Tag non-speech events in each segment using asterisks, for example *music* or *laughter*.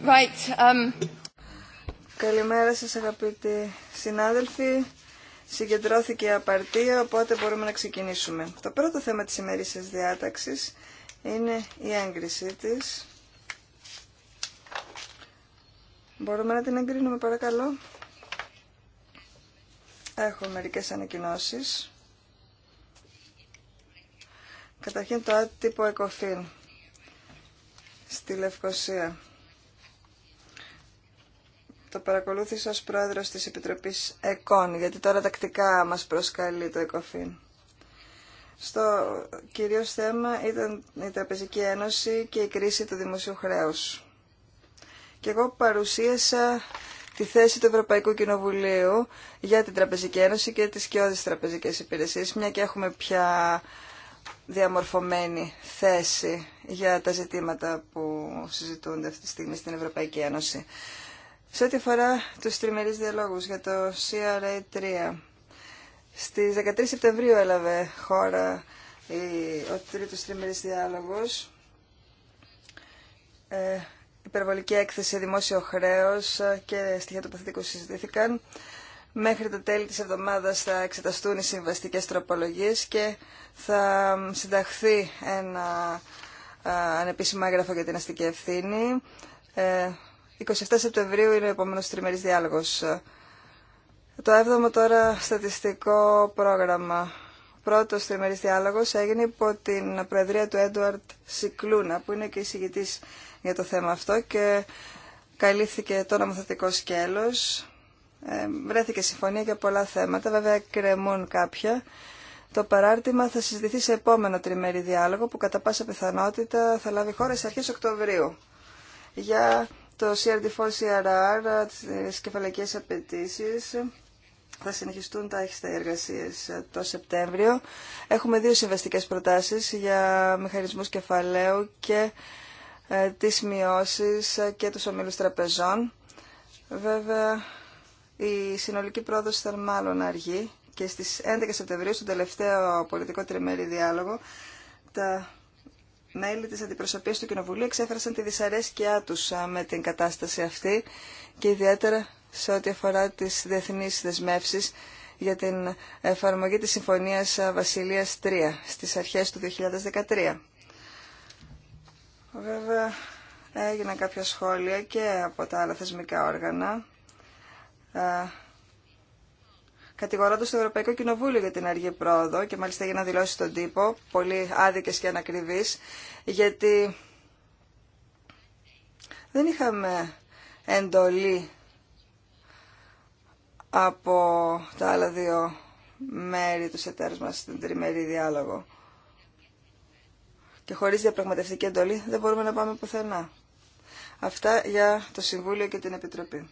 Right, um, Καλημέρα σας αγαπητοί συνάδελφοι. Συγκεντρώθηκε η απαρτία, οπότε μπορούμε να ξεκινήσουμε. Το πρώτο θέμα της ημερήσιας διάταξης είναι η έγκρισή της. Μπορούμε να την εγκρίνουμε παρακαλώ. Έχω μερικές ανακοινώσεις. Καταρχήν το άτυπο εκοφήν στη Λευκοσία. Το παρακολούθησα ως πρόεδρος της Επιτροπής ΕΚΟΝ, γιατί τώρα τακτικά μας προσκαλεί το ΕΚΟΦΗΝ. Στο κυρίω θέμα ήταν η Τραπεζική Ένωση και η κρίση του δημοσίου χρέους. Και εγώ παρουσίασα τη θέση του Ευρωπαϊκού Κοινοβουλίου για την Τραπεζική Ένωση και τις κοιόδης τραπεζικές υπηρεσίες, μια και έχουμε πια διαμορφωμένη θέση για τα ζητήματα που συζητούνται αυτή τη στιγμή στην Ευρωπαϊκή Ένωση. Σε ό,τι αφορά του τριμερείς διαλόγους για το CRA3, Στι 13 Σεπτεμβρίου έλαβε χώρα ο τρίτος τριμερείς διάλογος, ε, υπερβολική έκθεση, δημόσιο χρέος και στοιχεία του συζητήθηκαν. Μέχρι το τέλη της εβδομάδας θα εξεταστούν οι συμβαστικές τροπολογίες και θα συνταχθεί ένα ανεπίσημο έγγραφο για την αστική ευθύνη. 27 ε, Σεπτεμβρίου είναι ο επόμενος τριμερής διάλογος. Το 7ο τώρα στατιστικό πρόγραμμα. Ο πρώτος τριμερής διάλογος έγινε υπό την προεδρία του Έντουαρτ Σικλούνα, που είναι και εισηγητής για το θέμα αυτό και καλύφθηκε το νομοθετικό σκέλος ε, βρέθηκε συμφωνία για πολλά θέματα, βέβαια κρεμούν κάποια. Το παράρτημα θα συζητηθεί σε επόμενο τριμερή διάλογο που κατά πάσα πιθανότητα θα λάβει χώρα στις αρχές Οκτωβρίου για το CRD4-CRR, τις κεφαλαϊκές απαιτήσει. Θα συνεχιστούν τα έχιστα εργασίε το Σεπτέμβριο. Έχουμε δύο συμβαστικέ προτάσει για μηχανισμού κεφαλαίου και ε, τι μειώσεις και του ομίλου τραπεζών. Βέβαια, η συνολική πρόοδος ήταν μάλλον αργή και στις 11 Σεπτεμβρίου, στον τελευταίο πολιτικό τριμερή διάλογο, τα μέλη της αντιπροσωπείας του Κοινοβουλίου εξέφρασαν τη δυσαρέσκειά τους με την κατάσταση αυτή και ιδιαίτερα σε ό,τι αφορά τις διεθνείς δεσμεύσεις για την εφαρμογή της Συμφωνίας Βασιλείας 3 στις αρχές του 2013. Βέβαια έγιναν κάποια σχόλια και από τα άλλα θεσμικά όργανα ε, κατηγορώντας το Ευρωπαϊκό Κοινοβούλιο για την αργή πρόοδο και μάλιστα για να δηλώσει τον τύπο, πολύ άδικες και ανακριβείς, γιατί δεν είχαμε εντολή από τα άλλα δύο μέρη του εταίρους μας στην τριμερή διάλογο. Και χωρίς διαπραγματευτική εντολή δεν μπορούμε να πάμε πουθενά. Αυτά για το Συμβούλιο και την Επιτροπή.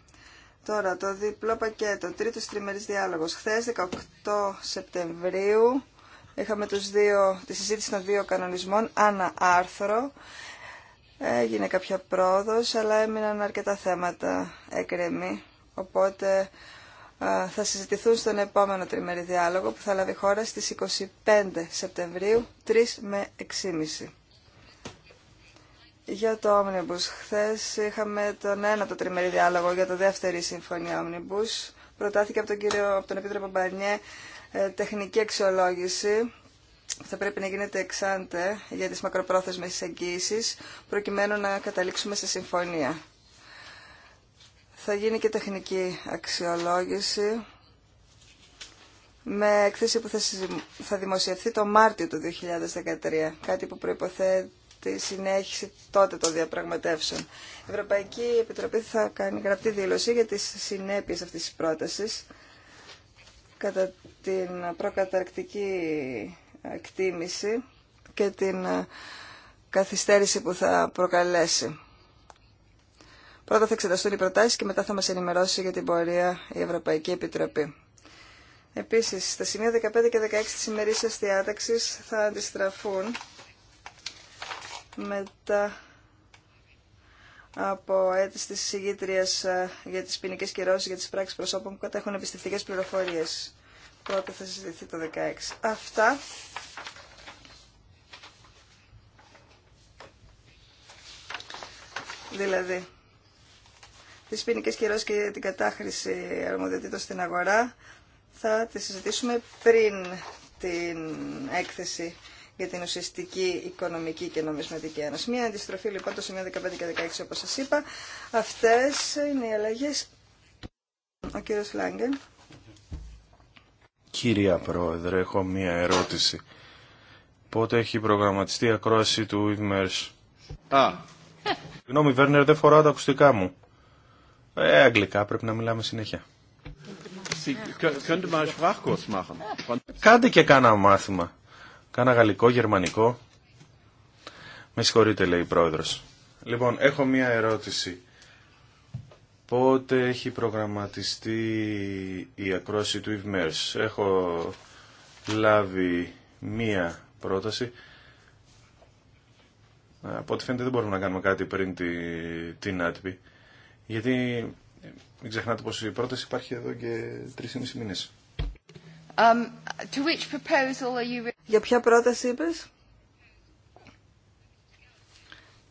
Τώρα το διπλό πακέτο, τρίτος τριμερής διάλογος. Χθες 18 Σεπτεμβρίου είχαμε τους δύο, τη συζήτηση των δύο κανονισμών ανά άρθρο. Έγινε κάποια πρόοδος, αλλά έμειναν αρκετά θέματα έκρεμοι. Οπότε θα συζητηθούν στον επόμενο τριμερή διάλογο που θα λάβει χώρα στις 25 Σεπτεμβρίου, 3 με 6.30. Για το Omnibus. Χθες είχαμε τον ένατο τριμερή διάλογο για το δεύτερη συμφωνία Omnibus. Προτάθηκε από τον, κύριο, από τον Επίτροπο Μπαρνιέ ε, τεχνική αξιολόγηση που θα πρέπει να γίνεται εξάντε για τις μακροπρόθεσμες εγγύησεις προκειμένου να καταλήξουμε σε συμφωνία. Θα γίνει και τεχνική αξιολόγηση με έκθεση που θα δημοσιευθεί το Μάρτιο του 2013, κάτι που προϋποθέτει τη συνέχιση τότε των διαπραγματεύσεων. Η Ευρωπαϊκή Επιτροπή θα κάνει γραπτή δήλωση για τις συνέπειες αυτής της πρότασης κατά την προκαταρκτική εκτίμηση και την καθυστέρηση που θα προκαλέσει. Πρώτα θα εξεταστούν οι προτάσεις και μετά θα μας ενημερώσει για την πορεία η Ευρωπαϊκή Επιτροπή. Επίσης, στα σημεία 15 και 16 της ημερήσιας διάταξης θα αντιστραφούν μετά από αίτηση της εισηγήτριας ε, για τις ποινικέ κυρώσεις για τις πράξεις προσώπων που κατέχουν εμπιστευτικές πληροφορίες. Πρώτα θα συζητηθεί το 16. Αυτά. Δηλαδή, τις ποινικέ κυρώσεις και την κατάχρηση αρμοδιοτήτων στην αγορά θα τις συζητήσουμε πριν την έκθεση για την ουσιαστική οικονομική και νομισματική ένωση. Μία αντιστροφή λοιπόν το σημείο 15 και 16 όπως σας είπα. Αυτές είναι οι αλλαγές. Ο κύριος Λάγκεν. Κυρία Πρόεδρε, έχω μία ερώτηση. Πότε έχει προγραμματιστεί η ακρόαση του Ιβμέρς. Α. Συγγνώμη, Βέρνερ, δεν φοράω τα ακουστικά μου. Ε, αγγλικά πρέπει να μιλάμε συνέχεια. Κάντε και κάνα μάθημα. Κάνα γαλλικό, γερμανικό. Με συγχωρείτε, λέει η πρόεδρος. Λοιπόν, έχω μία ερώτηση. Πότε έχει προγραμματιστεί η ακρόση του Ιβμέρς. Έχω λάβει μία πρόταση. Από ό,τι φαίνεται δεν μπορούμε να κάνουμε κάτι πριν τη, την άτυπη. Γιατί μην ξεχνάτε πως η πρόταση υπάρχει εδώ και τρεις ή μισή μήνες. Um, για ποια πρόταση είπες?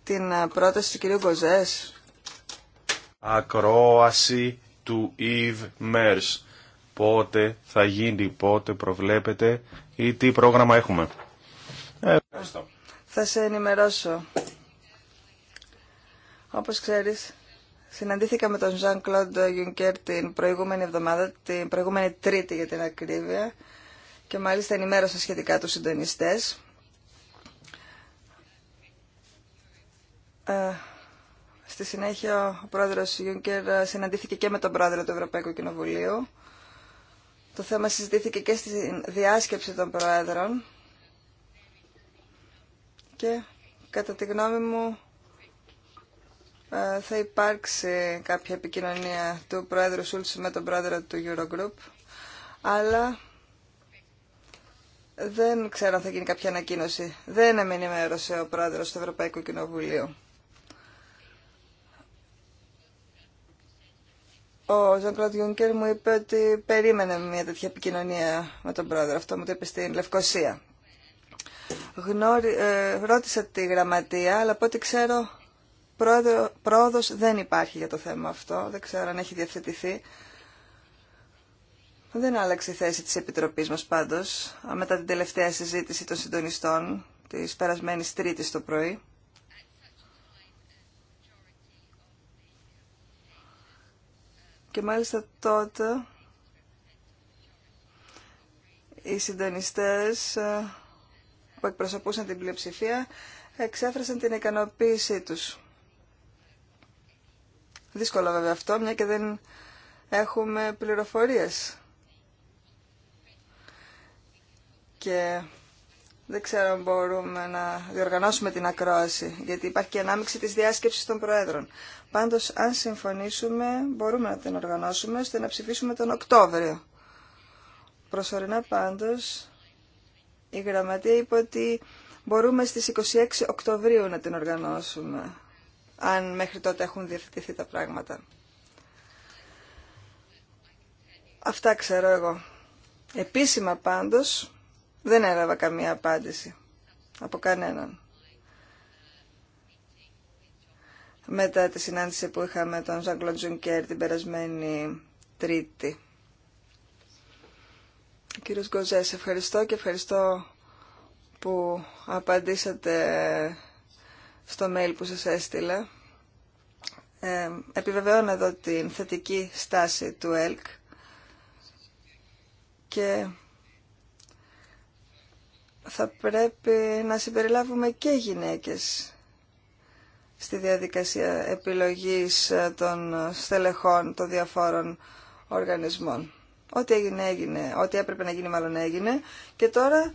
Την ε, πρόταση του κυρίου Κοζές. Ακρόαση του Ιβ Μέρς. Πότε θα γίνει, πότε προβλέπετε ή τι πρόγραμμα έχουμε. Ε, Θα σε ενημερώσω. Όπως ξέρεις, συναντήθηκα με τον Ζαν Κλοντ Γιουνκέρ την προηγούμενη εβδομάδα, την προηγούμενη Τρίτη για την ακρίβεια, και μάλιστα ενημέρωσα σχετικά τους συντονιστές. Ε, στη συνέχεια ο πρόεδρος Γιούνκερ ε, συναντήθηκε και με τον πρόεδρο του Ευρωπαϊκού Κοινοβουλίου. Το θέμα συζητήθηκε και στη διάσκεψη των πρόεδρων και κατά τη γνώμη μου ε, θα υπάρξει κάποια επικοινωνία του πρόεδρου Σούλτς με τον πρόεδρο του Eurogroup αλλά δεν ξέρω αν θα γίνει κάποια ανακοίνωση. Δεν με ενημέρωσε ο πρόεδρος του Ευρωπαϊκού Κοινοβουλίου. Ο Ζαν Κλοντ Γιούνκερ μου είπε ότι περίμενε μια τέτοια επικοινωνία με τον πρόεδρο. Αυτό μου το είπε στην Λευκοσία. Γνώρι, ε, ρώτησα τη γραμματεία, αλλά από ό,τι ξέρω πρόοδος δεν υπάρχει για το θέμα αυτό. Δεν ξέρω αν έχει διευθετηθεί. Δεν άλλαξε η θέση της Επιτροπής μας πάντως, μετά την τελευταία συζήτηση των συντονιστών της περασμένης Τρίτης το πρωί. Και μάλιστα τότε οι συντονιστές που εκπροσωπούσαν την πλειοψηφία εξέφρασαν την ικανοποίησή τους. Δύσκολο βέβαια αυτό, μια και δεν έχουμε πληροφορίες και δεν ξέρω αν μπορούμε να διοργανώσουμε την ακρόαση, γιατί υπάρχει και ανάμειξη της διάσκεψης των Προέδρων. Πάντως, αν συμφωνήσουμε, μπορούμε να την οργανώσουμε, ώστε να ψηφίσουμε τον Οκτώβριο. Προσωρινά πάντως, η Γραμματεία είπε ότι μπορούμε στις 26 Οκτωβρίου να την οργανώσουμε, αν μέχρι τότε έχουν διευθυνθεί τα πράγματα. Αυτά ξέρω εγώ. Επίσημα πάντως, δεν έλαβα καμία απάντηση από κανέναν. Μετά τη συνάντηση που είχαμε τον Ζαγκλοντ Τζουνκέρ την περασμένη Τρίτη. Κύριος Γκοζές, ευχαριστώ και ευχαριστώ που απαντήσατε στο mail που σας έστειλα. Ε, επιβεβαιώνω εδώ την θετική στάση του ΕΛΚ και θα πρέπει να συμπεριλάβουμε και γυναίκες στη διαδικασία επιλογής ε, των στελεχών των διαφόρων οργανισμών. Ό,τι έγινε έγινε, ό,τι έπρεπε να γίνει μάλλον έγινε και τώρα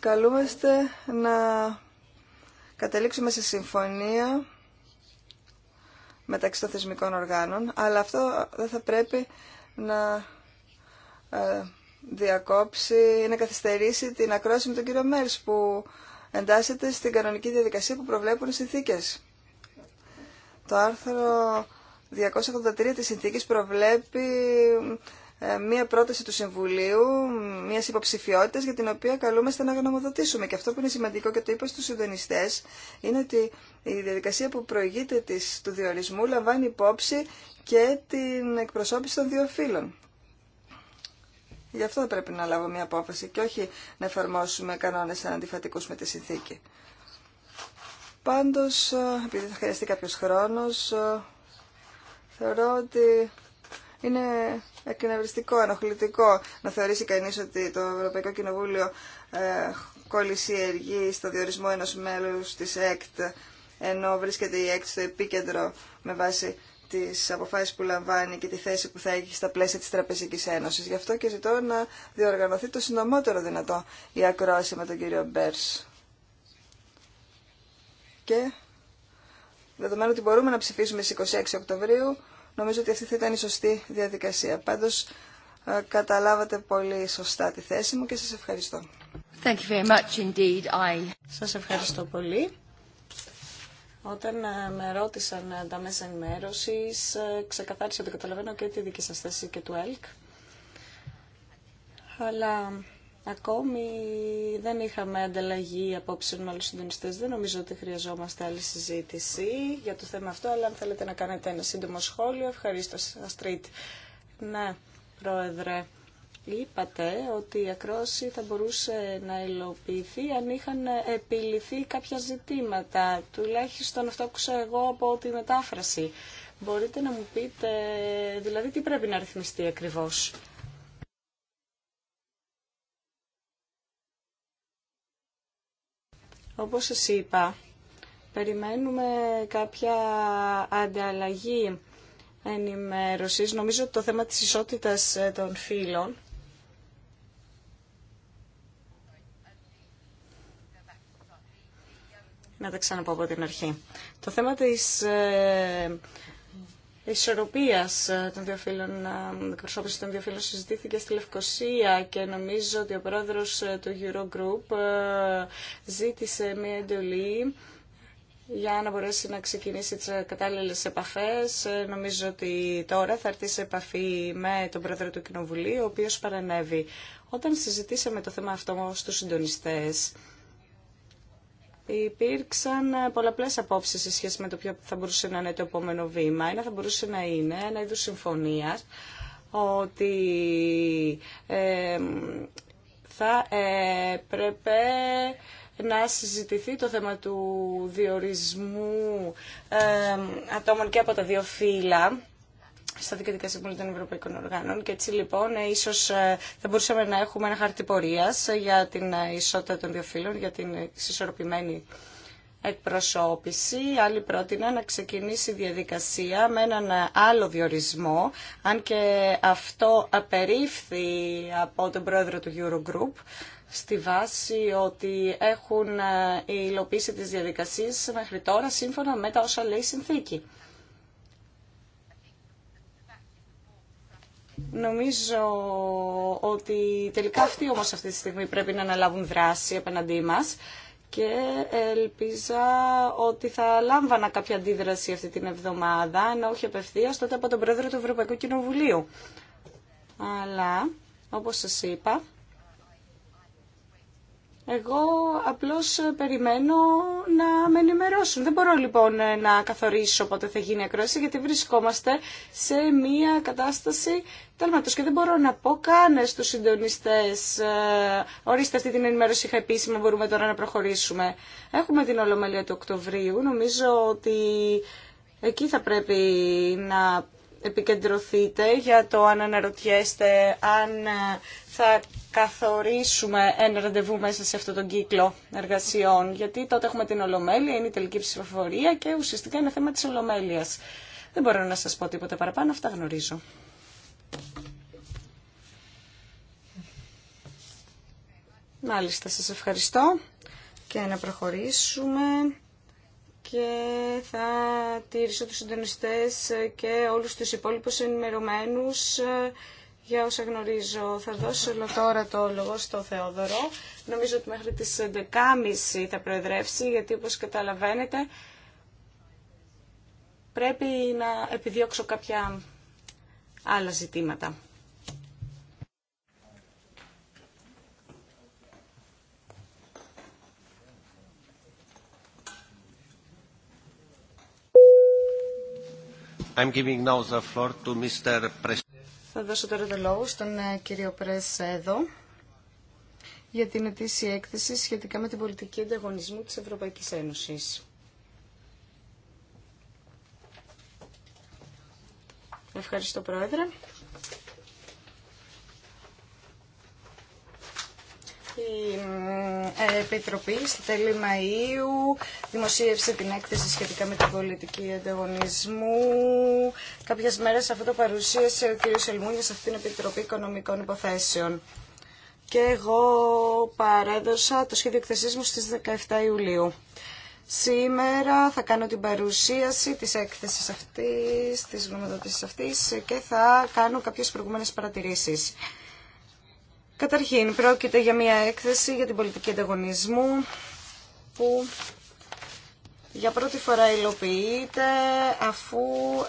καλούμαστε να καταλήξουμε σε συμφωνία μεταξύ των θεσμικών οργάνων, αλλά αυτό δεν θα πρέπει να ε, διακόψει ή να καθυστερήσει την ακρόαση με τον κύριο Μέρς που εντάσσεται στην κανονική διαδικασία που προβλέπουν οι συνθήκες. Το άρθρο 283 της συνθήκης προβλέπει ε, μία πρόταση του Συμβουλίου, μία υποψηφιότητα για την οποία καλούμαστε να γνωμοδοτήσουμε. Και αυτό που είναι σημαντικό και το είπα στους συντονιστέ είναι ότι η διαδικασία που προηγείται της, του διορισμού λαμβάνει υπόψη και την εκπροσώπηση των δύο φύλων. Γι' αυτό θα πρέπει να λάβω μια απόφαση και όχι να εφαρμόσουμε κανόνες αντιφατικούς με τη συνθήκη. Πάντως, επειδή θα χρειαστεί κάποιος χρόνος, θεωρώ ότι είναι εκνευριστικό, ενοχλητικό να θεωρήσει κανείς ότι το Ευρωπαϊκό Κοινοβούλιο ε, εργή στο διορισμό ενός μέλους της ΕΚΤ, ενώ βρίσκεται η ΕΚΤ στο επίκεντρο με βάση τις αποφάσεις που λαμβάνει και τη θέση που θα έχει στα πλαίσια της Τραπεζικής Ένωσης. Γι' αυτό και ζητώ να διοργανωθεί το συντομότερο δυνατό η ακρόαση με τον κύριο Μπέρς. Και δεδομένου ότι μπορούμε να ψηφίσουμε στις 26 Οκτωβρίου, νομίζω ότι αυτή θα ήταν η σωστή διαδικασία. Πάντως, ε, καταλάβατε πολύ σωστά τη θέση μου και σας ευχαριστώ. Thank Σας ευχαριστώ πολύ. Όταν ε, με ρώτησαν ε, τα μέσα ενημέρωση, ε, ξεκαθάρισε ότι καταλαβαίνω και τη δική σα θέση και του ΕΛΚ. Αλλά ακόμη δεν είχαμε ανταλλαγή απόψεων με άλλου συντονιστέ. Δεν νομίζω ότι χρειαζόμαστε άλλη συζήτηση για το θέμα αυτό. Αλλά αν θέλετε να κάνετε ένα σύντομο σχόλιο, ευχαρίστω. Αστρίτ. Ναι, Πρόεδρε. Είπατε ότι η ακρόση θα μπορούσε να υλοποιηθεί αν είχαν επιληθεί κάποια ζητήματα. Τουλάχιστον αυτό άκουσα εγώ από τη μετάφραση. Μπορείτε να μου πείτε, δηλαδή, τι πρέπει να ρυθμιστεί ακριβώς. Όπως σας είπα, περιμένουμε κάποια ανταλλαγή ενημέρωσης. Νομίζω ότι το θέμα της ισότητας των φύλων να τα ξαναπώ από την αρχή. Το θέμα της ε, ισορροπίας ε, ε, των δύο φύλων, συζητήθηκε στη Λευκοσία και νομίζω ότι ο πρόεδρος ε, του Eurogroup ζήτησε μια εντολή για να μπορέσει να ξεκινήσει τις κατάλληλες επαφές. Νομίζω ότι τώρα θα έρθει σε επαφή με τον πρόεδρο του Κοινοβουλίου, ο οποίος παρενέβη. Όταν συζητήσαμε το θέμα αυτό στους συντονιστές, Υπήρξαν ε, πολλαπλέ απόψει σε σχέση με το ποιο θα μπορούσε να είναι το επόμενο βήμα. Ένα θα μπορούσε να είναι ένα είδου συμφωνία ότι ε, θα ε, πρέπει να συζητηθεί το θέμα του διορισμού ε, ατόμων και από τα δύο φύλλα στα δικαιωτικά συμβούλια των Ευρωπαϊκών Οργάνων. Και έτσι λοιπόν, ε, ίσω ε, θα μπορούσαμε να έχουμε ένα χαρτί πορεία ε, για την ισότητα των δύο φύλων, για την συσσωροποιημένη εκπροσώπηση. Άλλοι πρότεινα να ξεκινήσει η διαδικασία με έναν άλλο διορισμό, αν και αυτό απερίφθη από τον πρόεδρο του Eurogroup, στη βάση ότι έχουν υλοποιήσει τις διαδικασίες μέχρι τώρα σύμφωνα με τα όσα λέει η συνθήκη. Νομίζω ότι τελικά αυτοί όμως αυτή τη στιγμή πρέπει να αναλάβουν δράση απέναντί μας και ελπίζα ότι θα λάμβανα κάποια αντίδραση αυτή την εβδομάδα, αν όχι απευθεία τότε από τον Πρόεδρο του Ευρωπαϊκού Κοινοβουλίου. Αλλά, όπως σας είπα, εγώ απλώς περιμένω να με ενημερώσουν. Δεν μπορώ λοιπόν να καθορίσω πότε θα γίνει η ακρόαση γιατί βρισκόμαστε σε μια κατάσταση τέλματος και δεν μπορώ να πω καν στους συντονιστές ε, ορίστε αυτή την ενημέρωση είχα επίσημα μπορούμε τώρα να προχωρήσουμε. Έχουμε την Ολομέλεια του Οκτωβρίου. Νομίζω ότι εκεί θα πρέπει να επικεντρωθείτε για το αν αναρωτιέστε αν ε, θα καθορίσουμε ένα ραντεβού μέσα σε αυτόν τον κύκλο εργασιών, γιατί τότε έχουμε την Ολομέλεια, είναι η τελική ψηφοφορία και ουσιαστικά είναι θέμα της Ολομέλειας. Δεν μπορώ να σας πω τίποτα παραπάνω, αυτά γνωρίζω. Μάλιστα, σας ευχαριστώ και να προχωρήσουμε και θα τηρήσω τους συντονιστές και όλους τους υπόλοιπους ενημερωμένους ε, για όσα γνωρίζω. Θα δώσω τώρα το λόγο στο Θεόδωρο. Νομίζω ότι μέχρι τις 11.30 θα προεδρεύσει, γιατί όπως καταλαβαίνετε πρέπει να επιδιώξω κάποια άλλα ζητήματα. Θα δώσω τώρα το λόγο στον ε, κύριο Πρέσ εδώ για την ετήσια έκθεση σχετικά με την πολιτική ανταγωνισμού της Ευρωπαϊκής Ένωσης. Ευχαριστώ Πρόεδρε. Η ε, Επιτροπή στη τέλη Μαΐου δημοσίευσε την έκθεση σχετικά με την πολιτική ανταγωνισμού. Κάποιες μέρες αυτό το παρουσίασε ο κ. Σελμούνια σε αυτήν την Επιτροπή Οικονομικών Υποθέσεων. Και εγώ παρέδωσα το σχέδιο εκθεσής μου στις 17 Ιουλίου. Σήμερα θα κάνω την παρουσίαση της έκθεσης αυτής, της γνωμοδότησης αυτής και θα κάνω κάποιες προηγούμενες παρατηρήσεις. Καταρχήν, πρόκειται για μια έκθεση για την πολιτική ανταγωνισμού που για πρώτη φορά υλοποιείται αφού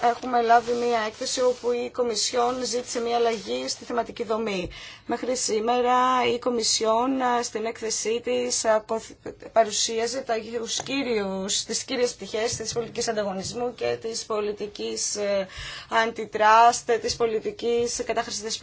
έχουμε λάβει μια έκθεση όπου η Κομισιόν ζήτησε μια αλλαγή στη θεματική δομή. Μέχρι σήμερα η Κομισιόν ε, στην έκθεσή της παρουσίαζε τι κύριε τις κύριες πτυχές της πολιτικής ανταγωνισμού και της πολιτικής αντιτράστ, ε, της πολιτικής κατάχρηση τη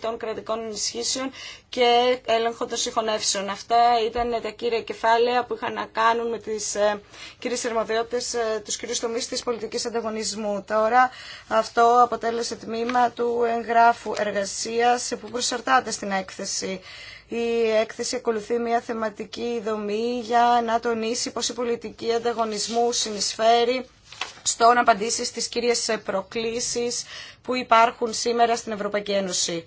των κρατικών ενισχύσεων και έλεγχο των συγχωνεύσεων. Αυτά ήταν τα κύρια κεφάλαια που είχαν να κάνουν με τις ε, κύριες ερμοδιότητες, του κύριους τομείς της πολιτικής ανταγωνισμού. Τώρα αυτό αποτέλεσε τμήμα του εγγράφου εργασίας που εξαρτάται στην έκθεση. Η έκθεση ακολουθεί μια θεματική δομή για να τονίσει πως η πολιτική ανταγωνισμού συνεισφέρει στο να απαντήσει στις κυρίες προκλήσεις που υπάρχουν σήμερα στην Ευρωπαϊκή Ένωση.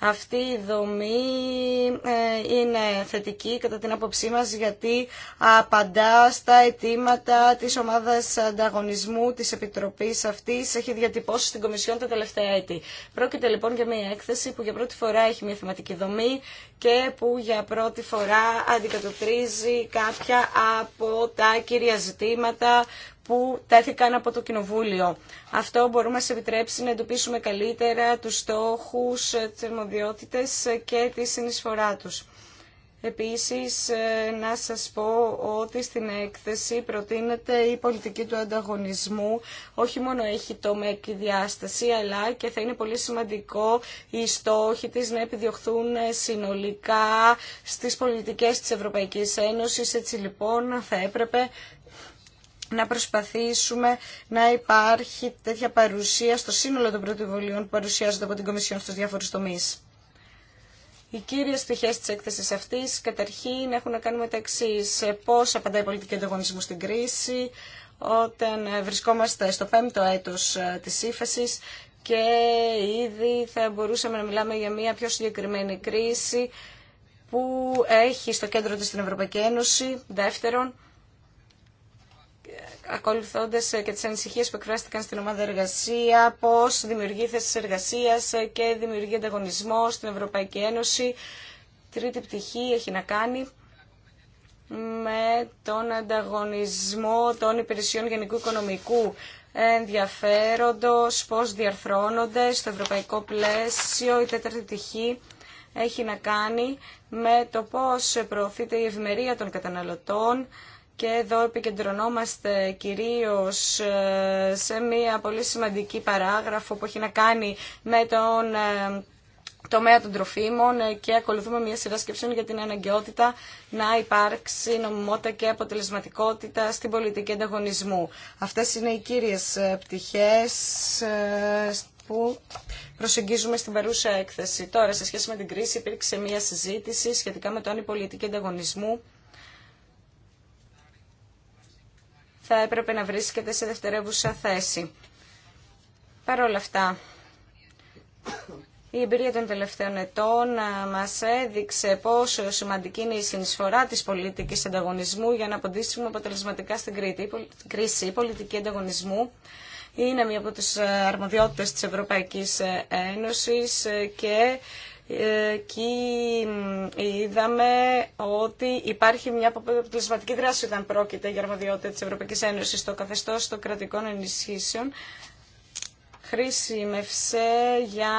Αυτή η δομή ε, είναι θετική κατά την άποψή μας γιατί απαντά στα αιτήματα της ομάδας ανταγωνισμού της Επιτροπής αυτής έχει διατυπώσει στην Κομισιόν τα τελευταία έτη. Πρόκειται λοιπόν για μια έκθεση που για πρώτη φορά έχει μια θεματική δομή και που για πρώτη φορά αντικατοπτρίζει κάποια από τα κυρία ζητήματα που τέθηκαν από το Κοινοβούλιο. Αυτό μπορούμε να σε επιτρέψει να εντοπίσουμε καλύτερα τους στόχους, ε, τις αρμοδιότητες ε, και τη συνεισφορά τους. Επίσης, ε, να σας πω ότι στην έκθεση προτείνεται η πολιτική του ανταγωνισμού. Όχι μόνο έχει το ΜΕΚ διάσταση, αλλά και θα είναι πολύ σημαντικό οι στόχοι της να επιδιωχθούν συνολικά στις πολιτικές της Ευρωπαϊκής Ένωσης. Έτσι λοιπόν θα έπρεπε να προσπαθήσουμε να υπάρχει τέτοια παρουσία στο σύνολο των πρωτοβουλίων που παρουσιάζονται από την Κομισιόν στους διάφορους τομείς. Οι κύριε πτυχέ τη έκθεση αυτή καταρχήν έχουν να κάνουν μεταξύ τα εξή. Πώ απαντάει η πολιτική ανταγωνισμού στην κρίση, όταν βρισκόμαστε στο πέμπτο έτος ε, της ύφεση και ήδη θα μπορούσαμε να μιλάμε για μια πιο συγκεκριμένη κρίση που έχει στο κέντρο της την Ευρωπαϊκή Ένωση. Δεύτερον, ακολουθώντας ε, και τις ανησυχίες που εκφράστηκαν στην ομάδα εργασία, πώς δημιουργεί θέσεις εργασίας ε, και δημιουργεί ανταγωνισμό στην Ευρωπαϊκή Ένωση. Τρίτη πτυχή έχει να κάνει με τον ανταγωνισμό των υπηρεσιών γενικού οικονομικού ενδιαφέροντος, πώς διαρθρώνονται στο ευρωπαϊκό πλαίσιο. Η τέταρτη πτυχή έχει να κάνει με το πώς προωθείται η ευημερία των καταναλωτών, και εδώ επικεντρωνόμαστε κυρίως ε, σε μια πολύ σημαντική παράγραφο που έχει να κάνει με τον ε, τομέα των τροφίμων ε, και ακολουθούμε μια σειρά σκέψεων για την αναγκαιότητα να υπάρξει νομιμότητα και αποτελεσματικότητα στην πολιτική ανταγωνισμού. Αυτές είναι οι κύριες πτυχές που προσεγγίζουμε στην παρούσα έκθεση. Τώρα, σε σχέση με την κρίση, υπήρξε μια συζήτηση σχετικά με το αν η πολιτική ανταγωνισμού θα έπρεπε να βρίσκεται σε δευτερεύουσα θέση. Παρ' όλα αυτά, η εμπειρία των τελευταίων ετών ε, μας έδειξε πόσο σημαντική είναι η συνεισφορά της πολιτικής ανταγωνισμού για να απαντήσουμε αποτελεσματικά στην κρίση. Η πολιτική ανταγωνισμού είναι μία από τις ε, αρμοδιότητες της Ευρωπαϊκής ε, Ένωσης και εκεί είδαμε ότι υπάρχει μια αποτελεσματική δράση όταν πρόκειται για αρμοδιότητα της Ευρωπαϊκής Ένωσης στο καθεστώς των κρατικών ενισχύσεων χρήσιμευσε για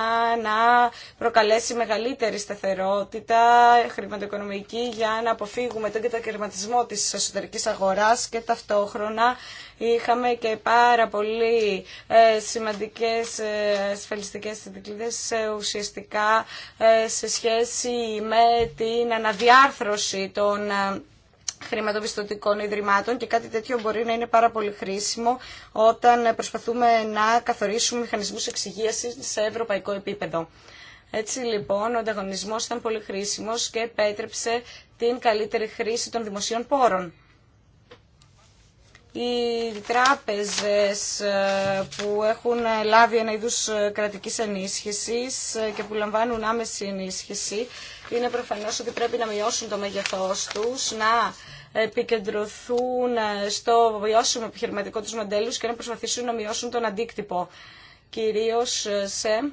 να προκαλέσει μεγαλύτερη σταθερότητα χρηματοοικονομική για να αποφύγουμε τον κατακαιρματισμό της εσωτερικής αγοράς και ταυτόχρονα είχαμε και πάρα πολύ ε, σημαντικές ε, ασφαλιστικές ε, ουσιαστικά ε, σε σχέση με την αναδιάρθρωση των χρηματοπιστωτικών ιδρυμάτων και κάτι τέτοιο μπορεί να είναι πάρα πολύ χρήσιμο όταν προσπαθούμε να καθορίσουμε μηχανισμούς εξυγίασης σε ευρωπαϊκό επίπεδο. Έτσι λοιπόν ο ανταγωνισμός ήταν πολύ χρήσιμος και επέτρεψε την καλύτερη χρήση των δημοσίων πόρων. Οι τράπεζες ε, που έχουν λάβει ένα είδους ε, κρατικής ενίσχυσης ε, και που λαμβάνουν άμεση ενίσχυση είναι προφανώς ότι πρέπει να μειώσουν το μέγεθός τους, να επικεντρωθούν ε, στο βιώσιμο επιχειρηματικό τους μοντέλους και να προσπαθήσουν να μειώσουν τον αντίκτυπο κυρίως ε, σε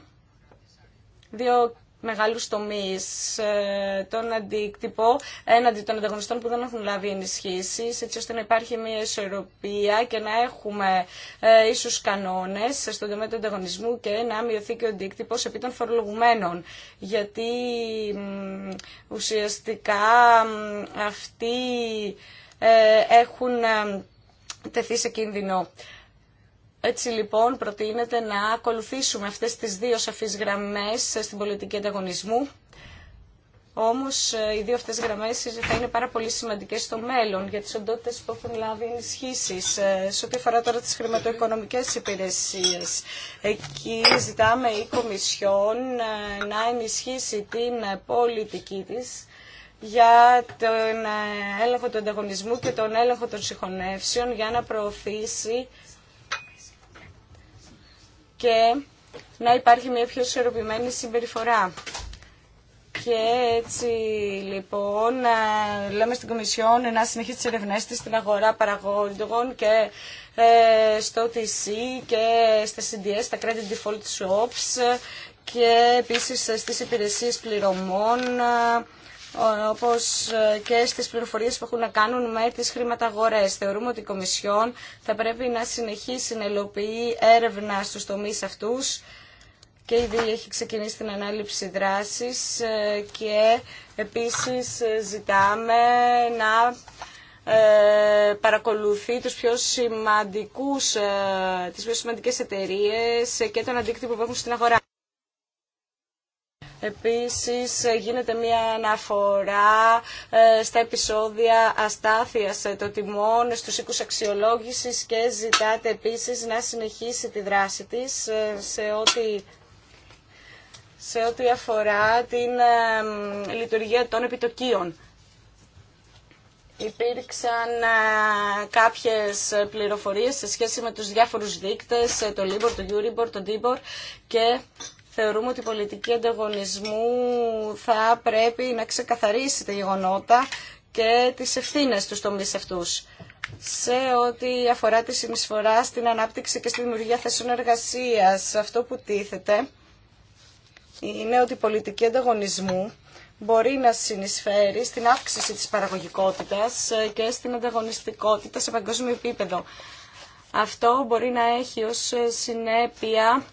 δύο μεγάλους τομείς, ε, τον αντίκτυπο έναντι των ανταγωνιστών που δεν έχουν λάβει ενισχύσεις, έτσι ώστε να υπάρχει μια ισορροπία και να έχουμε ε, ίσους κανόνες στον τομέα του ανταγωνισμού και να μειωθεί και ο αντίκτυπος επί των φορολογουμένων. Γιατί ουσιαστικά αυτοί ε, έχουν ε, τεθεί σε κίνδυνο. Έτσι λοιπόν προτείνεται να ακολουθήσουμε αυτές τις δύο σαφείς γραμμές στην πολιτική ανταγωνισμού. Όμως ε, οι δύο αυτές γραμμές θα είναι πάρα πολύ σημαντικές στο μέλλον για τις οντότητες που έχουν λάβει ενισχύσει ε, σε ό,τι αφορά τώρα τις χρηματοοικονομικές υπηρεσίες. Εκεί ζητάμε η Κομισιόν ε, να ενισχύσει την πολιτική της για τον έλεγχο του ανταγωνισμού και τον έλεγχο των συγχωνεύσεων για να προωθήσει και να υπάρχει μια πιο ισορροπημένη συμπεριφορά. Και έτσι λοιπόν ε, λέμε στην Κομισιόν να συνεχίσει τις ερευνές της στην αγορά παραγόντων και ε, στο TC και στα CDS, τα credit default shops και επίσης στις υπηρεσίες πληρωμών όπως ε, και στι πληροφορίε που έχουν να κάνουν με τις χρηματαγορέ. Θεωρούμε ότι η Κομισιόν θα πρέπει να συνεχίσει να υλοποιεί έρευνα στους τομείς αυτούς και ήδη έχει ξεκινήσει την ανάληψη δράση ε, και επίσης ε, ζητάμε να παρακολουθεί τους πιο σημαντικούς, τις πιο σημαντικές εταιρείες και τον αντίκτυπο που έχουν στην αγορά. Επίσης γίνεται μια αναφορά ε, στα επεισόδια αστάθειας ε, των τιμών, στους οίκους αξιολόγησης και ζητάτε επίσης να συνεχίσει τη δράση της ε, σε ό,τι σε ό,τι αφορά την λειτουργία των επιτοκίων. Υπήρξαν κάποιες πληροφορίες σε σχέση με τους διάφορους δείκτες, το LIBOR, το EURIBOR, το DIBOR και θεωρούμε ότι η πολιτική ανταγωνισμού θα πρέπει να ξεκαθαρίσει τα γεγονότα και τις ευθύνες του τομείς αυτούς σε ό,τι αφορά τη συνεισφορά στην ανάπτυξη και στη δημιουργία θέσεων εργασίας. Αυτό που τίθεται είναι ότι η πολιτική ανταγωνισμού μπορεί να συνεισφέρει στην αύξηση της παραγωγικότητας και στην ανταγωνιστικότητα σε παγκόσμιο επίπεδο. Αυτό μπορεί να έχει ως συνέπεια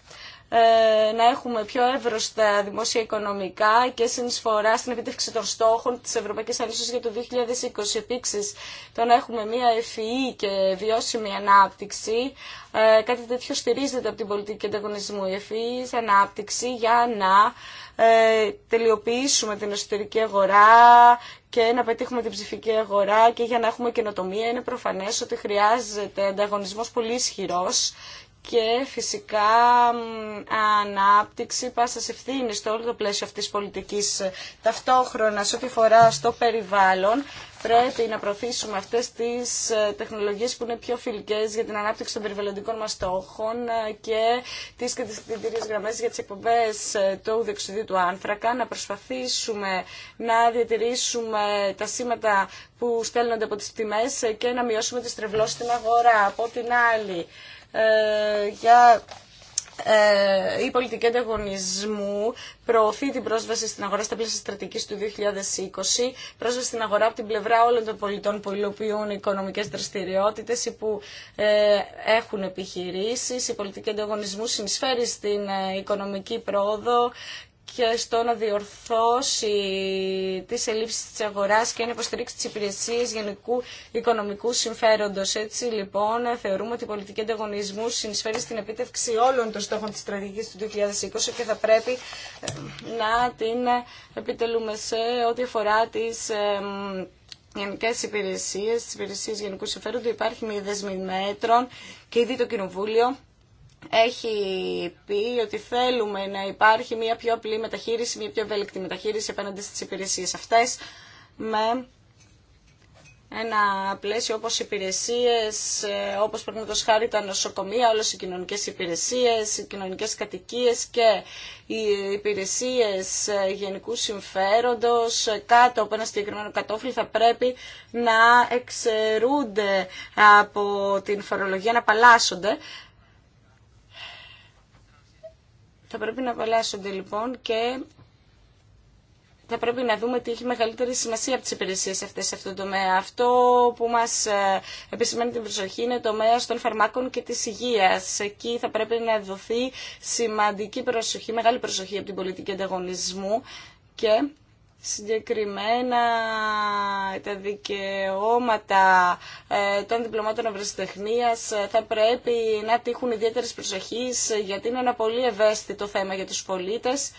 ε, να έχουμε πιο εύρωστα δημόσια οικονομικά και συνεισφορά στην επίτευξη των στόχων της Ευρωπαϊκής Ένωση για το 2020. επίση. το να έχουμε μια ευφυή και βιώσιμη ανάπτυξη, ε, κάτι τέτοιο στηρίζεται από την πολιτική ανταγωνισμού. Η ευφυή ανάπτυξη για να ε, τελειοποιήσουμε την εσωτερική αγορά και να πετύχουμε την ψηφική αγορά και για να έχουμε καινοτομία είναι προφανές ότι χρειάζεται ανταγωνισμός πολύ ισχυρό και φυσικά ανάπτυξη πάσας ευθύνη στο όλο το πλαίσιο αυτής της πολιτικής. Ταυτόχρονα, σε ό,τι φορά στο περιβάλλον, πρέπει να προωθήσουμε αυτές τις ε, τεχνολογίες που είναι πιο φιλικές για την ανάπτυξη των περιβαλλοντικών μας στόχων ε, και τις κατηστητήριες γραμμές για τις εκπομπές ε, του διοξιδίου του άνθρακα, να προσπαθήσουμε να διατηρήσουμε τα σήματα που στέλνονται από τις τιμές και να μειώσουμε τις τρευλώσεις στην αγορά. Από την άλλη, ε, για ε, η πολιτική ανταγωνισμού προωθεί την πρόσβαση στην αγορά στα πλαίσια στρατηγική του 2020, πρόσβαση στην αγορά από την πλευρά όλων των πολιτών που υλοποιούν οικονομικέ δραστηριότητε ή που ε, έχουν επιχειρήσει. Η πολιτική ανταγωνισμού συνεισφέρει στην οικονομική πρόοδο και στο να διορθώσει τι ελλείψει τη αγορά και να υποστηρίξει τι υπηρεσίες γενικού οικονομικού συμφέροντος. Έτσι λοιπόν θεωρούμε ότι η πολιτική ανταγωνισμού συνεισφέρει στην επίτευξη όλων των στόχων της στρατηγικής του 2020 και θα πρέπει ε, να την επιτελούμε σε ό,τι αφορά τι ε, Γενικέ υπηρεσίε, τι υπηρεσίε γενικού συμφέροντο, υπάρχει μια δεσμή μέτρων και ήδη το Κοινοβούλιο έχει πει ότι θέλουμε να υπάρχει μια πιο απλή μεταχείριση, μια πιο ευέλικτη μεταχείριση απέναντι στις υπηρεσίες αυτές με ένα πλαίσιο όπως υπηρεσίες, ε, όπως το χάρη τα νοσοκομεία, όλες οι κοινωνικές υπηρεσίες, οι κοινωνικές κατοικίες και οι υπηρεσίες ε, γενικού συμφέροντος ε, κάτω από ένα συγκεκριμένο κατόφλι θα πρέπει να εξαιρούνται από την φορολογία, να απαλλάσσονται θα πρέπει να απαλλάσσονται λοιπόν και θα πρέπει να δούμε τι έχει μεγαλύτερη σημασία από τι υπηρεσίε αυτέ σε αυτό το τομέα. Αυτό που μα ε, επισημαίνει την προσοχή είναι το τομέα των φαρμάκων και τη υγεία. Εκεί θα πρέπει να δοθεί σημαντική προσοχή, μεγάλη προσοχή από την πολιτική ανταγωνισμού και συγκεκριμένα τα δικαιώματα ε, των διπλωμάτων ευρεσιτεχνίας ε, θα πρέπει να τύχουν ιδιαίτερης προσοχής ε, γιατί είναι ένα πολύ ευαίσθητο θέμα για τους πολίτες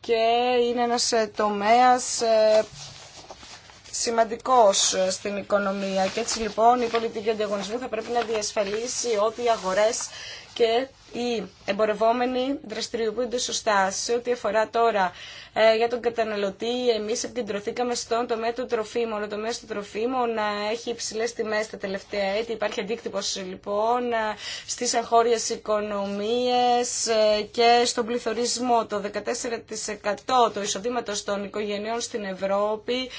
και είναι ένας τομέας σημαντικός στην οικονομία και έτσι λοιπόν η πολιτική ανταγωνισμού θα πρέπει να διασφαλίσει ότι οι αγορές και οι εμπορευόμενοι δραστηριοποιούνται σωστά. Σε ό,τι αφορά τώρα ε, για τον καταναλωτή, εμεί επικεντρωθήκαμε στον τομέα του τροφίμων. Ο τομέα του να ε, έχει υψηλέ τιμέ τα τελευταία έτη. Υπάρχει αντίκτυπο λοιπόν ε, στι εγχώριε οικονομίε και στον πληθωρισμό. Το 14% του εισοδήματο των οικογενειών στην Ευρώπη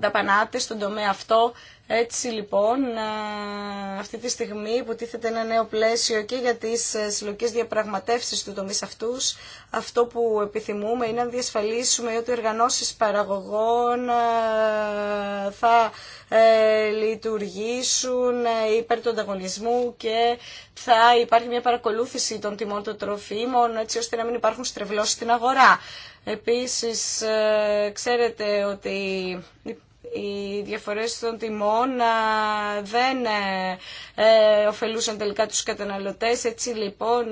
δαπανάται στον τομέα αυτό έτσι λοιπόν, αυτή τη στιγμή που τίθεται ένα νέο πλαίσιο και για τις ε, συλλογικές διαπραγματεύσεις του τομείς αυτούς. Αυτό που επιθυμούμε είναι να διασφαλίσουμε ότι οι οργανώσεις παραγωγών θα ε, λειτουργήσουν ε, υπέρ του ανταγωνισμού και θα υπάρχει μια παρακολούθηση των τιμών των τροφίμων έτσι ώστε να μην υπάρχουν στρεβλώσεις στην αγορά. Επίσης, ξέρετε ότι οι διαφορές των τιμών δεν ε, ε, ωφελούσαν τελικά τους καταναλωτές. Έτσι λοιπόν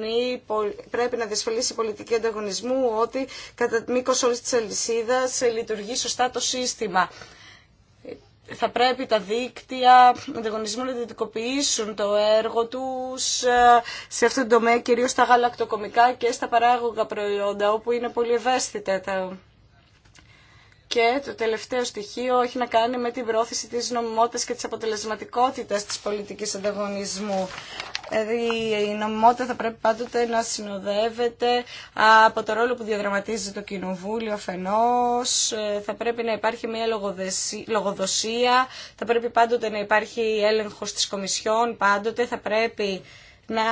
πρέπει να διασφαλίσει η πολιτική ανταγωνισμού ότι κατά μήκος όλης της αλυσίδας ε, λειτουργεί σωστά το σύστημα θα πρέπει τα δίκτυα ανταγωνισμού να διδικοποιήσουν το έργο τους σε αυτόν τον τομέα, κυρίως στα γαλακτοκομικά και στα παράγωγα προϊόντα, όπου είναι πολύ ευαίσθητα τα και το τελευταίο στοιχείο έχει να κάνει με την πρόθεση της νομιμότητας και της αποτελεσματικότητας της πολιτικής ανταγωνισμού. Δηλαδή, η νομιμότητα θα πρέπει πάντοτε να συνοδεύεται από το ρόλο που διαδραματίζει το Κοινοβούλιο αφενός, ε, θα πρέπει να υπάρχει μια λογοδοσία, θα πρέπει πάντοτε να υπάρχει έλεγχος της Κομισιόν, πάντοτε θα πρέπει να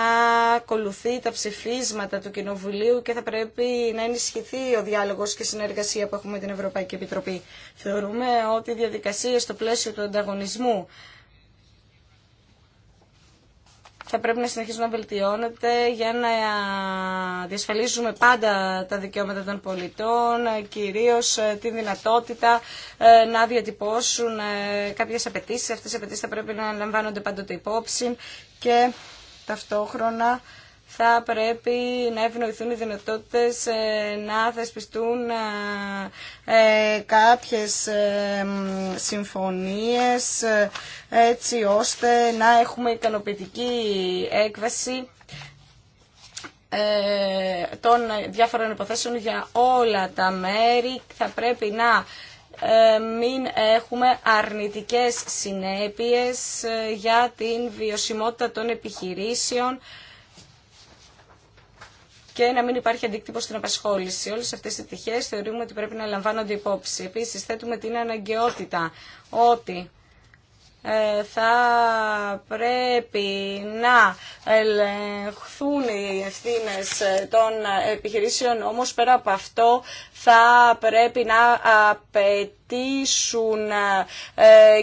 ακολουθεί τα ψηφίσματα του Κοινοβουλίου και θα πρέπει να ενισχυθεί ο διάλογος και η συνεργασία που έχουμε με την Ευρωπαϊκή Επιτροπή. Θεωρούμε ότι οι διαδικασίες στο πλαίσιο του ανταγωνισμού θα πρέπει να συνεχίσουν να βελτιώνεται για να διασφαλίζουμε πάντα τα δικαιώματα των πολιτών, κυρίως ε, τη δυνατότητα ε, να διατυπώσουν ε, κάποιες απαιτήσεις. Αυτές οι απαιτήσεις θα πρέπει να λαμβάνονται πάντοτε υπόψη και Ταυτόχρονα θα πρέπει να ευνοηθούν οι δυνατότητες ε, να θεσπιστούν ε, ε, κάποιες συμφωνίες έτσι ώστε να έχουμε ικανοποιητική έκβαση των διάφορων υποθέσεων για όλα τα μέρη. Θα πρέπει να ε, μην έχουμε αρνητικές συνέπειες ε, για την βιωσιμότητα των επιχειρήσεων και να μην υπάρχει αντίκτυπο στην απασχόληση. Όλε αυτέ οι τυχές θεωρούμε ότι πρέπει να λαμβάνονται υπόψη. Επίση, θέτουμε την αναγκαιότητα ότι ε, θα πρέπει να ελεγχθούν οι ευθύνε ε, των ε, επιχειρήσεων, όμως πέρα από αυτό θα πρέπει να απαιτήσουν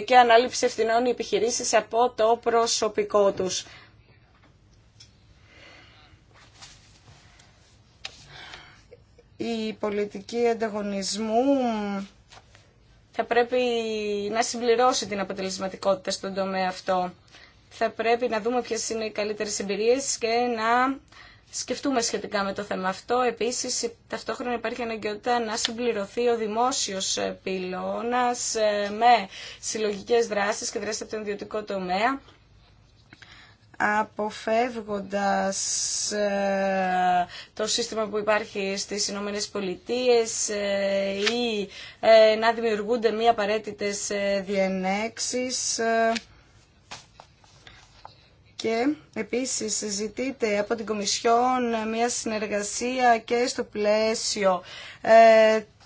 και ανάληψη ευθυνών οι επιχειρήσεις από το προσωπικό τους. Η πολιτική ανταγωνισμού θα πρέπει να συμπληρώσει την αποτελεσματικότητα στον τομέα αυτό. Θα πρέπει να δούμε ποιες είναι οι καλύτερες εμπειρίες και να σκεφτούμε σχετικά με το θέμα αυτό. Επίσης, ταυτόχρονα υπάρχει αναγκαιότητα να συμπληρωθεί ο δημόσιος πυλώνας ε, με συλλογικές δράσεις και δράσεις από τον ιδιωτικό τομέα αποφεύγοντας ε, το σύστημα που υπάρχει στις Ηνωμένες Πολιτείες ε, ή ε, να δημιουργούνται μη απαραίτητες διενέξεις. Και επίσης ζητείται από την Κομισιόν μια συνεργασία και στο πλαίσιο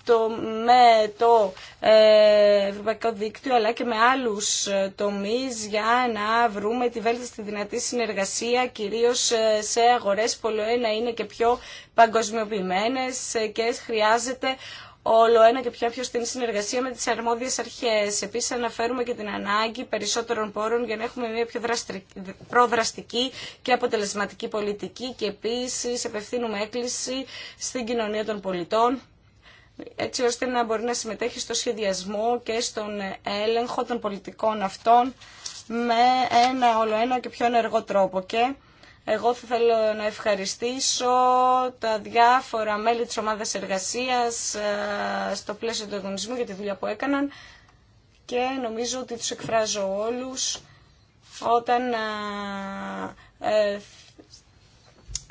το με το ε, Ευρωπαϊκό Δίκτυο αλλά και με άλλους ε, τομείς για να βρούμε τη βέλτιστη δυνατή συνεργασία κυρίως ε, σε αγορές που ένα είναι και πιο παγκοσμιοποιημένες και χρειάζεται όλο ένα και πιο πιο στην συνεργασία με τις αρμόδιες αρχές. Επίσης αναφέρουμε και την ανάγκη περισσότερων πόρων για να έχουμε μια πιο προδραστική και αποτελεσματική πολιτική και επίσης απευθύνουμε έκκληση στην κοινωνία των πολιτών έτσι ώστε να μπορεί να συμμετέχει στο σχεδιασμό και στον έλεγχο των πολιτικών αυτών με ένα όλο ένα και πιο ενεργό τρόπο. Και εγώ θα θέλω να ευχαριστήσω τα διάφορα μέλη της ομάδας εργασίας ε, στο πλαίσιο του εγωνισμού για τη δουλειά που έκαναν και νομίζω ότι τους εκφράζω όλους όταν ε, ε,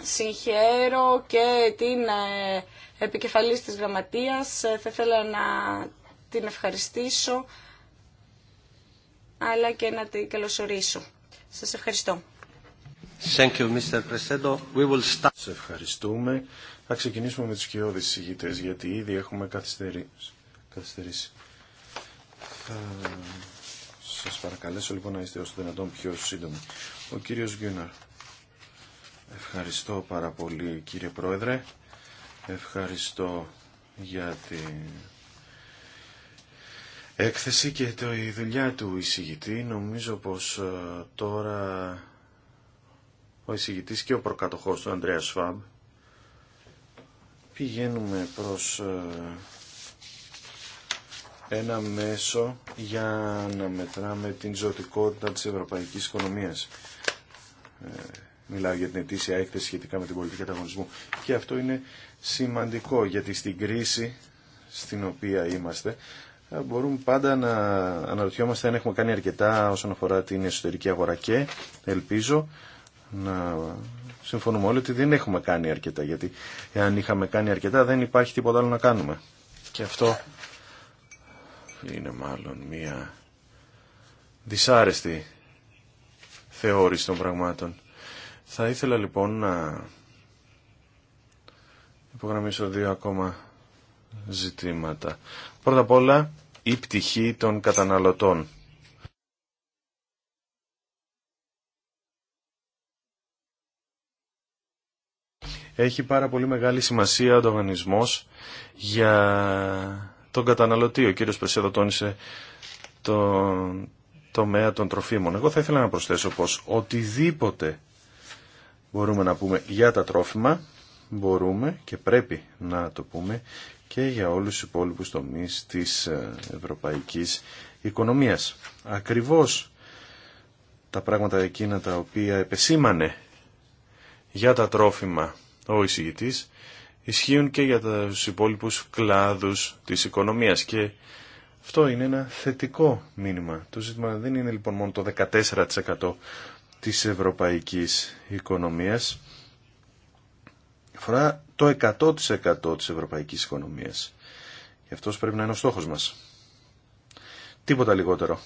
συγχαίρω και την επικεφαλής της γραμματείας. Ε, θα ήθελα να την ευχαριστήσω, αλλά και να την καλωσορίσω. Σας ευχαριστώ. Thank you, Mr. We will start... ευχαριστούμε. Θα ξεκινήσουμε με τους κοιόδης συγγητές, γιατί ήδη έχουμε καθυστερήσει. Θα σας παρακαλέσω λοιπόν να είστε όσο δυνατόν πιο σύντομο. Ο κύριος Γκίναρ. Ευχαριστώ πάρα πολύ κύριε Πρόεδρε. Ευχαριστώ για την έκθεση και το, η δουλειά του εισηγητή. Νομίζω πως ε, τώρα ο εισηγητής και ο προκατοχός του, Αντρέα Σφάμπ, πηγαίνουμε προς ε, ένα μέσο για να μετράμε την ζωτικότητα της ευρωπαϊκής οικονομίας. Ε, Μιλάω για την ετήσια έκθεση σχετικά με την πολιτική ανταγωνισμού. Και αυτό είναι σημαντικό γιατί στην κρίση στην οποία είμαστε ε, μπορούμε πάντα να αναρωτιόμαστε αν έχουμε κάνει αρκετά όσον αφορά την εσωτερική αγορά και ελπίζω να συμφωνούμε όλοι ότι δεν έχουμε κάνει αρκετά γιατί αν είχαμε κάνει αρκετά δεν υπάρχει τίποτα άλλο να κάνουμε. Και αυτό είναι μάλλον μία δυσάρεστη θεώρηση των πραγμάτων. Θα ήθελα λοιπόν να υπογραμμίσω δύο ακόμα ζητήματα. Πρώτα απ' όλα η πτυχή των καταναλωτών. Έχει πάρα πολύ μεγάλη σημασία ο ανταγωνισμός για τον καταναλωτή. Ο κύριος Πεσέδο τόνισε τον τομέα των τροφίμων. Εγώ θα ήθελα να προσθέσω πως οτιδήποτε μπορούμε να πούμε για τα τρόφιμα, μπορούμε και πρέπει να το πούμε και για όλους τους υπόλοιπους τομείς της ε, ευρωπαϊκής οικονομίας. Ακριβώς τα πράγματα εκείνα τα οποία επεσήμανε για τα τρόφιμα ο εισηγητής ισχύουν και για τους υπόλοιπους κλάδους της οικονομίας και αυτό είναι ένα θετικό μήνυμα. Το ζήτημα δεν είναι λοιπόν μόνο το 14% της ευρωπαϊκής οικονομίας φορά το 100% της ευρωπαϊκής οικονομίας. Γι' αυτός πρέπει να είναι ο στόχος μας. Τίποτα λιγότερο.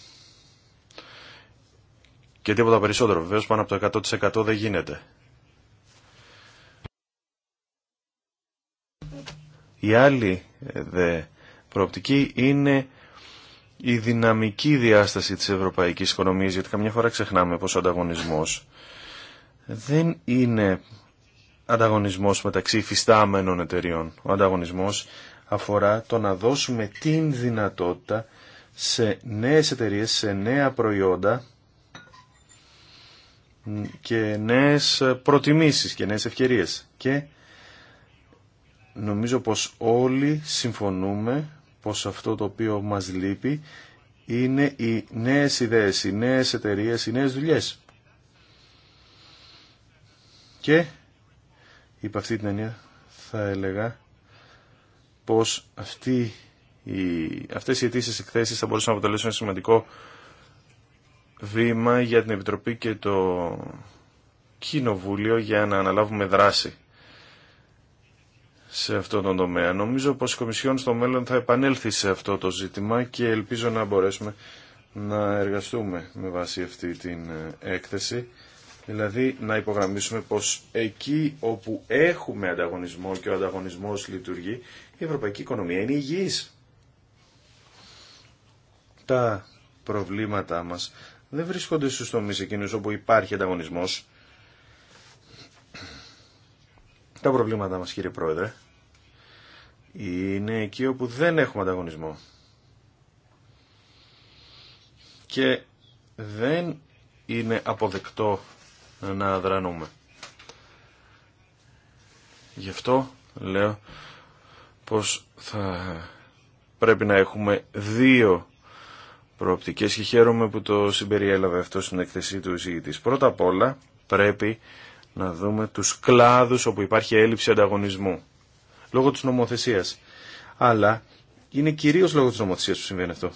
Και τίποτα περισσότερο. Βεβαίω πάνω από το 100% δεν γίνεται. Η άλλη ε, δε προοπτική είναι η δυναμική διάσταση της ευρωπαϊκής οικονομίας, γιατί καμιά φορά ξεχνάμε πως ο ανταγωνισμός δεν είναι ανταγωνισμός μεταξύ υφιστάμενων εταιριών. Ο ανταγωνισμός αφορά το να δώσουμε την δυνατότητα σε νέες εταιρείες, σε νέα προϊόντα και νέες προτιμήσεις και νέες ευκαιρίες. Και νομίζω πως όλοι συμφωνούμε πως αυτό το οποίο μας λείπει είναι οι νέες ιδέες, οι νέες εταιρείες, οι νέες δουλειές. Και, είπα αυτή την έννοια, θα έλεγα πως αυτή οι, αυτές οι αιτήσεις εκθέσεις θα μπορούσαν να αποτελέσουν ένα σημαντικό βήμα για την Επιτροπή και το Κοινοβούλιο για να αναλάβουμε δράση σε αυτό τον τομέα. Νομίζω πως η Κομισιόν στο μέλλον θα επανέλθει σε αυτό το ζήτημα και ελπίζω να μπορέσουμε να εργαστούμε με βάση αυτή την ε, έκθεση. Δηλαδή να υπογραμμίσουμε πως εκεί όπου έχουμε ανταγωνισμό και ο ανταγωνισμός λειτουργεί, η ευρωπαϊκή οικονομία είναι υγιής. Τα προβλήματά μας δεν βρίσκονται στους τομείς εκείνους όπου υπάρχει ανταγωνισμός. Τα προβλήματά μας κύριε Πρόεδρε είναι εκεί όπου δεν έχουμε ανταγωνισμό. Και δεν είναι αποδεκτό να δρανούμε. Γι' αυτό λέω πως θα πρέπει να έχουμε δύο προοπτικές και χαίρομαι που το συμπεριέλαβε αυτό στην εκθεσή του εισηγητής. Πρώτα απ' όλα πρέπει να δούμε τους κλάδους όπου υπάρχει έλλειψη ανταγωνισμού λόγω της νομοθεσίας. Αλλά είναι κυρίως λόγω της νομοθεσίας που συμβαίνει αυτό.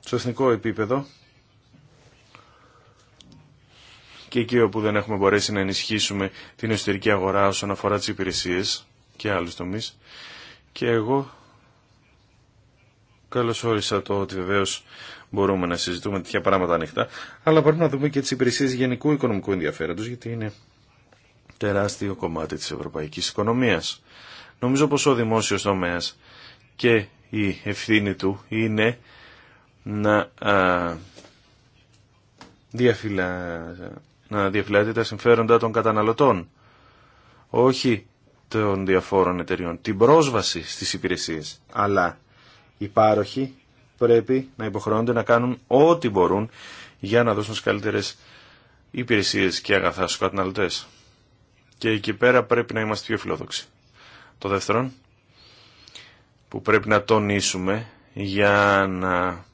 Στο εθνικό επίπεδο και εκεί όπου δεν έχουμε μπορέσει να ενισχύσουμε την εσωτερική αγορά όσον αφορά τις υπηρεσίες και άλλους τομείς. Και εγώ καλώς όρισα το ότι βεβαίως μπορούμε να συζητούμε τέτοια πράγματα ανοιχτά, αλλά πρέπει να δούμε και τις υπηρεσίες γενικού οικονομικού ενδιαφέροντος, γιατί είναι τεράστιο κομμάτι της ευρωπαϊκής οικονομίας. Νομίζω πως ο δημόσιος τομέας και η ευθύνη του είναι να, να τα συμφέροντα των καταναλωτών, όχι των διαφόρων εταιριών, την πρόσβαση στις υπηρεσίες, αλλά οι πάροχοι πρέπει να υποχρεώνονται να κάνουν ό,τι μπορούν για να δώσουν τις καλύτερες υπηρεσίες και αγαθά στους καταναλωτές και εκεί πέρα πρέπει να είμαστε πιο φιλόδοξοι. Το δεύτερον, που πρέπει να τονίσουμε για να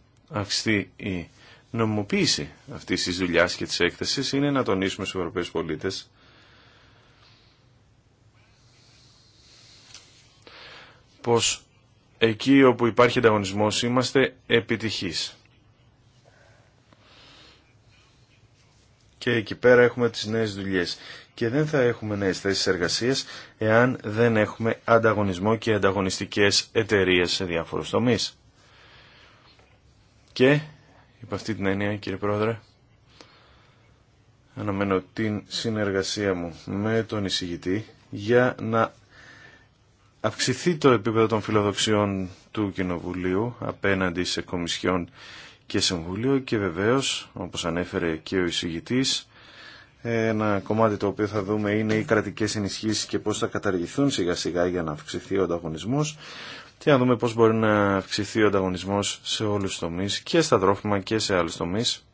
αυξηθεί η νομοποίηση αυτής της δουλειά και της έκθεσης είναι να τονίσουμε στους Ευρωπαίους πολίτες πως εκεί όπου υπάρχει ανταγωνισμό είμαστε επιτυχεί. Και εκεί πέρα έχουμε τις νέες δουλειές και δεν θα έχουμε νέες θέσεις εργασίας εάν δεν έχουμε ανταγωνισμό και ανταγωνιστικές εταιρείες σε διάφορους τομείς. Και, υπ' αυτή την έννοια κύριε Πρόεδρε, αναμένω την συνεργασία μου με τον εισηγητή για να αυξηθεί το επίπεδο των φιλοδοξιών του Κοινοβουλίου απέναντι σε Κομισιόν και Συμβούλιο και βεβαίως, όπως ανέφερε και ο εισηγητής, ένα κομμάτι το οποίο θα δούμε είναι οι κρατικές ενισχύσεις και πώς θα καταργηθούν σιγά σιγά για να αυξηθεί ο ανταγωνισμός και να δούμε πώς μπορεί να αυξηθεί ο ανταγωνισμός σε όλους τους τομείς και στα τρόφιμα και σε άλλους τομείς.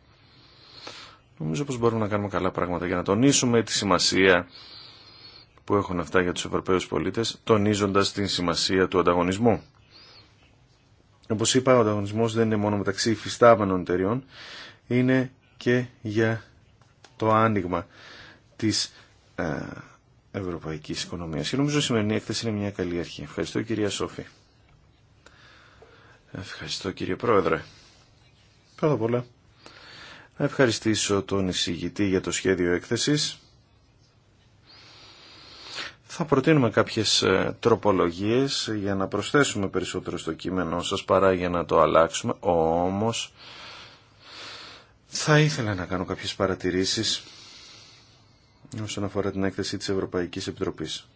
Νομίζω πως μπορούμε να κάνουμε καλά πράγματα για να τονίσουμε τη σημασία που έχουν αυτά για τους Ευρωπαίους πολίτες, τονίζοντας τη σημασία του ανταγωνισμού. Όπως είπα, ο ανταγωνισμός δεν είναι μόνο μεταξύ υφιστάμενων εταιριών, είναι και για το άνοιγμα της ε, ευρωπαϊκής οικονομίας. Και νομίζω η σημερινή έκθεση είναι μια καλή αρχή. Ευχαριστώ κυρία Σόφη. Ευχαριστώ κύριε Πρόεδρε. Πρώτα απ' να ευχαριστήσω τον εισηγητή για το σχέδιο έκθεσης. Θα προτείνουμε κάποιες ε, τροπολογίες για να προσθέσουμε περισσότερο στο κείμενό σας παρά για να το αλλάξουμε, όμως θα ήθελα να κάνω κάποιες παρατηρήσεις όσον αφορά την έκθεση της Ευρωπαϊκής Επιτροπής.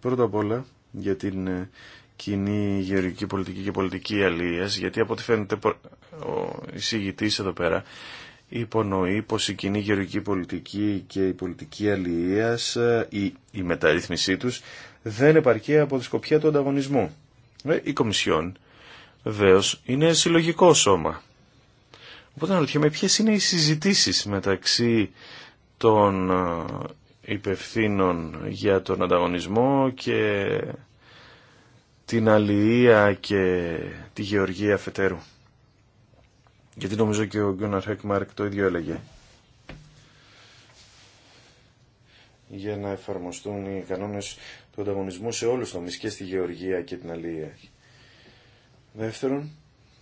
Πρώτα απ' όλα για την ε, κοινή γεωργική πολιτική και πολιτική αλληλείας, γιατί από ό,τι φαίνεται ο εισηγητής εδώ πέρα υπονοεί πως η κοινή γεωργική πολιτική και η πολιτική αλληλείας ή ε, η μεταρρύθμισή τους δεν επαρκεί από τη σκοπιά του ανταγωνισμού. Ε, η Κομισιόν βεβαίω είναι συλλογικό σώμα Οπότε αναρωτιέμαι ποιες είναι οι συζητήσεις μεταξύ των ε, υπευθύνων για τον ανταγωνισμό και την αλληλεία και τη γεωργία φετέρου. Γιατί νομίζω και ο Γκούναρ Χεκμάρκ το ίδιο έλεγε. Για να εφαρμοστούν οι κανόνες του ανταγωνισμού σε όλους τους τομείς και στη γεωργία και την αλληλεία. Δεύτερον,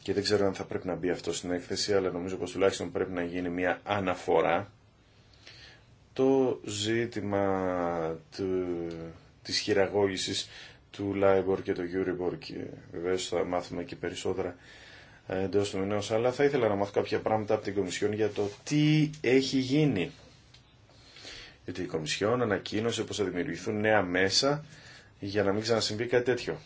και δεν ξέρω αν θα πρέπει να μπει αυτό στην έκθεση, αλλά νομίζω πως τουλάχιστον πρέπει να γίνει μια αναφορά το ζήτημα του, της χειραγώγησης του Λάιμπορ και του Euribor και βεβαίως θα μάθουμε και περισσότερα ε, εντό του μηνό, αλλά θα ήθελα να μάθω κάποια πράγματα από την Κομισιόν για το τι έχει γίνει. Γιατί η Κομισιόν ανακοίνωσε πως θα δημιουργηθούν νέα μέσα για να μην ξανασυμβεί κάτι τέτοιο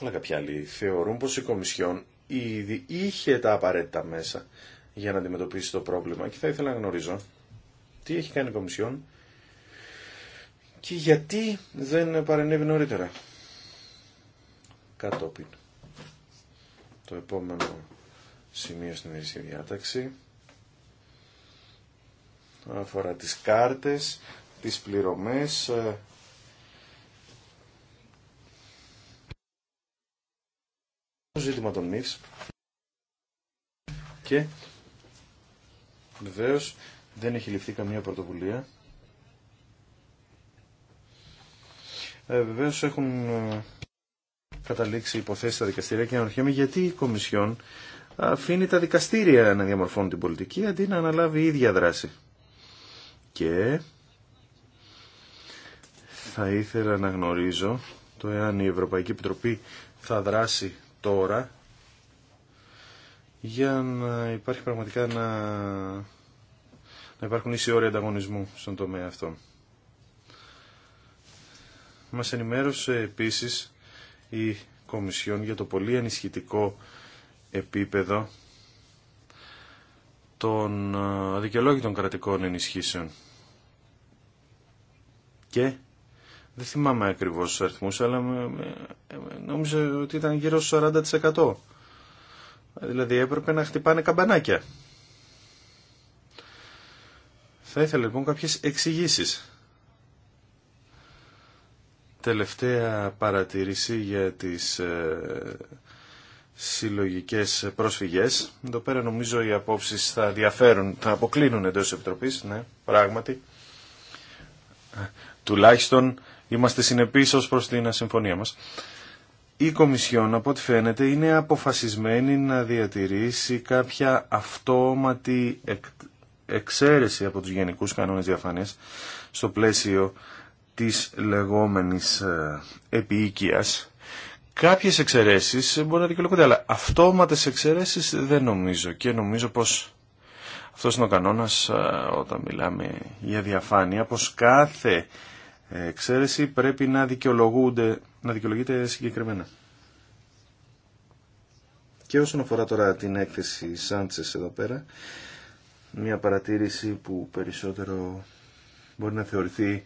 αλλά κάποιοι άλλοι θεωρούν πως η Κομισιόν ήδη είχε τα απαραίτητα μέσα για να αντιμετωπίσει το πρόβλημα και θα ήθελα να γνωρίζω τι έχει κάνει η Κομισιόν και γιατί δεν παρενέβη νωρίτερα κατόπιν. Το επόμενο σημείο στην ειδική διάταξη αφορά τις κάρτες, τις πληρωμές, ε, ζήτημα των και βεβαίως δεν έχει ληφθεί καμία πρωτοβουλία. Ε, βεβαίω έχουν ε, καταλήξει υποθέσει στα δικαστήρια και αναρωτιέμαι γιατί η Κομισιόν αφήνει τα δικαστήρια να διαμορφώνουν την πολιτική αντί να αναλάβει η ίδια δράση. Και θα ήθελα να γνωρίζω το εάν η Ευρωπαϊκή Επιτροπή θα δράσει τώρα για να υπάρχει πραγματικά να, να υπάρχουν ίσοι όροι ανταγωνισμού στον τομέα αυτό. Μας ενημέρωσε επίσης η Κομισιόν για το πολύ ανισχυτικό επίπεδο των αδικαιολόγητων κρατικών ενισχύσεων και δεν θυμάμαι ακριβώς τους αριθμούς, αλλά νόμιζα ότι ήταν γύρω στο 40%. Δηλαδή έπρεπε να χτυπάνε καμπανάκια. Θα ήθελα λοιπόν κάποιες εξηγήσει. Τελευταία παρατήρηση για τις ε, συλλογικές πρόσφυγες. Εδώ πέρα νομίζω οι απόψεις θα διαφέρουν, θα αποκλίνουν εντός της Επιτροπής, ναι, πράγματι. Τουλάχιστον είμαστε συνεπείς ως προς την ασυμφωνία μας. Η Κομισιόν, από ό,τι φαίνεται, είναι αποφασισμένη να διατηρήσει κάποια αυτόματη εξαίρεση από τους γενικούς κανόνες διαφάνειας στο πλαίσιο της λεγόμενης ε, επιοίκειας. Κάποιες εξαιρέσεις μπορεί να δικαιολογούνται, αλλά αυτόματες εξαιρέσεις δεν νομίζω και νομίζω πως αυτός είναι ο κανόνας ε, όταν μιλάμε για διαφάνεια, πως κάθε εξαίρεση πρέπει να, δικαιολογούνται, να δικαιολογείται συγκεκριμένα. Και όσον αφορά τώρα την έκθεση Σάντσες εδώ πέρα, μια παρατήρηση που περισσότερο μπορεί να θεωρηθεί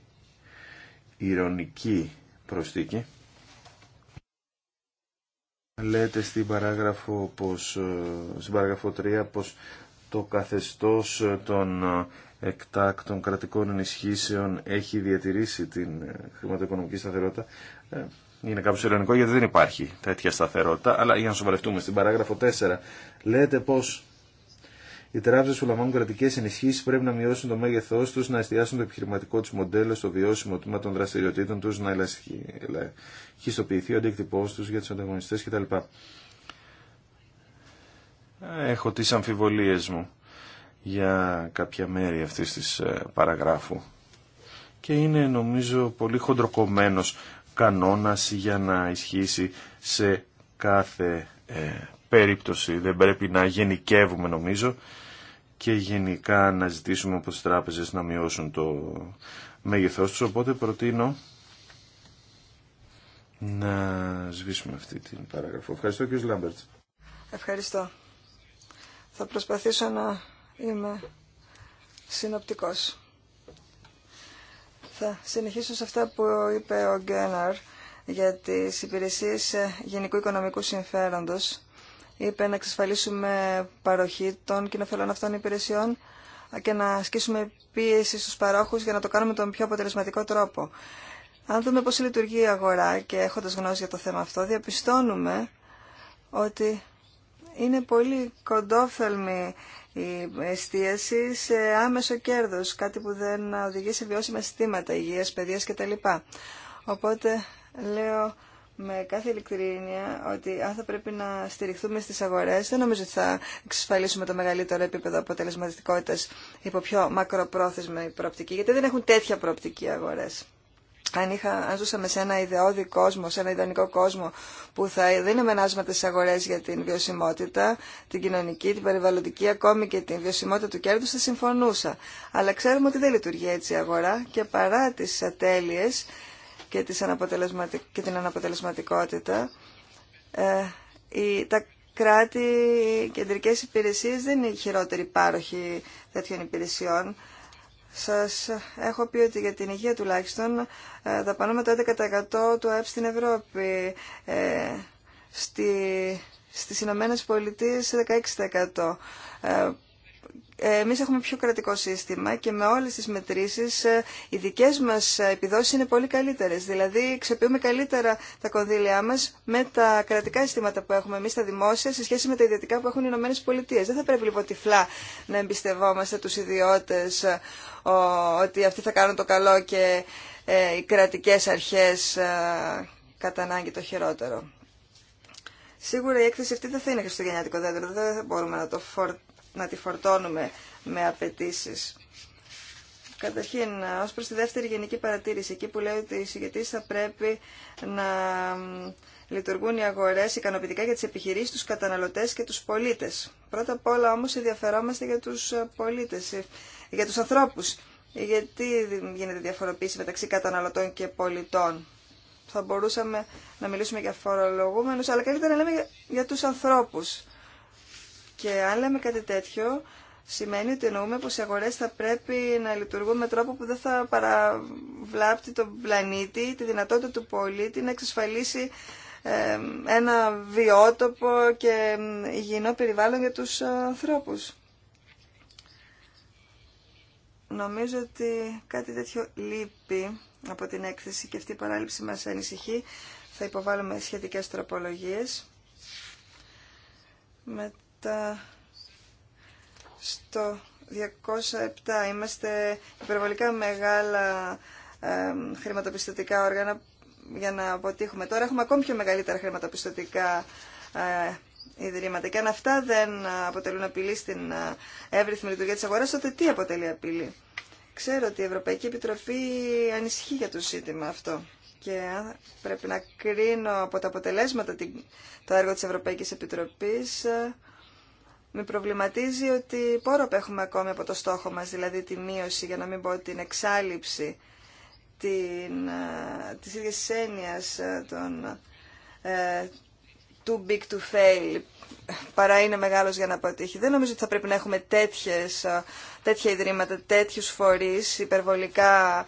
ηρωνική προστίκη. Λέτε στην παράγραφο, πως, ε, στην παράγραφο 3 πως το καθεστώς των ε, εκτάκτων κρατικών ενισχύσεων έχει διατηρήσει την ε, χρηματοοικονομική σταθερότητα. Ε, είναι κάπως ειρωνικό γιατί δεν υπάρχει τέτοια σταθερότητα, αλλά για να σοβαρευτούμε στην παράγραφο 4 λέτε πως οι τράπεζε που λαμβάνουν κρατικέ ενισχύσει πρέπει να μειώσουν το μέγεθό του, να εστιάσουν το επιχειρηματικό του μοντέλο στο βιώσιμο τμήμα των δραστηριοτήτων του, να ελαχιστοποιηθεί ο αντίκτυπό του για του ανταγωνιστέ κτλ. Έχω τι αμφιβολίε μου για κάποια μέρη αυτής της ε, παραγράφου και είναι νομίζω πολύ χοντροκομμένος κανόνας για να ισχύσει σε κάθε ε, περίπτωση. Δεν πρέπει να γενικεύουμε νομίζω και γενικά να ζητήσουμε από τις τράπεζες να μειώσουν το μέγεθός τους. Οπότε προτείνω να σβήσουμε αυτή την παράγραφο. Ευχαριστώ κύριε Λάμπερτ. Ευχαριστώ. Θα προσπαθήσω να Είμαι συνοπτικός. Θα συνεχίσω σε αυτά που είπε ο Γκέναρ για τις υπηρεσίες γενικού οικονομικού συμφέροντος. Είπε να εξασφαλίσουμε παροχή των κοινοφελών αυτών υπηρεσιών και να ασκήσουμε πίεση στους παρόχους για να το κάνουμε τον πιο αποτελεσματικό τρόπο. Αν δούμε πώς λειτουργεί η αγορά και έχοντας γνώση για το θέμα αυτό, διαπιστώνουμε ότι είναι πολύ κοντόφελμη η εστίαση σε άμεσο κέρδος, κάτι που δεν οδηγεί σε βιώσιμα συστήματα υγείας, παιδείας κτλ. Οπότε λέω με κάθε ειλικρίνεια ότι αν θα πρέπει να στηριχθούμε στις αγορές δεν νομίζω ότι θα εξασφαλίσουμε το μεγαλύτερο επίπεδο αποτελεσματικότητας υπό πιο μακροπρόθεσμη προοπτική γιατί δεν έχουν τέτοια προοπτική αγορές αν, είχα, αν ζούσαμε σε ένα ιδεώδη κόσμο, σε ένα ιδανικό κόσμο που θα δίνει μενάσματα στι αγορέ για την βιωσιμότητα, την κοινωνική, την περιβαλλοντική, ακόμη και την βιωσιμότητα του κέρδου, θα συμφωνούσα. Αλλά ξέρουμε ότι δεν λειτουργεί έτσι η αγορά και παρά τι ατέλειε και, και την αναποτελεσματικότητα, ε, τα κράτη, οι κεντρικέ υπηρεσίε δεν είναι οι χειρότεροι πάροχοι τέτοιων υπηρεσιών. Σας έχω πει ότι για την υγεία τουλάχιστον ε, δαπανούμε το 11% του ΑΕΠ στην Ευρώπη. Ε, στη, στις Ηνωμένες Πολιτείες 16% εμείς έχουμε πιο κρατικό σύστημα και με όλες τις μετρήσεις ε, οι δικές μας επιδόσεις είναι πολύ καλύτερες. Δηλαδή εξοπλίζουμε καλύτερα τα κονδύλια μας με τα κρατικά συστήματα που έχουμε εμείς τα δημόσια σε σχέση με τα ιδιωτικά που έχουν οι Ηνωμένες Πολιτείες. Δεν θα πρέπει λοιπόν τυφλά να εμπιστευόμαστε τους ιδιώτες ε, ότι αυτοί θα κάνουν το καλό και ε, οι κρατικές αρχές κατά ανάγκη το χειρότερο. Σίγουρα η έκθεση αυτή δεν θα είναι χριστουγεννιάτικο δέντρο, δεν μπορούμε να το φορτ να τη φορτώνουμε με απαιτήσει. Καταρχήν, ως προς τη δεύτερη γενική παρατήρηση, εκεί που λέει ότι οι συγκεκριτές θα πρέπει να λειτουργούν οι αγορές ικανοποιητικά για τις επιχειρήσεις, τους καταναλωτές και τους πολίτες. Πρώτα απ' όλα όμως ενδιαφερόμαστε για τους ε, πολίτες, ε, για τους ανθρώπους. Γιατί γίνεται διαφοροποίηση μεταξύ καταναλωτών και πολιτών. Θα μπορούσαμε να μιλήσουμε για φορολογούμενους, αλλά καλύτερα να λέμε για, για τους ανθρώπους. Και αν λέμε κάτι τέτοιο, σημαίνει ότι εννοούμε πως οι αγορές θα πρέπει να λειτουργούν με τρόπο που δεν θα παραβλάπτει τον πλανήτη, τη δυνατότητα του πολίτη να εξασφαλίσει ένα βιότοπο και υγιεινό περιβάλλον για τους ε, ανθρώπους. Νομίζω ότι κάτι τέτοιο λείπει από την έκθεση και αυτή η παράληψη μας ανησυχεί. Θα υποβάλουμε σχετικές τροπολογίες. Με στο 207. Είμαστε υπερβολικά μεγάλα ε, χρηματοπιστωτικά όργανα για να αποτύχουμε. Τώρα έχουμε ακόμη πιο μεγαλύτερα χρηματοπιστωτικά ε, ιδρύματα. Και αν αυτά δεν αποτελούν απειλή στην ε, εύρυθμη λειτουργία της αγοράς, τότε τι αποτελεί απειλή. Ξέρω ότι η Ευρωπαϊκή Επιτροπή ανησυχεί για το ζήτημα αυτό και πρέπει να κρίνω από τα αποτελέσματα το έργο της Ευρωπαϊκής Επιτροπής ε, με προβληματίζει ότι πόρο έχουμε ακόμη από το στόχο μας, δηλαδή τη μείωση, για να μην πω την εξάλληψη την, ε, της ίδιας έννοιας ε, των ε, too big to fail, παρά είναι μεγάλος για να αποτύχει. Δεν νομίζω ότι θα πρέπει να έχουμε τέτοιες, τέτοια ιδρύματα, τέτοιους φορείς υπερβολικά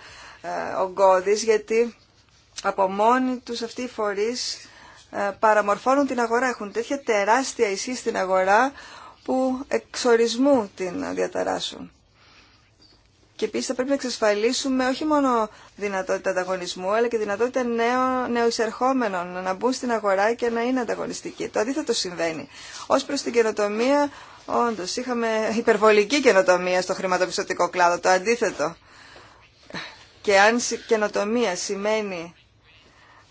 ογκώδεις, γιατί από μόνοι τους αυτοί οι φορείς παραμορφώνουν την αγορά, έχουν τέτοια τεράστια ισχύ στην αγορά που εξορισμού την διαταράσσουν. Και επίση θα πρέπει να εξασφαλίσουμε όχι μόνο δυνατότητα ανταγωνισμού, αλλά και δυνατότητα νέων, νεοεισερχόμενων να μπουν στην αγορά και να είναι ανταγωνιστικοί. Το αντίθετο συμβαίνει. Ω προ την καινοτομία, όντω, είχαμε υπερβολική καινοτομία στο χρηματοπιστωτικό κλάδο, το αντίθετο. Και αν καινοτομία σημαίνει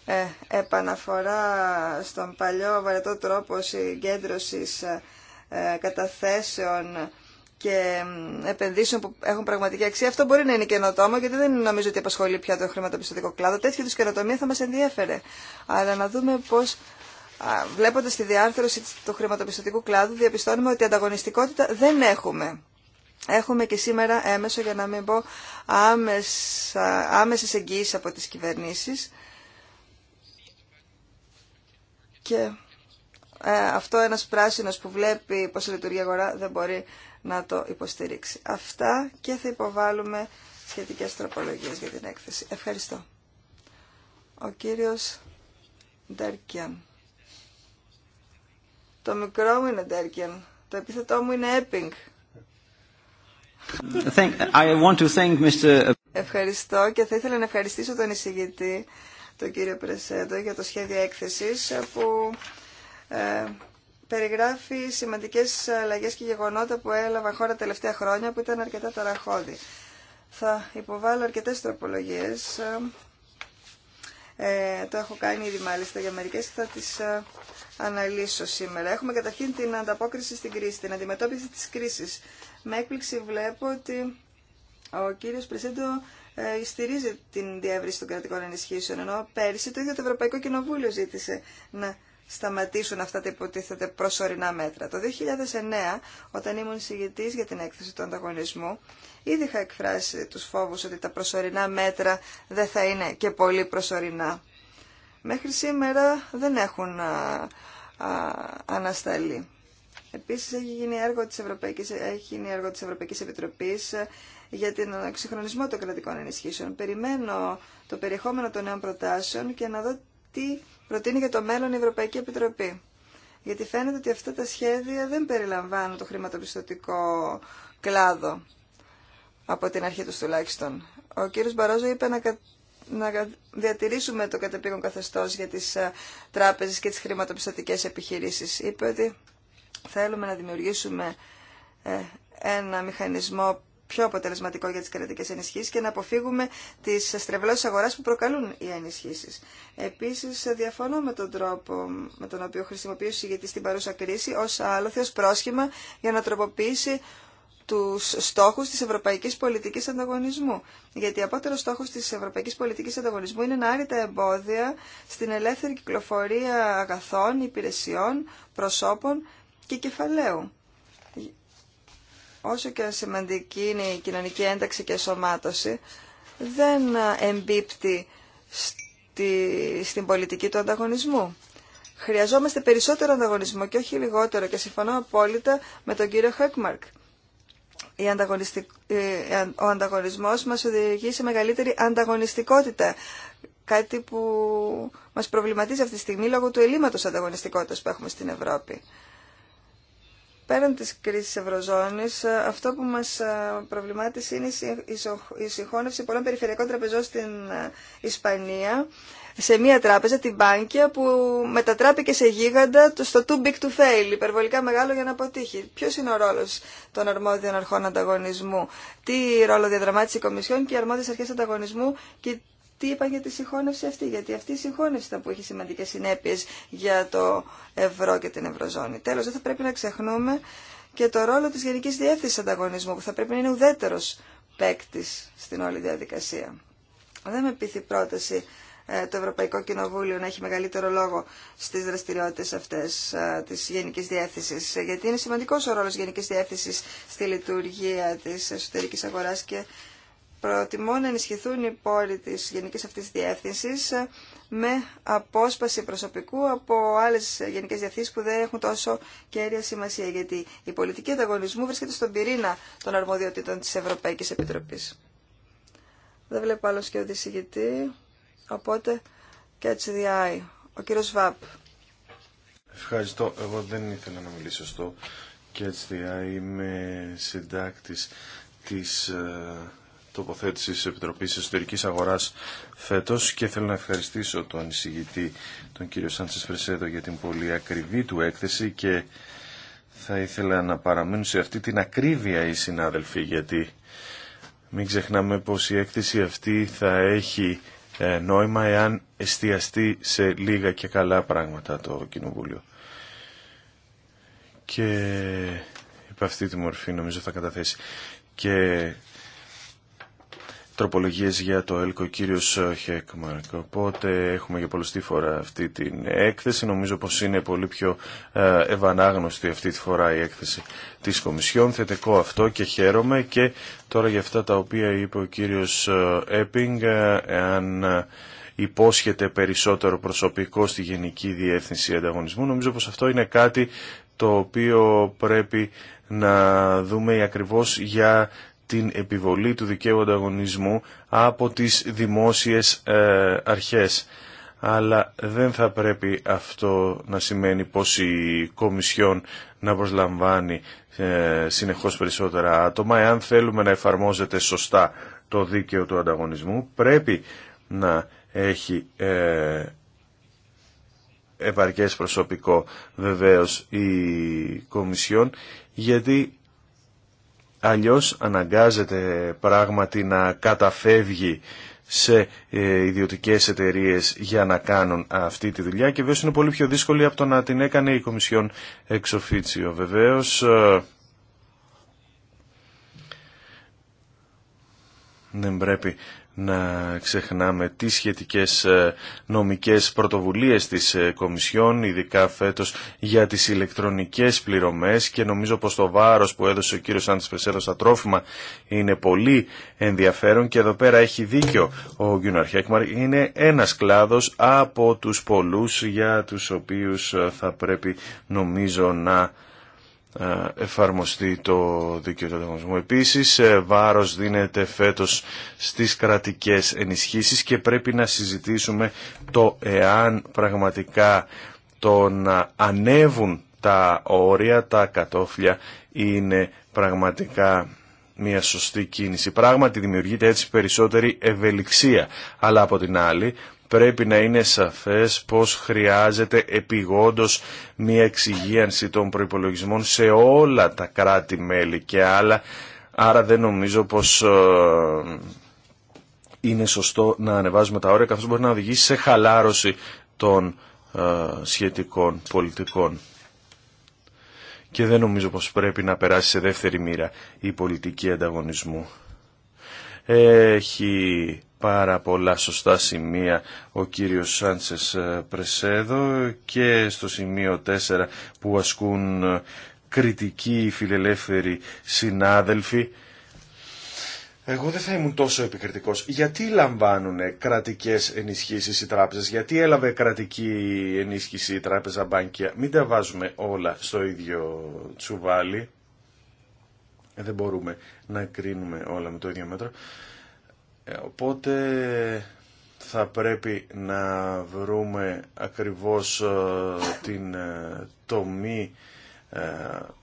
ε, επαναφορά στον παλιό βαρετό τρόπο συγκέντρωσης ε, ε, καταθέσεων και επενδύσεων που έχουν πραγματική αξία. Αυτό μπορεί να είναι καινοτόμο, γιατί δεν νομίζω ότι απασχολεί πια το χρηματοπιστωτικό κλάδο. Τέτοια είδου καινοτομία θα μα ενδιέφερε. Αλλά να δούμε πώ, βλέποντα τη διάρθρωση του χρηματοπιστωτικού κλάδου, διαπιστώνουμε ότι ανταγωνιστικότητα δεν έχουμε. Έχουμε και σήμερα έμεσο, για να μην πω άμεσε άμεσες από τι κυβερνήσει. Και ε, αυτό ένας πράσινος που βλέπει πώς λειτουργεί η αγορά δεν μπορεί να το υποστηρίξει. Αυτά και θα υποβάλουμε σχετικές τροπολογίες για την έκθεση. Ευχαριστώ. Ο κύριος Ντέρκιαν. Το μικρό μου είναι Ντέρκιαν. Το επίθετό μου είναι Έπινγκ. Ευχαριστώ και θα ήθελα να ευχαριστήσω τον εισηγητή, τον κύριο Πρεσέντο, για το σχέδιο έκθεσης που ε, περιγράφει σημαντικές αλλαγές και γεγονότα που έλαβαν χώρα τελευταία χρόνια που ήταν αρκετά ταραχώδη. Θα υποβάλω αρκετές τροπολογίες. Ε, το έχω κάνει ήδη μάλιστα για μερικές και θα τις ε, αναλύσω σήμερα. Έχουμε καταρχήν την ανταπόκριση στην κρίση, την αντιμετώπιση της κρίσης. Με έκπληξη βλέπω ότι ο κύριος Πρεσέντο ε, στηρίζει την διεύρυνση των κρατικών ενισχύσεων, ενώ πέρσι το ίδιο το Ευρωπαϊκό Κοινοβούλιο ζήτησε να σταματήσουν αυτά τα υποτίθεται προσωρινά μέτρα. Το 2009, όταν ήμουν συγγετής για την έκθεση του ανταγωνισμού, ήδη είχα εκφράσει τους φόβους ότι τα προσωρινά μέτρα δεν θα είναι και πολύ προσωρινά. Μέχρι σήμερα δεν έχουν ανασταλεί. Επίσης έχει γίνει έργο της Ευρωπαϊκής, έχει γίνει έργο της Ευρωπαϊκής Επιτροπής ε, για την εξυγχρονισμό των κρατικών ενισχύσεων. Περιμένω το περιεχόμενο των νέων προτάσεων και να δω τι προτείνει για το μέλλον η Ευρωπαϊκή Επιτροπή. Γιατί φαίνεται ότι αυτά τα σχέδια δεν περιλαμβάνουν το χρηματοπιστωτικό κλάδο, από την αρχή τους τουλάχιστον. Ο κύριος Μπαρόζο είπε να, να διατηρήσουμε το κατεπήγον καθεστώς για τις ε, τράπεζες και τις χρηματοπιστωτικές επιχειρήσεις. Είπε ότι θέλουμε να δημιουργήσουμε ε, ένα μηχανισμό πιο αποτελεσματικό για τις κρατικές ενισχύσεις και να αποφύγουμε τις στρεβλώσεις αγοράς που προκαλούν οι ενισχύσεις. Επίσης, διαφωνώ με τον τρόπο με τον οποίο χρησιμοποιεί ο συγγετής στην παρούσα κρίση ως άλοθη, ως πρόσχημα για να τροποποιήσει τους στόχους της ευρωπαϊκής πολιτικής ανταγωνισμού. Γιατί απότερο στόχος της ευρωπαϊκής πολιτικής ανταγωνισμού είναι να άρει τα εμπόδια στην ελεύθερη κυκλοφορία αγαθών, υπηρεσιών, προσώπων και κεφαλαίου όσο και σημαντική είναι η κοινωνική ένταξη και σωμάτωση, δεν εμπίπτει στη, στην πολιτική του ανταγωνισμού. Χρειαζόμαστε περισσότερο ανταγωνισμό και όχι λιγότερο και συμφωνώ απόλυτα με τον κύριο Χέκμαρκ. Ο ανταγωνισμός μας οδηγεί σε μεγαλύτερη ανταγωνιστικότητα, κάτι που μας προβληματίζει αυτή τη στιγμή λόγω του ελλείμματος ανταγωνιστικότητας που έχουμε στην Ευρώπη. Πέραν της κρίσης Ευρωζώνης, ε, αυτό που μας ε, προβλημάτισε είναι η συγχώνευση πολλών περιφερειακών τραπεζών στην ε, Ισπανία σε μία τράπεζα, την Bankia, που μετατράπηκε σε γίγαντα στο too big to fail, υπερβολικά μεγάλο για να αποτύχει. Ποιο είναι ο ρόλος των αρμόδιων αρχών ανταγωνισμού, τι ρόλο διαδραμάτισε η Κομισιόν και οι αρμόδιε αρχέ ανταγωνισμού και τι είπαν για τη συγχώνευση αυτή, γιατί αυτή η συγχώνευση ήταν που έχει σημαντικές συνέπειες για το ευρώ και την ευρωζώνη. Τέλος, δεν θα πρέπει να ξεχνούμε και το ρόλο της Γενικής Διεύθυνσης Ανταγωνισμού, που θα πρέπει να είναι ουδέτερος παίκτη στην όλη διαδικασία. Δεν με πείθει πρόταση ε, το Ευρωπαϊκό Κοινοβούλιο να έχει μεγαλύτερο λόγο στις δραστηριότητες αυτές ε, της γενική διεύθυνση. Ε, γιατί είναι σημαντικό ο ρόλο γενική διεύθυνση στη λειτουργία τη εσωτερική αγορά και προτιμώ να ενισχυθούν οι πόροι της γενικής αυτής διεύθυνσης με απόσπαση προσωπικού από άλλες γενικές διευθύνσεις που δεν έχουν τόσο κέρια σημασία, γιατί η πολιτική ανταγωνισμού βρίσκεται στον πυρήνα των αρμοδιοτήτων της Ευρωπαϊκής Επιτροπής. Δεν βλέπω άλλο και οδησηγητή, οπότε catch the eye. Ο κύριος Βαπ. Ευχαριστώ. Εγώ δεν ήθελα να μιλήσω στο catch the eye. Είμαι συντάκτης της ε, τοποθέτηση τη Επιτροπή Εσωτερική Αγοράς φέτος και θέλω να ευχαριστήσω τον εισηγητή τον κύριο Σάντσες Φρεσέδο για την πολύ ακριβή του έκθεση και θα ήθελα να παραμείνουν σε αυτή την ακρίβεια οι συνάδελφοι γιατί μην ξεχνάμε πως η έκθεση αυτή θα έχει ε, νόημα εάν εστιαστεί σε λίγα και καλά πράγματα το Κοινοβούλιο. Και υπ' αυτή τη μορφή νομίζω θα καταθέσει. Και Τροπολογίε για το ΕΛΚΟ, κύριο κύριος ε, Χέκμαρκ. Οπότε έχουμε για πολλωστή φορά αυτή την έκθεση. Νομίζω πω είναι πολύ πιο ε, ευανάγνωστη αυτή τη φορά η έκθεση τη Κομισιόν. Θετικό αυτό και χαίρομαι. Και τώρα για αυτά τα οποία είπε ο κύριο ε, Έπινγκ, αν υπόσχεται περισσότερο προσωπικό στη Γενική Διεύθυνση Ανταγωνισμού, νομίζω πως αυτό είναι κάτι το οποίο πρέπει να δούμε ακριβώς για την επιβολή του δικαίου ανταγωνισμού από τις δημόσιες ε, αρχές. Αλλά δεν θα πρέπει αυτό να σημαίνει πως η Κομισιόν να προσλαμβάνει ε, συνεχώς περισσότερα άτομα. Εάν θέλουμε να εφαρμόζεται σωστά το δίκαιο του ανταγωνισμού, πρέπει να έχει ε, επαρκές προσωπικό βεβαίως η Κομισιόν, γιατί Αλλιώς αναγκάζεται πράγματι να καταφεύγει σε ε, ιδιωτικές εταιρείες για να κάνουν αυτή τη δουλειά και βέβαια είναι πολύ πιο δύσκολη από το να την έκανε η Κομισιόν Εξοφίτσιο. Βεβαίως ε, δεν πρέπει να ξεχνάμε τις σχετικές ε, νομικές πρωτοβουλίες της ε, Κομισιόν, ειδικά φέτος για τις ηλεκτρονικές πληρωμές και νομίζω πως το βάρος που έδωσε ο κύριος Άντης ατρόφιμα στα τρόφιμα είναι πολύ ενδιαφέρον και εδώ πέρα έχει δίκιο ο Γιούναρ Είναι ένας κλάδος από τους πολλούς για τους οποίους ε, θα πρέπει νομίζω να ε, εφαρμοστεί το δίκαιο του ανταγωνισμού. Επίσης, ε, βάρος δίνεται φέτος στις κρατικές ενισχύσεις και πρέπει να συζητήσουμε το εάν πραγματικά το να ανέβουν τα όρια, τα κατόφλια είναι πραγματικά μια σωστή κίνηση. Πράγματι δημιουργείται έτσι περισσότερη ευελιξία, αλλά από την άλλη πρέπει να είναι σαφές πως χρειάζεται επιγόντως μια εξυγίανση των προϋπολογισμών σε όλα τα κράτη-μέλη και άλλα, άρα δεν νομίζω πως ε, είναι σωστό να ανεβάζουμε τα όρια, καθώς μπορεί να οδηγήσει σε χαλάρωση των ε, σχετικών πολιτικών. Και δεν νομίζω πως πρέπει να περάσει σε δεύτερη μοίρα η πολιτική ανταγωνισμού. Έχει πάρα πολλά σωστά σημεία ο κύριος Σάντσες ε, Πρεσέδο και στο σημείο 4 που ασκούν ε, κριτικοί φιλελεύθεροι συνάδελφοι. Εγώ δεν θα ήμουν τόσο επικριτικός. Γιατί λαμβάνουν κρατικές ενισχύσεις οι τράπεζες, γιατί έλαβε κρατική ενίσχυση η τράπεζα μπάνκια. Μην τα βάζουμε όλα στο ίδιο τσουβάλι. Ε, δεν μπορούμε να κρίνουμε όλα με το ίδιο μέτρο. Ε, οπότε θα πρέπει να βρούμε ακριβώς ε, την τομή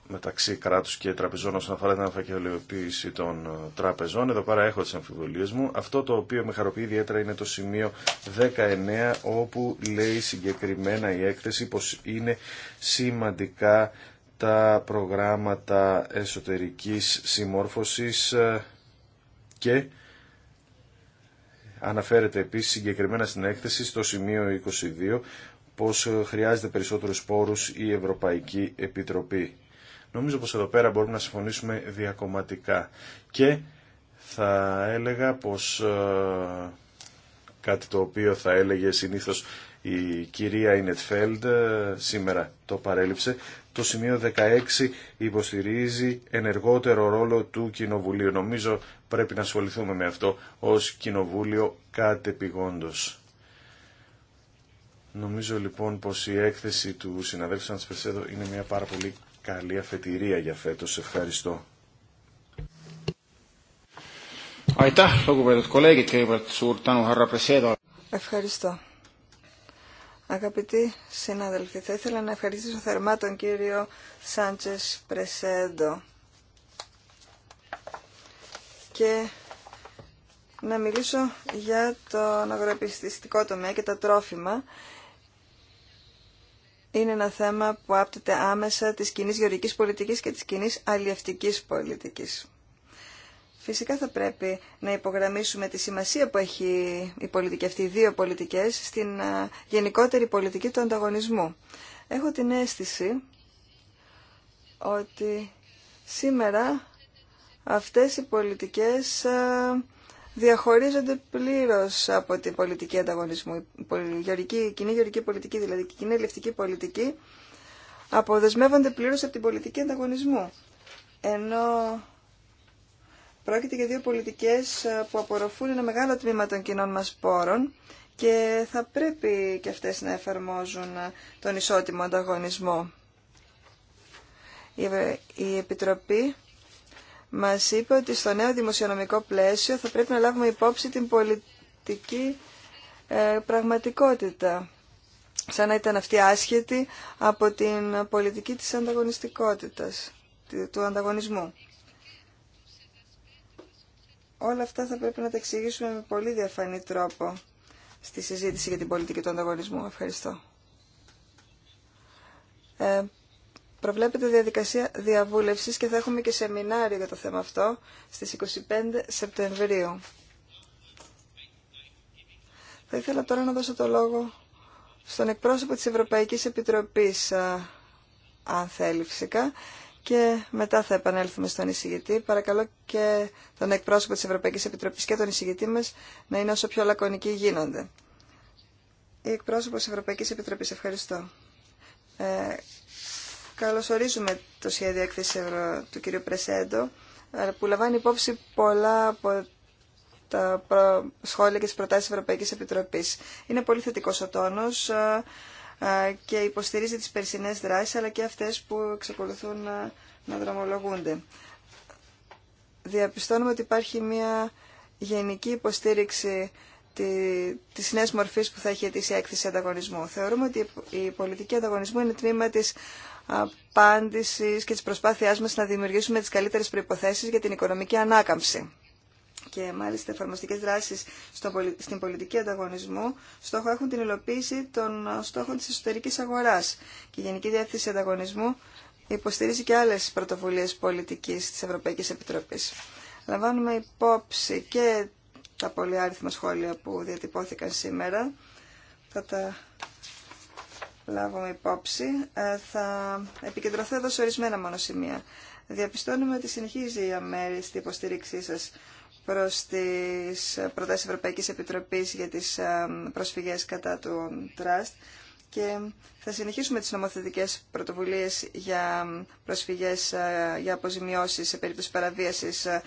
μεταξύ κράτους και τραπεζών όσον αφορά την αφακελοποίηση των τραπεζών. Εδώ πέρα έχω τις αμφιβολίες μου. Αυτό το οποίο με χαροποιεί ιδιαίτερα είναι το σημείο 19 όπου λέει συγκεκριμένα η έκθεση πως είναι σημαντικά τα προγράμματα εσωτερικής συμμόρφωσης ε, και αναφέρεται επίσης συγκεκριμένα στην έκθεση στο σημείο 22 πως ε, χρειάζεται περισσότερους πόρους η Ευρωπαϊκή Επιτροπή. Νομίζω πως εδώ πέρα μπορούμε να συμφωνήσουμε διακομματικά και θα έλεγα πως ε, κάτι το οποίο θα έλεγε συνήθως η κυρία Ινετφέλντ σήμερα το παρέλειψε το σημείο 16 υποστηρίζει ενεργότερο ρόλο του Κοινοβουλίου. Νομίζω πρέπει να ασχοληθούμε με αυτό ως Κοινοβούλιο κατεπηγόντος. Νομίζω λοιπόν πως η έκθεση του συναδέλφου Σαντσπερσέδο είναι μια πάρα πολύ καλή αφετηρία για φέτος. Ευχαριστώ. Ευχαριστώ. Αγαπητοί συνάδελφοι, θα ήθελα να ευχαριστήσω θερμά τον κύριο Σάντσες Πρεσέντο και να μιλήσω για τον αγροεπιστηστικό τομέα και τα τρόφιμα. Είναι ένα θέμα που άπτεται άμεσα της κοινή γεωργικής πολιτικής και της κοινή αλλιευτικής πολιτικής. Φυσικά θα πρέπει να υπογραμμίσουμε τη σημασία που έχει η πολιτική αυτή, οι δύο πολιτικές, στην ε, γενικότερη πολιτική του ανταγωνισμού. Έχω την αίσθηση ότι σήμερα αυτές οι πολιτικές ε, διαχωρίζονται πλήρως από την πολιτική ανταγωνισμού. Η κοινή γεωρική πολιτική, δηλαδή η κοινή ελευτική πολιτική, αποδεσμεύονται πλήρως από την πολιτική ανταγωνισμού. Ενώ Πρόκειται για δύο πολιτικές ε, που απορροφούν ένα μεγάλο τμήμα των κοινών μας πόρων και θα πρέπει και αυτές να εφαρμόζουν ε, τον ισότιμο ανταγωνισμό. Ε, η Επιτροπή μας είπε ότι στο νέο δημοσιονομικό πλαίσιο θα πρέπει να λάβουμε υπόψη την πολιτική πραγματικότητα, σαν να ήταν αυτή άσχετη από την πολιτική της ανταγωνιστικότητας, του ανταγωνισμού. Όλα αυτά θα πρέπει να τα εξηγήσουμε με πολύ διαφανή τρόπο στη συζήτηση για την πολιτική του ανταγωνισμού. Ευχαριστώ. Ε, προβλέπεται διαδικασία διαβούλευσης και θα έχουμε και σεμινάριο για το θέμα αυτό στις 25 Σεπτεμβρίου. Θα ήθελα τώρα να δώσω το λόγο στον εκπρόσωπο της Ευρωπαϊκής Επιτροπής, ε, αν θέλει φυσικά, και μετά θα επανέλθουμε στον εισηγητή. Παρακαλώ και τον εκπρόσωπο της Ευρωπαϊκής Επιτροπής και τον εισηγητή μας να είναι όσο πιο λακωνικοί γίνονται. Η εκπρόσωπος της Ευρωπαϊκής Επιτροπής, ευχαριστώ. Ε, καλωσορίζουμε το σχέδιο έκθεση του κ. Πρεσέντο ε, που λαμβάνει υπόψη πολλά από τα σχόλια και τις προτάσεις της Ευρωπαϊκής Επιτροπής. Είναι πολύ θετικός ο τόνος ε, και υποστηρίζει τις περσινές δράσεις αλλά και αυτές που εξακολουθούν να, να δρομολογούνται. Διαπιστώνουμε ότι υπάρχει μια γενική υποστήριξη τη, της νέας μορφής που θα έχει αιτήσει η έκθεση ανταγωνισμού. Θεωρούμε ότι η πολιτική ανταγωνισμού είναι τμήμα της απάντησης και της προσπάθειάς μας να δημιουργήσουμε τις καλύτερες προϋποθέσεις για την οικονομική ανάκαμψη και μάλιστα εφαρμοστικέ δράσεις στην πολιτική ανταγωνισμού στόχο έχουν την υλοποίηση των στόχων της εσωτερικής αγοράς και η Γενική Διεύθυνση Ανταγωνισμού υποστηρίζει και άλλες πρωτοβουλίες πολιτικής της Ευρωπαϊκής Επιτροπής. Λαμβάνουμε υπόψη και τα άριθμα σχόλια που διατυπώθηκαν σήμερα. Θα τα λάβουμε υπόψη. Ε, θα επικεντρωθώ εδώ σε ορισμένα μόνο σημεία. Διαπιστώνουμε ότι συνεχίζει η αμέριστη υποστήριξή σας προς τις προτάσεις Ευρωπαϊκής Επιτροπής για τις ε, προσφυγές κατά του Τραστ και θα συνεχίσουμε τις νομοθετικές πρωτοβουλίες για προσφυγές ε, για αποζημιώσεις σε περίπτωση παραβίασης ε,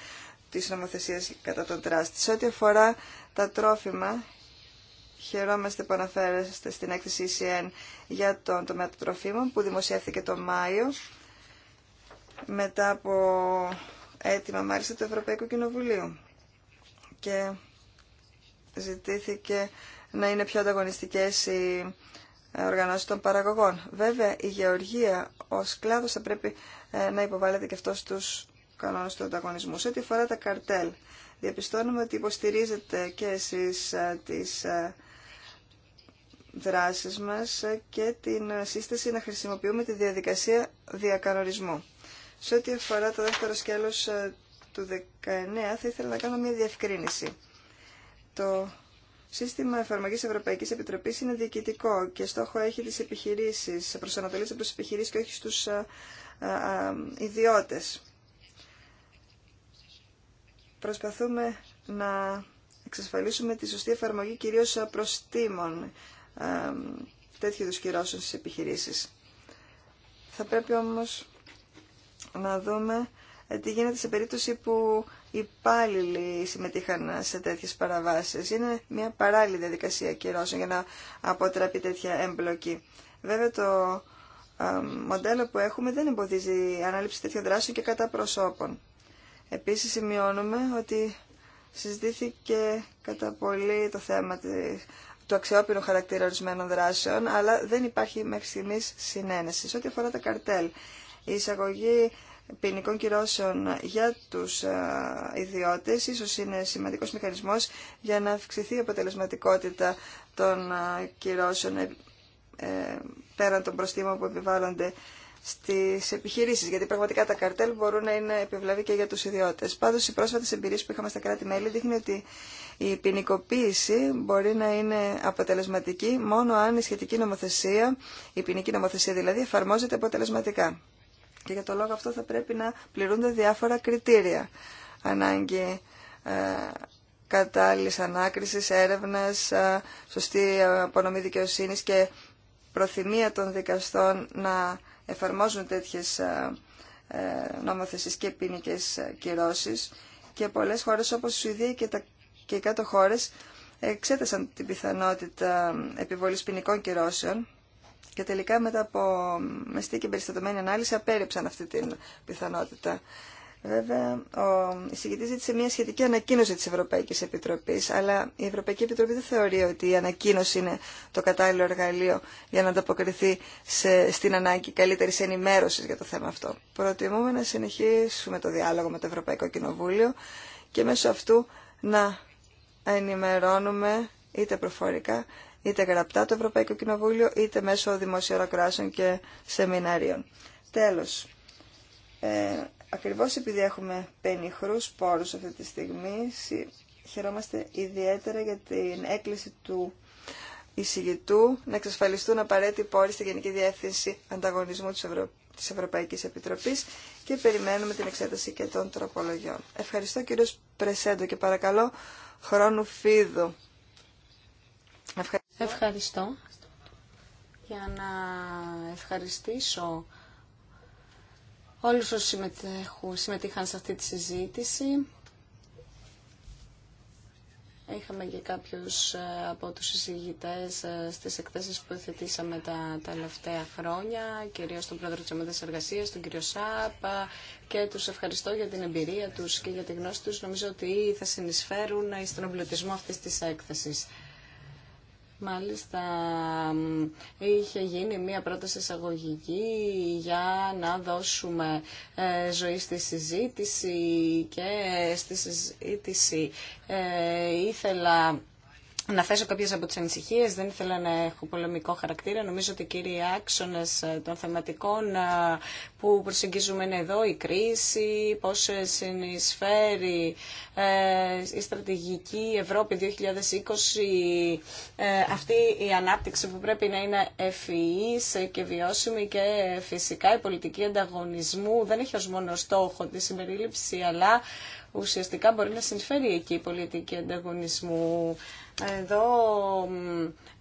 της νομοθεσίας κατά τον Τραστ. Σε ό,τι αφορά τα τρόφιμα, χαιρόμαστε που αναφέρεστε στην έκθεση ECN για τον τομέα των τροφίμων που δημοσιεύθηκε το Μάιο μετά από έτοιμα μάλιστα του Ευρωπαϊκού Κοινοβουλίου και ζητήθηκε να είναι πιο ανταγωνιστικές οι οργανώσεις των παραγωγών. Βέβαια, η γεωργία ως κλάδος θα πρέπει ε, να υποβάλλεται και αυτό στους κανόνες του ανταγωνισμού. Σε ό,τι αφορά τα καρτέλ, διαπιστώνουμε ότι υποστηρίζετε και εσείς ε, τις ε, δράσεις μας και την σύσταση να χρησιμοποιούμε τη διαδικασία διακανονισμού. Σε ό,τι αφορά το δεύτερο σκέλος του 19 θα ήθελα να κάνω μια διευκρίνηση. Το σύστημα εφαρμογής Ευρωπαϊκής Επιτροπής είναι διοικητικό και στόχο έχει τις επιχειρήσεις, από προς επιχειρήσεις και όχι στους α, ιδιώτες. Προσπαθούμε να εξασφαλίσουμε τη σωστή εφαρμογή κυρίως προστήμων τέτοιου είδους κυρώσεων στις επιχειρήσεις. Θα πρέπει όμως να δούμε τι γίνεται σε περίπτωση που υπάλληλοι συμμετείχαν σε τέτοιες παραβάσεις. Είναι μια παράλληλη διαδικασία κυρώσεων για να αποτραπεί τέτοια εμπλοκή. Βέβαια το ε, μοντέλο που έχουμε δεν εμποδίζει η ανάληψη τέτοιων δράσεων και κατά προσώπων. Επίσης σημειώνουμε ότι συζητήθηκε κατά πολύ το θέμα του αξιόπινου χαρακτήρα ορισμένων δράσεων, αλλά δεν υπάρχει μέχρι στιγμής συνένεση. ό,τι αφορά τα καρτέλ, η εισαγωγή ποινικών κυρώσεων για τους ε, ιδιώτες ίσως είναι σημαντικός μηχανισμός για να αυξηθεί η αποτελεσματικότητα των ε, κυρώσεων ε, πέραν των προστήμων που επιβάλλονται στις επιχειρήσεις, γιατί πραγματικά τα καρτέλ μπορούν να είναι επιβλαβή και για τους ιδιώτες. Πάντως, οι πρόσφατες εμπειρίες που είχαμε στα κράτη-μέλη δείχνει ότι η ποινικοποίηση μπορεί να είναι αποτελεσματική μόνο αν η σχετική νομοθεσία, η ποινική νομοθεσία δηλαδή, εφαρμόζεται αποτελεσματικά. Και για το λόγο αυτό θα πρέπει να πληρούνται διάφορα κριτήρια. Ανάγκη ε, κατάλληλης ανάκρισης, έρευνας, ε, σωστή απονομή δικαιοσύνης και προθυμία των δικαστών να εφαρμόζουν τέτοιες ε, ε και ποινικέ κυρώσεις. Και πολλές χώρες όπως η Σουηδία και, τα, και οι κάτω χώρες εξέτασαν την πιθανότητα επιβολής ποινικών κυρώσεων και τελικά μετά από μεστή και περιστατωμένη ανάλυση απέρριψαν αυτή την πιθανότητα. Βέβαια, ο εισηγητή ζήτησε μια σχετική ανακοίνωση τη Ευρωπαϊκή Επιτροπή, αλλά η Ευρωπαϊκή Επιτροπή δεν θεωρεί ότι η ανακοίνωση είναι το κατάλληλο εργαλείο για να ανταποκριθεί σε, στην ανάγκη καλύτερη ενημέρωση για το θέμα αυτό. Προτιμούμε να συνεχίσουμε το διάλογο με το Ευρωπαϊκό Κοινοβούλιο και μέσω αυτού να ενημερώνουμε είτε προφορικά είτε γραπτά το Ευρωπαϊκό Κοινοβούλιο, είτε μέσω δημοσιορακράσεων και σεμιναρίων. Τέλος, ε, ακριβώς επειδή έχουμε πενιχρούς πόρους αυτή τη στιγμή, χαιρόμαστε ιδιαίτερα για την έκκληση του εισηγητού να εξασφαλιστούν απαραίτητοι πόροι στη Γενική Διεύθυνση Ανταγωνισμού της, Ευρω... της Ευρωπαϊκής Επιτροπής και περιμένουμε την εξέταση και των τροπολογιών. Ευχαριστώ κύριος Πρεσέντο και παρακαλώ χρόνου φίδου. Ευχαριστώ. Για να ευχαριστήσω όλους όσους συμμετείχαν σε αυτή τη συζήτηση. Είχαμε και κάποιους ε, από τους συζητητές ε, στις εκθέσεις που θετήσαμε τα τελευταία χρόνια, κυρίως τον πρόεδρο της Ομάδας Εργασίας, τον κύριο Σάπα και τους ευχαριστώ για την εμπειρία τους και για τη γνώση τους. Νομίζω ότι θα συνεισφέρουν στον εμπλουτισμό αυτής της έκθεσης. Μάλιστα, είχε γίνει μία πρόταση εισαγωγική για να δώσουμε ε, ζωή στη συζήτηση και στη συζήτηση ε, ήθελα να θέσω κάποιες από τις ανησυχίες, δεν ήθελα να έχω πολεμικό χαρακτήρα. Νομίζω ότι οι κύριοι άξονες ε, των θεματικών ε, που προσεγγίζουμε είναι εδώ, η κρίση, πώς συνεισφέρει ε, η στρατηγική Ευρώπη 2020, αυτή η ανάπτυξη που πρέπει να είναι ευφυής και βιώσιμη και φυσικά η πολιτική ανταγωνισμού δεν έχει ως μόνο στόχο τη συμπερίληψη, αλλά ουσιαστικά μπορεί να συνεισφέρει εκεί η πολιτική ανταγωνισμού εδώ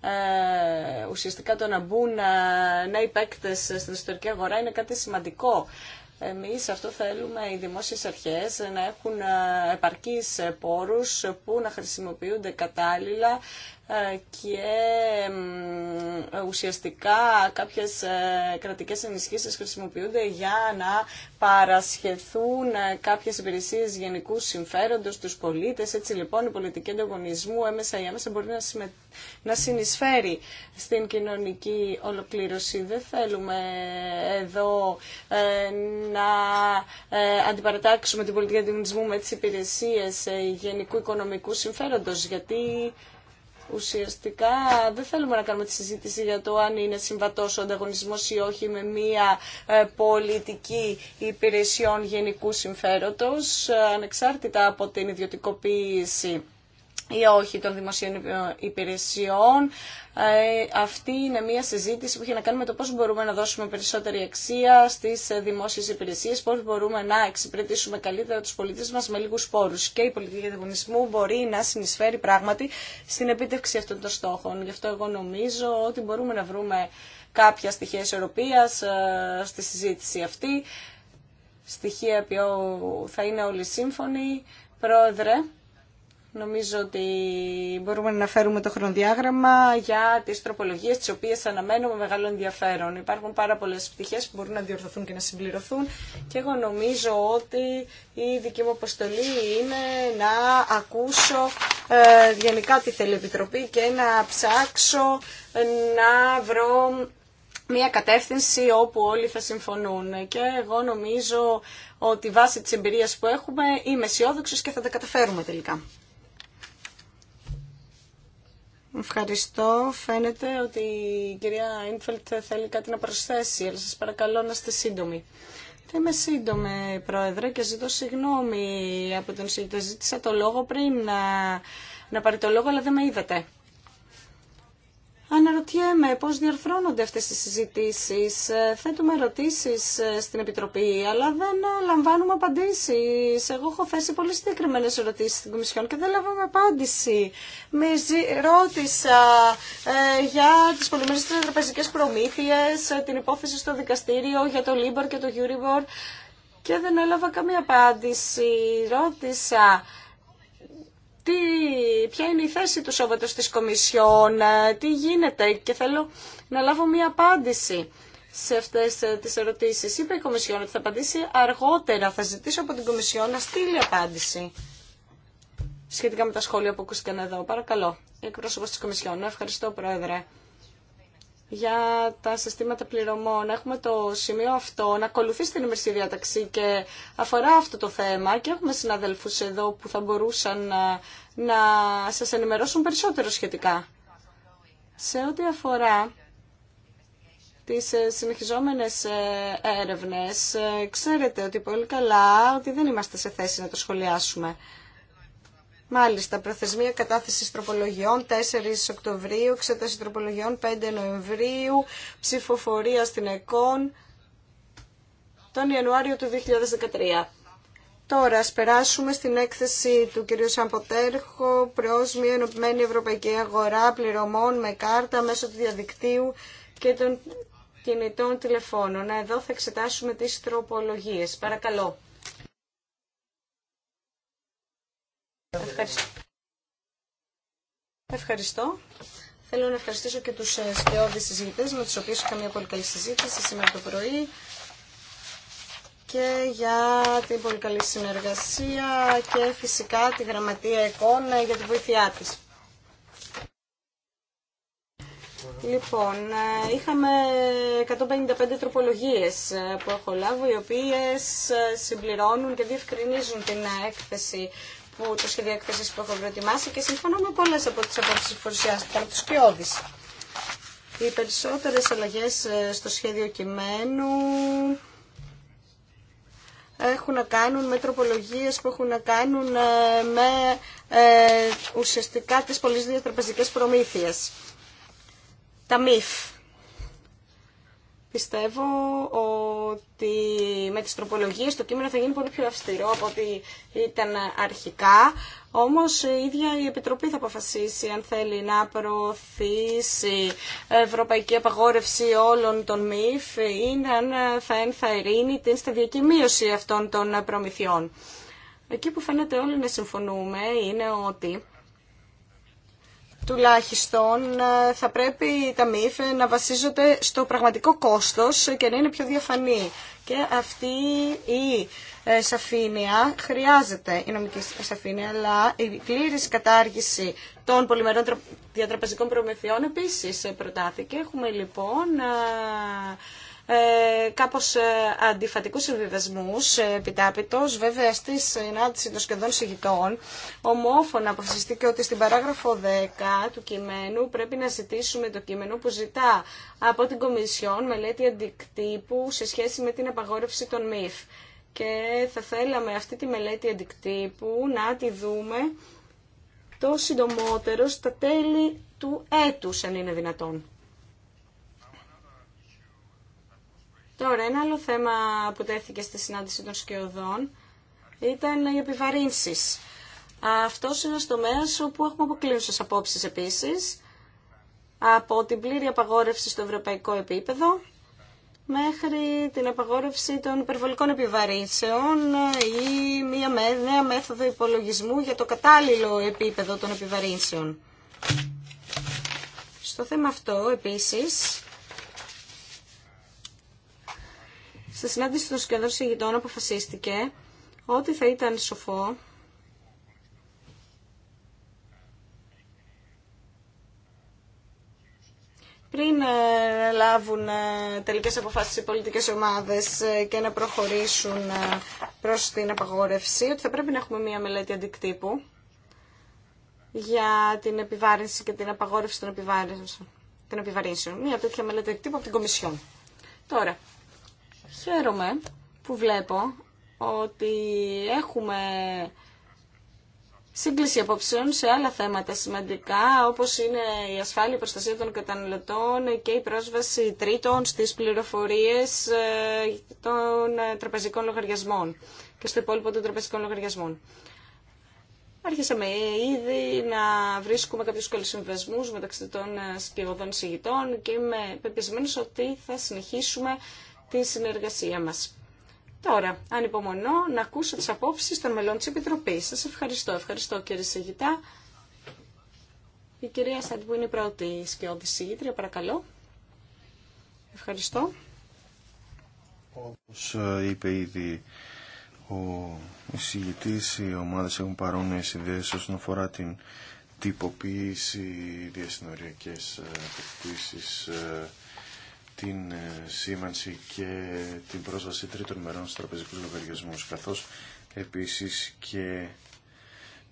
ε, ουσιαστικά το να μπουν ε, νέοι παίκτε στην εσωτερική αγορά είναι κάτι σημαντικό. Εμείς αυτό θέλουμε οι δημόσιες αρχές να έχουν ε, επαρκείς πόρους που να χρησιμοποιούνται κατάλληλα ε, και ουσιαστικά κάποιες ε, κρατικές ενισχύσεις χρησιμοποιούνται για να παρασχεθούν ε, κάποιες υπηρεσίες γενικού συμφέροντος τους πολίτες. Έτσι λοιπόν η πολιτική ανταγωνισμού έμεσα ή άμεσα μπορεί να, συνεισφέρει στην κοινωνική ολοκλήρωση. Δεν θέλουμε εδώ να αντιπαρατάξουμε την πολιτική ανταγωνισμού με τις υπηρεσίες γενικού οικονομικού συμφέροντος γιατί Ουσιαστικά δεν θέλουμε να κάνουμε τη συζήτηση για το αν είναι συμβατός ο ανταγωνισμός ή όχι με μια ε, πολιτική υπηρεσιών γενικού συμφέροντος, ε, ανεξάρτητα από την ιδιωτικοποίηση ή όχι των δημοσίων υπηρεσιών. Ε, αυτή είναι μια συζήτηση που έχει να κάνει με το πώς μπορούμε να δώσουμε περισσότερη αξία στις ε, δημόσιες υπηρεσίες, πώς μπορούμε να εξυπηρετήσουμε καλύτερα τους πολίτες μας με λίγους πόρους. Και η πολιτική διαδικονισμού μπορεί να συνεισφέρει πράγματι στην επίτευξη αυτών των στόχων. Γι' αυτό εγώ νομίζω ότι μπορούμε να βρούμε κάποια στοιχεία ισορροπίας ε, στη συζήτηση αυτή, στοιχεία που θα είναι όλοι σύμφωνοι. Πρόεδρε, Νομίζω ότι μπορούμε να φέρουμε το χρονοδιάγραμμα για τις τροπολογίε τι οποίε αναμένουμε με μεγάλο ενδιαφέρον. Υπάρχουν πάρα πολλέ πτυχέ που μπορούν να διορθωθούν και να συμπληρωθούν και εγώ νομίζω ότι η δική μου αποστολή είναι να ακούσω ε, γενικά τη θέλει Επιτροπή και να ψάξω να βρω μια κατεύθυνση όπου όλοι θα συμφωνούν. Και εγώ νομίζω ότι βάσει της εμπειρίας που έχουμε είμαι αισιόδοξο και θα τα καταφέρουμε τελικά. Ευχαριστώ. Φαίνεται ότι η κυρία Ινφελτ θέλει κάτι να προσθέσει, αλλά σας παρακαλώ να είστε σύντομοι. Θα είμαι σύντομη, Πρόεδρε, και ζητώ συγγνώμη από τον Σύλλητο. Ζήτησα το λόγο πριν να, να πάρει το λόγο, αλλά δεν με είδατε. Αναρωτιέμαι πώς διαρθρώνονται αυτές τις συζητήσεις. Ε, θέτουμε ερωτήσεις ε, στην Επιτροπή, αλλά δεν ε, λαμβάνουμε απαντήσεις. Εγώ έχω θέσει πολύ συγκεκριμένε ερωτήσεις στην Κομισιόν και δεν λάβαμε απάντηση. Με ρώτησα για τις πολυμερείς τραπεζικές προμήθειες, την υπόθεση στο δικαστήριο για το Λίμπορ και το Γιούριμπορ και δεν έλαβα καμία απάντηση. Ρώτησα τι, ποια είναι η θέση του σώματος της Κομισιόν, ε, τι γίνεται και θέλω να λάβω μία απάντηση σε αυτές ε, τις ερωτήσεις. Είπε η Κομισιόν ότι θα απαντήσει αργότερα. Θα ζητήσω από την Κομισιόν να στείλει απάντηση σχετικά με τα σχόλια που ακούστηκαν εδώ. Παρακαλώ, εκπρόσωπος της Κομισιόν. Ευχαριστώ, Πρόεδρε για τα συστήματα πληρωμών. Έχουμε το σημείο αυτό να ακολουθεί στην ημερική διάταξη και αφορά αυτό το θέμα και έχουμε συναδέλφους εδώ που θα μπορούσαν να, ε, να σας ενημερώσουν περισσότερο σχετικά. Σε ό,τι αφορά τις ε, συνεχιζόμενες ε, έρευνες, ξέρετε ότι πολύ καλά ότι δεν είμαστε σε θέση να το σχολιάσουμε. Μάλιστα, προθεσμία κατάθεση τροπολογιών 4 Οκτωβρίου, εξέταση τροπολογιών 5 Νοεμβρίου, ψηφοφορία στην ΕΚΟΝ τον Ιανουάριο του 2013. Τώρα, ας περάσουμε στην έκθεση του κ. Σαμποτέρχο προς μια ενωπημένη ευρωπαϊκή αγορά πληρωμών με κάρτα μέσω του διαδικτύου και των κινητών τηλεφώνων. Εδώ θα εξετάσουμε τις τροπολογίες. Παρακαλώ. Ευχαριστώ. Ευχαριστώ. Θέλω να ευχαριστήσω και τους ε, σκεώδεις συζητητές με τους οποίους είχα μια πολύ καλή συζήτηση σήμερα το πρωί και για την πολύ καλή συνεργασία και φυσικά τη γραμματεία εικόνα ε, για τη βοήθειά της. Λοιπόν, ε, είχαμε 155 τροπολογίες που έχω λάβει, οι οποίες συμπληρώνουν και διευκρινίζουν την έκθεση που το σχέδιο εκθέσει που έχω προετοιμάσει και συμφωνώ με πολλέ από τι απόψει που παρουσιάστηκαν από του Οι περισσότερε αλλαγέ ε, στο σχέδιο κειμένου έχουν να κάνουν με τροπολογίες που έχουν να κάνουν ε, με ε, ουσιαστικά τις πολλές διατραπεζικές προμήθειες. Τα ΜΥΦ. Πιστεύω ότι με τις τροπολογίες το κείμενο θα γίνει πολύ πιο αυστηρό από ό,τι ήταν αρχικά. Όμως η ίδια η Επιτροπή θα αποφασίσει αν θέλει να προωθήσει ευρωπαϊκή απαγόρευση όλων των ΜΥΦ ή αν θα ενθαρρύνει την σταδιακή μείωση αυτών των προμηθειών. Εκεί που φαίνεται όλοι να συμφωνούμε είναι ότι τουλάχιστον ε, θα πρέπει τα ΜΥΦ να βασίζονται στο πραγματικό κόστος και να είναι πιο διαφανή. Και αυτή η ε, σαφήνεια χρειάζεται, η νομική σαφήνεια, αλλά η πλήρης κατάργηση των πολυμερών διατραπεζικών προμηθειών επίσης ε, προτάθηκε. Έχουμε λοιπόν ε, κάπως ε, αντιφατικούς συμβιβασμούς ε, επιτάπητος. Βέβαια στη συνάντηση των σχεδόν συγητών ομόφωνα αποφασιστήκε ότι στην παράγραφο 10 του κειμένου πρέπει να ζητήσουμε το κείμενο που ζητά από την Κομισιόν μελέτη αντικτύπου σε σχέση με την απαγόρευση των ΜΥΦ. Και θα θέλαμε αυτή τη μελέτη αντικτύπου να τη δούμε το συντομότερο στα τέλη του έτους, αν είναι δυνατόν. Τώρα, ένα άλλο θέμα που τέθηκε στη συνάντηση των σκιωδών ήταν οι επιβαρύνσεις. Αυτό είναι ένα τομέα όπου έχουμε αποκλίνουσε απόψει επίση από την πλήρη απαγόρευση στο ευρωπαϊκό επίπεδο μέχρι την απαγόρευση των υπερβολικών επιβαρύνσεων ή μια νέα μέθοδο υπολογισμού για το κατάλληλο επίπεδο των επιβαρύνσεων. Στο θέμα αυτό, επίσης, Στη συνάντηση των συγκεντρώσεων συγητών αποφασίστηκε ότι θα ήταν σοφό πριν ε, λάβουν ε, τελικές αποφάσεις οι πολιτικές ομάδες ε, και να προχωρήσουν προς την απαγόρευση, ότι θα πρέπει να έχουμε μία μελέτη αντικτύπου για την επιβάρυνση και την απαγόρευση των επιβάρυνσεων. Την επιβαρύνσεων. Μία τέτοια μελέτη αντικτύπου από την Κομισιόν. Τώρα, Χαίρομαι που βλέπω ότι έχουμε σύγκληση απόψεων σε άλλα θέματα σημαντικά, όπως είναι η ασφάλεια προστασία των καταναλωτών και η πρόσβαση τρίτων στις πληροφορίες ε, των ε, τραπεζικών λογαριασμών και στο υπόλοιπο των τραπεζικών λογαριασμών. Άρχισαμε ήδη να βρίσκουμε κάποιους καλούς μεταξύ των ε, σκηγωδών συγητών και είμαι πεπισμένος ότι θα συνεχίσουμε την συνεργασία μας. Τώρα, ανυπομονώ να ακούσω τις απόψεις των μελών της Επιτροπής. Σας ευχαριστώ. Ευχαριστώ κύριε Σεγητά. Η κυρία που είναι η πρώτη σκιώδη συγγήτρια, παρακαλώ. Ευχαριστώ. Όπως ε, είπε ήδη ο εισηγητής, οι ομάδες έχουν παρόμοιες ιδέες όσον αφορά την τυποποίηση, διασυνοριακές τυποποίησεις ε, ε, την ε, σήμανση και την πρόσβαση τρίτων μερών στους τραπεζικούς λογαριασμούς, καθώς επίσης και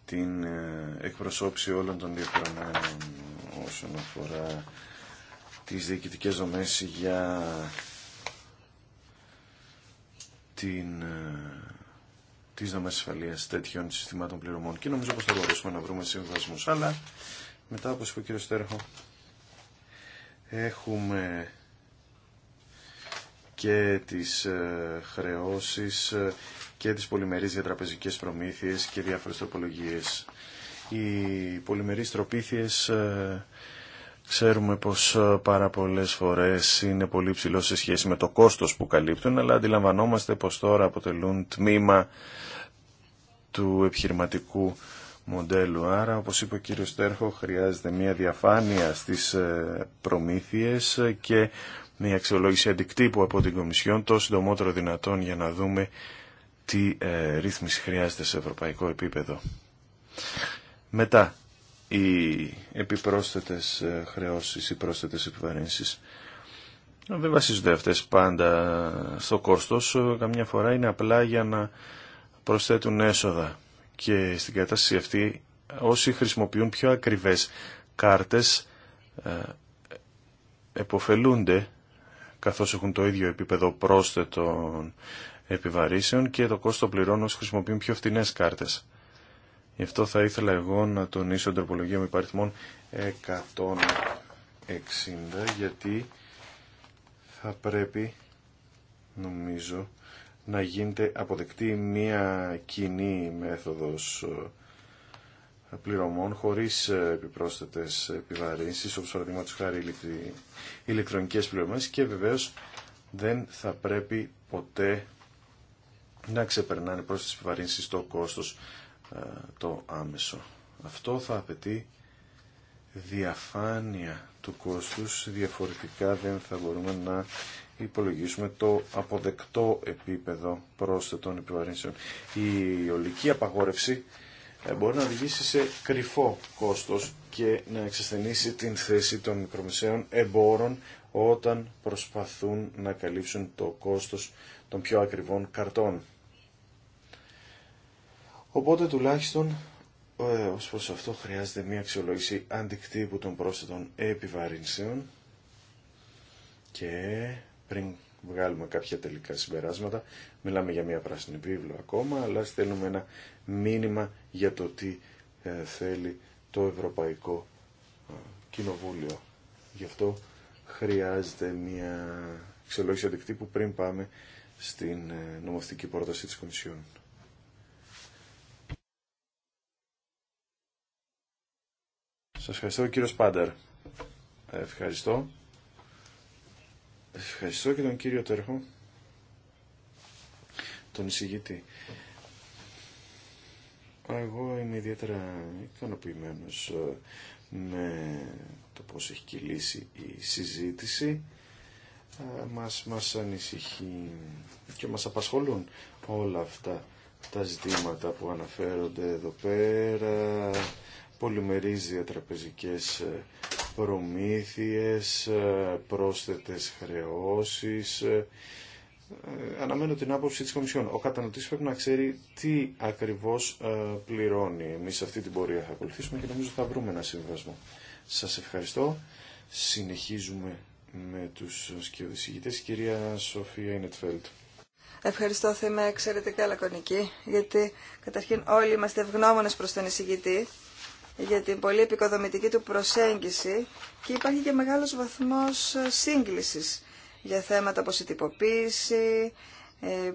την ε, εκπροσώπηση όλων των διαφορεμένων όσον αφορά τις διοικητικές δομές για την, ε, τις δομές ασφαλείας τέτοιων συστημάτων πληρωμών και νομίζω πως θα μπορούσαμε να βρούμε συμβασμούς αλλά μετά όπως είπε ο κ. Στέρχο έχουμε και τις ε, χρεώσεις ε, και τις πολυμερείς διατραπεζικές προμήθειες και διάφορες τροπολογίες. Οι πολυμερείς τροπήθειες ε, ξέρουμε πως πάρα πολλές φορές είναι πολύ ψηλό σε σχέση με το κόστος που καλύπτουν, αλλά αντιλαμβανόμαστε πως τώρα αποτελούν τμήμα του επιχειρηματικού μοντέλου. Άρα, όπως είπε ο κύριος Στέρχο, χρειάζεται μια διαφάνεια στις προμήθειες και μια αξιολόγηση αντικτύπου από την Κομισιόν το συντομότερο δυνατόν για να δούμε τι ε, ρύθμιση χρειάζεται σε ευρωπαϊκό επίπεδο. Μετά, οι επιπρόσθετες ε, χρεώσεις, οι πρόσθετες επιβαρύνσεις. Ε, δεν βασίζονται αυτές πάντα στο κόστος, ε, καμιά φορά είναι απλά για να προσθέτουν έσοδα. Και στην κατάσταση αυτή όσοι χρησιμοποιούν πιο ακριβές κάρτες ε, εποφελούνται καθώς έχουν το ίδιο επίπεδο πρόσθετων επιβαρύσεων και το κόστος πληρώνω όσοι χρησιμοποιούν πιο φτηνές κάρτες. Γι' αυτό θα ήθελα εγώ να τονίσω την τροπολογία με υπαριθμών 160 γιατί θα πρέπει νομίζω να γίνεται αποδεκτή μία κοινή μέθοδος ε, πληρωμών χωρίς ε, επιπρόσθετες επιβαρύνσεις, όπως παραδείγματο χάρη ηλεκτρονικές πληρωμές και βεβαίως δεν θα πρέπει ποτέ να ξεπερνάνε προς τις επιβαρύνσεις το κόστος ε, το άμεσο. Αυτό θα απαιτεί διαφάνεια του κόστους, διαφορετικά δεν θα μπορούμε να υπολογίσουμε το αποδεκτό επίπεδο πρόσθετων επιβαρύνσεων. Η ολική απαγόρευση ε, μπορεί να οδηγήσει σε κρυφό κόστος και να εξασθενήσει την θέση των μικρομεσαίων εμπόρων όταν προσπαθούν να καλύψουν το κόστος των πιο ακριβών καρτών. Οπότε τουλάχιστον ε, ως προς αυτό χρειάζεται μια αξιολόγηση αντικτύπου των πρόσθετων επιβαρύνσεων και πριν βγάλουμε κάποια τελικά συμπεράσματα μιλάμε για μια πράσινη βίβλο ακόμα αλλά στέλνουμε ένα μήνυμα για το τι ε, θέλει το Ευρωπαϊκό ε, Κοινοβούλιο. Γι' αυτό χρειάζεται μια εξελόγηση που πριν πάμε στην ε, νομοθετική πρόταση της Κομισιόν. Σας ευχαριστώ κύριο Σπάντερ. Ευχαριστώ. Ευχαριστώ και τον κύριο Τέρχο, τον εισηγήτη εγώ είμαι ιδιαίτερα ικανοποιημένο ε, με το πώς έχει κυλήσει η συζήτηση. Ε, μας, μας ανησυχεί και μας απασχολούν όλα αυτά τα ζητήματα που αναφέρονται εδώ πέρα, πολυμερείς διατραπεζικές ε, προμήθειες, πρόσθετες χρεώσεις, ε, αναμένω την άποψη της Κομισιόν. Ο καταναλωτής πρέπει να ξέρει τι ακριβώς ε, πληρώνει. Εμείς αυτή την πορεία θα ακολουθήσουμε και νομίζω θα βρούμε ένα συμβασμό. Σας ευχαριστώ. Συνεχίζουμε με τους σκιοδησηγητές. Κυρία Σοφία Ινετφέλτ. Ευχαριστώ, θα είμαι εξαιρετικά λακωνική, γιατί καταρχήν όλοι είμαστε ευγνώμονε προ τον εισηγητή για την πολύ επικοδομητική του προσέγγιση και υπάρχει και μεγάλο βαθμό ε, σύγκληση για θέματα όπως η τυποποίηση, ε,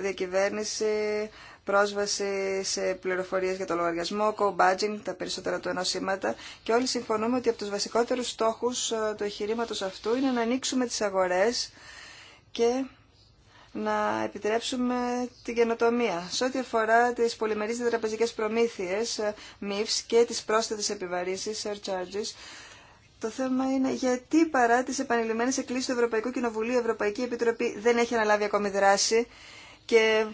διακυβέρνηση, πρόσβαση σε πληροφορίες για το λογαριασμό, co-badging, τα περισσότερα του ενός σήματα και όλοι συμφωνούμε ότι από τους βασικότερους στόχους ε, του εγχειρήματο αυτού είναι να ανοίξουμε τις αγορές και να επιτρέψουμε την καινοτομία. Σε ό,τι αφορά τις πολυμερείς διατραπεζικές προμήθειες, MIFS ε, και τις πρόσθετες επιβαρύνσεις, surcharges, το θέμα είναι γιατί παρά τις επανειλημμένε εκκλήσει του Ευρωπαϊκού Κοινοβουλίου, η Ευρωπαϊκή Επιτροπή δεν έχει αναλάβει ακόμη δράση και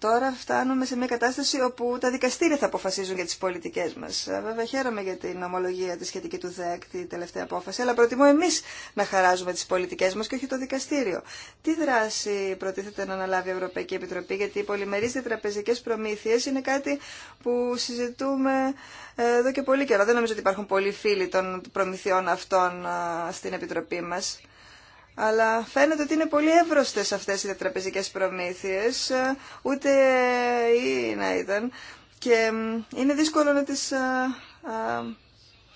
Τώρα φτάνουμε σε μια κατάσταση όπου τα δικαστήρια θα αποφασίζουν για τι πολιτικέ μα. Ε, βέβαια χαίρομαι για την ομολογία τη σχετική του ΔΕΚ, τη τελευταία απόφαση, αλλά προτιμώ εμεί να χαράζουμε τι πολιτικέ μα και όχι το δικαστήριο. Τι δράση προτίθεται να αναλάβει η Ευρωπαϊκή Επιτροπή, γιατί οι πολυμερείς τραπεζικές προμήθειε είναι κάτι που συζητούμε ε, εδώ και πολύ καιρό. Δεν νομίζω ότι υπάρχουν πολλοί φίλοι των προμηθειών αυτών ε, στην Επιτροπή μας αλλά φαίνεται ότι είναι πολύ εύρωστες αυτές οι τραπεζικές προμήθειες, ούτε ή να ήταν, και είναι δύσκολο να τις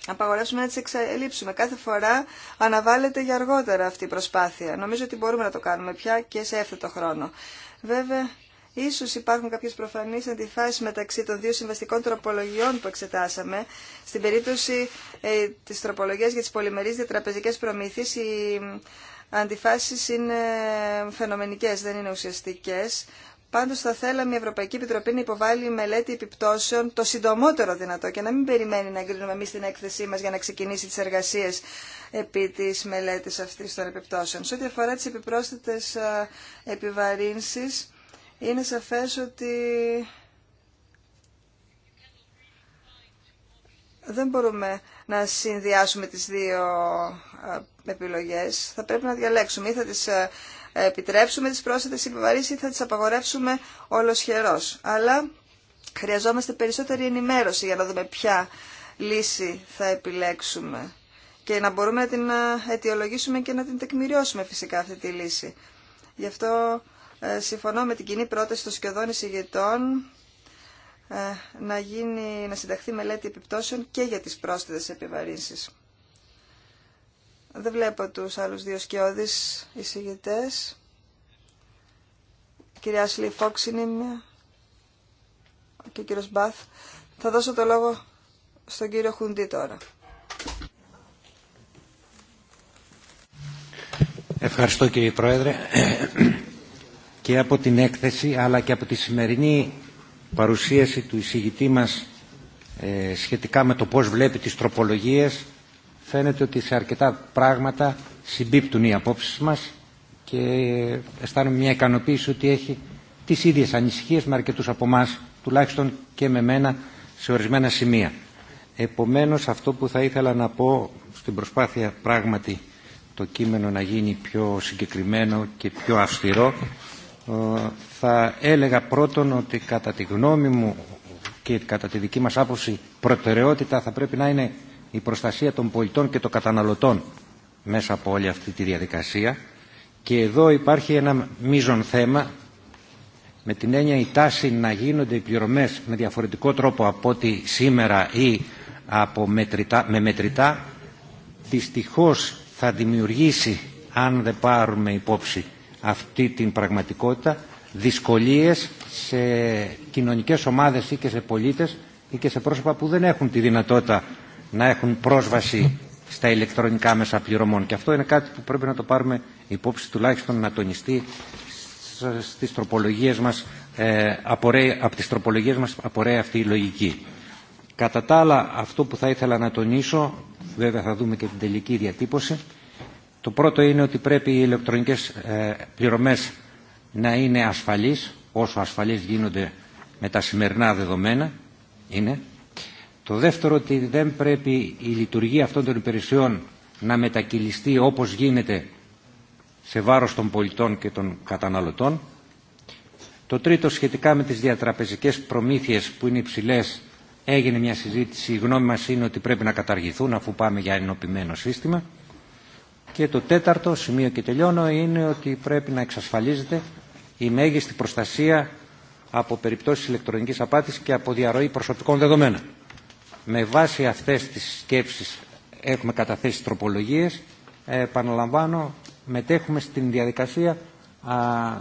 απαγορεύσουμε να τις εξαλείψουμε Κάθε φορά αναβάλλεται για αργότερα αυτή η προσπάθεια. Νομίζω ότι μπορούμε να το κάνουμε πια και σε έφθετο χρόνο. Βέβαια, Ίσως υπάρχουν κάποιες προφανείς αντιφάσεις μεταξύ των δύο συμβαστικών τροπολογιών που εξετάσαμε. Στην περίπτωση ε, της τροπολογίας για τις πολυμερείς διατραπεζικές προμήθειες, οι αντιφάσεις είναι φαινομενικές, δεν είναι ουσιαστικές. Πάντως θα θέλαμε η Ευρωπαϊκή Επιτροπή να υποβάλει μελέτη επιπτώσεων το συντομότερο δυνατό και να μην περιμένει να εγκρίνουμε εμεί την έκθεσή μας για να ξεκινήσει τις εργασίες επί της μελέτης αυτής των επιπτώσεων. Σε ό,τι αφορά τις επιπρόσθετες ε, επιβαρύνσεις, είναι σαφές ότι δεν μπορούμε να συνδυάσουμε τις δύο ε, επιλογές. Θα πρέπει να διαλέξουμε ή θα τις ε, επιτρέψουμε τις πρόσθετες επιβαρύσεις ή θα τις απαγορεύσουμε ολοσχερός. Αλλά χρειαζόμαστε περισσότερη ενημέρωση για να δούμε ποια λύση θα επιλέξουμε και να μπορούμε να την ε, αιτιολογήσουμε και να την τεκμηριώσουμε φυσικά αυτή τη λύση. Γι' αυτό ε, συμφωνώ με την κοινή πρόταση των σχεδόν εισηγητών ε, να, γίνει, να συνταχθεί μελέτη επιπτώσεων και για τις πρόσθετες επιβαρύνσεις. Δεν βλέπω τους άλλους δύο σκιώδεις εισηγητές. κυρία Σλή μια και ο κύριος Μπάθ. Θα δώσω το λόγο στον κύριο Χουντή τώρα. Ευχαριστώ κύριε Πρόεδρε και από την έκθεση αλλά και από τη σημερινή παρουσίαση του εισηγητή μας ε, σχετικά με το πώς βλέπει τις τροπολογίες φαίνεται ότι σε αρκετά πράγματα συμπίπτουν οι απόψεις μας και αισθάνομαι μια ικανοποίηση ότι έχει τις ίδιες ανησυχίες με αρκετούς από εμά, τουλάχιστον και με μένα σε ορισμένα σημεία. Επομένως αυτό που θα ήθελα να πω στην προσπάθεια πράγματι το κείμενο να γίνει πιο συγκεκριμένο και πιο αυστηρό ε, θα έλεγα πρώτον ότι κατά τη γνώμη μου και κατά τη δική μας άποψη προτεραιότητα θα πρέπει να είναι η προστασία των πολιτών και των καταναλωτών μέσα από όλη αυτή τη διαδικασία και εδώ υπάρχει ένα μείζον θέμα με την έννοια η τάση να γίνονται οι πληρωμές με διαφορετικό τρόπο από ό,τι σήμερα ή από μετρητά, με μετρητά δυστυχώς θα δημιουργήσει αν δεν πάρουμε υπόψη αυτή την πραγματικότητα δυσκολίες σε κοινωνικές ομάδες ή και σε πολίτες ή και σε πρόσωπα που δεν έχουν τη δυνατότητα να έχουν πρόσβαση στα ηλεκτρονικά μέσα πληρωμών. Και αυτό είναι κάτι που πρέπει να το πάρουμε υπόψη τουλάχιστον να τονιστεί στις τροπολογίες μας, ε, από τις τροπολογίες μας απορρέει αυτή η λογική. Κατά τα άλλα, αυτό που θα ήθελα να τονίσω, βέβαια θα δούμε και την τελική διατύπωση, το πρώτο είναι ότι πρέπει οι ηλεκτρονικές ε, πληρωμές να είναι ασφαλείς, όσο ασφαλείς γίνονται με τα σημερινά δεδομένα. Είναι. Το δεύτερο ότι δεν πρέπει η λειτουργία αυτών των υπηρεσιών να μετακυλιστεί όπως γίνεται σε βάρος των πολιτών και των καταναλωτών. Το τρίτο σχετικά με τις διατραπεζικές προμήθειες που είναι υψηλέ έγινε μια συζήτηση. Η γνώμη μας είναι ότι πρέπει να καταργηθούν αφού πάμε για ενωπημένο σύστημα. Και το τέταρτο σημείο και τελειώνω είναι ότι πρέπει να εξασφαλίζεται η μέγιστη προστασία από περιπτώσεις ηλεκτρονικής απάτης και από διαρροή προσωπικών δεδομένων. Με βάση αυτές τις σκέψεις έχουμε καταθέσει τροπολογίες. Ε, επαναλαμβάνω, μετέχουμε στην διαδικασία. Α,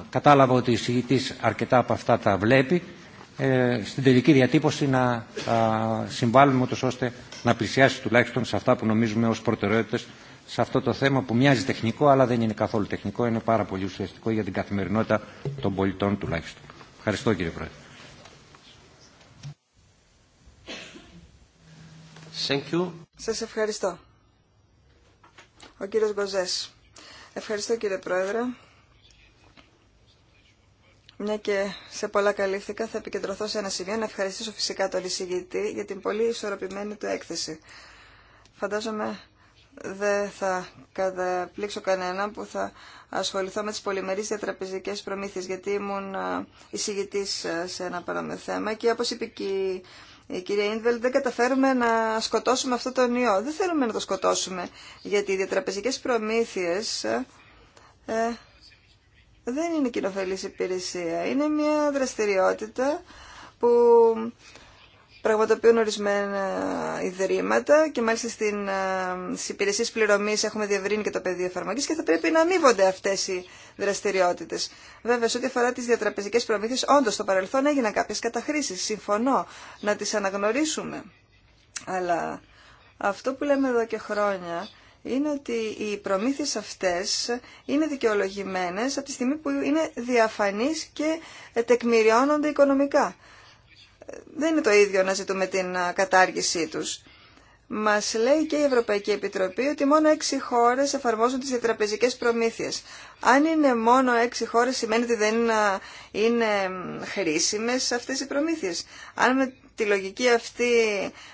κατάλαβα ότι ο εισηγητής αρκετά από αυτά τα βλέπει. Ε, στην τελική διατύπωση να α, συμβάλλουμε ώστε να πλησιάσει τουλάχιστον σε αυτά που νομίζουμε ως προτεραιότητες σε αυτό το θέμα που μοιάζει τεχνικό αλλά δεν είναι καθόλου τεχνικό, είναι πάρα πολύ ουσιαστικό για την καθημερινότητα των πολιτών τουλάχιστον. Ευχαριστώ κύριε Πρόεδρε. Thank you. Σας ευχαριστώ. Ο κύριος Γκοζές. Ευχαριστώ κύριε Πρόεδρε. Μια και σε πολλά καλύφθηκα, θα επικεντρωθώ σε ένα σημείο να ευχαριστήσω φυσικά τον εισηγητή για την πολύ ισορροπημένη του έκθεση. Φαντάζομαι δεν θα καταπλήξω κανένα που θα ασχοληθώ με τις πολυμερείς διατραπεζικές προμήθειες, γιατί ήμουν ε, εισηγητής ε, σε ένα παρόμοιο θέμα και όπως είπε και η κυρία Ίνδελ δεν καταφέρουμε να σκοτώσουμε αυτό το ιό. Δεν θέλουμε να το σκοτώσουμε, γιατί οι διατραπεζικές προμήθειες ε, δεν είναι κοινοφελής υπηρεσία. Είναι μια δραστηριότητα που πραγματοποιούν ορισμένα ιδρύματα και μάλιστα στην, ε, στις πληρωμή έχουμε διευρύνει και το πεδίο εφαρμογή και θα πρέπει να αμείβονται αυτέ οι δραστηριότητε. Βέβαια, σε ό,τι αφορά τι διατραπεζικές προμήθειε όντω στο παρελθόν έγιναν κάποιε καταχρήσει. συμφωνώ, να τι αναγνωρίσουμε. Αλλά αυτό που λέμε εδώ και χρόνια είναι ότι οι προμήθειες αυτές είναι δικαιολογημένες από τη στιγμή που είναι διαφανείς και τεκμηριώνονται οικονομικά δεν είναι το ίδιο να ζητούμε την κατάργησή τους. Μας λέει και η Ευρωπαϊκή Επιτροπή ότι μόνο έξι χώρες εφαρμόζουν τις διατραπεζικές προμήθειες. Αν είναι μόνο έξι χώρες σημαίνει ότι δεν είναι χρήσιμες αυτές οι προμήθειες. Αν τη λογική αυτή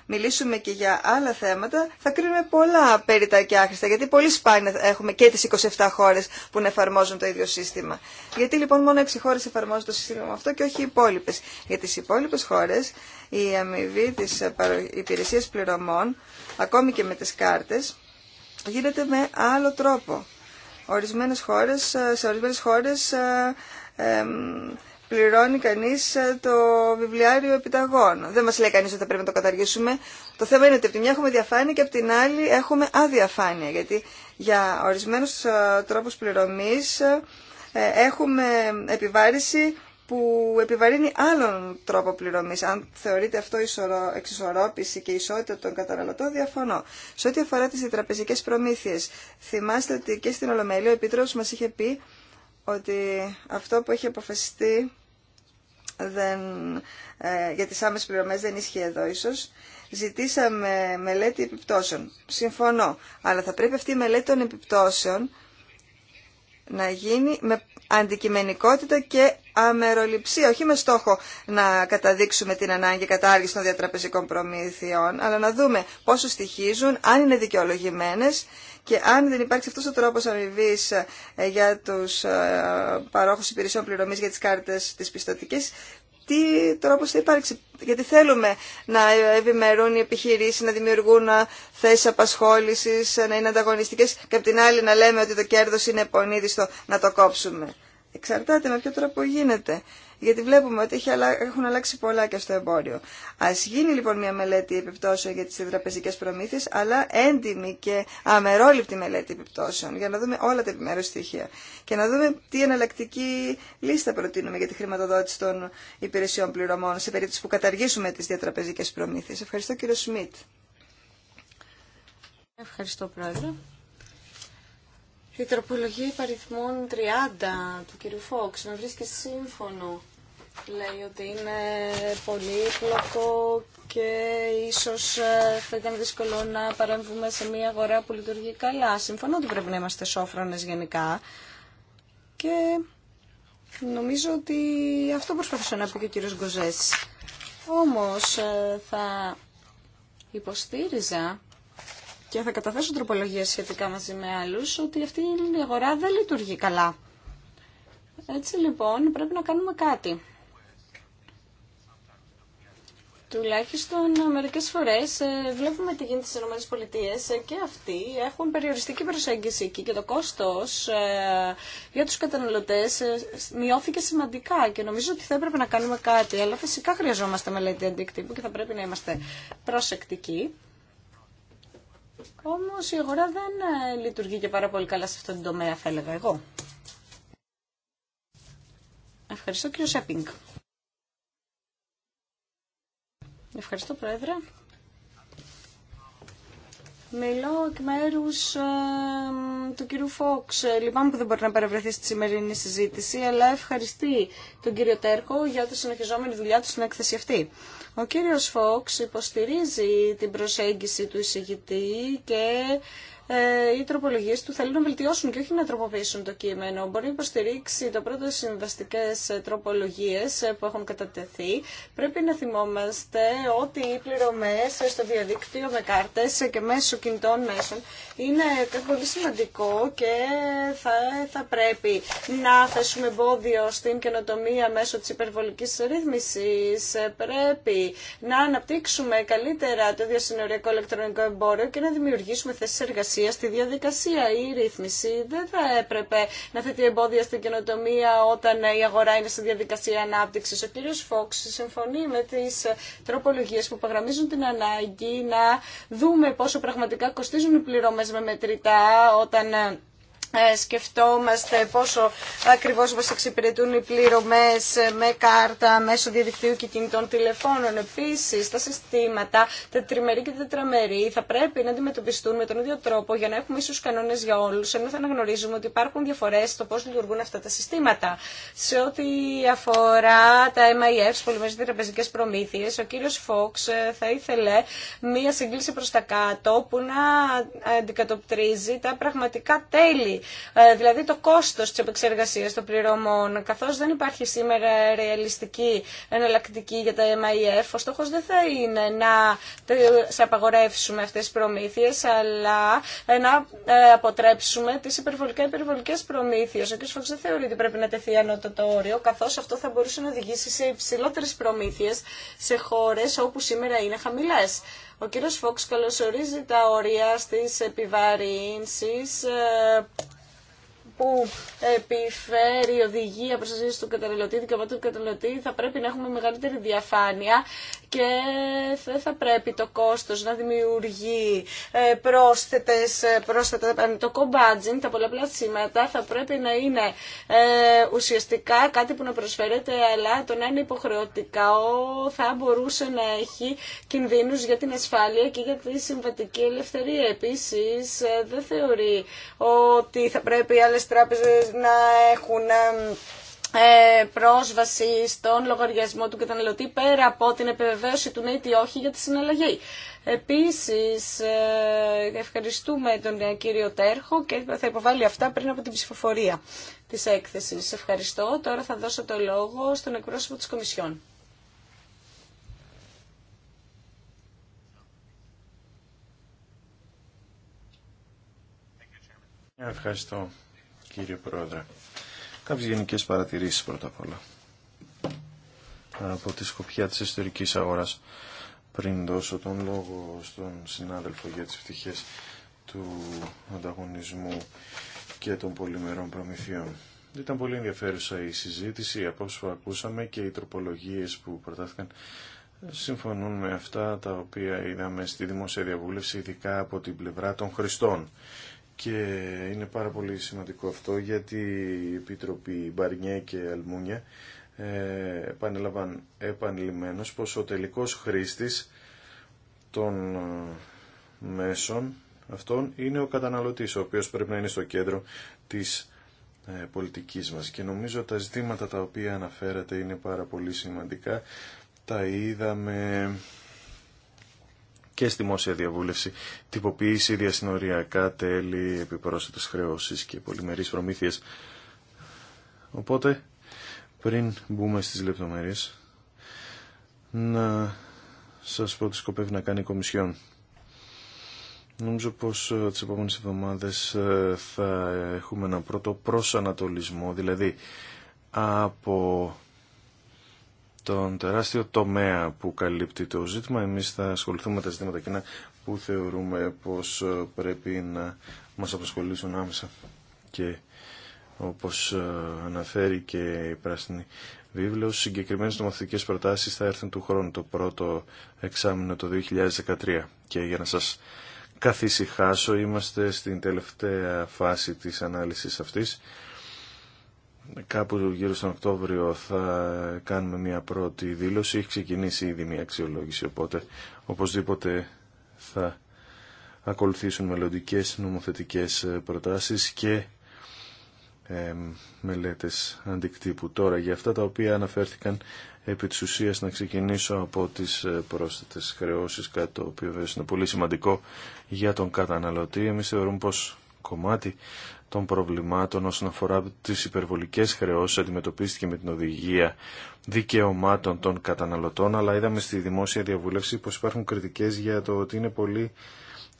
μιλήσουμε και για άλλα θέματα, θα κρίνουμε πολλά περίτα και άχρηστα, γιατί πολύ σπάνια έχουμε και τι 27 χώρε που να εφαρμόζουν το ίδιο σύστημα. Γιατί λοιπόν μόνο 6 χώρε εφαρμόζουν το σύστημα αυτό και όχι οι υπόλοιπε. Για τι υπόλοιπε χώρε, η αμοιβή τη Υπηρεσία πληρωμών, ακόμη και με τι κάρτε, γίνεται με άλλο τρόπο. σε ορισμένες χώρες... Ε, ε, πληρώνει κανεί ε, το βιβλιάριο επιταγών. Δεν μα λέει κανεί ότι θα πρέπει να το καταργήσουμε. Το θέμα είναι ότι από τη μια έχουμε διαφάνεια και από την άλλη έχουμε αδιαφάνεια. Γιατί για ορισμένου ε, τρόπου πληρωμή ε, έχουμε επιβάρηση που επιβαρύνει άλλον τρόπο πληρωμή. Αν θεωρείται αυτό εξισορρόπηση και ισότητα των καταναλωτών, διαφωνώ. Σε ό,τι αφορά τι τραπεζικές προμήθειε. θυμάστε ότι και στην Ολομέλεια ο Επίτροπο μας είχε πει ότι αυτό που έχει αποφασιστεί δεν, ε, για τις άμεσες πληρωμές δεν ίσχυε εδώ ίσως. Ζητήσαμε μελέτη επιπτώσεων. Συμφωνώ. Αλλά θα πρέπει αυτή η μελέτη των επιπτώσεων να γίνει με αντικειμενικότητα και αμεροληψία, όχι με στόχο να καταδείξουμε την ανάγκη κατάργηση των διατραπεζικών προμήθειών, αλλά να δούμε πόσο στοιχίζουν, αν είναι δικαιολογημένε και αν δεν υπάρξει αυτό ο τρόπο αμοιβή ε, για τους ε, παρόχου υπηρεσιών πληρωμή για τις κάρτες τη πιστοτική, τι τώρα θα υπάρξει. Γιατί θέλουμε να ευημερούν οι επιχειρήσεις, να δημιουργούν θέσεις απασχόλησης, να είναι ανταγωνιστικές και απ' την άλλη να λέμε ότι το κέρδος είναι επονίδιστο να το κόψουμε. Εξαρτάται με ποιο τρόπο γίνεται γιατί βλέπουμε ότι έχουν αλλάξει πολλά και στο εμπόριο. Α γίνει λοιπόν μια μελέτη επιπτώσεων για τι τραπεζικέ προμήθειε, αλλά έντιμη και αμερόληπτη μελέτη επιπτώσεων, για να δούμε όλα τα επιμέρου στοιχεία και να δούμε τι εναλλακτική λίστα προτείνουμε για τη χρηματοδότηση των υπηρεσιών πληρωμών σε περίπτωση που καταργήσουμε τι διατραπεζικέ προμήθειε. Ευχαριστώ κύριο Σμιτ. Ευχαριστώ πρόεδρε. Η τροπολογία υπαριθμών 30 του κυρίου Φόξ με βρίσκει σύμφωνο. Λέει ότι είναι πολύπλοκο και ίσως ε, θα ήταν δύσκολο να παρέμβουμε σε μια αγορά που λειτουργεί καλά. Συμφωνώ ότι πρέπει να είμαστε σόφρονες γενικά και νομίζω ότι αυτό προσπαθούσε να πει και ο κύριος Όμως ε, θα υποστήριζα και θα καταθέσω τροπολογία σχετικά μαζί με άλλου, ότι αυτή η αγορά δεν λειτουργεί καλά. Έτσι λοιπόν πρέπει να κάνουμε κάτι. Τουλάχιστον μερικές φορές ε, βλέπουμε τι γίνεται στις ΗΠΑ ε, και αυτοί έχουν περιοριστική προσέγγιση εκεί και το κόστος ε, για τους καταναλωτές μειώθηκε σημαντικά και νομίζω ότι θα έπρεπε να κάνουμε κάτι, αλλά φυσικά χρειαζόμαστε μελέτη αντίκτυπου και θα πρέπει να είμαστε προσεκτικοί Όμω η αγορά δεν ε, λειτουργεί και πάρα πολύ καλά σε αυτόν τον τομέα, θα έλεγα εγώ. Ευχαριστώ κύριο Σέπινγκ. Ευχαριστώ Πρόεδρε. Μιλώ εκ μέρου ε, του κύριου Φόξ. Λυπάμαι που δεν μπορεί να παρευρεθεί στη σημερινή συζήτηση, αλλά ευχαριστεί τον κύριο Τέρκο για τη συνεχιζόμενη δουλειά του στην έκθεση αυτή. Ο κύριος Φόξ υποστηρίζει την προσέγγιση του εισηγητή και ε, οι τροπολογίε του θέλουν να βελτιώσουν και όχι να τροποποιήσουν το κείμενο. Μπορεί να υποστηρίξει το πρώτο συμβαστικέ ε, τροπολογίε ε, που έχουν κατατεθεί. Πρέπει να θυμόμαστε ότι οι πληρωμέ στο διαδίκτυο με κάρτε και μέσω κινητών μέσων είναι κάτι πολύ σημαντικό και θα, θα πρέπει να θέσουμε εμπόδιο στην καινοτομία μέσω τη υπερβολική ρύθμιση. Πρέπει να αναπτύξουμε καλύτερα το διασυνοριακό ηλεκτρονικό εμπόριο και να δημιουργήσουμε θέσει εργασία στη διαδικασία. Η ρύθμιση δεν θα έπρεπε να θέτει εμπόδια στην καινοτομία όταν η αγορά είναι στη διαδικασία ανάπτυξη. Ο κύριο Φόξ συμφωνεί με τι τροπολογίε που υπογραμμίζουν την ανάγκη να δούμε πόσο πραγματικά κοστίζουν οι πληρώμε με μετρητά όταν ε, σκεφτόμαστε πόσο ακριβώς μας εξυπηρετούν οι πληρωμές ε, με κάρτα, μέσω διαδικτύου και κινητών τηλεφώνων. Επίσης, τα συστήματα, τα και τα τετραμερή, θα πρέπει να αντιμετωπιστούν με τον ίδιο τρόπο για να έχουμε ίσους κανόνες για όλους, ενώ θα αναγνωρίζουμε ότι υπάρχουν διαφορές στο πώς λειτουργούν αυτά τα συστήματα. Σε ό,τι αφορά τα MIF, πολυμερικές τραπεζικέ προμήθειες, ο κύριος Φόξ ε, θα ήθελε μία συγκλήση προς τα κάτω που να αντικατοπτρίζει τα πραγματικά τέλη ε, δηλαδή το κόστος τη επεξεργασία των πληρωμών, καθώ δεν υπάρχει σήμερα ρεαλιστική εναλλακτική για τα MIF, ο στόχο δεν θα είναι να σε απαγορεύσουμε αυτές τις προμήθειες, αλλά ε, να ε, αποτρέψουμε τις υπερβολικά υπερβολικές προμήθειες. Ο κ. Φόξ δεν θεωρεί ότι πρέπει να τεθεί ανώτατο όριο, καθώ αυτό θα μπορούσε να οδηγήσει σε υψηλότερε προμήθειε σε χώρε όπου σήμερα είναι χαμηλέ. Ο κύριος Φόξ καλωσορίζει τα όρια στις επιβαρύνσεις ε, που επιφέρει η οδηγία προστασία του καταναλωτή, δικαιωμάτων του καταναλωτή, θα πρέπει να έχουμε μεγαλύτερη διαφάνεια και δεν θα πρέπει το κόστος να δημιουργεί ε, πρόσθετες, ε, πρόσθετα ε, το κομπάτζιν, τα πολλαπλά σήματα θα πρέπει να είναι ουσιαστικά κάτι που να προσφέρεται αλλά το να είναι υποχρεωτικά θα μπορούσε να έχει κινδύνους για την ασφάλεια και για τη συμβατική ελευθερία. Επίσης δεν θεωρεί ότι θα πρέπει οι άλλες τράπεζες να έχουν ε, πρόσβαση στον λογαριασμό του καταναλωτή πέρα από την επιβεβαίωση του ναι όχι για τη συναλλαγή. Επίσης, ε, ευχαριστούμε τον ε, κύριο Τέρχο και θα υποβάλει αυτά πριν από την ψηφοφορία της έκθεσης. Ευχαριστώ. Τώρα θα δώσω το λόγο στον εκπρόσωπο της Κομισιόν. Ευχαριστώ, κύριε Πρόεδρε. Κάποιε γενικέ παρατηρήσεις πρώτα απ' όλα από τη σκοπιά της ιστορικής αγορα πριν δώσω τον λόγο στον συνάδελφο για τι πτυχέ του ανταγωνισμού και των πολυμερών προμηθειών. Ήταν πολύ ενδιαφέρουσα η συζήτηση, από όσο ακούσαμε και οι τροπολογίες που προτάθηκαν συμφωνούν με αυτά τα οποία είδαμε στη δημόσια διαβούλευση, ειδικά από την πλευρά των χρηστών. Και είναι πάρα πολύ σημαντικό αυτό γιατί οι Επιτροποί Μπαρνιέ και Αλμούνια ε, επανέλαβαν επανειλημμένως πως ο τελικός χρήστης των ε, μέσων αυτών είναι ο καταναλωτής, ο οποίος πρέπει να είναι στο κέντρο της ε, πολιτικής μας. Και νομίζω τα ζητήματα τα οποία αναφέρατε είναι πάρα πολύ σημαντικά. Τα είδαμε και στη δημόσια διαβούλευση, τυποποίηση διασυνοριακά τέλη, επιπρόσθετες χρεώσεις και πολυμερείς προμήθειες. Οπότε, πριν μπούμε στις λεπτομέρειες, να σας πω ότι σκοπεύει να κάνει η Κομισιόν. Νομίζω πως ε, τις επόμενες εβδομάδες ε, θα έχουμε ένα πρώτο προσανατολισμό, δηλαδή από τον τεράστιο τομέα που καλύπτει το ζήτημα. Εμείς θα ασχοληθούμε με τα ζητήματα εκείνα που θεωρούμε πως ε, πρέπει να μας απασχολήσουν άμεσα και όπως ε, αναφέρει και η Πράσινη Βίβλος, συγκεκριμένες νομοθετικές προτάσεις θα έρθουν του χρόνου το πρώτο εξάμεινο το 2013 και για να σας καθησυχάσω είμαστε στην τελευταία φάση της ανάλυσης αυτής κάπου γύρω στον Οκτώβριο θα κάνουμε μια πρώτη δήλωση. Έχει ξεκινήσει ήδη μια αξιολόγηση, οπότε οπωσδήποτε θα ακολουθήσουν μελλοντικέ νομοθετικές προτάσεις και ε, μελέτες αντικτύπου. Τώρα για αυτά τα οποία αναφέρθηκαν επί της ουσίας να ξεκινήσω από τις ε, πρόσθετες χρεώσεις, κάτι το οποίο βέβαια είναι πολύ σημαντικό για τον καταναλωτή. Εμείς θεωρούμε πως κομμάτι των προβλημάτων όσον αφορά τις υπερβολικές χρεώσεις αντιμετωπίστηκε με την οδηγία δικαιωμάτων των καταναλωτών, αλλά είδαμε στη δημόσια διαβούλευση πως υπάρχουν κριτικές για το ότι είναι πολύ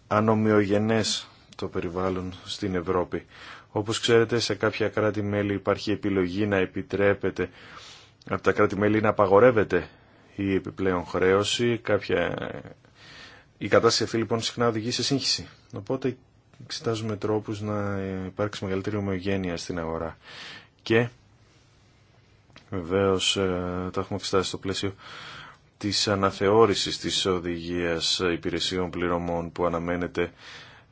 ανομοιογενές το περιβάλλον στην Ευρώπη. Όπως ξέρετε, σε κάποια κράτη-μέλη υπάρχει επιλογή να επιτρέπεται, από τα κράτη-μέλη να απαγορεύεται η επιπλέον χρέωση, Η κατάσταση αυτή λοιπόν συχνά οδηγεί σε σύγχυση. Οπότε εξετάζουμε τρόπους να υπάρξει μεγαλύτερη ομοιογένεια στην αγορά. Και βεβαίως ε, τα έχουμε εξετάσει στο πλαίσιο της αναθεώρησης της οδηγίας υπηρεσιών πληρωμών που αναμένεται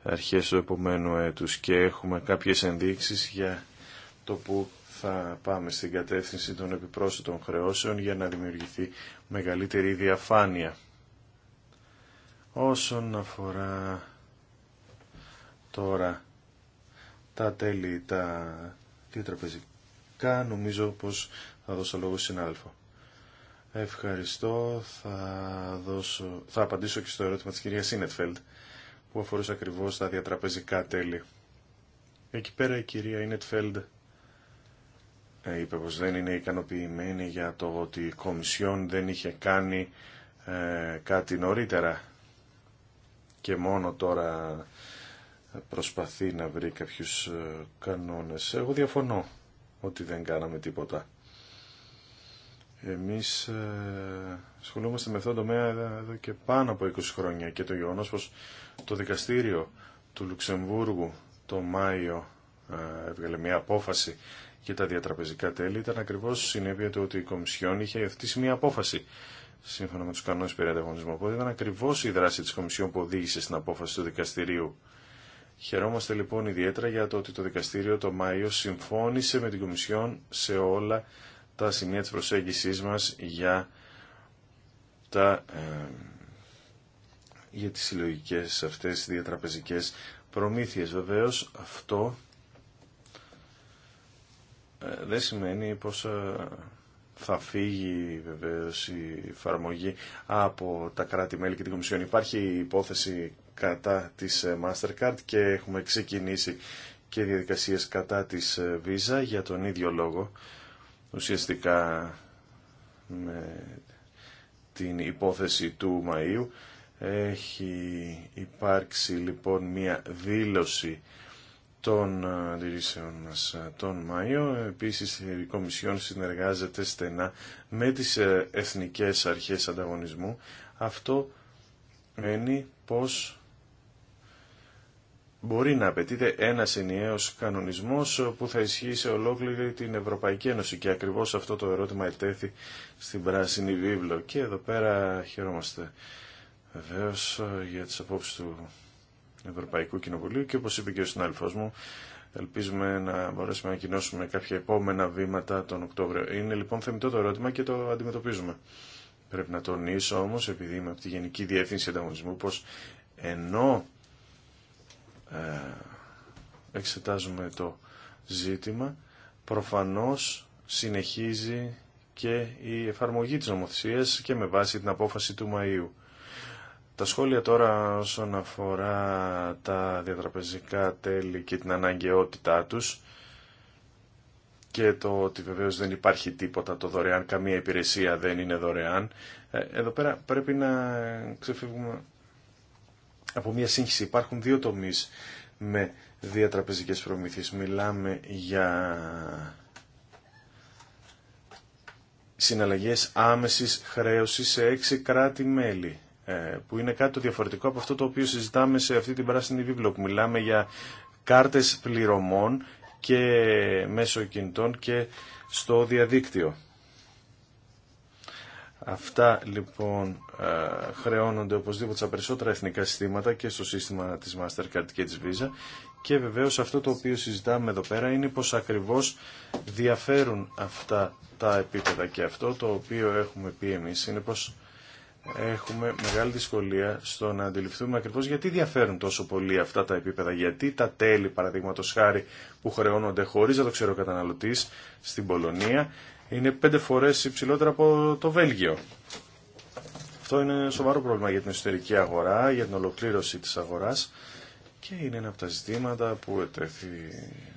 αρχές του επομένου έτους και έχουμε κάποιες ενδείξεις για το που θα πάμε στην κατεύθυνση των επιπρόσθετων χρεώσεων για να δημιουργηθεί μεγαλύτερη διαφάνεια. Όσον αφορά τώρα τα τέλη, τα τραπεζικά, νομίζω πως θα δώσω λόγο συνάδελφο. Ευχαριστώ. Θα, δώσω... θα απαντήσω και στο ερώτημα της κυρία Σίνετφελντ που αφορούσε ακριβώς τα διατραπεζικά τέλη. Εκεί πέρα η κυρία Ινετφέλντ ε, είπε πως δεν είναι ικανοποιημένη για το ότι η Κομισιόν δεν είχε κάνει ε, κάτι νωρίτερα και μόνο τώρα προσπαθεί να βρει κάποιους ε, κανόνες. Εγώ διαφωνώ ότι δεν κάναμε τίποτα. Εμείς ε, ασχολούμαστε με αυτό το τομέα εδώ και πάνω από 20 χρόνια και το γεγονό πως το δικαστήριο του Λουξεμβούργου το Μάιο ε, έβγαλε μια απόφαση για τα διατραπεζικά τέλη ήταν ακριβώς συνέπεια του ότι η Κομισιόν είχε ευθύσει μια απόφαση σύμφωνα με τους κανόνες περί ανταγωνισμού. Οπότε ήταν ακριβώς η δράση της Κομισιόν που οδήγησε στην απόφαση του δικαστηρίου Χαιρόμαστε λοιπόν ιδιαίτερα για το ότι το δικαστήριο το Μάιο συμφώνησε με την Κομισιόν σε όλα τα σημεία της προσέγγισής μας για, τα, ε, για τις συλλογικές αυτές διατραπεζικές προμήθειες. Βεβαίως αυτό ε, δεν σημαίνει πως ε, θα φύγει βεβαίως η εφαρμογή από τα κράτη-μέλη και την Κομισιόν. Υπάρχει υπόθεση κατά της ε, Mastercard και έχουμε ξεκινήσει και διαδικασίες κατά της ε, Visa για τον ίδιο λόγο ουσιαστικά με την υπόθεση του Μαΐου έχει υπάρξει λοιπόν μια δήλωση των ε, αντιρρήσεων μας τον Μάιο. Επίσης η Κομισιόν συνεργάζεται στενά με τις εθνικές αρχές ανταγωνισμού. Αυτό μένει πως μπορεί να απαιτείται ένα ενιαίος κανονισμός που θα ισχύει σε ολόκληρη την Ευρωπαϊκή Ένωση και ακριβώς αυτό το ερώτημα ετέθη στην Πράσινη Βίβλο και εδώ πέρα χαιρόμαστε βεβαίω ε, για τις απόψεις του Ευρωπαϊκού Κοινοβουλίου και όπως είπε και ο συνάδελφός μου ελπίζουμε να μπορέσουμε να κοινώσουμε κάποια επόμενα βήματα τον Οκτώβριο. Είναι λοιπόν θεμητό το ερώτημα και το αντιμετωπίζουμε. Πρέπει να τονίσω όμως, επειδή είμαι από τη Γενική Διεύθυνση Ανταγωνισμού, πως ενώ ε, εξετάζουμε το ζήτημα, προφανώς συνεχίζει και η εφαρμογή της νομοθεσίας και με βάση την απόφαση του Μαΐου. Τα σχόλια τώρα όσον αφορά τα διατραπεζικά τέλη και την αναγκαιότητά τους και το ότι βεβαίως δεν υπάρχει τίποτα το δωρεάν, καμία υπηρεσία δεν είναι δωρεάν. Ε, εδώ πέρα πρέπει να ξεφύγουμε από μια σύγχυση. Υπάρχουν δύο τομείς με διατραπεζικές προμήθειες. Μιλάμε για συναλλαγές άμεσης χρέωσης σε έξι κράτη-μέλη ε, που είναι κάτι το διαφορετικό από αυτό το οποίο συζητάμε σε αυτή την πράσινη βίβλο που μιλάμε για κάρτες πληρωμών και μέσω κινητών και στο διαδίκτυο. Αυτά λοιπόν ε, χρεώνονται οπωσδήποτε στα περισσότερα εθνικά συστήματα και στο σύστημα της Mastercard και της Visa και βεβαίως αυτό το οποίο συζητάμε εδώ πέρα είναι πως ακριβώς διαφέρουν αυτά τα επίπεδα και αυτό το οποίο έχουμε πει εμείς είναι πως έχουμε μεγάλη δυσκολία στο να αντιληφθούμε ακριβώς γιατί διαφέρουν τόσο πολύ αυτά τα επίπεδα, γιατί τα τέλη παραδείγματο χάρη που χρεώνονται χωρίς να το ξέρω καταναλωτής στην Πολωνία είναι πέντε φορές υψηλότερα από το Βέλγιο. Αυτό είναι σοβαρό πρόβλημα για την εσωτερική αγορά, για την ολοκλήρωση της αγοράς και είναι ένα από τα ζητήματα που ετέθη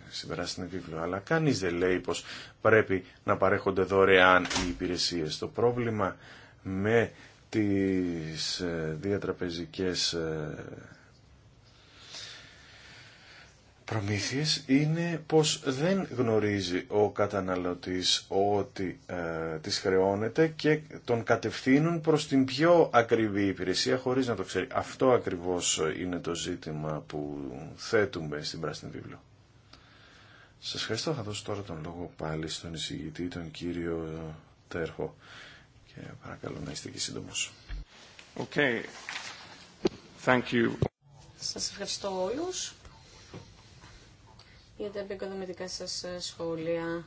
σήμερα στην Αλλά κανείς δεν λέει πως πρέπει να παρέχονται δωρεάν οι υπηρεσίες. Το πρόβλημα με τις ε, διατραπεζικές ε, προμήθειες είναι πως δεν γνωρίζει ο καταναλωτής ότι ε, τις χρεώνεται και τον κατευθύνουν προς την πιο ακριβή υπηρεσία χωρίς να το ξέρει. Αυτό ακριβώς είναι το ζήτημα που θέτουμε στην Πράσινη Βίβλο. Σας ευχαριστώ. Θα δώσω τώρα τον λόγο πάλι στον εισηγητή, τον κύριο Τέρχο. Και παρακαλώ να είστε και σύντομος. Okay. Thank you. Σας ευχαριστώ όλους για τα επικοδομητικά σας ε, σχόλια.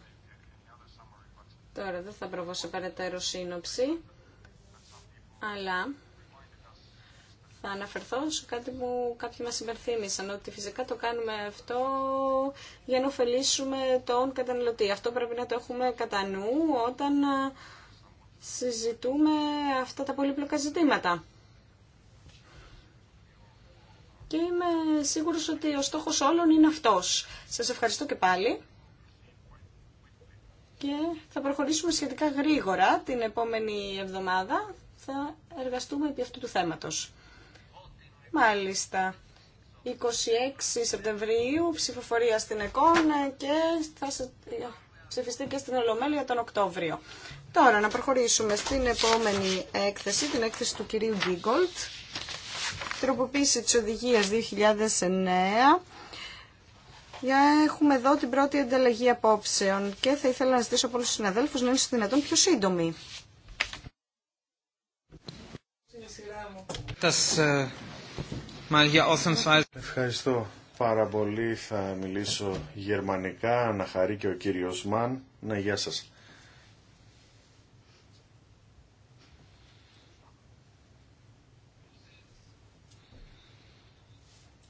Τώρα δεν θα προβώ σε περαιτέρω σύνοψη, αλλά θα αναφερθώ σε κάτι που κάποιοι μας υπερθύμησαν, ότι φυσικά το κάνουμε αυτό για να ωφελήσουμε τον καταναλωτή. Αυτό πρέπει να το έχουμε κατά νου όταν ε, συζητούμε αυτά τα πολύπλοκα ζητήματα και είμαι σίγουρος ότι ο στόχος όλων είναι αυτός. Σας ευχαριστώ και πάλι και θα προχωρήσουμε σχετικά γρήγορα την επόμενη εβδομάδα. Θα εργαστούμε επί αυτού του θέματος. Μάλιστα. 26 Σεπτεμβρίου, ψηφοφορία στην ΕΚΟΝ και θα ε, ψηφιστεί και στην Ολομέλεια τον Οκτώβριο. Τώρα να προχωρήσουμε στην επόμενη έκθεση, την έκθεση του κυρίου Γκίγκολτ τροποποίηση της οδηγίας 2009. Για έχουμε εδώ την πρώτη ανταλλαγή απόψεων και θα ήθελα να ζητήσω από όλους τους συναδέλφους να είναι στο δυνατόν πιο σύντομοι. Äh, Ευχαριστώ πάρα πολύ. Θα μιλήσω γερμανικά. Να χαρεί και ο κύριος Μαν. Να γεια σας.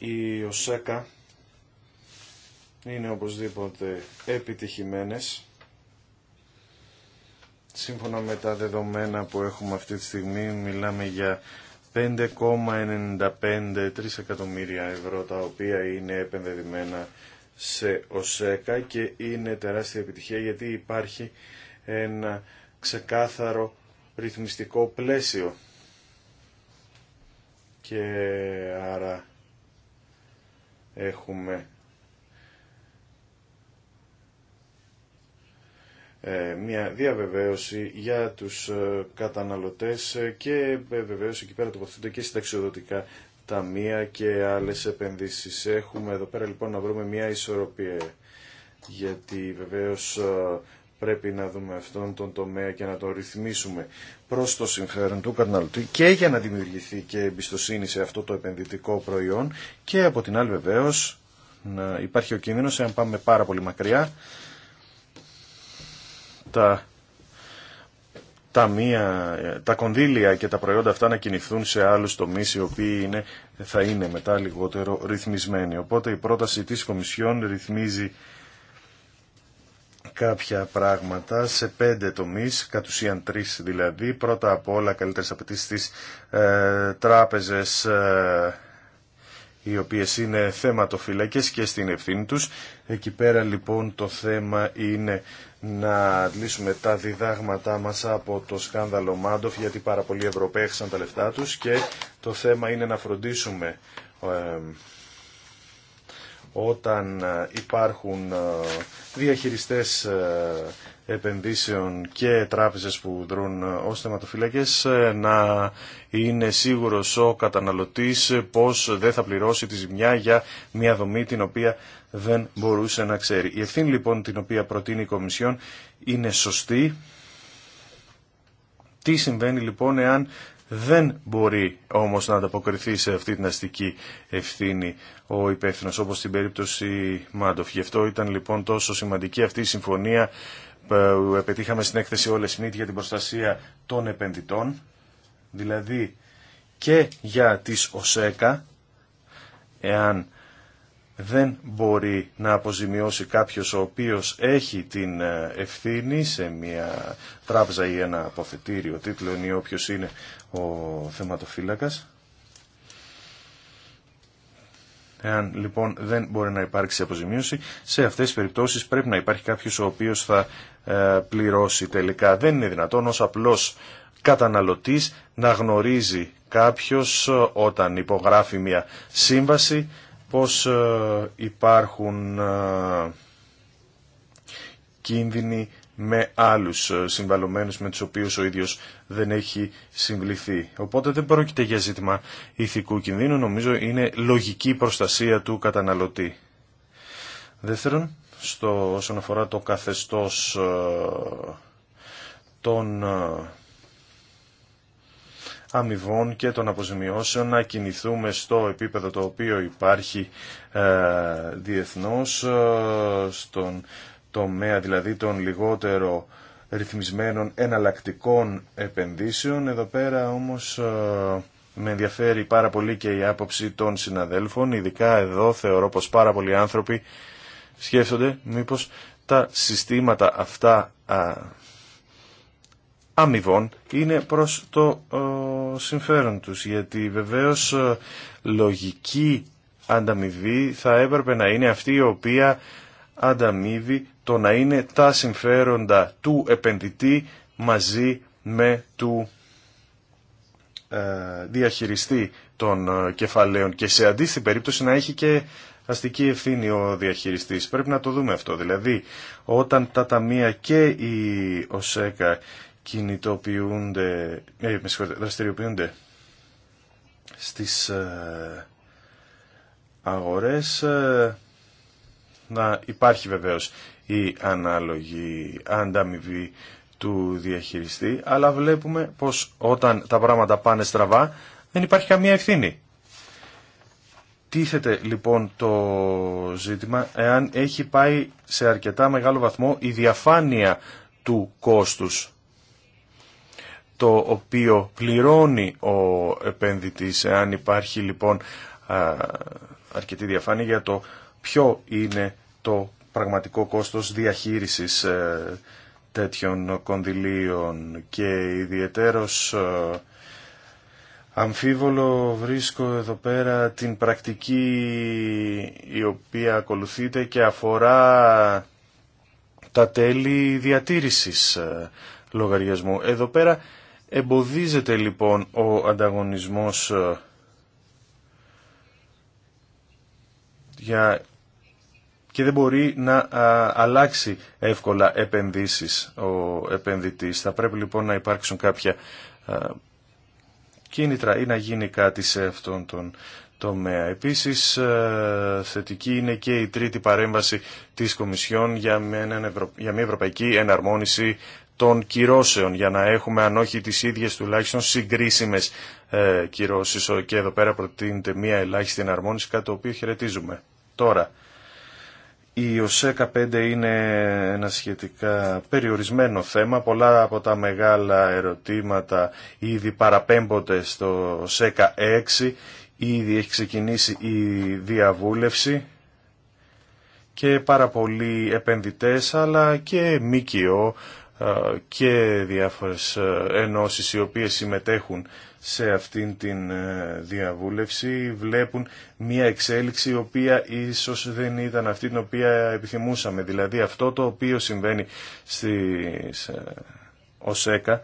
η ΟΣΕΚΑ είναι οπωσδήποτε επιτυχημένες σύμφωνα με τα δεδομένα που έχουμε αυτή τη στιγμή μιλάμε για 5,95 εκατομμύρια ευρώ τα οποία είναι επενδεδημένα σε ΟΣΕΚΑ και είναι τεράστια επιτυχία γιατί υπάρχει ένα ξεκάθαρο ρυθμιστικό πλαίσιο και άρα έχουμε ε, μια διαβεβαίωση για τους ε, καταναλωτές ε, και βεβαίως εκεί πέρα τοποθετούνται και στα τα μία και άλλες επενδύσεις έχουμε εδώ πέρα λοιπόν να βρούμε ταμεία και άλλες επενδύσεις. Έχουμε εδώ πέρα λοιπόν να βρούμε μια ισορροπία γιατί βεβαίως πρέπει να δούμε αυτόν τον τομέα και να το ρυθμίσουμε προς το συμφέρον του καταναλωτή και για να δημιουργηθεί και εμπιστοσύνη σε αυτό το επενδυτικό προϊόν και από την άλλη βεβαίω να υπάρχει ο κίνδυνος εάν πάμε πάρα πολύ μακριά τα τα, τα κονδύλια και τα προϊόντα αυτά να κινηθούν σε άλλους τομείς οι οποίοι είναι, θα είναι μετά λιγότερο ρυθμισμένοι. Οπότε η πρόταση της Κομισιόν ρυθμίζει κάποια πράγματα σε πέντε τομείς, κατ' ουσίαν δηλαδή. Πρώτα απ' όλα καλύτερε απαιτήσεις στις ε, τράπεζες ε, οι οποίες είναι θέματοφυλακέ και στην ευθύνη τους. Εκεί πέρα λοιπόν το θέμα είναι να λύσουμε τα διδάγματά μας από το σκάνδαλο Μάντοφ γιατί πάρα πολλοί Ευρωπαίοι έχασαν τα λεφτά τους και το θέμα είναι να φροντίσουμε ε, όταν ε, υπάρχουν ε, διαχειριστές ε, επενδύσεων και τράπεζες που δρούν ως θεματοφύλακες να είναι σίγουρος ο καταναλωτής πως δεν θα πληρώσει τη ζημιά για μια δομή την οποία δεν μπορούσε να ξέρει. Η ευθύνη λοιπόν την οποία προτείνει η Κομισιόν είναι σωστή. Τι συμβαίνει λοιπόν εάν δεν μπορεί όμως να ανταποκριθεί σε αυτή την αστική ευθύνη ο υπεύθυνο, όπως στην περίπτωση Μάντοφ. Γι' αυτό ήταν λοιπόν τόσο σημαντική αυτή η συμφωνία που επετύχαμε στην έκθεση Όλε για την προστασία των επενδυτών, δηλαδή και για τις ΟΣΕΚΑ, εάν δεν μπορεί να αποζημιώσει κάποιος ο οποίος έχει την ε, ευθύνη σε μια τράπεζα ή ένα αποθετήριο τίτλων ή όποιος είναι ο θεματοφύλακας. Εάν λοιπόν δεν μπορεί να υπάρξει αποζημίωση, σε αυτές τις περιπτώσεις πρέπει να υπάρχει κάποιος ο οποίος θα ε, πληρώσει τελικά. Δεν είναι δυνατόν ως απλός καταναλωτής να γνωρίζει κάποιος ε, όταν υπογράφει μια σύμβαση πως ε, υπάρχουν ε, κίνδυνοι με άλλους ε, συμβαλωμένους με τους οποίους ο ίδιος δεν έχει συμβληθεί. Οπότε δεν πρόκειται για ζήτημα ηθικού κινδύνου, νομίζω είναι λογική προστασία του καταναλωτή. Δεύτερον, στο, όσον αφορά το καθεστώς των αμοιβών και των αποζημιώσεων να κινηθούμε στο επίπεδο το οποίο υπάρχει ε, διεθνώς, ε, στον τομέα δηλαδή των λιγότερο ρυθμισμένων εναλλακτικών επενδύσεων. Εδώ πέρα όμως ε, με ενδιαφέρει πάρα πολύ και η άποψη των συναδέλφων, ειδικά εδώ θεωρώ πως πάρα πολλοί άνθρωποι σκέφτονται μήπως τα συστήματα αυτά αμοιβών είναι προς το ε, συμφέρον τους γιατί βεβαίως ε, λογική ανταμοιβή θα έπρεπε να είναι αυτή η οποία ανταμείβει το να είναι τα συμφέροντα του επενδυτή μαζί με του ε, διαχειριστή των κεφαλαίων και σε αντίστοιχη περίπτωση να έχει και αστική ευθύνη ο διαχειριστής. Πρέπει να το δούμε αυτό. Δηλαδή, όταν τα ταμεία και η ΟΣΕΚΑ κινητοποιούνται, ε, δραστηριοποιούνται στις ε, αγορές ε, να υπάρχει βεβαίως η ανάλογη ανταμοιβή του διαχειριστή αλλά βλέπουμε πως όταν τα πράγματα πάνε στραβά δεν υπάρχει καμία ευθύνη. Τίθεται λοιπόν το ζήτημα εάν έχει πάει σε αρκετά μεγάλο βαθμό η διαφάνεια του κόστους το οποίο πληρώνει ο επένδυτης. Αν υπάρχει λοιπόν αρκετή διαφάνεια για το ποιο είναι το πραγματικό κόστος διαχείρισης ε, τέτοιων κονδυλίων και ιδιαιτέρως ε, αμφίβολο βρίσκω εδώ πέρα την πρακτική η οποία ακολουθείται και αφορά τα τέλη διατήρησης ε, λογαριασμού. Εδώ πέρα Εμποδίζεται λοιπόν ο ανταγωνισμός ε, για... και δεν μπορεί να αλλάξει εύκολα επενδύσεις ο επενδυτής. Θα πρέπει λοιπόν να υπάρξουν κάποια κίνητρα ή να γίνει κάτι σε αυτόν τον τομέα. Επίσης ε, θετική είναι και η τρίτη παρέμβαση της Κομισιόν για μια, για μια ευρωπαϊκή εναρμόνιση των κυρώσεων για να έχουμε αν όχι τις ίδιες τουλάχιστον συγκρίσιμες ε, κυρώσεις και εδώ πέρα προτείνεται μία ελάχιστη εναρμόνιση κάτι το οποίο χαιρετίζουμε. Τώρα, η ΟΣΕΚΑ 5 είναι ένα σχετικά περιορισμένο θέμα. Πολλά από τα μεγάλα ερωτήματα ήδη παραπέμπονται στο ΟΣΕΚΑ 6. Ήδη έχει ξεκινήσει η διαβούλευση και πάρα πολλοί επενδυτές αλλά και ΜΚΟ και διάφορες ενώσεις οι οποίες συμμετέχουν σε αυτήν την διαβούλευση βλέπουν μια εξέλιξη η οποία ίσως δεν ήταν αυτή την οποία επιθυμούσαμε. Δηλαδή αυτό το οποίο συμβαίνει στις ΟΣΕΚΑ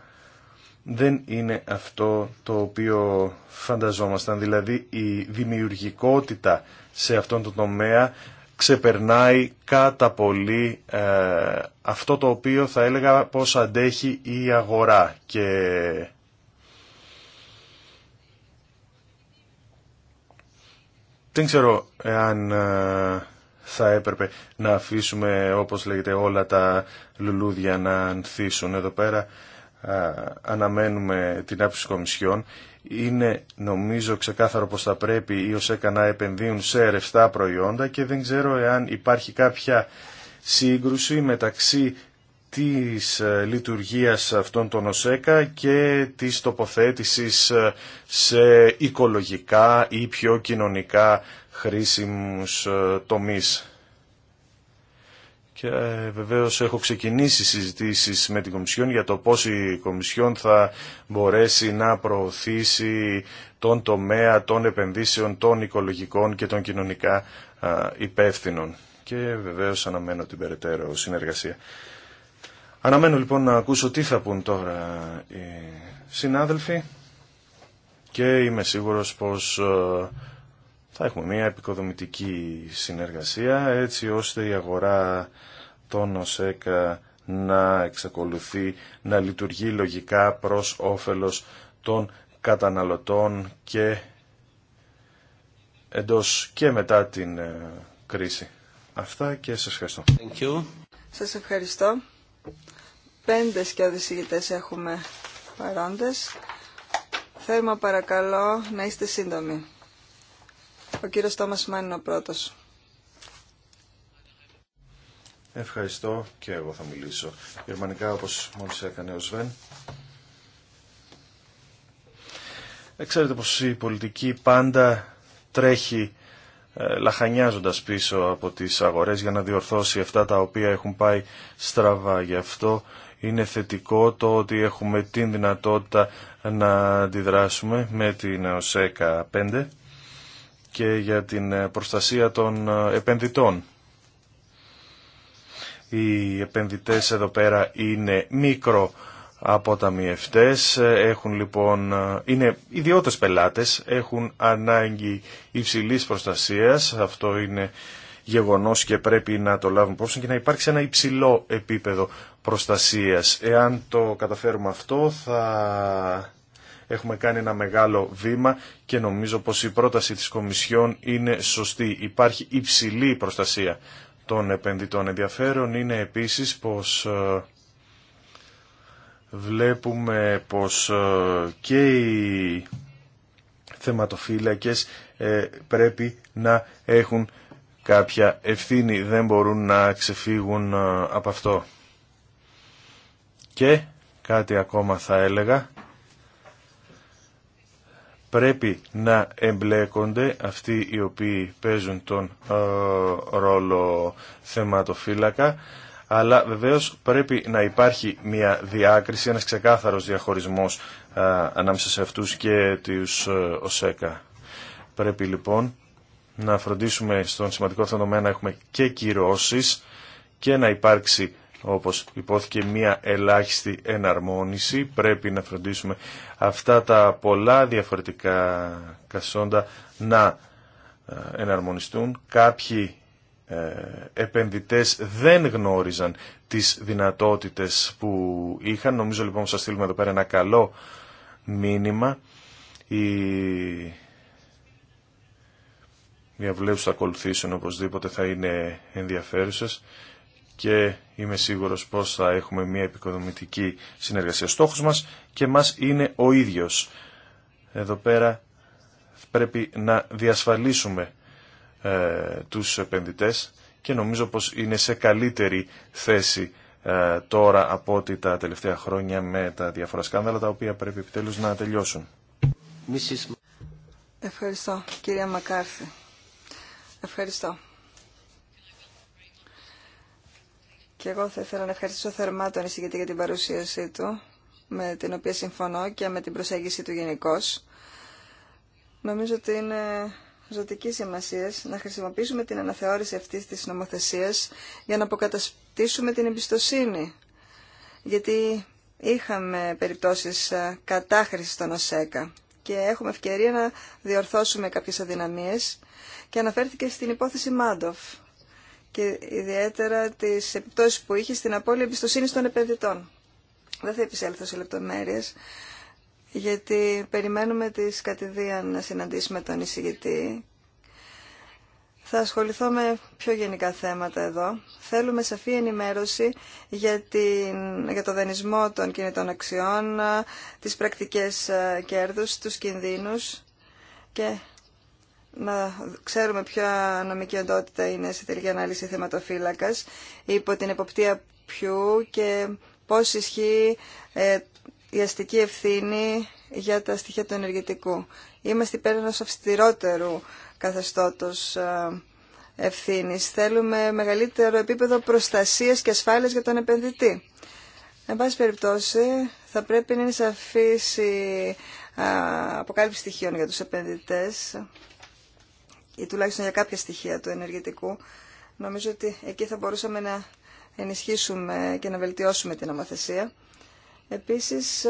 δεν είναι αυτό το οποίο φανταζόμασταν. Δηλαδή η δημιουργικότητα σε αυτόν τον τομέα ξεπερνάει κατά πολύ ε, αυτό το οποίο θα έλεγα πως αντέχει η αγορά και δεν ξέρω αν ε, θα έπρεπε να αφήσουμε όπως λέγεται όλα τα λουλούδια να ανθίσουν εδώ πέρα ε, αναμένουμε την άποψη κομισιών. Είναι νομίζω ξεκάθαρο πως θα πρέπει οι ΟΣΕΚΑ να επενδύουν σε ρευστά προϊόντα και δεν ξέρω εάν υπάρχει κάποια σύγκρουση μεταξύ της ε, λειτουργίας αυτών των ΟΣΕΚΑ και της τοποθέτησης ε, σε οικολογικά ή πιο κοινωνικά χρήσιμους ε, τομείς. Και ε, βεβαίως έχω ξεκινήσει συζητήσεις με την Κομισιόν για το πώς η Κομισιόν θα μπορέσει να προωθήσει τον τομέα των επενδύσεων των οικολογικών και των κοινωνικά υπεύθυνων. Και βεβαίως αναμένω την περαιτέρω συνεργασία. Αναμένω λοιπόν να ακούσω τι θα πούν τώρα οι συνάδελφοι και είμαι σίγουρος πως ε, θα έχουμε μια επικοδομητική συνεργασία έτσι ώστε η αγορά των ΟΣΕΚΑ να εξακολουθεί να λειτουργεί λογικά προς όφελος των καταναλωτών και εντός και μετά την ε, κρίση. Αυτά και σας ευχαριστώ. Thank you. Σας ευχαριστώ. Πέντε σκιώδεις έχουμε παρόντες. Θέλουμε παρακαλώ να είστε σύντομοι. Ο κύριος Τόμας Μάν ο πρώτος. Ευχαριστώ και εγώ θα μιλήσω γερμανικά όπως μόλις έκανε ο Σβέν. Ξέρετε πως η πολιτική πάντα τρέχει ε, λαχανιάζοντας πίσω από τις αγορές για να διορθώσει αυτά τα οποία έχουν πάει στραβά. Γι' αυτό είναι θετικό το ότι έχουμε την δυνατότητα να αντιδράσουμε με την ΟΣΕΚΑ 5 και για την ε, προστασία των ε, επενδυτών. Οι επενδυτές εδώ πέρα είναι μικρο αποταμιευτές, ε, έχουν λοιπόν, είναι ιδιώτες πελάτες, έχουν ανάγκη υψηλής προστασίας, αυτό είναι γεγονός και πρέπει να το λάβουμε υπόψη και να υπάρξει ένα υψηλό επίπεδο προστασίας. Εάν το καταφέρουμε αυτό θα Έχουμε κάνει ένα μεγάλο βήμα και νομίζω πως η πρόταση της Κομισιόν είναι σωστή. Υπάρχει υψηλή προστασία των επενδυτών ενδιαφέρον. Είναι επίσης πως ε, βλέπουμε πως ε, και οι θεματοφύλακες ε, πρέπει να έχουν κάποια ευθύνη. Δεν μπορούν να ξεφύγουν από αυτό. Και κάτι ακόμα θα έλεγα πρέπει να εμπλέκονται αυτοί οι οποίοι παίζουν τον ε, ρόλο θεματοφύλακα αλλά βεβαίως πρέπει να υπάρχει μια διάκριση, ένας ξεκάθαρος διαχωρισμός ε, ανάμεσα σε αυτούς και τους ε, ΟΣΕΚΑ. Πρέπει λοιπόν να φροντίσουμε στον σημαντικό αυτό τομέα να έχουμε και κυρώσεις και να υπάρξει όπως υπόθηκε μια ελάχιστη εναρμόνιση. Πρέπει να φροντίσουμε αυτά τα πολλά διαφορετικά κασόντα να ε, εναρμονιστούν. Κάποιοι ε, επενδυτές δεν γνώριζαν τις δυνατότητες που είχαν. Νομίζω λοιπόν σας στείλουμε εδώ πέρα ένα καλό μήνυμα. Οι διαβουλεύσεις θα ακολουθήσουν οπωσδήποτε θα είναι ενδιαφέρουσες και είμαι σίγουρος πως θα έχουμε μια επικοδομητική συνεργασία. Στόχος μας και μας είναι ο ίδιος. Εδώ πέρα πρέπει να διασφαλίσουμε ε, τους επενδυτές και νομίζω πως είναι σε καλύτερη θέση ε, τώρα από ότι τα τελευταία χρόνια με τα διάφορα σκάνδαλα τα οποία πρέπει επιτέλους να τελειώσουν. Ευχαριστώ κυρία Μακάρθη. Ευχαριστώ. Και εγώ θα ήθελα να ευχαριστήσω θερμά τον εισηγητή για την παρουσίασή του, με την οποία συμφωνώ και με την προσέγγιση του γενικώ. Νομίζω ότι είναι ζωτική σημασία να χρησιμοποιήσουμε την αναθεώρηση αυτή τη νομοθεσία για να αποκαταστήσουμε την εμπιστοσύνη. Γιατί είχαμε περιπτώσεις ε, κατάχρησης των ΟΣΕΚΑ και έχουμε ευκαιρία να διορθώσουμε κάποιε αδυναμίες και αναφέρθηκε στην υπόθεση Μάντοφ και ιδιαίτερα τις επιπτώσεις που είχε στην απώλεια εμπιστοσύνη των επενδυτών. Δεν θα επισέλθω σε λεπτομέρειες, γιατί περιμένουμε τις κατηδίαν να συναντήσουμε τον εισηγητή. Θα ασχοληθώ με πιο γενικά θέματα εδώ. Θέλουμε σαφή ενημέρωση για, την, για το δανεισμό των κινητών αξιών, τις πρακτικές ε, κέρδους, τους κινδύνους και να ξέρουμε ποια νομική οντότητα είναι σε τελική ανάλυση θεματοφύλακας, υπό την εποπτεία ποιου και πώς ισχύει ε, η αστική ευθύνη για τα στοιχεία του ενεργητικού. Είμαστε υπέρ ενός αυστηρότερου καθεστώτος ε, ευθύνης. Θέλουμε μεγαλύτερο επίπεδο προστασίας και ασφάλειας για τον επενδυτή. Εν πάση περιπτώσει, θα πρέπει να είναι σαφής η αποκάλυψη στοιχείων για τους επενδυτές ή τουλάχιστον για κάποια στοιχεία του ενεργητικού. Νομίζω ότι εκεί θα μπορούσαμε να ενισχύσουμε και να βελτιώσουμε την αμαθεσία, Επίσης,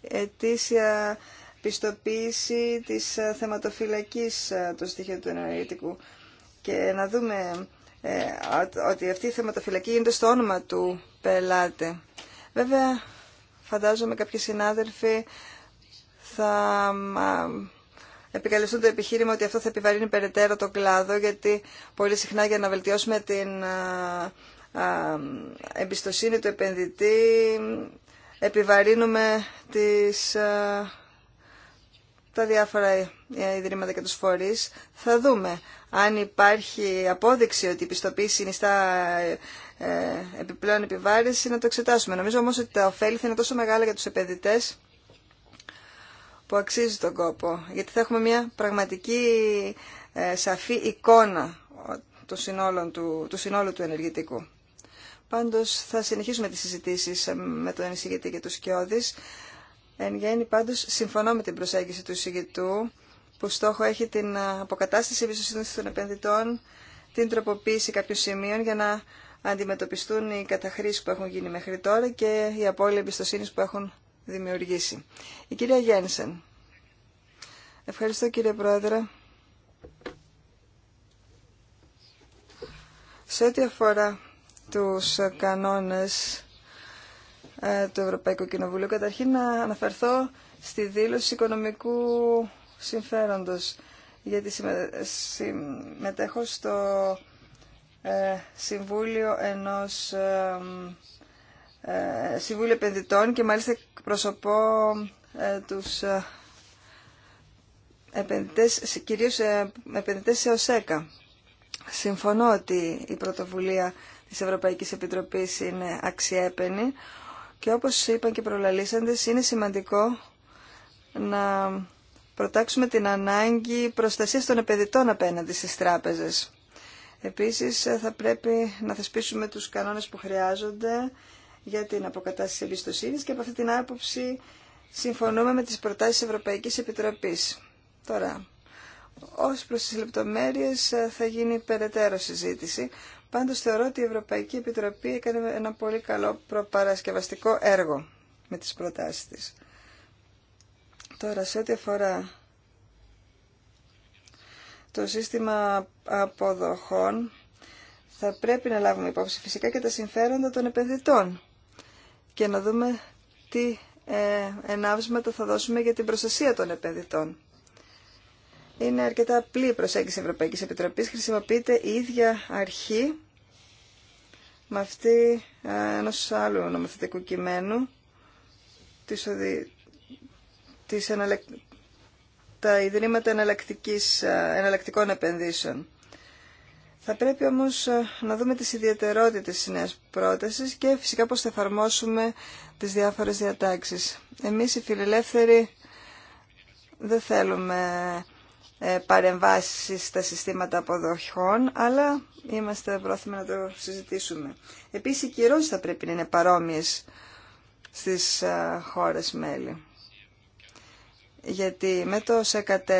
ετήσια πιστοποίηση της θεματοφυλακής του στοιχείου του ενεργητικού και να δούμε ε, ότι αυτή η θεματοφυλακή γίνεται στο όνομα του πελάτη. Βέβαια, φαντάζομαι κάποιοι συνάδελφοι θα επικαλεστούν το επιχείρημα ότι αυτό θα επιβαρύνει περαιτέρω τον κλάδο, γιατί πολύ συχνά για να βελτιώσουμε την εμπιστοσύνη του επενδυτή επιβαρύνουμε τις, τα διάφορα ιδρύματα και τους φορείς. Θα δούμε αν υπάρχει απόδειξη ότι η πιστοποίηση συνιστά ε, επιπλέον επιβάρηση να το εξετάσουμε. Νομίζω όμως ότι τα ωφέλη θα είναι τόσο μεγάλα για τους επενδυτές που αξίζει τον κόπο, γιατί θα έχουμε μια πραγματική ε, σαφή εικόνα του συνόλου του, του συνόλου του ενεργητικού. Πάντως θα συνεχίσουμε τις συζητήσεις ε, με τον εισηγητή και τους Σκιώδης. Εν γέννη πάντως συμφωνώ με την προσέγγιση του εισηγητού που στόχο έχει την ε, αποκατάσταση εμπιστοσύνης των επενδυτών, την τροποποίηση κάποιων σημείων για να αντιμετωπιστούν οι καταχρήσεις που έχουν γίνει μέχρι τώρα και οι απόλυτες εμπιστοσύνη που έχουν δημιουργήσει. Η κυρία Γένσεν. Ευχαριστώ κύριε Πρόεδρε. Σε ό,τι αφορά τους κανόνες ε, του Ευρωπαϊκού Κοινοβουλίου, καταρχήν να αναφερθώ στη δήλωση οικονομικού συμφέροντος, γιατί συμμετέχω στο ε, Συμβούλιο ενός ε, Συμβούλιο Επενδυτών και μάλιστα εκπροσωπώ ε, τους ε, επενδυτές, κυρίως επενδυτές σε ΟΣΕΚΑ. Συμφωνώ ότι η πρωτοβουλία της Ευρωπαϊκής Επιτροπής είναι αξιέπαινη και όπως είπαν και προλαλήσαντες είναι σημαντικό να προτάξουμε την ανάγκη προστασίας των επενδυτών απέναντι στις τράπεζες. Επίσης θα πρέπει να θεσπίσουμε τους κανόνες που χρειάζονται για την αποκατάσταση εμπιστοσύνη και από αυτή την άποψη συμφωνούμε με τις προτάσεις Ευρωπαϊκής Επιτροπής. Τώρα, ως προς τις λεπτομέρειες ε, θα γίνει περαιτέρω συζήτηση. Πάντως θεωρώ ότι η Ευρωπαϊκή Επιτροπή έκανε ένα πολύ καλό προπαρασκευαστικό έργο με τις προτάσεις της. Τώρα, σε ό,τι αφορά το σύστημα αποδοχών, θα πρέπει να λάβουμε υπόψη φυσικά και τα συμφέροντα των επενδυτών και να δούμε τι ε, ενάβσματα θα δώσουμε για την προστασία των επενδυτών. Είναι αρκετά απλή η προσέγγιση Ευρωπαϊκής Επιτροπής. Χρησιμοποιείται η ίδια αρχή με αυτή ε, ενό άλλου νομοθετικού κειμένου της, οδη... της τα Ιδρύματα ε, Εναλλακτικών Επενδύσεων. Θα πρέπει όμως ε, να δούμε τις ιδιαιτερότητες της νέας πρότασης και φυσικά πώς θα εφαρμόσουμε τις διάφορες διατάξεις. Εμείς οι φιλελεύθεροι δεν θέλουμε ε, παρεμβάσεις στα συστήματα αποδοχών, αλλά είμαστε πρόθυμοι να το συζητήσουμε. Επίσης, οι κυρώσεις θα πρέπει να είναι παρόμοιες στις ε, χώρες μέλη γιατί με το ΣΕΚΑ 4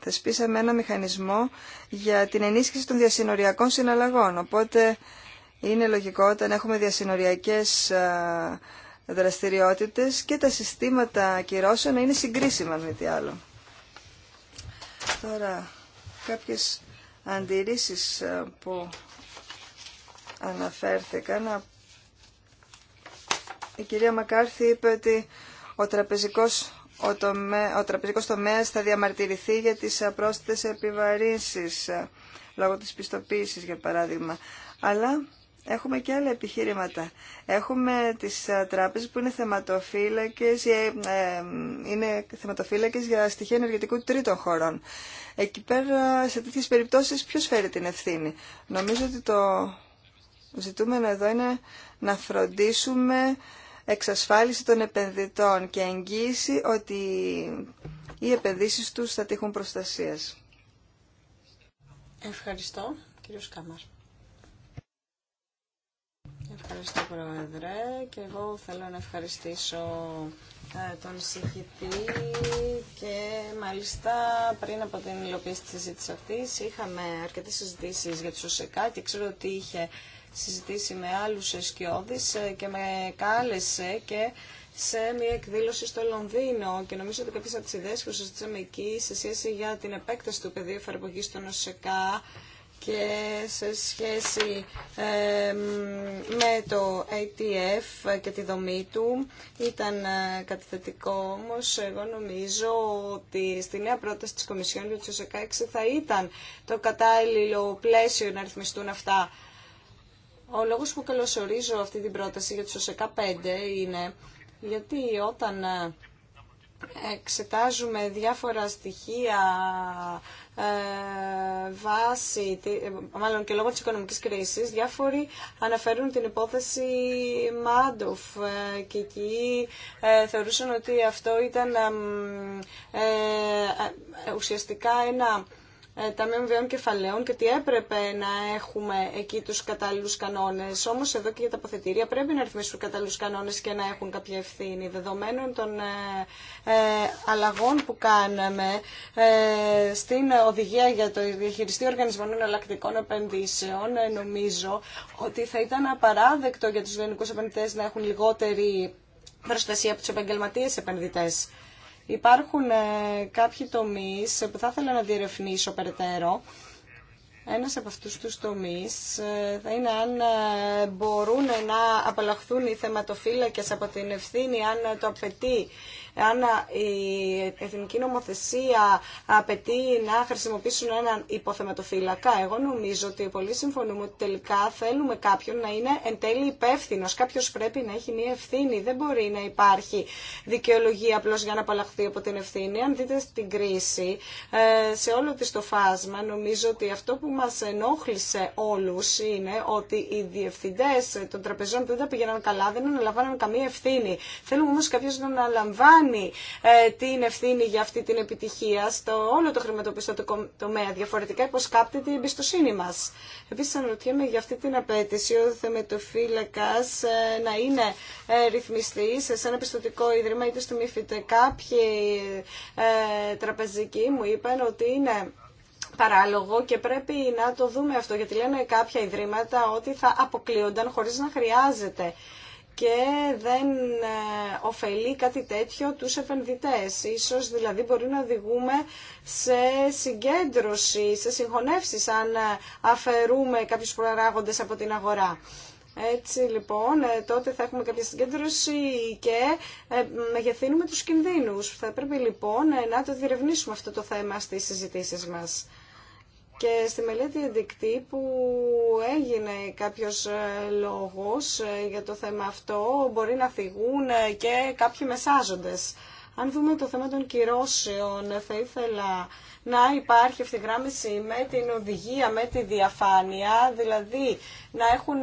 θεσπίσαμε ένα μηχανισμό για την ενίσχυση των διασυνοριακών συναλλαγών. Οπότε είναι λογικό όταν έχουμε διασυνοριακές δραστηριότητες και τα συστήματα κυρώσεων να είναι συγκρίσιμα με τι άλλο. Τώρα, κάποιες αντιρρήσεις που αναφέρθηκαν. Η κυρία Μακάρθη είπε ότι ο τραπεζικός ο, τομέ, ο τραπεζικός τομέας θα διαμαρτυρηθεί για τις απρόσθετες επιβαρύνσεις ε, λόγω της πιστοποίησης για παράδειγμα. Αλλά έχουμε και άλλα επιχείρηματα. Έχουμε τις ε, τράπεζες που είναι θεματοφύλακες, ε, είναι θεματοφύλακες για στοιχεία ενεργετικού τρίτων χωρών. Εκεί πέρα σε τέτοιες περιπτώσεις ποιος φέρει την ευθύνη. Νομίζω ότι το ζητούμενο εδώ είναι να φροντίσουμε εξασφάλιση των επενδυτών και εγγύηση ότι οι επενδύσεις τους θα τύχουν προστασίας. Ευχαριστώ, κύριο Κάμαρ. Ευχαριστώ, Πρόεδρε. Και εγώ θέλω να ευχαριστήσω ε, τον συγχυτή και μάλιστα πριν από την υλοποίηση της συζήτηση αυτής είχαμε αρκετές συζητήσεις για τους ΟΣΕΚΑ και ξέρω ότι είχε συζητήσει με άλλους σκιώδεις ε, και με κάλεσε και σε μια εκδήλωση στο Λονδίνο και νομίζω ότι κάποιες από τις ιδέες που συζητήσαμε εκεί σε σχέση για την επέκταση του πεδίου εφαρμογή των ΟΣΕΚΑ και σε σχέση με το ATF ε και τη δομή του ήταν ε, κάτι θετικό όμως εγώ νομίζω ότι στη νέα πρόταση της Κομισιόν του 2016 θα ήταν το κατάλληλο πλαίσιο να ρυθμιστούν αυτά ο λόγος που καλωσορίζω αυτή την πρόταση για τους 15 είναι γιατί όταν ε, εξετάζουμε διάφορα στοιχεία ε, βάση, ε, μάλλον και λόγω της οικονομικής κρίσης, διάφοροι αναφέρουν την υπόθεση Μάντοφ ε, και εκεί θεωρούσαν ότι αυτό ήταν ε, ουσιαστικά ένα ε, ταμείων βιών κεφαλαίων και ότι έπρεπε να έχουμε εκεί τους κατάλληλους κανόνες. Όμως εδώ και για τα αποθετήρια πρέπει να ρυθμίσουν κατάλληλους κανόνες και να έχουν κάποια ευθύνη. Δεδομένων των ε, ε, αλλαγών που κάναμε στην οδηγία για το διαχειριστή οργανισμών εναλλακτικών επενδύσεων, νομίζω ότι θα ήταν απαράδεκτο για τους γενικούς επενδυτές να έχουν λιγότερη προστασία από τους επαγγελματίες επενδυτές. Υπάρχουν ε, κάποιοι τομείς που θα ήθελα να διερευνήσω περαιτέρω. Ένας από αυτούς τους τομείς ε, θα είναι αν ε, μπορούν να απαλλαχθούν οι θεματοφύλακες από την ευθύνη, αν το απαιτεί αν η εθνική νομοθεσία απαιτεί να χρησιμοποιήσουν έναν υποθεματοφύλακα. Εγώ νομίζω ότι πολύ συμφωνούμε ότι τελικά θέλουμε κάποιον να είναι εν τέλει υπεύθυνο. Κάποιο πρέπει να έχει μια ευθύνη. Δεν μπορεί να υπάρχει δικαιολογία απλώ για να απαλλαχθεί από την ευθύνη. Αν δείτε στην κρίση, ε, σε όλο τη το φάσμα, νομίζω ότι αυτό που μα ενόχλησε όλου είναι ότι οι διευθυντέ των τραπεζών που δεν τα πηγαίναν καλά δεν αναλαμβάνουν καμία ευθύνη. Θέλουμε όμω κάποιο να αναλαμβάνει ε, την ευθύνη για αυτή την επιτυχία στο όλο το χρηματοπιστωτικό τομέα. Διαφορετικά υποσκάπτει την εμπιστοσύνη μας. Επίση, αναρωτιέμαι για αυτή την απέτηση ο φίλακάς ε, να είναι ε, ρυθμιστή σε ένα πιστωτικό ίδρυμα είτε στο ΜΥΦΙΤΕ. Κάποιοι ε, τραπεζικοί μου είπαν ότι είναι παράλογο και πρέπει να το δούμε αυτό γιατί λένε κάποια ιδρύματα ότι θα αποκλείονταν χωρίς να χρειάζεται και δεν ε, ωφελεί κάτι τέτοιο τους επενδυτές. Ίσως δηλαδή μπορεί να οδηγούμε σε συγκέντρωση, σε συγχωνεύσεις αν ε, αφαιρούμε κάποιους προαράγοντες από την αγορά. Έτσι λοιπόν, ε, τότε θα έχουμε κάποια συγκέντρωση και μεγεθύνουμε τους κινδύνους. Θα πρέπει λοιπόν να το διερευνήσουμε αυτό το θέμα στις συζητήσεις μας. Και στη μελέτη που έγινε κάποιος ε, λόγος ε, για το θέμα αυτό, μπορεί να φυγούν ε, και κάποιοι μεσάζοντες. Αν δούμε το θέμα των κυρώσεων, θα ήθελα να υπάρχει ευθυγράμμιση με την οδηγία, με τη διαφάνεια, δηλαδή να έχουν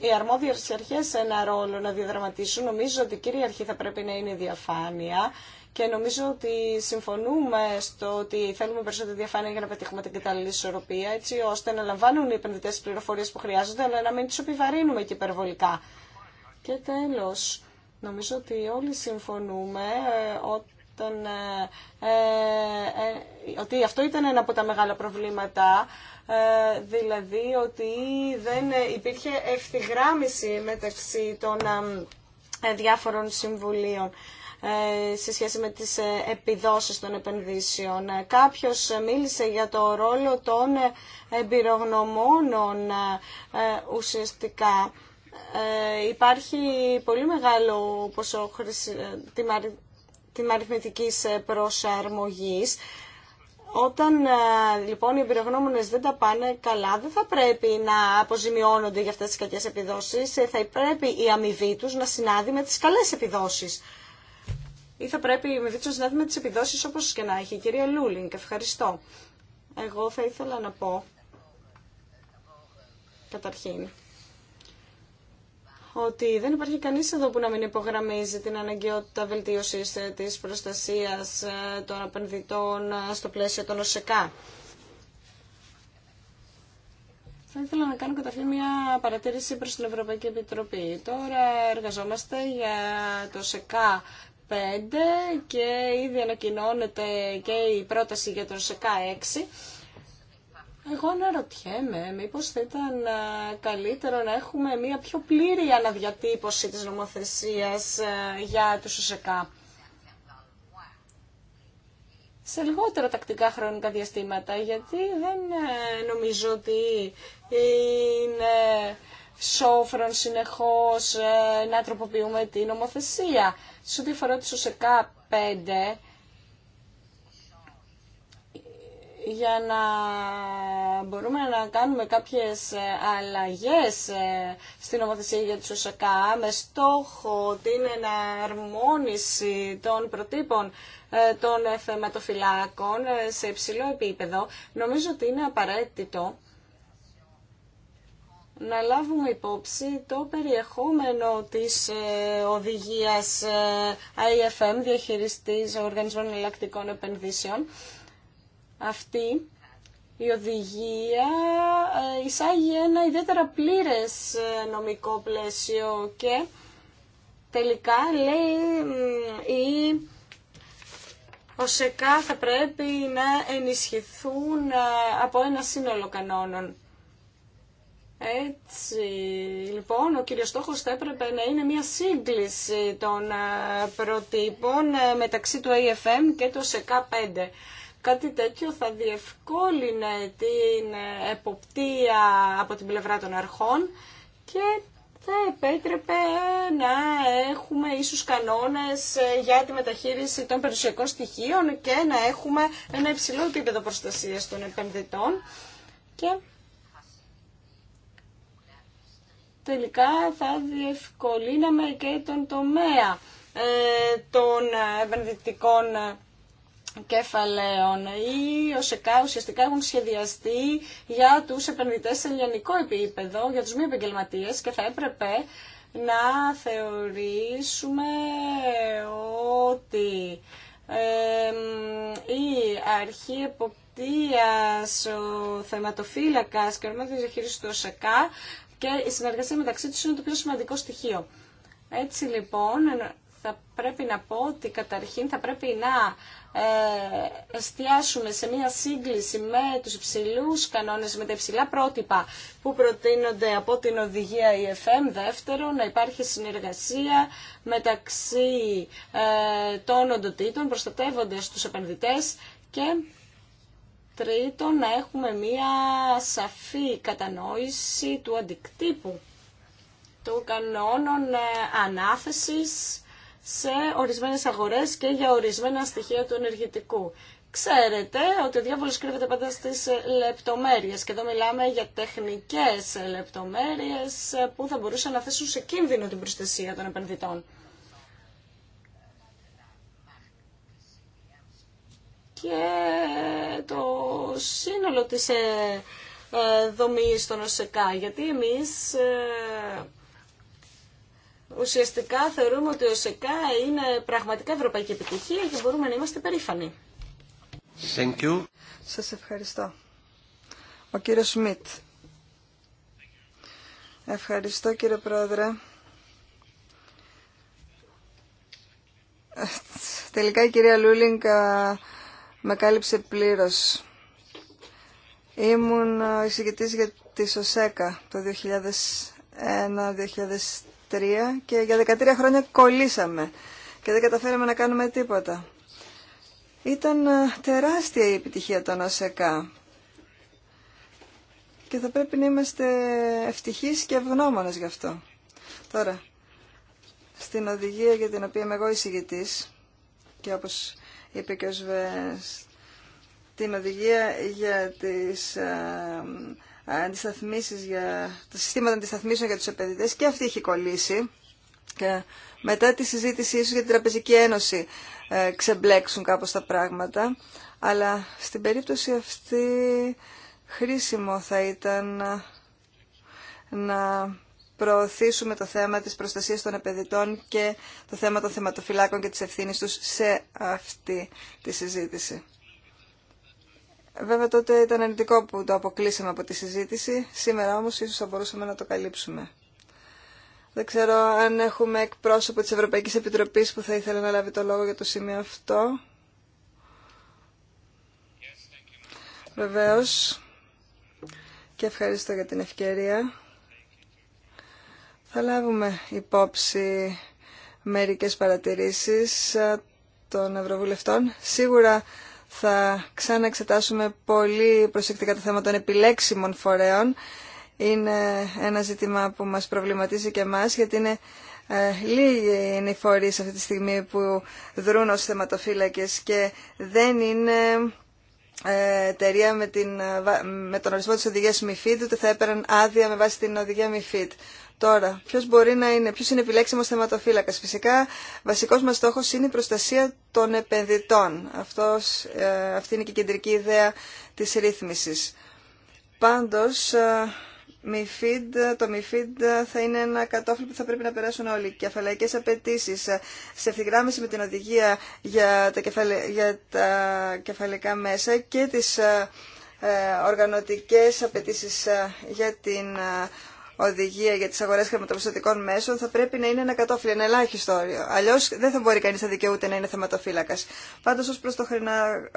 οι αρμόδιες αρχές ένα ρόλο να διαδραματίσουν. Νομίζω ότι αρχή θα πρέπει να είναι η διαφάνεια και νομίζω ότι συμφωνούμε στο ότι θέλουμε περισσότερη διαφάνεια για να πετύχουμε την κατάλληλη ισορροπία, έτσι ώστε να λαμβάνουν οι επενδυτέ τι πληροφορίε που χρειάζονται, αλλά να μην του επιβαρύνουμε και υπερβολικά. Και τέλο, νομίζω ότι όλοι συμφωνούμε ε, ε, ε, ε, ότι αυτό ήταν ένα από τα μεγάλα προβλήματα, δηλαδή ότι δεν υπήρχε ευθυγράμμιση μεταξύ των διάφορων συμβουλίων. Ε, σε σχέση με τις ε, επιδόσεις των επενδύσεων. Ε, κάποιος μίλησε για το ρόλο των εμπειρογνωμόνων ουσιαστικά. Υπάρχει πολύ μεγάλο ποσό τιμαριθμητικής προσαρμογής. Όταν λοιπόν οι εμπειρογνώμονε δεν τα πάνε καλά, δεν θα πρέπει να αποζημιώνονται για αυτέ τι κακέ επιδόσεις. Θα πρέπει η αμοιβή του να συνάδει με τι καλέ επιδόσει ή θα πρέπει με δείξουν να δούμε τι επιδόσει όπως και να έχει. κυρία Λούλινγκ, ευχαριστώ. Εγώ θα ήθελα να πω, καταρχήν, ότι δεν υπάρχει κανείς εδώ που να μην υπογραμμίζει την αναγκαιότητα βελτίωση της προστασία ε, των επενδυτών ε, στο πλαίσιο των ΟΣΕΚΑ. Θα ήθελα να κάνω καταρχήν μια παρατήρηση προς την Ευρωπαϊκή Επιτροπή. Τώρα εργαζόμαστε για το ΣΕΚΑ και ήδη ανακοινώνεται και η πρόταση για τον ΣΕΚΑ 6. Εγώ αναρωτιέμαι μήπως θα ήταν καλύτερο να έχουμε μια πιο πλήρη αναδιατύπωση της νομοθεσίας για τους ΣΕΚΑ. Σε λιγότερα τακτικά χρονικά διαστήματα, γιατί δεν νομίζω ότι είναι σόφρον συνεχώς να τροποποιούμε την νομοθεσία. Σε ό,τι αφορά τη 5, για να μπορούμε να κάνουμε κάποιες αλλαγές ε, στην νομοθεσία για τους οσέκα, με στόχο την εναρμόνιση των προτύπων ε, των θεματοφυλάκων ε, σε υψηλό επίπεδο, νομίζω ότι είναι απαραίτητο να λάβουμε υπόψη το περιεχόμενο της ε, οδηγίας ε, IFM, διαχειριστής οργανισμών ελλακτικών επενδύσεων. Αυτή η οδηγία ε, εισάγει ένα ιδιαίτερα πλήρες νομικό πλαίσιο και τελικά λέει ο ΟΣΕΚΑ θα πρέπει να ενισχυθούν από ένα σύνολο κανόνων. Έτσι, λοιπόν, ο κύριος στόχος θα έπρεπε να είναι μια σύγκληση των ε, προτύπων ε, μεταξύ του AFM και του ΣΕΚΑ5. Κάτι τέτοιο θα διευκόλυνε την ε, εποπτεία από την πλευρά των αρχών και θα επέτρεπε να έχουμε ίσους κανόνες για τη μεταχείριση των περιουσιακών στοιχείων και να έχουμε ένα υψηλό επίπεδο προστασίας των επενδυτών. Και τελικά θα διευκολύναμε και τον τομέα ε, των επενδυτικών κεφαλαίων ή οσεκά ουσιαστικά έχουν σχεδιαστεί για τους επενδυτές σε ελληνικό επίπεδο, για τους μη επαγγελματίε και θα έπρεπε να θεωρήσουμε ότι η αρχή εποπτείας, ο θεματοφύλακας και ο διαχείρισης του ΟΣΕΚΑ και η συνεργασία μεταξύ τους είναι το πιο σημαντικό στοιχείο. Έτσι λοιπόν θα πρέπει να πω ότι καταρχήν θα πρέπει να ε, εστιάσουμε σε μια σύγκληση με τους υψηλούς κανόνες, με τα υψηλά πρότυπα που προτείνονται από την οδηγία EFM. Δεύτερο, να υπάρχει συνεργασία μεταξύ ε, των οντοτήτων, προστατεύοντας τους επενδυτές και τρίτον να έχουμε μία σαφή κατανόηση του αντικτύπου του κανόνων ε, ανάθεσης σε ορισμένες αγορές και για ορισμένα στοιχεία του ενεργητικού. Ξέρετε ότι ο διάβολος κρύβεται πάντα στις ε, λεπτομέρειες και εδώ μιλάμε για τεχνικές ε, λεπτομέρειες που θα μπορούσαν να θέσουν σε κίνδυνο την προστασία των επενδυτών. Και το σύνολο της ε, ε, δομής των ΟΣΕΚΑ, γιατί εμείς ε, ουσιαστικά θεωρούμε ότι ο ΟΣΕΚΑ είναι πραγματικά ευρωπαϊκή επιτυχία και μπορούμε να είμαστε περήφανοι. Thank you. Σας ευχαριστώ. Ο κύριος Σμιτ. Ευχαριστώ κύριε Πρόεδρε. Τελικά η κυρία Λούλινγκ με κάλυψε πλήρως. Ήμουν ε, εισηγητής για τη ΣΟΣΕΚΑ το 2001-2003 και για 13 χρόνια κολλήσαμε και δεν καταφέραμε να κάνουμε τίποτα. Ήταν ε, τεράστια η επιτυχία των ΟΣΕΚΑ και θα πρέπει να είμαστε ευτυχείς και ευγνώμονες γι' αυτό. Τώρα, στην οδηγία για την οποία είμαι εγώ εισηγητής και όπως είπε και ο Σβές, την οδηγία για τις ε, αντισταθμίσεις, για τα συστήματα αντισταθμίσεων για τους επενδυτές και αυτή έχει κολλήσει. Και μετά τη συζήτηση ίσως για την Τραπεζική Ένωση ε, ξεμπλέξουν κάπως τα πράγματα, αλλά στην περίπτωση αυτή χρήσιμο θα ήταν να προωθήσουμε το θέμα της προστασίας των επενδυτών και το θέμα των θεματοφυλάκων και της ευθύνης τους σε αυτή τη συζήτηση. Βέβαια τότε ήταν αρνητικό που το αποκλείσαμε από τη συζήτηση, σήμερα όμως ίσως θα μπορούσαμε να το καλύψουμε. Δεν ξέρω αν έχουμε εκπρόσωπο της Ευρωπαϊκής Επιτροπής που θα ήθελε να λάβει το λόγο για το σημείο αυτό. Βεβαίως. Και ευχαριστώ για την ευκαιρία. Θα λάβουμε υπόψη μερικές παρατηρήσεις ε, των Ευρωβουλευτών. Σίγουρα θα ξαναεξετάσουμε πολύ προσεκτικά το θέμα των επιλέξιμων φορέων. Είναι ένα ζήτημα που μας προβληματίζει και μας, γιατί είναι ε, λίγοι είναι οι φορείς αυτή τη στιγμή που δρούν ως θεματοφύλακες και δεν είναι ε, εταιρεία με, την, με τον ορισμό της οδηγίας MIFID, ούτε θα έπαιρναν άδεια με βάση την οδηγία MIFID. Τώρα, ποιο μπορεί να είναι, ποιο είναι επιλέξιμο θεματοφύλακα. Φυσικά, βασικό μα στόχο είναι η προστασία των επενδυτών. Αυτός, ε, αυτή είναι και η κεντρική ιδέα τη ρύθμιση. Πάντω, ε, το MIFID θα είναι ένα κατόφλι που θα πρέπει να περάσουν όλοι. Κεφαλαϊκέ απαιτήσει ε, σε ευθυγράμμιση με την οδηγία για τα, για τα κεφαλικά μέσα και τις οργανωτικέ απαιτήσει για την οδηγία για τις αγορέ χρηματοπιστωτικών μέσων θα πρέπει να είναι ένα κατόφλι, ένα ελάχιστο όριο. Αλλιώς δεν θα μπορεί κανείς να δικαιούται να είναι θεματοφύλακας. Πάντως ω προς το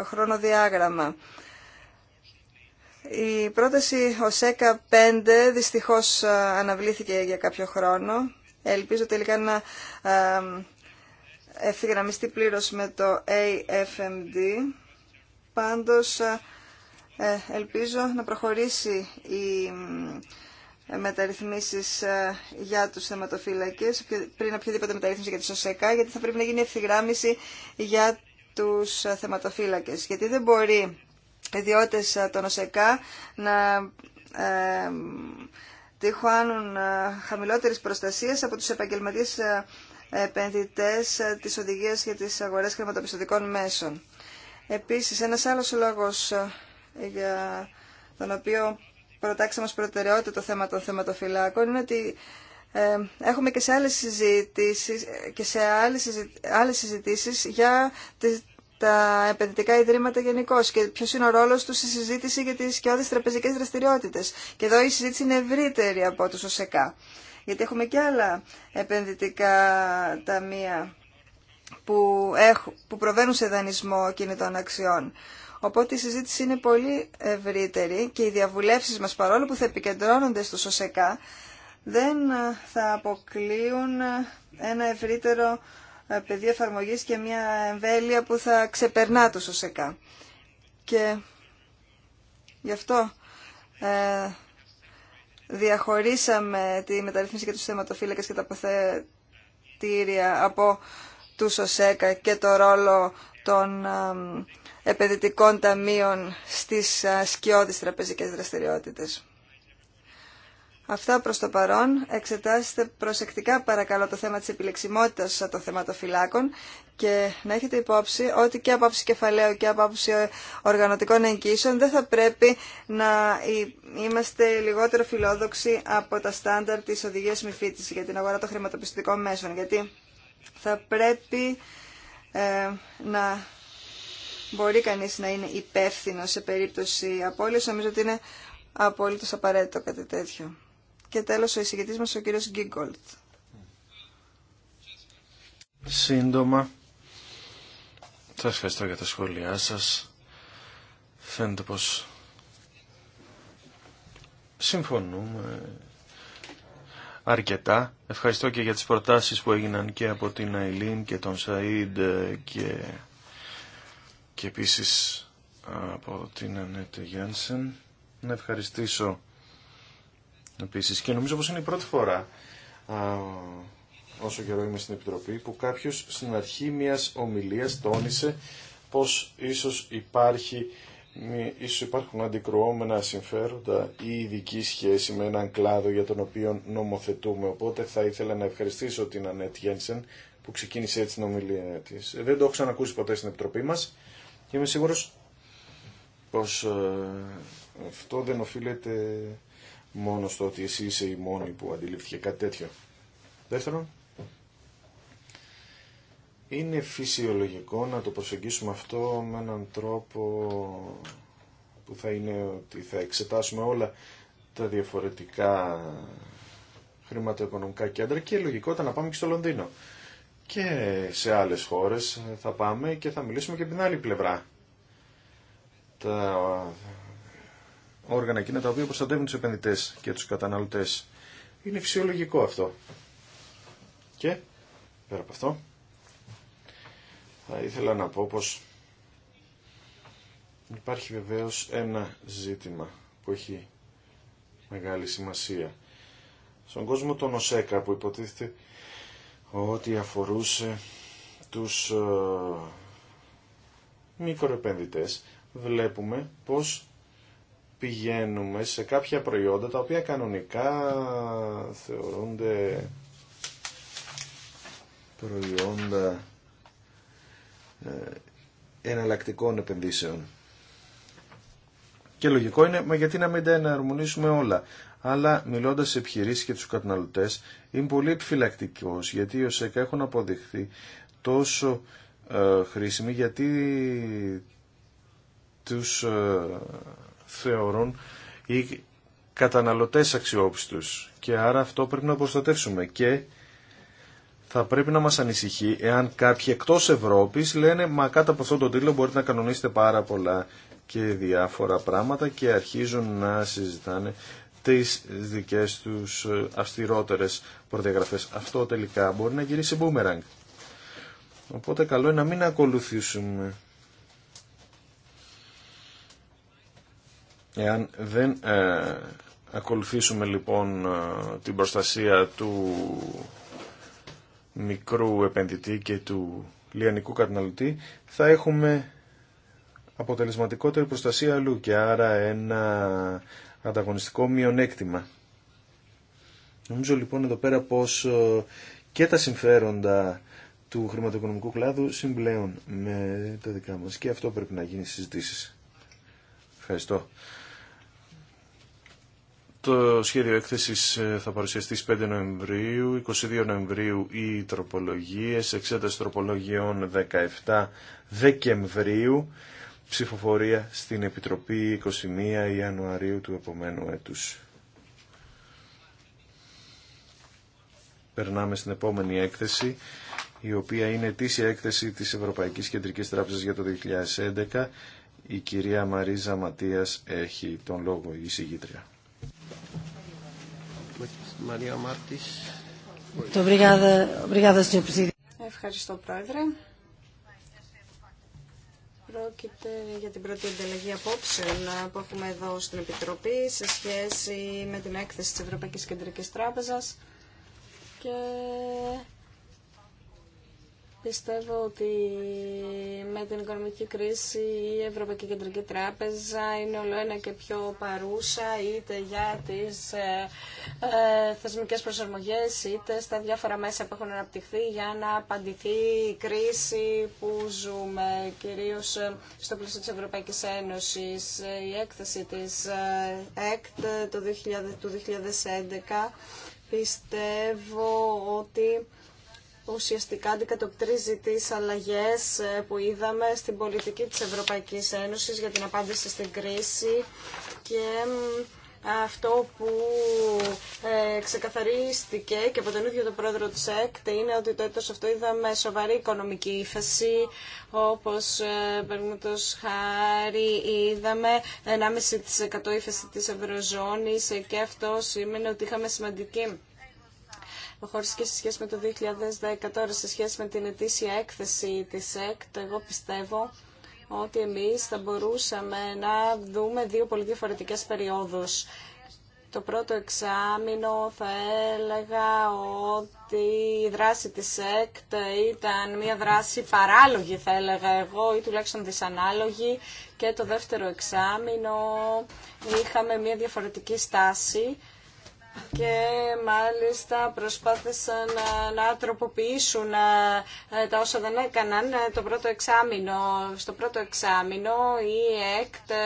χρονοδιάγραμμα. Η πρόταση ΣΕΚΑ 5 δυστυχώς αναβλήθηκε για κάποιο χρόνο. Ελπίζω τελικά να ευθυγραμμιστεί πλήρως με το AFMD. Πάντως ε, ελπίζω να προχωρήσει η μεταρρυθμίσεις ε, για τους θεματοφύλακες, πριν οποιαδήποτε μεταρρύθμιση για τις οσεκά, γιατί θα πρέπει να γίνει ευθυγράμμιση για τους ε, θεματοφύλακες. Γιατί δεν μπορεί ιδιώτες ε, των ΟΣΕΚΑ να ε, τυχάνουν χαμηλότερης προστασίας από τους επαγγελματίες επενδυτές της οδηγίας για τις αγορές χρηματοπιστωτικών μέσων. Επίσης, ένας άλλος λόγος για τον οποίο προτάξαμε ως προτεραιότητα το θέμα των θεματοφυλάκων είναι ότι ε, έχουμε και σε άλλες συζητήσεις, και σε άλλες, άλλες για τις, τα επενδυτικά ιδρύματα γενικώ και ποιο είναι ο ρόλο του στη συζήτηση για τι σκιώδει τραπεζικέ δραστηριότητε. Και εδώ η συζήτηση είναι ευρύτερη από του ΟΣΕΚΑ. Γιατί έχουμε και άλλα επενδυτικά ταμεία που, που προβαίνουν σε δανεισμό κινητών αξιών. Οπότε η συζήτηση είναι πολύ ευρύτερη και οι διαβουλεύσεις μας παρόλο που θα επικεντρώνονται στο ΣΟΣΕΚΑ, δεν ε, θα αποκλείουν ε, ένα ευρύτερο ε, πεδίο εφαρμογή και μια εμβέλεια που θα ξεπερνά το ΣΟΣΕΚΑ. Και γι' αυτό ε, διαχωρίσαμε τη μεταρρύθμιση και τους θεματοφύλακες και τα αποθετήρια από του ΣΟΣΕΚΑ και το ρόλο των επενδυτικών ταμείων στις σκιώδεις τραπεζικές δραστηριότητες. Αυτά προς το παρόν. Εξετάστε προσεκτικά παρακαλώ το θέμα της επιλεξιμότητας των θεματοφυλάκων και να έχετε υπόψη ότι και από άψη κεφαλαίου και από άποψη οργανωτικών εγγύσεων δεν θα πρέπει να είμαστε λιγότερο φιλόδοξοι από τα στάνταρ της οδηγίας μη για την αγορά των χρηματοπιστωτικών μέσων. Γιατί θα πρέπει ε, να μπορεί κανείς να είναι υπεύθυνο σε περίπτωση απώλειας. Νομίζω ότι είναι απόλυτο απαραίτητο κάτι τέτοιο. Και τέλος ο εισηγητής μας ο κύριος Γκίγκολτ. Σύντομα, σας ευχαριστώ για τα σχόλιά σας. Φαίνεται πως συμφωνούμε αρκετά. Ευχαριστώ και για τις προτάσεις που έγιναν και από την Αιλίν και τον Σαΐντ και και επίσης από την Ανέτε Γιάνσεν. Να ευχαριστήσω επίσης και νομίζω πως είναι η πρώτη φορά όσο καιρό είμαι στην Επιτροπή που κάποιος στην αρχή μιας ομιλίας τόνισε πως ίσως υπάρχει ίσως υπάρχουν αντικρουόμενα συμφέροντα ή ειδική σχέση με έναν κλάδο για τον οποίο νομοθετούμε. Οπότε θα ήθελα να ευχαριστήσω την Ανέτ Γένσεν που ξεκίνησε έτσι την ομιλία της. Ε, δεν το έχω ξανακούσει ποτέ στην Επιτροπή μας και είμαι σίγουρος πως ε, αυτό δεν οφείλεται μόνο στο ότι εσύ είσαι η μόνη που αντιλήφθηκε κάτι τέτοιο. Δεύτερον, είναι φυσιολογικό να το προσεγγίσουμε αυτό με έναν τρόπο που θα είναι ότι θα εξετάσουμε όλα τα διαφορετικά χρηματοοικονομικά κέντρα και λογικό να πάμε και στο Λονδίνο και σε άλλες χώρες θα πάμε και θα μιλήσουμε και την άλλη πλευρά. Τα όργανα εκείνα τα οποία προστατεύουν τους επενδυτές και τους καταναλωτές. Είναι φυσιολογικό αυτό. Και πέρα από αυτό θα ήθελα να πω πως υπάρχει βεβαίως ένα ζήτημα που έχει μεγάλη σημασία. Στον κόσμο των ΟΣΕΚΑ που υποτίθεται ό,τι αφορούσε τους ε, μικροεπενδυτές βλέπουμε πως πηγαίνουμε σε κάποια προϊόντα τα οποία κανονικά θεωρούνται προϊόντα ε, εναλλακτικών επενδύσεων. Και λογικό είναι, μα γιατί να μην τα εναρμονίσουμε όλα αλλά μιλώντας σε επιχειρήσεις και τους καταναλωτές είμαι πολύ επιφυλακτικός γιατί οι ΟΣΕΚΑ έχουν αποδειχθεί τόσο ε, χρήσιμοι γιατί τους ε, θεωρούν οι καταναλωτές αξιόπιστους και άρα αυτό πρέπει να προστατεύσουμε και θα πρέπει να μας ανησυχεί εάν κάποιοι εκτός Ευρώπης λένε μα κάτω από αυτό το τίτλο μπορείτε να κανονίσετε πάρα πολλά και διάφορα πράγματα και αρχίζουν να συζητάνε τις δικές τους ε, αυστηρότερες προδιαγραφές. Αυτό τελικά μπορεί να γυρίσει μπούμεραγκ. Οπότε καλό είναι να μην ακολουθήσουμε. Εάν δεν ε, ακολουθήσουμε λοιπόν ε, την προστασία του μικρού επενδυτή και του λιανικού καταναλωτή, θα έχουμε αποτελεσματικότερη προστασία αλλού και άρα ένα ανταγωνιστικό μειονέκτημα. Νομίζω λοιπόν εδώ πέρα πως ε, και τα συμφέροντα του χρηματοοικονομικού κλάδου συμπλέουν με τα δικά μας και αυτό πρέπει να γίνει στις συζητήσεις. Ευχαριστώ. Το σχέδιο έκθεσης ε, θα παρουσιαστεί στις 5 Νοεμβρίου, 22 Νοεμβρίου οι τροπολογίες, εξέταση τροπολογιών 17 Δεκεμβρίου ψηφοφορία στην Επιτροπή 21 Ιανουαρίου του επομένου έτους. Περνάμε στην επόμενη έκθεση, η οποία είναι ετήσια έκθεση της Ευρωπαϊκής Κεντρικής Τράπεζας για το 2011. Η κυρία Μαρίζα Ματίας έχει τον λόγο, η συγγήτρια. Ευχαριστώ, Πρόεδρε. Πρόκειται για την πρώτη ανταλλαγή απόψεων που έχουμε εδώ στην Επιτροπή σε σχέση με την έκθεση της Ευρωπαϊκής Κεντρικής Τράπεζας και Πιστεύω ότι με την οικονομική κρίση η Ευρωπαϊκή Κεντρική Τράπεζα είναι όλο ένα και πιο παρούσα είτε για τις ε, ε, θεσμικές προσαρμογές είτε στα διάφορα μέσα που έχουν αναπτυχθεί για να απαντηθεί η κρίση που ζούμε κυρίως ε, στο πλαίσιο της Ευρωπαϊκής Ένωσης. Ε, η έκθεση της ε, ΕΚΤ το του 2011 πιστεύω ότι ουσιαστικά αντικατοπτρίζει τις αλλαγές ε, που είδαμε στην πολιτική της Ευρωπαϊκής Ένωσης για την απάντηση στην κρίση και αυτό που ε, ξεκαθαρίστηκε και από τον ίδιο τον πρόεδρο της ΕΚΤ είναι ότι το έτος αυτό είδαμε σοβαρή οικονομική ύφεση όπως ε, παραδείγματος χάρη είδαμε 1,5% ύφεση της Ευρωζώνης και αυτό σημαίνει ότι είχαμε σημαντική προχώρησε και σε σχέση με το 2010 τώρα σε σχέση με την ετήσια έκθεση της ΕΚΤ. Εγώ πιστεύω ότι εμείς θα μπορούσαμε να δούμε δύο πολύ διαφορετικές περιόδους. Το πρώτο εξάμεινο θα έλεγα ότι η δράση της ΕΚΤ ήταν μια δράση παράλογη θα έλεγα εγώ ή τουλάχιστον δυσανάλογη και το δεύτερο εξάμεινο είχαμε μια διαφορετική στάση και μάλιστα προσπάθησαν να τροποποιήσουν ε, τα όσα δεν έκαναν ε, το πρώτο εξάμεινο. Στο πρώτο εξάμεινο η ΕΚΤ ε,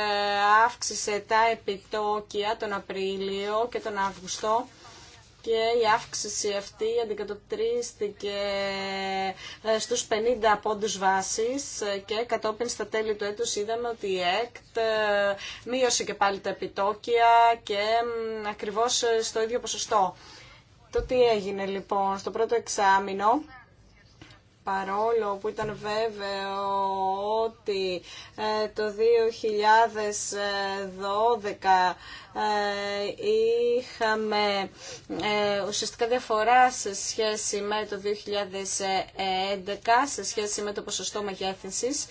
αύξησε τα επιτόκια τον Απρίλιο και τον Αύγουστο και η αύξηση αυτή αντικατοπτρίστηκε ε, στους 50 πόντους βάσης και κατόπιν στα τέλη του έτους είδαμε ότι η ΕΚΤ ε, μείωσε και πάλι τα επιτόκια και ακριβώς στο ίδιο ποσοστό. Το τι έγινε λοιπόν στο πρώτο εξάμεινο παρόλο που ήταν βέβαιο ότι ε, το 2012 ε, είχαμε ε, ουσιαστικά διαφορά σε σχέση με το 2011, σε σχέση με το ποσοστό μεγέθυνσης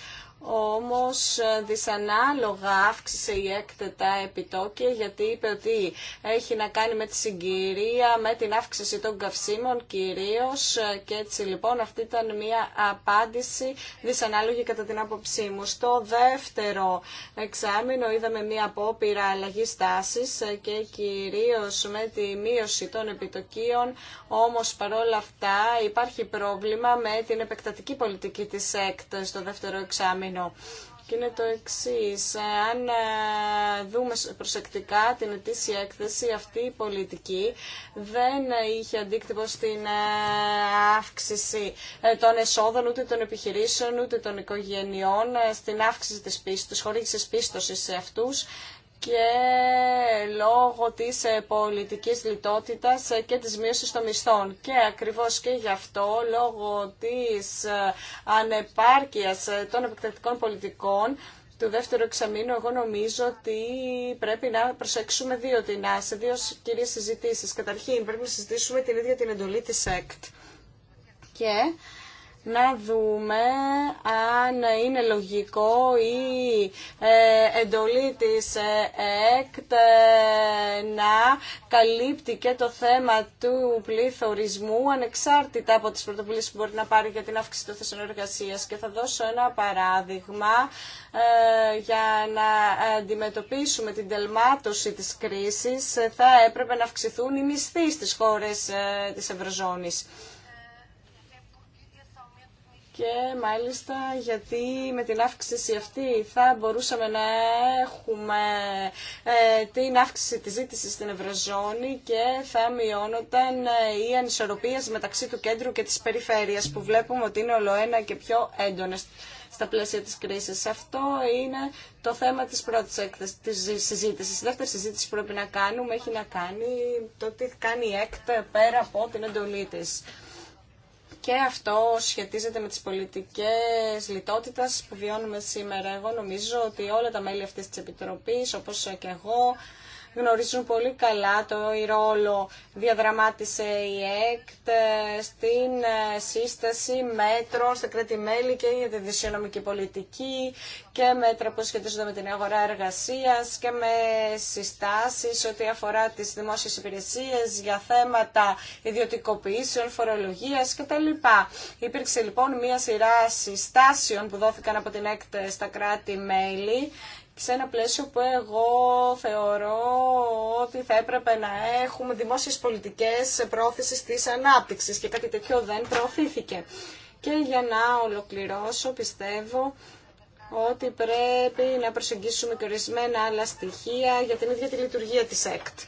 όμως δυσανάλογα αύξησε η τα επιτόκια γιατί είπε ότι έχει να κάνει με τη συγκυρία, με την αύξηση των καυσίμων κυρίως και έτσι λοιπόν αυτή ήταν μια απάντηση δυσανάλογη κατά την άποψή μου. Στο δεύτερο εξάμεινο είδαμε μια απόπειρα αλλαγή τάσης και κυρίως με τη μείωση των επιτοκίων όμως παρόλα αυτά υπάρχει πρόβλημα με την επεκτατική πολιτική της ΕΚΤ στο δεύτερο εξάμεινο και είναι το εξή. Αν ε, δούμε προσεκτικά την ετήσια έκθεση, αυτή η πολιτική δεν είχε αντίκτυπο στην ε, αύξηση ε, των εσόδων ούτε των επιχειρήσεων ούτε των οικογενειών, στην αύξηση της πίστος, της πίστοσης σε αυτούς και λόγω της ε, πολιτικής λιτότητας ε, και της μείωσης των μισθών. Και ακριβώς και γι' αυτό, λόγω της ε, ανεπάρκειας των επεκτατικών πολιτικών, του δεύτερου εξαμήνου, εγώ νομίζω ότι πρέπει να προσέξουμε δύο τεινά σε δύο κυρίες συζητήσεις. Καταρχήν, πρέπει να συζητήσουμε την ίδια την εντολή της ΕΚΤ. Και να δούμε αν είναι λογικό η ε, εντολή της ε, ΕΚΤ ε, να καλύπτει και το θέμα του πληθωρισμού ανεξάρτητα από τις πρωτοβουλίες που μπορεί να πάρει για την αύξηση των θέσεων Και θα δώσω ένα παράδειγμα για να αντιμετωπίσουμε την τελμάτωση της κρίσης θα έπρεπε να αυξηθούν οι μισθοί στις χώρες της Ευρωζώνης και μάλιστα γιατί με την αύξηση αυτή θα μπορούσαμε να έχουμε ε, την αύξηση της ζήτηση στην Ευρωζώνη και θα μειώνονταν ε, οι ανισορροπίες μεταξύ του κέντρου και της περιφέρειας που βλέπουμε ότι είναι ολοένα και πιο έντονες στα πλαίσια της κρίσης. Αυτό είναι το θέμα της πρώτης της συζήτησης. Η δεύτερη συζήτηση που πρέπει να κάνουμε έχει να κάνει το τι κάνει η ΕΚΤ πέρα από την εντολή της. Και αυτό σχετίζεται με τις πολιτικές λιτότητας που βιώνουμε σήμερα. Εγώ νομίζω ότι όλα τα μέλη αυτής της Επιτροπής, όπως και εγώ, γνωρίζουν πολύ καλά το ρόλο διαδραμάτισε η ΕΚΤ ε, στην ε, σύσταση μέτρων στα κρατη και για τη δυσιονομική πολιτική και μέτρα που σχετίζονται με την αγορά εργασίας και με συστάσεις ό,τι αφορά τις δημόσιες υπηρεσίες για θέματα ιδιωτικοποιήσεων, φορολογίας κτλ. Υπήρξε λοιπόν μία σειρά συστάσεων που δόθηκαν από την ΕΚΤ στα κράτη-μέλη σε ένα πλαίσιο που εγώ θεωρώ ότι θα έπρεπε να έχουμε δημόσιες πολιτικές πρόθεσης της ανάπτυξης και κάτι τέτοιο δεν προωθήθηκε. Και για να ολοκληρώσω πιστεύω ότι πρέπει να προσεγγίσουμε και ορισμένα άλλα στοιχεία για την ίδια τη λειτουργία της ΕΚΤ.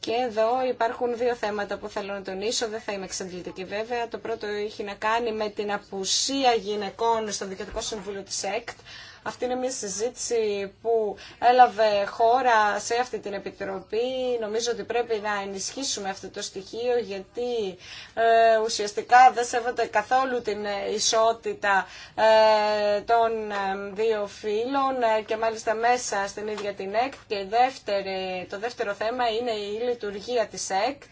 Και εδώ υπάρχουν δύο θέματα που θέλω να τονίσω, δεν θα είμαι εξαντλητική βέβαια. Το πρώτο έχει να κάνει με την απουσία γυναικών στο Δικαιωτικό Συμβούλιο της ΕΚΤ, αυτή είναι μια συζήτηση που έλαβε χώρα σε αυτή την Επιτροπή. Νομίζω ότι πρέπει να ενισχύσουμε αυτό το στοιχείο γιατί ε, ουσιαστικά δεν σέβονται καθόλου την ισότητα ε, των ε, δύο φύλων και μάλιστα μέσα στην ίδια την ΕΚΤ. Και δεύτερη, το δεύτερο θέμα είναι η λειτουργία της ΕΚΤ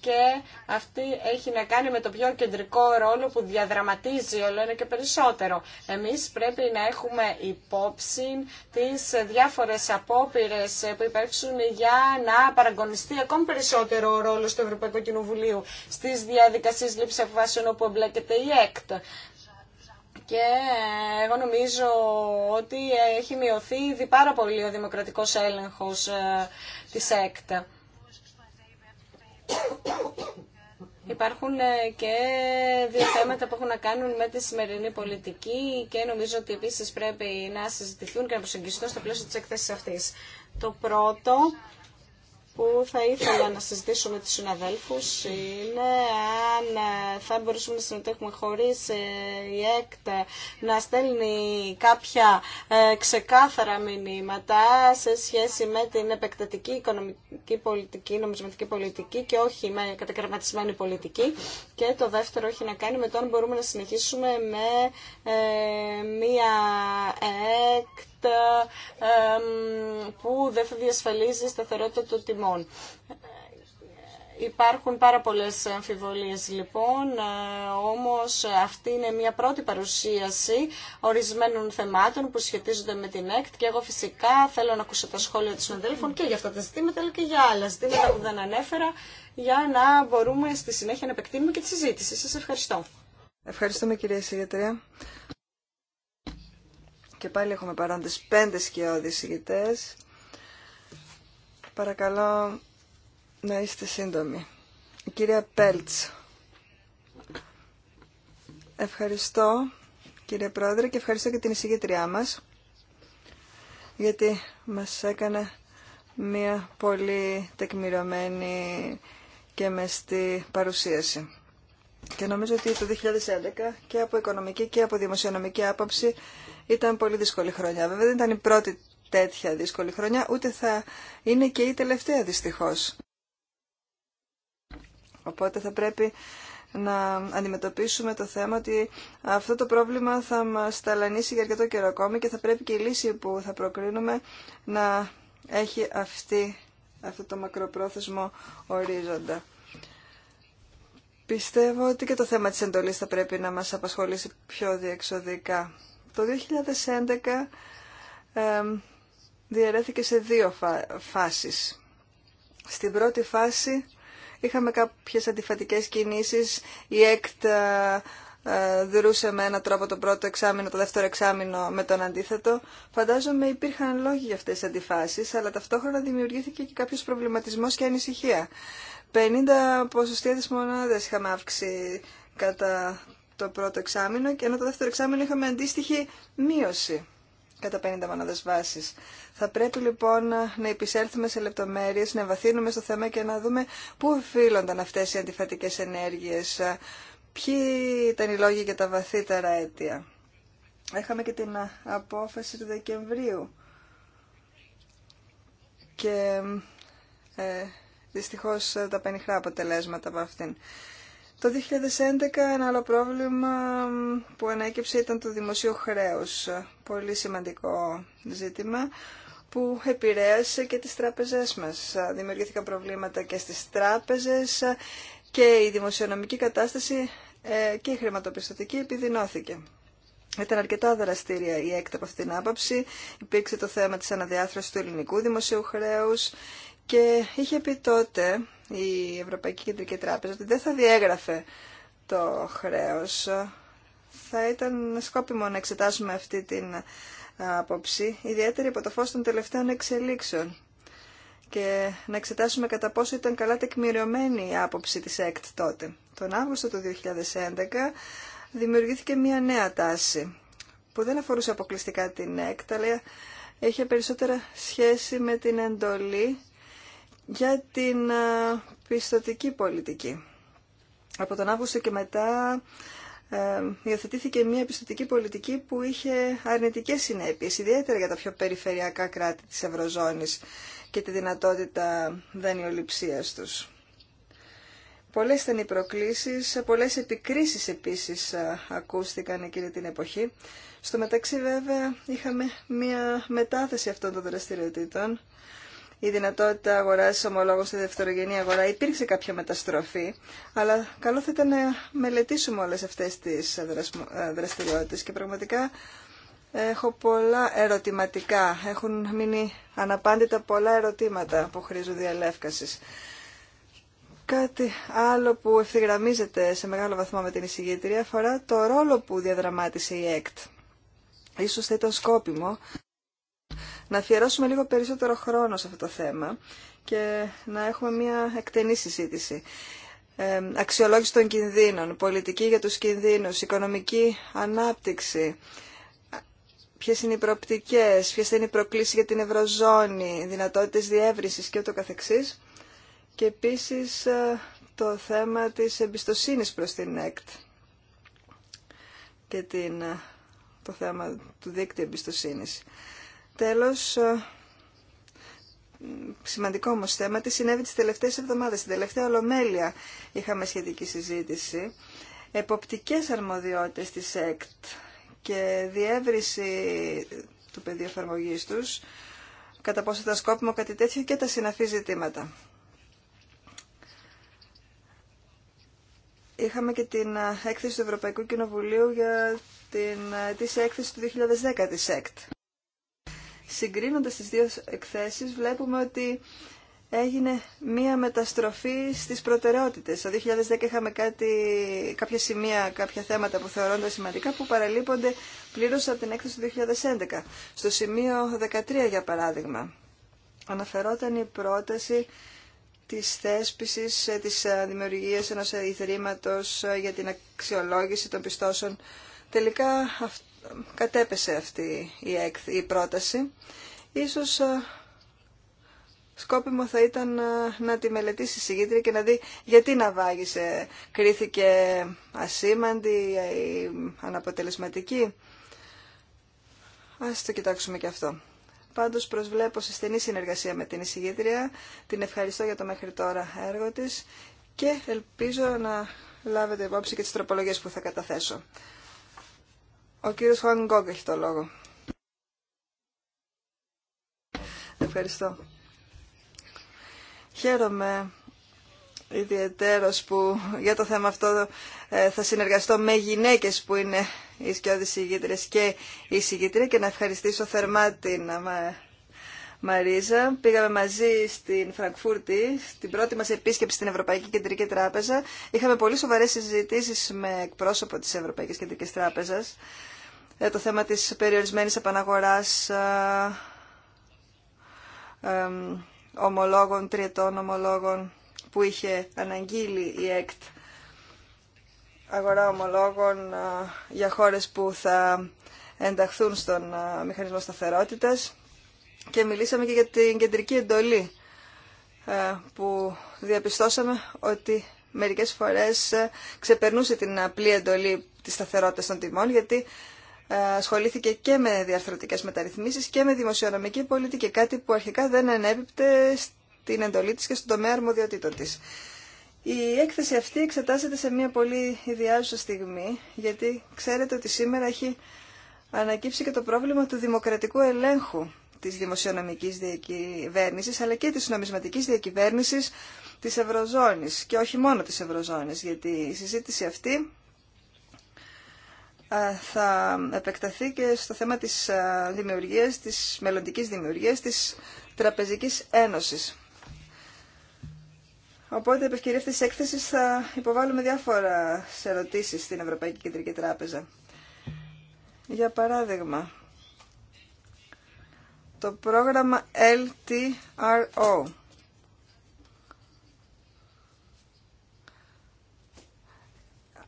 και αυτή έχει να κάνει με το πιο κεντρικό ρόλο που διαδραματίζει όλο ένα και περισσότερο. Εμείς πρέπει να έχουμε υπόψη τις διάφορες απόπειρες που υπάρξουν για να παραγωνιστεί ακόμη περισσότερο ο ρόλος του Ευρωπαϊκού Κοινοβουλίου στις διαδικασίες λήψης αποφάσεων όπου εμπλέκεται η ΕΚΤ. Και εγώ νομίζω ότι έχει μειωθεί ήδη πάρα πολύ ο δημοκρατικός έλεγχος ε, της ΕΚΤ. Υπάρχουν ε, και δύο θέματα που έχουν να κάνουν με τη σημερινή πολιτική και νομίζω ότι επίσης πρέπει να συζητηθούν και να προσεγγιστούν στο πλαίσιο της εκθέσης αυτής. Το πρώτο που θα ήθελα να συζητήσω με τους συναδέλφους είναι αν ε, θα μπορούσαμε να συμμετέχουμε χωρίς ε, η ΕΚΤ να στέλνει κάποια ε, ξεκάθαρα μηνύματα σε σχέση με την επεκτατική οικονομική πολιτική, νομισματική πολιτική και όχι με κατακραματισμένη πολιτική. Και το δεύτερο έχει να κάνει με το αν μπορούμε να συνεχίσουμε με μία ΕΚΤ που δεν θα διασφαλίζει σταθερότητα των τιμών. Υπάρχουν πάρα πολλές αμφιβολίες λοιπόν, ε, όμως αυτή είναι μια πρώτη παρουσίαση ορισμένων θεμάτων που σχετίζονται με την ΕΚΤ και εγώ φυσικά θέλω να ακούσω τα σχόλια των συναδέλφων και για αυτά τα ζητήματα αλλά και για άλλα ζητήματα που δεν ανέφερα για να μπορούμε στη συνέχεια να επεκτείνουμε και τη συζήτηση. Σας ευχαριστώ. Ευχαριστούμε κυρία Συγγετρία. Και πάλι έχουμε παρόντες πέντε σκιώδεις ηγητές. Παρακαλώ να είστε σύντομοι. Η κυρία Πέλτς. Ευχαριστώ κύριε Πρόεδρε και ευχαριστώ και την εισηγήτριά μας γιατί μας έκανε μια πολύ τεκμηρωμένη και μεστή παρουσίαση. Και νομίζω ότι το 2011 και από οικονομική και από δημοσιονομική άποψη ήταν πολύ δύσκολη χρονιά. Βέβαια δεν ήταν η πρώτη τέτοια δύσκολη χρονιά, ούτε θα είναι και η τελευταία δυστυχώς. Οπότε θα πρέπει να αντιμετωπίσουμε το θέμα ότι αυτό το πρόβλημα θα μας ταλανίσει για αρκετό καιρό ακόμη και θα πρέπει και η λύση που θα προκρίνουμε να έχει αυτή, αυτό το μακροπρόθεσμο ορίζοντα. Πιστεύω ότι και το θέμα της εντολής θα πρέπει να μας απασχολήσει πιο διεξοδικά. Το 2011 ε, διαιρέθηκε σε δύο φάσεις. Στην πρώτη φάση είχαμε κάποιες αντιφατικές κινήσεις. Η ΕΚΤ ε, ε δρούσε με έναν τρόπο το πρώτο εξάμεινο, το δεύτερο εξάμεινο με τον αντίθετο. Φαντάζομαι υπήρχαν λόγοι για αυτές τις αντιφάσεις, αλλά ταυτόχρονα δημιουργήθηκε και κάποιος προβληματισμός και ανησυχία. 50 ποσοστία της μονάδας είχαμε αύξηση κατά το πρώτο εξάμεινο και ενώ το δεύτερο εξάμεινο είχαμε αντίστοιχη μείωση κατά 50 μονάδες βάσης. Θα πρέπει λοιπόν να επισέλθουμε σε λεπτομέρειες, να βαθύνουμε στο θέμα και να δούμε πού οφείλονταν αυτές οι αντιφατικές ενέργειες, ποιοι ήταν οι λόγοι για τα βαθύτερα αίτια. Έχαμε και την απόφαση του Δεκεμβρίου και ε, δυστυχώς τα πενιχρά αποτελέσματα από αυτήν. Το 2011 ένα άλλο πρόβλημα που ανέκυψε ήταν το δημοσίου χρέους. Πολύ σημαντικό ζήτημα που επηρέασε και τις τράπεζές μας. Δημιουργήθηκαν προβλήματα και στις τράπεζες και η δημοσιονομική κατάσταση ε, και η χρηματοπιστωτική επιδεινώθηκε. Ήταν αρκετά δραστήρια η έκτα από την άποψη. Υπήρξε το θέμα της αναδιάθρωσης του ελληνικού δημοσίου χρέους και είχε πει τότε η Ευρωπαϊκή Κεντρική Τράπεζα ότι δεν θα διέγραφε το χρέος. Θα ήταν σκόπιμο να εξετάσουμε αυτή την άποψη, ιδιαίτερη από το φως των τελευταίων εξελίξεων και να εξετάσουμε κατά πόσο ήταν καλά τεκμηριωμένη η άποψη της ΕΚΤ τότε. Τον Αύγουστο του 2011 δημιουργήθηκε μια νέα τάση που δεν αφορούσε αποκλειστικά την ΕΚΤ, αλλά είχε περισσότερα σχέση με την εντολή για την ε, πιστοτική πολιτική. Από τον Αύγουστο και μετά ε, υιοθετήθηκε μια πιστοτική πολιτική που είχε αρνητικές συνέπειες, ιδιαίτερα για τα πιο περιφερειακά κράτη της Ευρωζώνης και τη δυνατότητα δανειοληψίας τους. Πολλές ήταν οι προκλήσεις, πολλές επικρίσεις επίσης ε, ακούστηκαν εκείνη την εποχή. Στο μεταξύ βέβαια είχαμε μια μετάθεση αυτών των δραστηριοτήτων η δυνατότητα αγοράς ομολόγων στη δευτερογενή αγορά υπήρξε κάποια μεταστροφή, αλλά καλό θα ήταν να μελετήσουμε όλες αυτές τις ε, δραστηριότητες και πραγματικά ε, έχω πολλά ερωτηματικά, έχουν μείνει αναπάντητα πολλά ερωτήματα που χρήζουν διαλεύκασης. Κάτι άλλο που ευθυγραμμίζεται σε μεγάλο βαθμό με την εισηγήτρια αφορά το ρόλο που διαδραμάτισε η ΕΚΤ. Ίσως θα ήταν σκόπιμο να αφιερώσουμε λίγο περισσότερο χρόνο σε αυτό το θέμα και να έχουμε μια εκτενή συζήτηση. Ε, αξιολόγηση των κινδύνων, πολιτική για τους κινδύνους, οικονομική ανάπτυξη, ποιε είναι οι προοπτικέ, ποιε είναι οι προκλήσει για την Ευρωζώνη, δυνατότητε διεύρυνση και ούτω καθεξής. Και επίση ε, το θέμα τη εμπιστοσύνη προ την ΕΚΤ και την, ε, το θέμα του δίκτυου εμπιστοσύνη. Τέλος, ε, σημαντικό όμως θέμα, τι συνέβη τις τελευταίες εβδομάδες. την τελευταία ολομέλεια είχαμε σχετική συζήτηση. Εποπτικές αρμοδιότητες της ΕΚΤ και διεύρυνση του πεδίου εφαρμογή τους, κατά πόσο θα σκόπιμο κάτι τέτοιο και τα συναφή ζητήματα. Είχαμε και την ε, έκθεση του Ευρωπαϊκού Κοινοβουλίου για την, ε, της έκθεση του 2010 της ΕΚΤ συγκρίνοντας τις δύο εκθέσεις βλέπουμε ότι έγινε μία μεταστροφή στις προτεραιότητες. Το 2010 είχαμε κάτι, κάποια σημεία, κάποια θέματα που θεωρώνται σημαντικά που παραλείπονται πλήρως από την έκθεση του 2011. Στο σημείο 13 για παράδειγμα αναφερόταν η πρόταση της θέσπισης ε, της ε, δημιουργίας ενός ιδρύματος ε, για την αξιολόγηση των πιστώσεων. Τελικά αυτό κατέπεσε αυτή η, η πρόταση. Ίσως σκόπιμο θα ήταν να τη μελετήσει η συγγήτρια και να δει γιατί να βάγισε. Κρίθηκε ασήμαντη ή αναποτελεσματική. Ας το κοιτάξουμε και αυτό. Πάντως προσβλέπω σε στενή συνεργασία με την εισηγήτρια. Την ευχαριστώ για το μέχρι τώρα έργο της και ελπίζω να λάβετε υπόψη και τις τροπολογίες που θα καταθέσω. Ο κύριος Χουάν έχει το λόγο. Ευχαριστώ. Χαίρομαι ιδιαίτερος που για το θέμα αυτό ε, θα συνεργαστώ με γυναίκες που είναι οι σκιώδεις συγγήτρες και οι συγκήτρια και να ευχαριστήσω θερμά την ε, Μαρίζα. Πήγαμε μαζί στην Φραγκφούρτη, στην πρώτη μα επίσκεψη στην Ευρωπαϊκή Κεντρική Τράπεζα. Είχαμε πολύ σοβαρέ συζητήσει με εκπρόσωπο τη Ευρωπαϊκή Κεντρική Τράπεζα Τράπεζας. Ε, το θέμα τη περιορισμένη επαναγορά ε, ομολόγων, τριετών ομολόγων που είχε αναγγείλει η ΕΚΤ αγορά ομολόγων ε, για χώρες που θα ενταχθούν στον μηχανισμό σταθερότητας και μιλήσαμε και για την κεντρική εντολή ε, που διαπιστώσαμε ότι μερικές φορές ε, ξεπερνούσε την απλή εντολή της σταθερότητας των τιμών γιατί ε, ασχολήθηκε και με διαρθρωτικές μεταρρυθμίσεις και με δημοσιονομική πολιτική, κάτι που αρχικά δεν ανέπιπτε στην εντολή της και στον τομέα αρμοδιοτήτων της. Η έκθεση αυτή εξετάζεται σε μια πολύ ιδιάζουσα στιγμή, γιατί ξέρετε ότι σήμερα έχει ανακύψει και το πρόβλημα του δημοκρατικού ελέγχου της δημοσιονομικής διακυβέρνησης αλλά και της νομισματικής διακυβέρνησης της Ευρωζώνης και όχι μόνο της Ευρωζώνης γιατί η συζήτηση αυτή ε, θα επεκταθεί και στο θέμα της ε, δημιουργίας, της μελλοντικής δημιουργίας της Τραπεζικής Ένωσης. Οπότε, επ' ευκαιρία αυτής της έκθεσης θα υποβάλουμε διάφορα ερωτήσεις στην Ευρωπαϊκή Κεντρική Τράπεζα. Για παράδειγμα, το πρόγραμμα LTRO.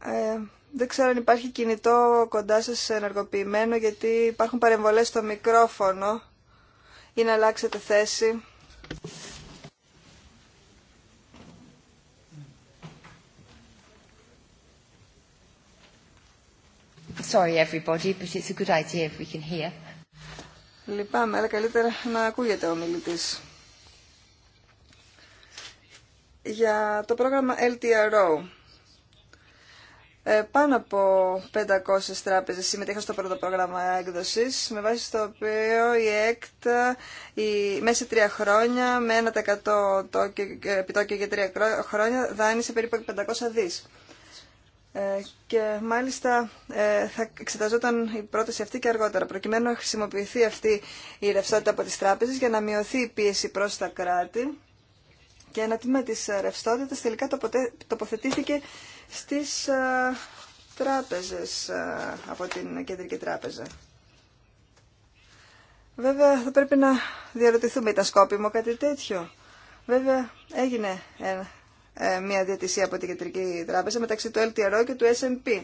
Ε, δεν ξέρω αν υπάρχει κινητό κοντά σας ενεργοποιημένο γιατί υπάρχουν παρεμβολές στο μικρόφωνο ή να αλλάξετε θέση. Sorry everybody, but it's a good idea if we can hear. Λυπάμαι, αλλά καλύτερα να ακούγεται ο μιλητής. Για το πρόγραμμα LTRO. Ε, πάνω από 500 τράπεζες συμμετείχαν στο πρώτο πρόγραμμα έκδοσης, με βάση το οποίο η ΕΚΤ μέσα τρία χρόνια, με 1% ε, επιτόκιο για τρία χρόνια, δάνεισε περίπου 500 δις. Ε, και μάλιστα ε, θα εξεταζόταν η πρόταση αυτή και αργότερα, προκειμένου να χρησιμοποιηθεί αυτή η ρευστότητα από τις τράπεζες για να μειωθεί η πίεση προς τα κράτη και ένα τμήμα της ρευστότητας τελικά τοποθετήθηκε στις ε, τράπεζες από την Κεντρική Τράπεζα. Βέβαια θα πρέπει να διαρωτηθούμε, ήταν σκόπιμο κάτι τέτοιο. Βέβαια έγινε ε, μια διατησία από την Κεντρική Τράπεζα μεταξύ του LTRO και του SMP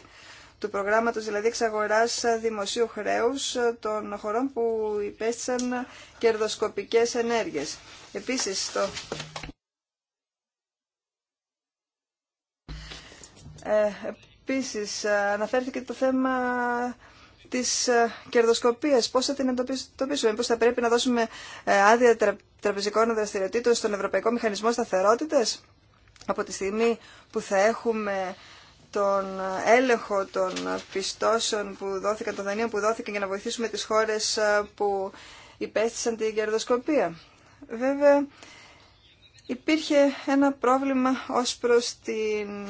του προγράμματος δηλαδή εξαγοράς δημοσίου χρέους ε, των χωρών που υπέστησαν κερδοσκοπικές ενέργειες. Επίσης, το... Ε, επίσης, αναφέρθηκε το θέμα της κερδοσκοπίας. Πώς θα την εντοπίσουμε, πώς θα πρέπει να δώσουμε άδεια τραπεζικών δραστηριοτήτων στον Ευρωπαϊκό Μηχανισμό Σταθερότητας από τη στιγμή που θα έχουμε τον έλεγχο των πιστώσεων που δόθηκαν, των δανείων που δόθηκαν για να βοηθήσουμε τις χώρες ε, που υπέστησαν την κερδοσκοπία. Βέβαια, υπήρχε ένα πρόβλημα ως προς την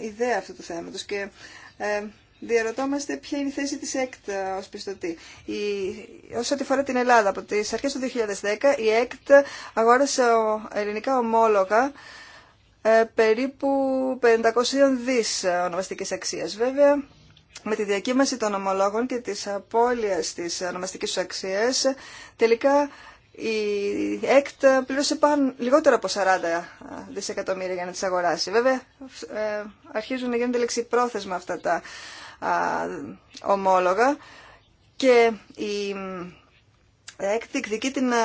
ε, ιδέα αυτού του θέματος και ε, διαρωτόμαστε ποια είναι η θέση της ΕΚΤ ε, ως πιστωτή. Η, όσον αφορά την Ελλάδα, από τις αρχές του 2010 η ΕΚΤ αγόρασε ελληνικά ομόλογα ε, περίπου 500 δις ονομαστικής αξίας. Βέβαια, με τη διακύμαση των ομολόγων και της απώλειας της ονομαστικής του αξίας, τελικά η ΕΚΤ πλήρωσε πάνω, λιγότερο από 40 δισεκατομμύρια για να τις αγοράσει. Βέβαια, ε, αρχίζουν να γίνονται λεξιπρόθεσμα αυτά τα ομόλογα και η εκδικεί την ε,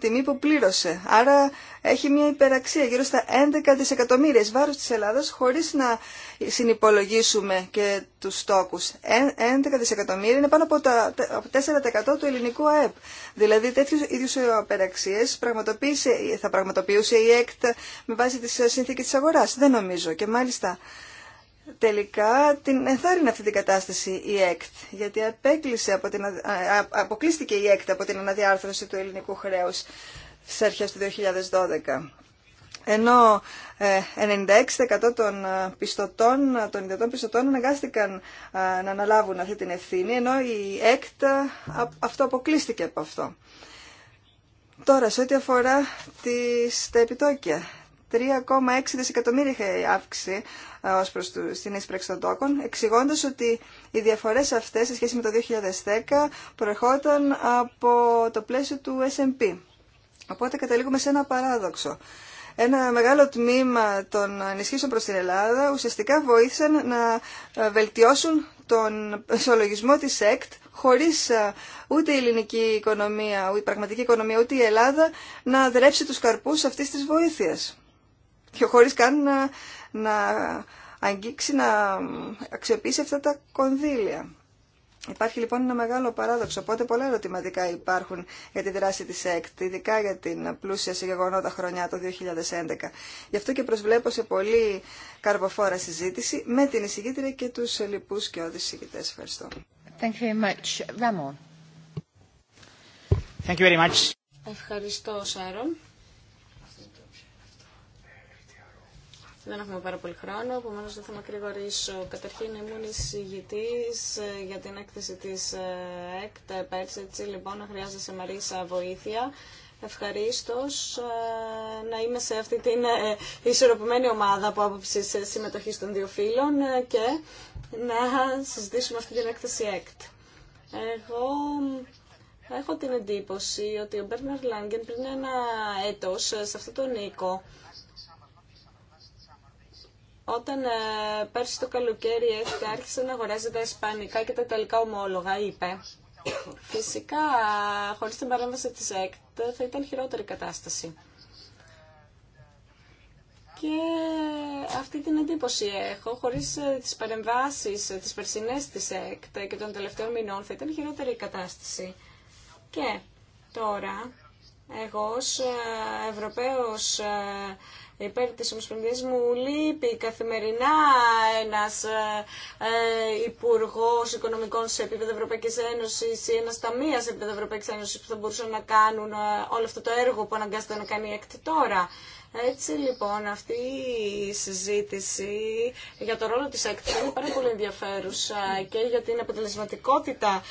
τιμή που πλήρωσε. Άρα έχει μια υπεραξία γύρω στα 11 δισεκατομμύρια εις βάρος της Ελλάδας χωρίς να συνυπολογίσουμε και τους στόκους. 11 δισεκατομμύρια είναι πάνω από, τα, 4% του ελληνικού ΑΕΠ. Δηλαδή τέτοιου ίδιες υπεραξίες θα πραγματοποιούσε η ΕΚΤ με βάση τις ε, συνθήκες της αγοράς. Δεν νομίζω. Και μάλιστα τελικά την ενθάρρυνε αυτή την κατάσταση η ΕΚΤ, γιατί απέκλεισε από την, αποκλείστηκε η ΕΚΤ από την αναδιάρθρωση του ελληνικού χρέους στις αρχές του 2012. Ενώ 96% ε, των ε, πιστωτών, των ιδιωτών πιστωτών αναγκάστηκαν ε, να αναλάβουν αυτή την ευθύνη, ενώ η ΕΚΤ αυτό αποκλείστηκε από αυτό. Τώρα, σε ό,τι αφορά τα επιτόκια, 3,6 δισεκατομμύρια είχε αύξηση ε, ως προς στην ίσπραξη των τόκων, εξηγώντας ότι οι διαφορές αυτές σε σχέση με το 2010 προερχόταν από το πλαίσιο του S&P. Οπότε καταλήγουμε σε ένα παράδοξο. Ένα μεγάλο τμήμα των ενισχύσεων προς την Ελλάδα ουσιαστικά βοήθησαν να ε, βελτιώσουν τον ισολογισμό της ΕΚΤ χωρίς ε, ούτε η ελληνική οικονομία, ούτε η πραγματική οικονομία, ούτε η Ελλάδα να δρέψει τους καρπούς αυτής της βοήθειας και χωρίς καν να, αγγίξει, να αξιοποιήσει αυτά τα κονδύλια. Υπάρχει λοιπόν ένα μεγάλο παράδοξο, οπότε πολλά ερωτηματικά υπάρχουν για τη δράση της ΕΚΤ, ειδικά για την πλούσια σε γεγονότα χρονιά το 2011. Γι' αυτό και προσβλέπω σε πολύ καρποφόρα συζήτηση με την εισηγήτρια και τους λοιπούς και όδης εισηγητές. Ευχαριστώ. Ευχαριστώ, Σάρον. Δεν έχουμε πάρα πολύ χρόνο, επομένω δεν θα μακρηγορήσω. Καταρχήν ήμουν εισηγητή ε, για την έκθεση τη ε, ΕΚΤ ε, πέρσι, έτσι λοιπόν χρειάζεσαι Μαρίσα βοήθεια. Ευχαρίστω να είμαι σε αυτή την ισορροπημένη ομάδα από άποψη συμμετοχή των δύο φίλων και να συζητήσουμε αυτή την έκθεση ΕΚΤ. Εγώ έχω την εντύπωση ότι ο Μπέρναρ Λάγκεν πριν ένα έτος σε αυτό τον οίκο όταν ε, πέρσι το καλοκαίρι έφυγε, άρχισε να αγοράζει τα ισπανικά και τα ιταλικά ομόλογα, είπε. Φυσικά, χωρίς την παρέμβαση της ΕΚΤ θα ήταν χειρότερη κατάσταση. Και αυτή την εντύπωση έχω, χωρίς ε, τις παρεμβάσεις, ε, τις περσινές της ΕΚΤ και των τελευταίων μηνών θα ήταν χειρότερη η κατάσταση. Και τώρα, εγώ ως Ευρωπαίος υπέρ της Ομοσπονδίας μου λείπει καθημερινά ένας ε, ε, υπουργός οικονομικών σε επίπεδο Ευρωπαϊκής Ένωσης ή ένας ταμείας σε επίπεδο Ευρωπαϊκής Ένωσης που θα μπορούσαν να κάνουν ε, όλο αυτό το έργο που αναγκάζεται να κάνει η ΕΚΤ τώρα. Έτσι λοιπόν αυτή η συζήτηση για το ρόλο της έκθεσης είναι πάρα πολύ ενδιαφέρουσα και για την αποτελεσματικότητα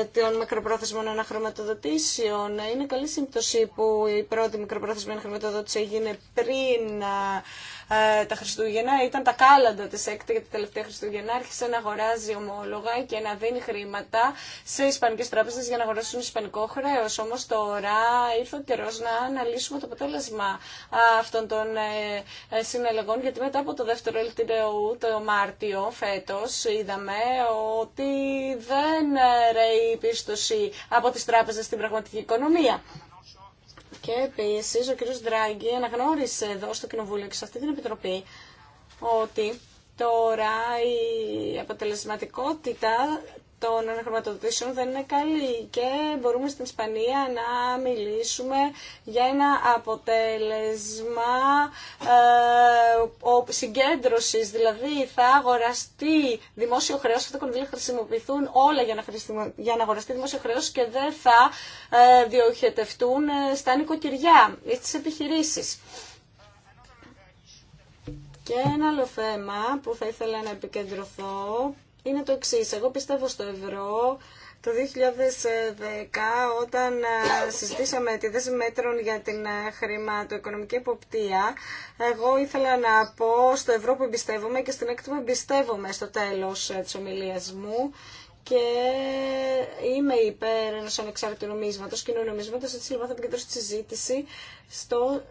ε, των μικροπρόθεσμων αναχρηματοδοτήσεων. Είναι καλή σύμπτωση που η πρώτη μικροπρόθεσμη αναχρηματοδότηση έγινε πριν ε, ε, τα Χριστούγεννα ήταν τα κάλαντα της έκτη για τα τελευταία Χριστούγεννα. Άρχισε να αγοράζει ομόλογα και να δίνει χρήματα σε ισπανικές τράπεζες για να αγοράσουν ισπανικό χρέο. Όμως τώρα ήρθε ο καιρό να αναλύσουμε το αποτέλεσμα ε, αυτών των ε, συναλλαγών γιατί μετά από το δεύτερο ελτιρεού το Μάρτιο φέτος είδαμε ότι δεν ρεεί η πίστοση από τις τράπεζες στην πραγματική οικονομία. Και επίση ο κ. Δράγκη αναγνώρισε εδώ στο Κοινοβούλιο και σε αυτή την Επιτροπή ότι τώρα η αποτελεσματικότητα των αναχρηματοδοτήσεων δεν είναι καλή και μπορούμε στην Ισπανία να μιλήσουμε για ένα αποτέλεσμα ε, συγκέντρωσης, δηλαδή θα αγοραστεί δημόσιο χρέος, θα τα κονδύλια χρησιμοποιηθούν όλα για να, για να αγοραστεί δημόσιο χρέος και δεν θα ε, διοχετευτούν ε, στα νοικοκυριά ή στις επιχειρήσεις. Και ένα άλλο θέμα που θα ήθελα να επικεντρωθώ είναι το εξή. Εγώ πιστεύω στο ευρώ. Το 2010 όταν ε, συζητήσαμε τη δέση μέτρων για την ε, χρηματοοικονομική υποπτία, εγώ ήθελα να πω στο ευρώ που εμπιστεύομαι και στην έκτη που εμπιστεύομαι στο τέλος ε, της ομιλίας μου και είμαι υπέρ ενός ανεξάρτητου νομίσματος, κοινού νομίσματος, έτσι λοιπόν θα επικεντρώσω τη συζήτηση στο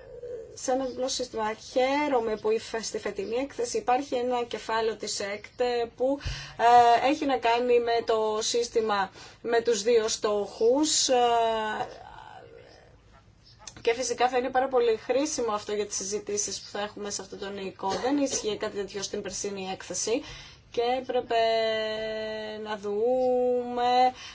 σε ένα διπλό σύστημα. Χαίρομαι που στη φετινή έκθεση υπάρχει ένα κεφάλαιο της ΕΚΤ ε, που ε, έχει να κάνει με το σύστημα με τους δύο στόχους ε, και φυσικά θα είναι πάρα πολύ χρήσιμο αυτό για τις συζητήσεις που θα έχουμε σε αυτό τον νοικό. Δεν ισχύει κάτι τέτοιο στην περσίνη έκθεση και έπρεπε να δούμε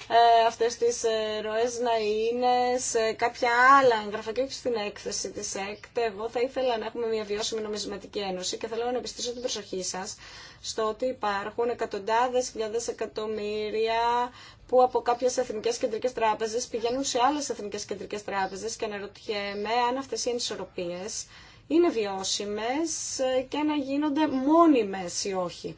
ε, αυτές τις ε, ροές να είναι σε κάποια άλλα έγγραφα και όχι στην έκθεση της ΕΚΤ. Εγώ θα ήθελα να έχουμε μια βιώσιμη νομισματική ένωση και θέλω να επιστήσω την προσοχή σας στο ότι υπάρχουν εκατοντάδες χιλιάδες εκατομμύρια που από κάποιες εθνικές κεντρικές τράπεζες πηγαίνουν σε άλλες εθνικές κεντρικές τράπεζες και αναρωτιέμαι αν αυτές οι ενισορροπίες είναι βιώσιμες και να γίνονται μόνιμες ή όχι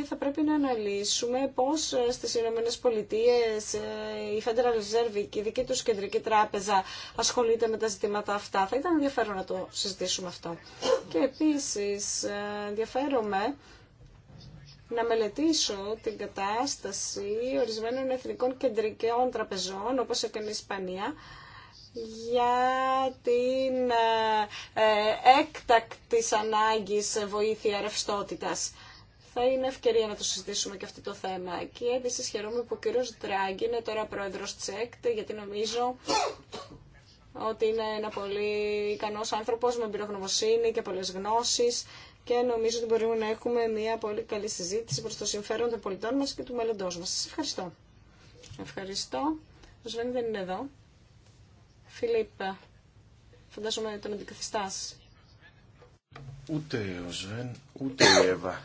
και θα πρέπει να αναλύσουμε πώς ε, στις Ηνωμένες Πολιτείες ε, η Federal Reserve και η δική τους κεντρική τράπεζα ασχολείται με τα ζητήματα αυτά. Θα ήταν ενδιαφέρον να το συζητήσουμε αυτό. Και επίσης ε, ενδιαφέρομαι να μελετήσω την κατάσταση ορισμένων εθνικών κεντρικών τραπεζών όπως έκανε η Ισπανία για την ε, έκτακτης ανάγκης βοήθεια ρευστότητας θα είναι ευκαιρία να το συζητήσουμε και αυτό το θέμα. Και επίση χαιρόμαι που ο κύριο Δράγκη είναι τώρα πρόεδρο τη ΕΚΤ, γιατί νομίζω ότι είναι ένα πολύ ικανό άνθρωπο με εμπειρογνωμοσύνη και πολλέ γνώσει και νομίζω ότι μπορούμε να έχουμε μια πολύ καλή συζήτηση προ το συμφέρον των πολιτών μα και του μέλλοντό μα. Σα ευχαριστώ. Ευχαριστώ. Ο Σβέν δεν είναι εδώ. Φιλίπ, φαντάζομαι τον αντικαθιστά. Ούτε ο Σβέν, ούτε η Εύα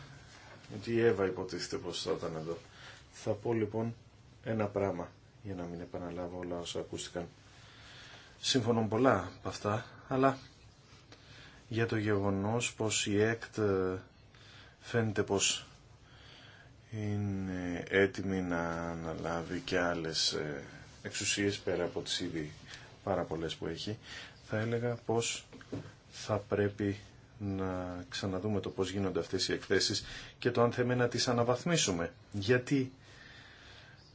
ότι η Εύα υποτίθεται πως θα ήταν εδώ. Θα πω λοιπόν ένα πράγμα για να μην επαναλάβω όλα όσα ακούστηκαν. Σύμφωνο πολλά από αυτά, αλλά για το γεγονός πως η ΕΚΤ ε, φαίνεται πως είναι έτοιμη να αναλάβει και άλλες ε, εξουσίες πέρα από τις ήδη πάρα πολλές που έχει, θα έλεγα πως θα πρέπει να ξαναδούμε το πώς γίνονται αυτές οι εκθέσεις και το αν θέμε να τις αναβαθμίσουμε. Γιατί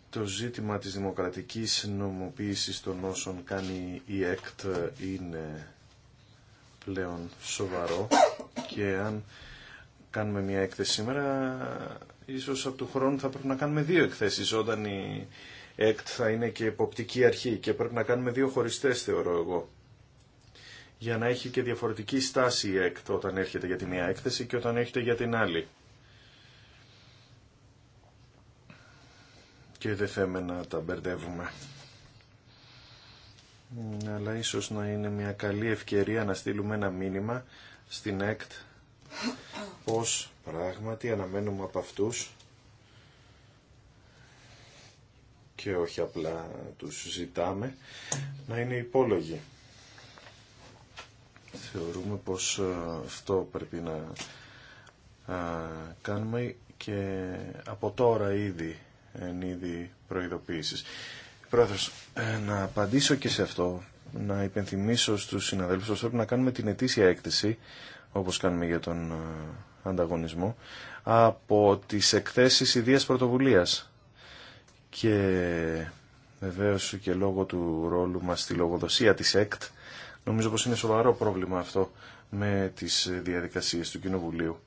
το ζήτημα της δημοκρατικής νομοποίησης των όσων κάνει η ΕΚΤ είναι πλέον σοβαρό και αν κάνουμε μια έκθεση σήμερα ίσως από του χρόνου θα πρέπει να κάνουμε δύο εκθέσεις όταν η ΕΚΤ θα είναι και εποπτική αρχή και πρέπει να κάνουμε δύο χωριστές θεωρώ εγώ για να έχει και διαφορετική στάση η ΕΚΤ όταν έρχεται για τη μία έκθεση και όταν έρχεται για την άλλη. Και δεν θέμε να τα μπερδεύουμε. Αλλά ίσως να είναι μια καλή ευκαιρία να στείλουμε ένα μήνυμα στην ΕΚΤ πως πράγματι αναμένουμε από αυτούς και όχι απλά τους ζητάμε να είναι υπόλογοι θεωρούμε πως ε, αυτό πρέπει να ε, κάνουμε και από τώρα ήδη εν είδη προειδοποίησης. Πρόεδρος, ε, να απαντήσω και σε αυτό, να υπενθυμίσω στους συναδέλφους ότι πρέπει να κάνουμε την ετήσια έκθεση, όπως κάνουμε για τον ανταγωνισμό, από τις εκθέσεις ιδίας πρωτοβουλίας. Και βεβαίως και λόγω του ρόλου μας στη λογοδοσία της ΕΚΤ, Νομίζω πως είναι σοβαρό πρόβλημα αυτό με τις διαδικασίες του Κοινοβουλίου.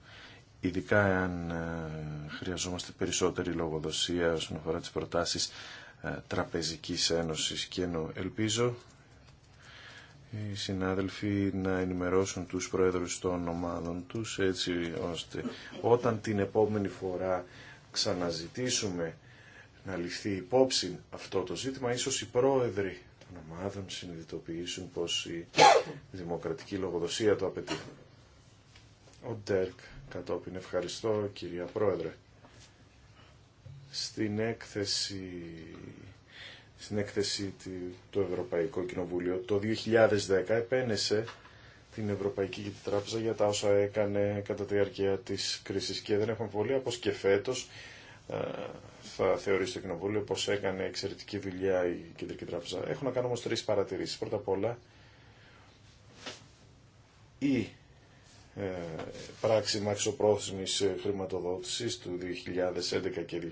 Ειδικά αν ε, χρειαζόμαστε περισσότερη λογοδοσία όσον αφορά τις προτάσεις ε, Τραπεζικής Ένωσης και ελπίζω οι συνάδελφοι να ενημερώσουν τους πρόεδρους των ομάδων τους έτσι ώστε όταν την επόμενη φορά ξαναζητήσουμε να ληφθεί υπόψη αυτό το ζήτημα ίσως οι πρόεδροι ομάδων συνειδητοποιήσουν πως η δημοκρατική λογοδοσία το απαιτεί. Ο Ντέρκ, κατόπιν ευχαριστώ κυρία Πρόεδρε. Στην έκθεση, στην έκθεση του Ευρωπαϊκού Κοινοβούλιο το 2010 επένεσε την Ευρωπαϊκή Τράπεζα για τα όσα έκανε κατά τη διάρκεια της κρίσης και δεν έχουμε πολύ, όπως και φέτος ε, θα θεωρήσει το Κοινοβούλιο πώ έκανε εξαιρετική δουλειά η Κεντρική Τράπεζα. Έχω να κάνω όμως τρεις παρατηρήσεις. Πρώτα απ' όλα, η ε, πράξη μαξοπρόθεσμη χρηματοδότησης του 2011 και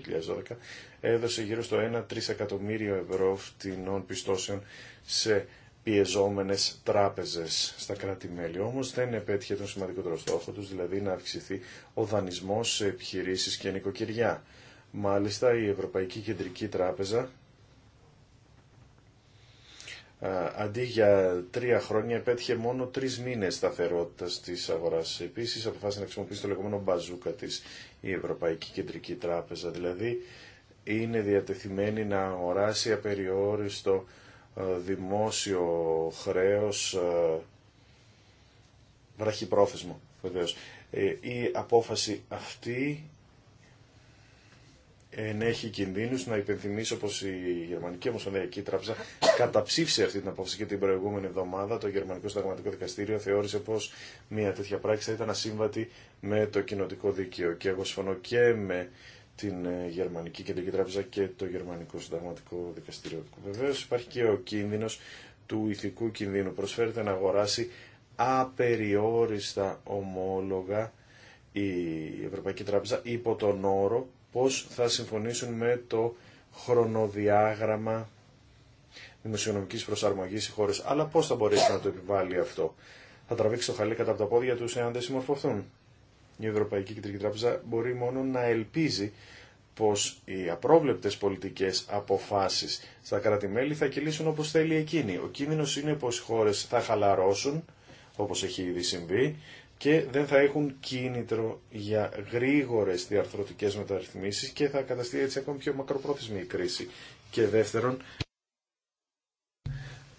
2012 έδωσε γύρω στο 1-3 εκατομμύριο ευρώ φτηνών πιστώσεων σε πιεζόμενε τράπεζες στα κράτη-μέλη. Όμως δεν επέτυχε τον σημαντικότερο στόχο του, δηλαδή να αυξηθεί ο δανεισμό σε επιχειρήσει και νοικοκυριά. Μάλιστα η Ευρωπαϊκή Κεντρική Τράπεζα αντί για τρία χρόνια επέτυχε μόνο τρεις μήνες σταθερότητας της αγοράς. Επίσης αποφάσισε να χρησιμοποιήσει το λεγόμενο μπαζούκα της η Ευρωπαϊκή Κεντρική Τράπεζα. Δηλαδή είναι διατεθειμένη να αγοράσει απεριόριστο δημόσιο χρέος βραχυπρόθεσμο βεβαίως. Ε, η απόφαση αυτή ενέχει κινδύνους. Να υπενθυμίσω πως η Γερμανική Ομοσπονδιακή Τράπεζα καταψήφισε αυτή την απόφαση και την προηγούμενη εβδομάδα. Το Γερμανικό Συνταγματικό Δικαστήριο θεώρησε πως μια τέτοια πράξη θα ήταν ασύμβατη με το κοινοτικό δίκαιο. Και εγώ συμφωνώ και με την ε, Γερμανική Κεντρική Τράπεζα και το Γερμανικό Συνταγματικό Δικαστήριο. Βεβαίω υπάρχει και ο κίνδυνος του ηθικού κινδύνου. Προσφέρεται να αγοράσει απεριόριστα ομόλογα η Ευρωπαϊκή Τράπεζα υπό τον όρο πώς θα συμφωνήσουν με το χρονοδιάγραμμα δημοσιονομικής προσαρμογής οι χώρες. Αλλά πώς θα μπορέσει να το επιβάλλει αυτό. Θα τραβήξει το χαλί κατά από τα πόδια τους εάν δεν συμμορφωθούν. Η Ευρωπαϊκή Κεντρική Τράπεζα μπορεί μόνο να ελπίζει πως οι απρόβλεπτες πολιτικές αποφάσεις στα κράτη-μέλη θα κυλήσουν όπως θέλει εκείνη. Ο κίνδυνος είναι πως οι χώρες θα χαλαρώσουν, όπως έχει ήδη συμβεί, και δεν θα έχουν κίνητρο για γρήγορες διαρθρωτικές μεταρρυθμίσεις και θα καταστεί έτσι ακόμη πιο μακροπρόθεσμη η κρίση. Και δεύτερον,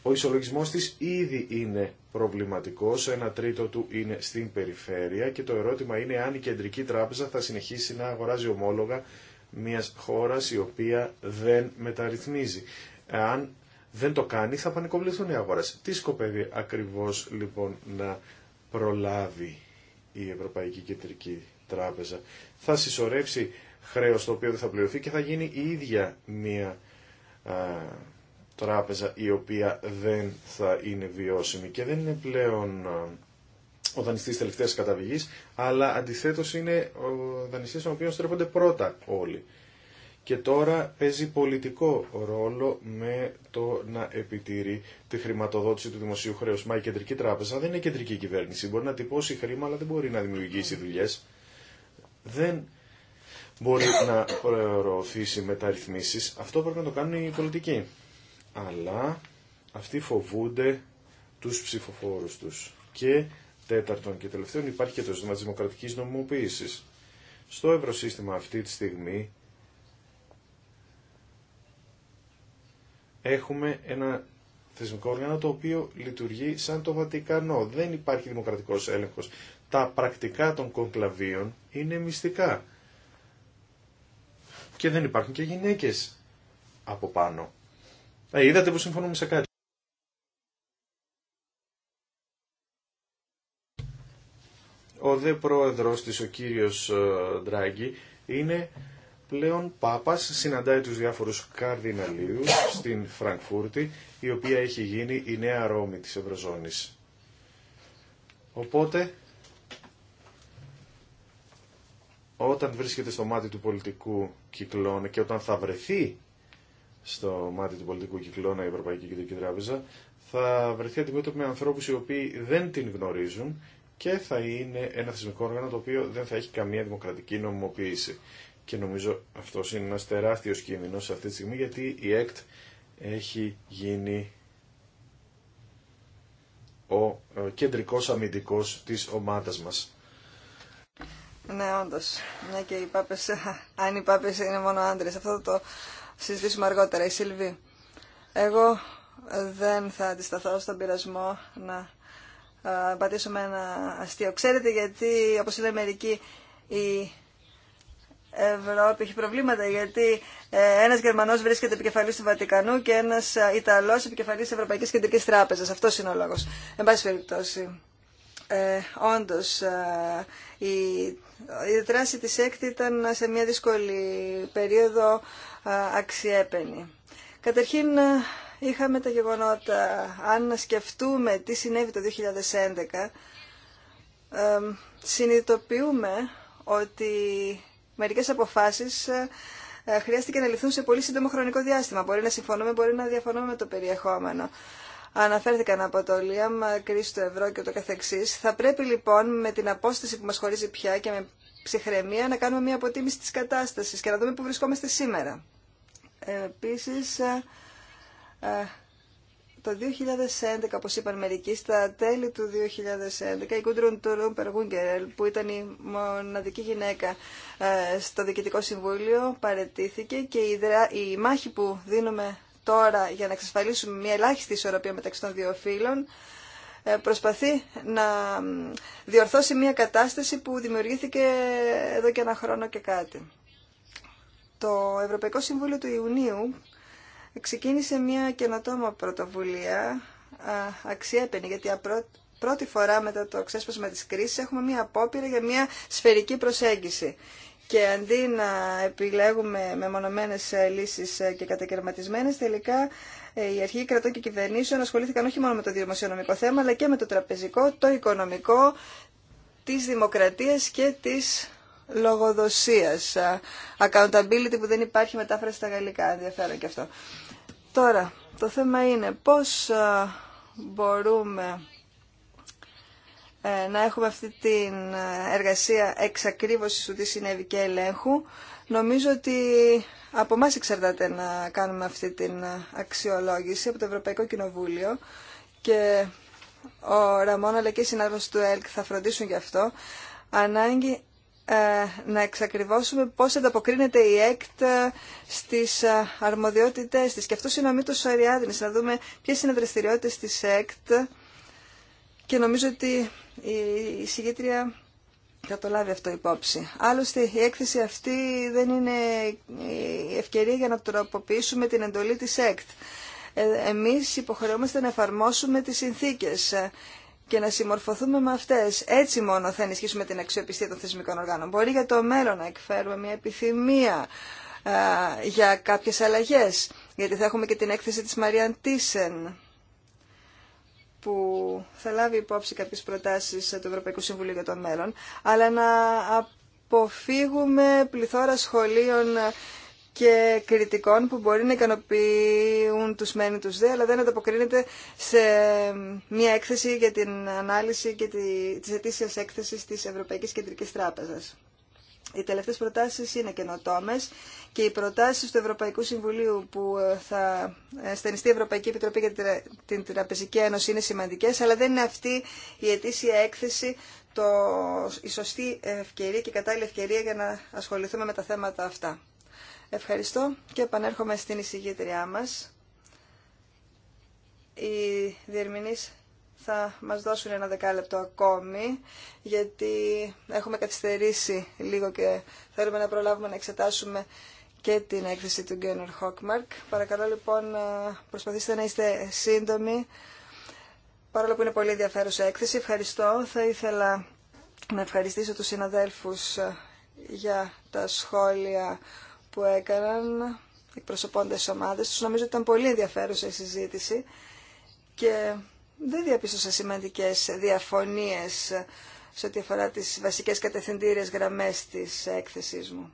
ο ισολογισμός της ήδη είναι προβληματικός, ένα τρίτο του είναι στην περιφέρεια και το ερώτημα είναι αν η Κεντρική Τράπεζα θα συνεχίσει να αγοράζει ομόλογα μιας χώρας η οποία δεν μεταρρυθμίζει. Αν δεν το κάνει θα πανικοβληθούν οι αγορές. Τι σκοπεύει ακριβώς λοιπόν να προλάβει η Ευρωπαϊκή Κεντρική Τράπεζα. Θα συσσωρεύσει χρέος το οποίο δεν θα πληρωθεί και θα γίνει η ίδια μία α, τράπεζα η οποία δεν θα είναι βιώσιμη και δεν είναι πλέον ο δανειστής τελευταίας καταβηγής, αλλά αντιθέτως είναι ο δανειστής ο οποίο στρέφονται πρώτα όλοι και τώρα παίζει πολιτικό ρόλο με το να επιτηρεί τη χρηματοδότηση του δημοσίου χρέους. Μα η κεντρική τράπεζα δεν είναι κεντρική κυβέρνηση. Μπορεί να τυπώσει χρήμα, αλλά δεν μπορεί να δημιουργήσει δουλειέ. Δεν μπορεί να προωθήσει μεταρρυθμίσεις. Αυτό πρέπει να το κάνουν οι πολιτικοί. Αλλά αυτοί φοβούνται τους ψηφοφόρους τους. Και τέταρτον και τελευταίον υπάρχει και το ζήτημα της δημοκρατικής νομιμοποίησης. Στο ευρωσύστημα αυτή τη στιγμή έχουμε ένα θεσμικό όργανο το οποίο λειτουργεί σαν το Βατικανό. Δεν υπάρχει δημοκρατικός έλεγχος. Τα πρακτικά των κονκλαβίων είναι μυστικά. Και δεν υπάρχουν και γυναίκες από πάνω. Ε, είδατε που συμφωνούμε σε κάτι. Ο δε πρόεδρος της, ο κύριος ε, Ντράγκη, είναι πλέον Πάπας συναντάει τους διάφορους καρδιναλίους στην Φραγκφούρτη, η οποία έχει γίνει η νέα Ρώμη της Ευρωζώνης. Οπότε, όταν βρίσκεται στο μάτι του πολιτικού κυκλώνα και όταν θα βρεθεί στο μάτι του πολιτικού κυκλώνα η Ευρωπαϊκή Κεντρική Τράπεζα, θα βρεθεί αντιμέτωπη με ανθρώπους οι οποίοι δεν την γνωρίζουν και θα είναι ένα θεσμικό όργανο το οποίο δεν θα έχει καμία δημοκρατική νομιμοποίηση. Και νομίζω αυτός είναι ένας τεράστιος κίνδυνος αυτή τη στιγμή γιατί η ΕΚΤ έχει γίνει ο ε, κεντρικός αμυντικός της ομάδας μας. Ναι, όντω. Μια και οι πάπε, *laughs* αν οι πάπε είναι μόνο άντρε, αυτό θα το συζητήσουμε αργότερα. Η Σιλβή. Εγώ δεν θα αντισταθώ στον πειρασμό να ε, πατήσω ένα αστείο. Ξέρετε γιατί, όπω είδαμε μερικοί, Ευρώπη έχει προβλήματα γιατί ε, ένα Γερμανό βρίσκεται επικεφαλή του Βατικανού και ένα ε, Ιταλό επικεφαλή τη Ευρωπαϊκή Κεντρική Τράπεζα. Αυτό είναι ο λόγο. Εν πάση περιπτώσει. Ε, Όντω, ε, η, η δράση τη ΕΚΤ ήταν σε μια δύσκολη περίοδο αξιέπαινη. Καταρχήν, είχαμε τα γεγονότα. Αν σκεφτούμε τι συνέβη το 2011, συνειδητοποιούμε ότι μερικές αποφάσεις ε, ε, χρειάστηκε να ληφθούν σε πολύ σύντομο χρονικό διάστημα. Μπορεί να συμφωνούμε, μπορεί να διαφωνούμε με το περιεχόμενο. Αναφέρθηκαν από το ΛΙΑΜ, κρίση του ευρώ και το καθεξής. Θα πρέπει λοιπόν με την απόσταση που μας χωρίζει πια και με ψυχραιμία να κάνουμε μια αποτίμηση της κατάστασης και να δούμε πού βρισκόμαστε σήμερα. Ε, επίσης, το 2011, όπως είπαν μερικοί, στα τέλη του 2011, η Κούντρουν Τουρούμπερ Γούγκερελ, που ήταν η μοναδική γυναίκα ε, στο Διοικητικό Συμβούλιο, παρετήθηκε και η μάχη που δίνουμε τώρα για να εξασφαλίσουμε μια ελάχιστη ισορροπία μεταξύ των δύο φύλων, ε, προσπαθεί να διορθώσει μια κατάσταση που δημιουργήθηκε εδώ και ένα χρόνο και κάτι. Το Ευρωπαϊκό Συμβούλιο του Ιουνίου ξεκίνησε μια καινοτόμα πρωτοβουλία, αξιέπαινη, γιατί πρώτη φορά μετά το ξέσπασμα της κρίσης έχουμε μια απόπειρα για μια σφαιρική προσέγγιση. Και αντί να επιλέγουμε μεμονωμένες ε, λύσεις ε, και κατακαιρματισμένες, τελικά η ε, αρχή κρατών και κυβερνήσεων ασχολήθηκαν όχι μόνο με το δημοσιονομικό θέμα, αλλά και με το τραπεζικό, το οικονομικό, της δημοκρατίας και της λογοδοσίας, accountability που δεν υπάρχει μετάφραση στα γαλλικά, ενδιαφέρον και αυτό. Τώρα, το θέμα είναι πώς μπορούμε ε, να έχουμε αυτή την εργασία εξακρίβωσης του τι συνέβη και ελέγχου. Νομίζω ότι από εμά εξαρτάται να κάνουμε αυτή την αξιολόγηση από το Ευρωπαϊκό Κοινοβούλιο και ο Ραμόν αλλά και οι του ΕΛΚ θα φροντίσουν γι' αυτό. Ανάγκη ε, να εξακριβώσουμε πώς ανταποκρίνεται η ΕΚΤ ε, στις ε, αρμοδιότητές της. Και αυτό είναι ο μύτος Αριάδης, να δούμε ποιες είναι οι δραστηριότητες της ΕΚΤ και νομίζω ότι η συγγήτρια θα το λάβει αυτό υπόψη. Άλλωστε η έκθεση αυτή δεν είναι η ευκαιρία για να τροποποιήσουμε την εντολή της ΕΚΤ. Εμείς υποχρεώμαστε να εφαρμόσουμε τις συνθήκες και να συμμορφωθούμε με αυτές. Έτσι μόνο θα ενισχύσουμε την αξιοπιστία των θεσμικών οργάνων. Μπορεί για το μέλλον να εκφέρουμε μια επιθυμία για κάποιες αλλαγές, γιατί θα έχουμε και την έκθεση της Μαρία Τίσεν που θα λάβει υπόψη κάποιες προτάσεις του Ευρωπαϊκού Συμβουλίου για το μέλλον, αλλά να αποφύγουμε πληθώρα σχολείων και κριτικών που μπορεί να ικανοποιούν τους μένει τους δε, αλλά δεν ανταποκρίνεται σε μια έκθεση για την ανάλυση και τη, της ετήσιας έκθεσης της Ευρωπαϊκής Κεντρικής Τράπεζας. Οι τελευταίες προτάσεις είναι καινοτόμε και οι προτάσεις του Ευρωπαϊκού Συμβουλίου που ε, θα στενιστεί η Ευρωπαϊκή Επιτροπή για την Τραπεζική Ένωση είναι σημαντικές, αλλά δεν είναι αυτή η ετήσια έκθεση το, η σωστή ευκαιρία και η κατάλληλη ευκαιρία για να ασχοληθούμε με τα θέματα αυτά. Ευχαριστώ και επανέρχομαι στην εισηγήτριά μας. Οι διερμηνείς θα μας δώσουν ένα δεκάλεπτο ακόμη, γιατί έχουμε καθυστερήσει λίγο και θέλουμε να προλάβουμε να εξετάσουμε και την έκθεση του Γκένερ Χόκμαρκ. Παρακαλώ λοιπόν ε, προσπαθήστε να είστε σύντομοι, παρόλο που είναι πολύ ενδιαφέρουσα έκθεση. Ευχαριστώ. Θα ήθελα να ευχαριστήσω τους συναδέλφους ε, για τα σχόλια που έκαναν οι προσωπώντες ομάδες τους. Νομίζω ότι ήταν πολύ ενδιαφέρουσα η συζήτηση και δεν διαπίστωσα σημαντικές διαφωνίες σε ό,τι αφορά τις βασικές κατευθυντήριες γραμμές της έκθεσής μου.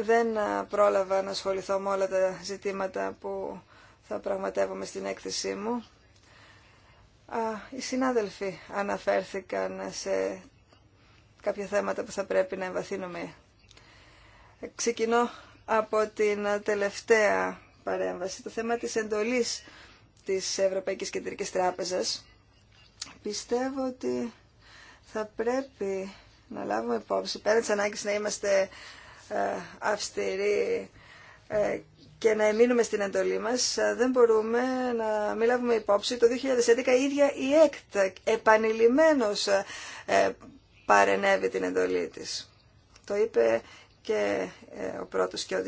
Δεν πρόλαβα να ασχοληθώ με όλα τα ζητήματα που θα πραγματεύομαι στην έκθεσή μου. Οι συνάδελφοι αναφέρθηκαν σε κάποια θέματα που θα πρέπει να εμβαθύνουμε Ξεκινώ από την τελευταία παρέμβαση, το θέμα της εντολής της Ευρωπαϊκής Κεντρικής Τράπεζας. Πιστεύω ότι θα πρέπει να λάβουμε υπόψη, πέραν της ανάγκης να είμαστε ε, αυστηροί ε, και να εμείνουμε στην εντολή μας, ε, δεν μπορούμε να μην λάβουμε υπόψη. Το 2011 η ίδια η ΕΚΤ επανειλημμένως παρενέβη την εντολή της. Το είπε και ε, ο πρώτος και ο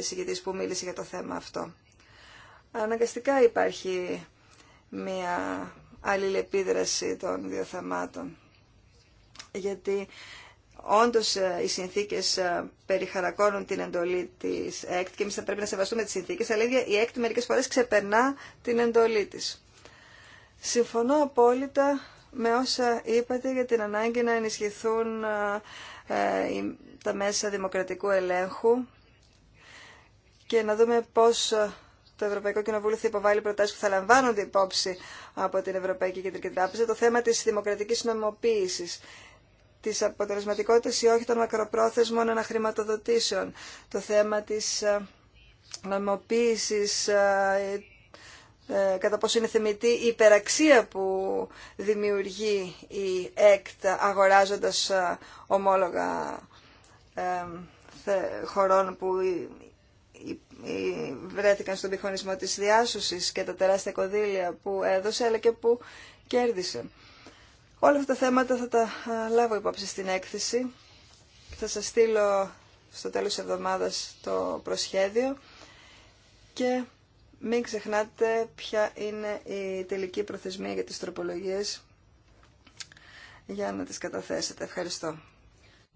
που μίλησε για το θέμα αυτό. Αναγκαστικά υπάρχει μια αλληλεπίδραση των δύο θεμάτων. Γιατί όντως ε, οι συνθήκες ε, περιχαρακώνουν την εντολή της ΕΚΤ και εμείς θα πρέπει να σεβαστούμε τις συνθήκες, αλλά η ΕΚΤ μερικές φορές ξεπερνά την εντολή της. Συμφωνώ απόλυτα με όσα είπατε για την ανάγκη να ενισχυθούν ε, τα μέσα δημοκρατικού ελέγχου και να δούμε πώς ε, το Ευρωπαϊκό Κοινοβούλιο θα υποβάλει προτάσεις που θα λαμβάνονται υπόψη από την Ευρωπαϊκή Κεντρική Τράπεζα, το θέμα της δημοκρατικής νομοποίησης, της αποτελεσματικότητας ή όχι των μακροπρόθεσμων αναχρηματοδοτήσεων, το θέμα της ε, νομοποίησης ε, κατά πόσο είναι θεμητή η υπεραξία που δημιουργεί η ΕΚΤ αγοράζοντας ε, ομόλογα ε, χωρών που βρέθηκαν στον διχονισμό της διάσωσης και τα τεράστια κονδύλια που έδωσε αλλά και που κέρδισε. Όλα αυτά τα θέματα θα τα λάβω υπόψη στην έκθεση. Θα σας στείλω στο τέλος της εβδομάδας το προσχέδιο και μην ξεχνάτε ποια είναι η τελική προθεσμία για τις τροπολογίες για να τις καταθέσετε. Ευχαριστώ.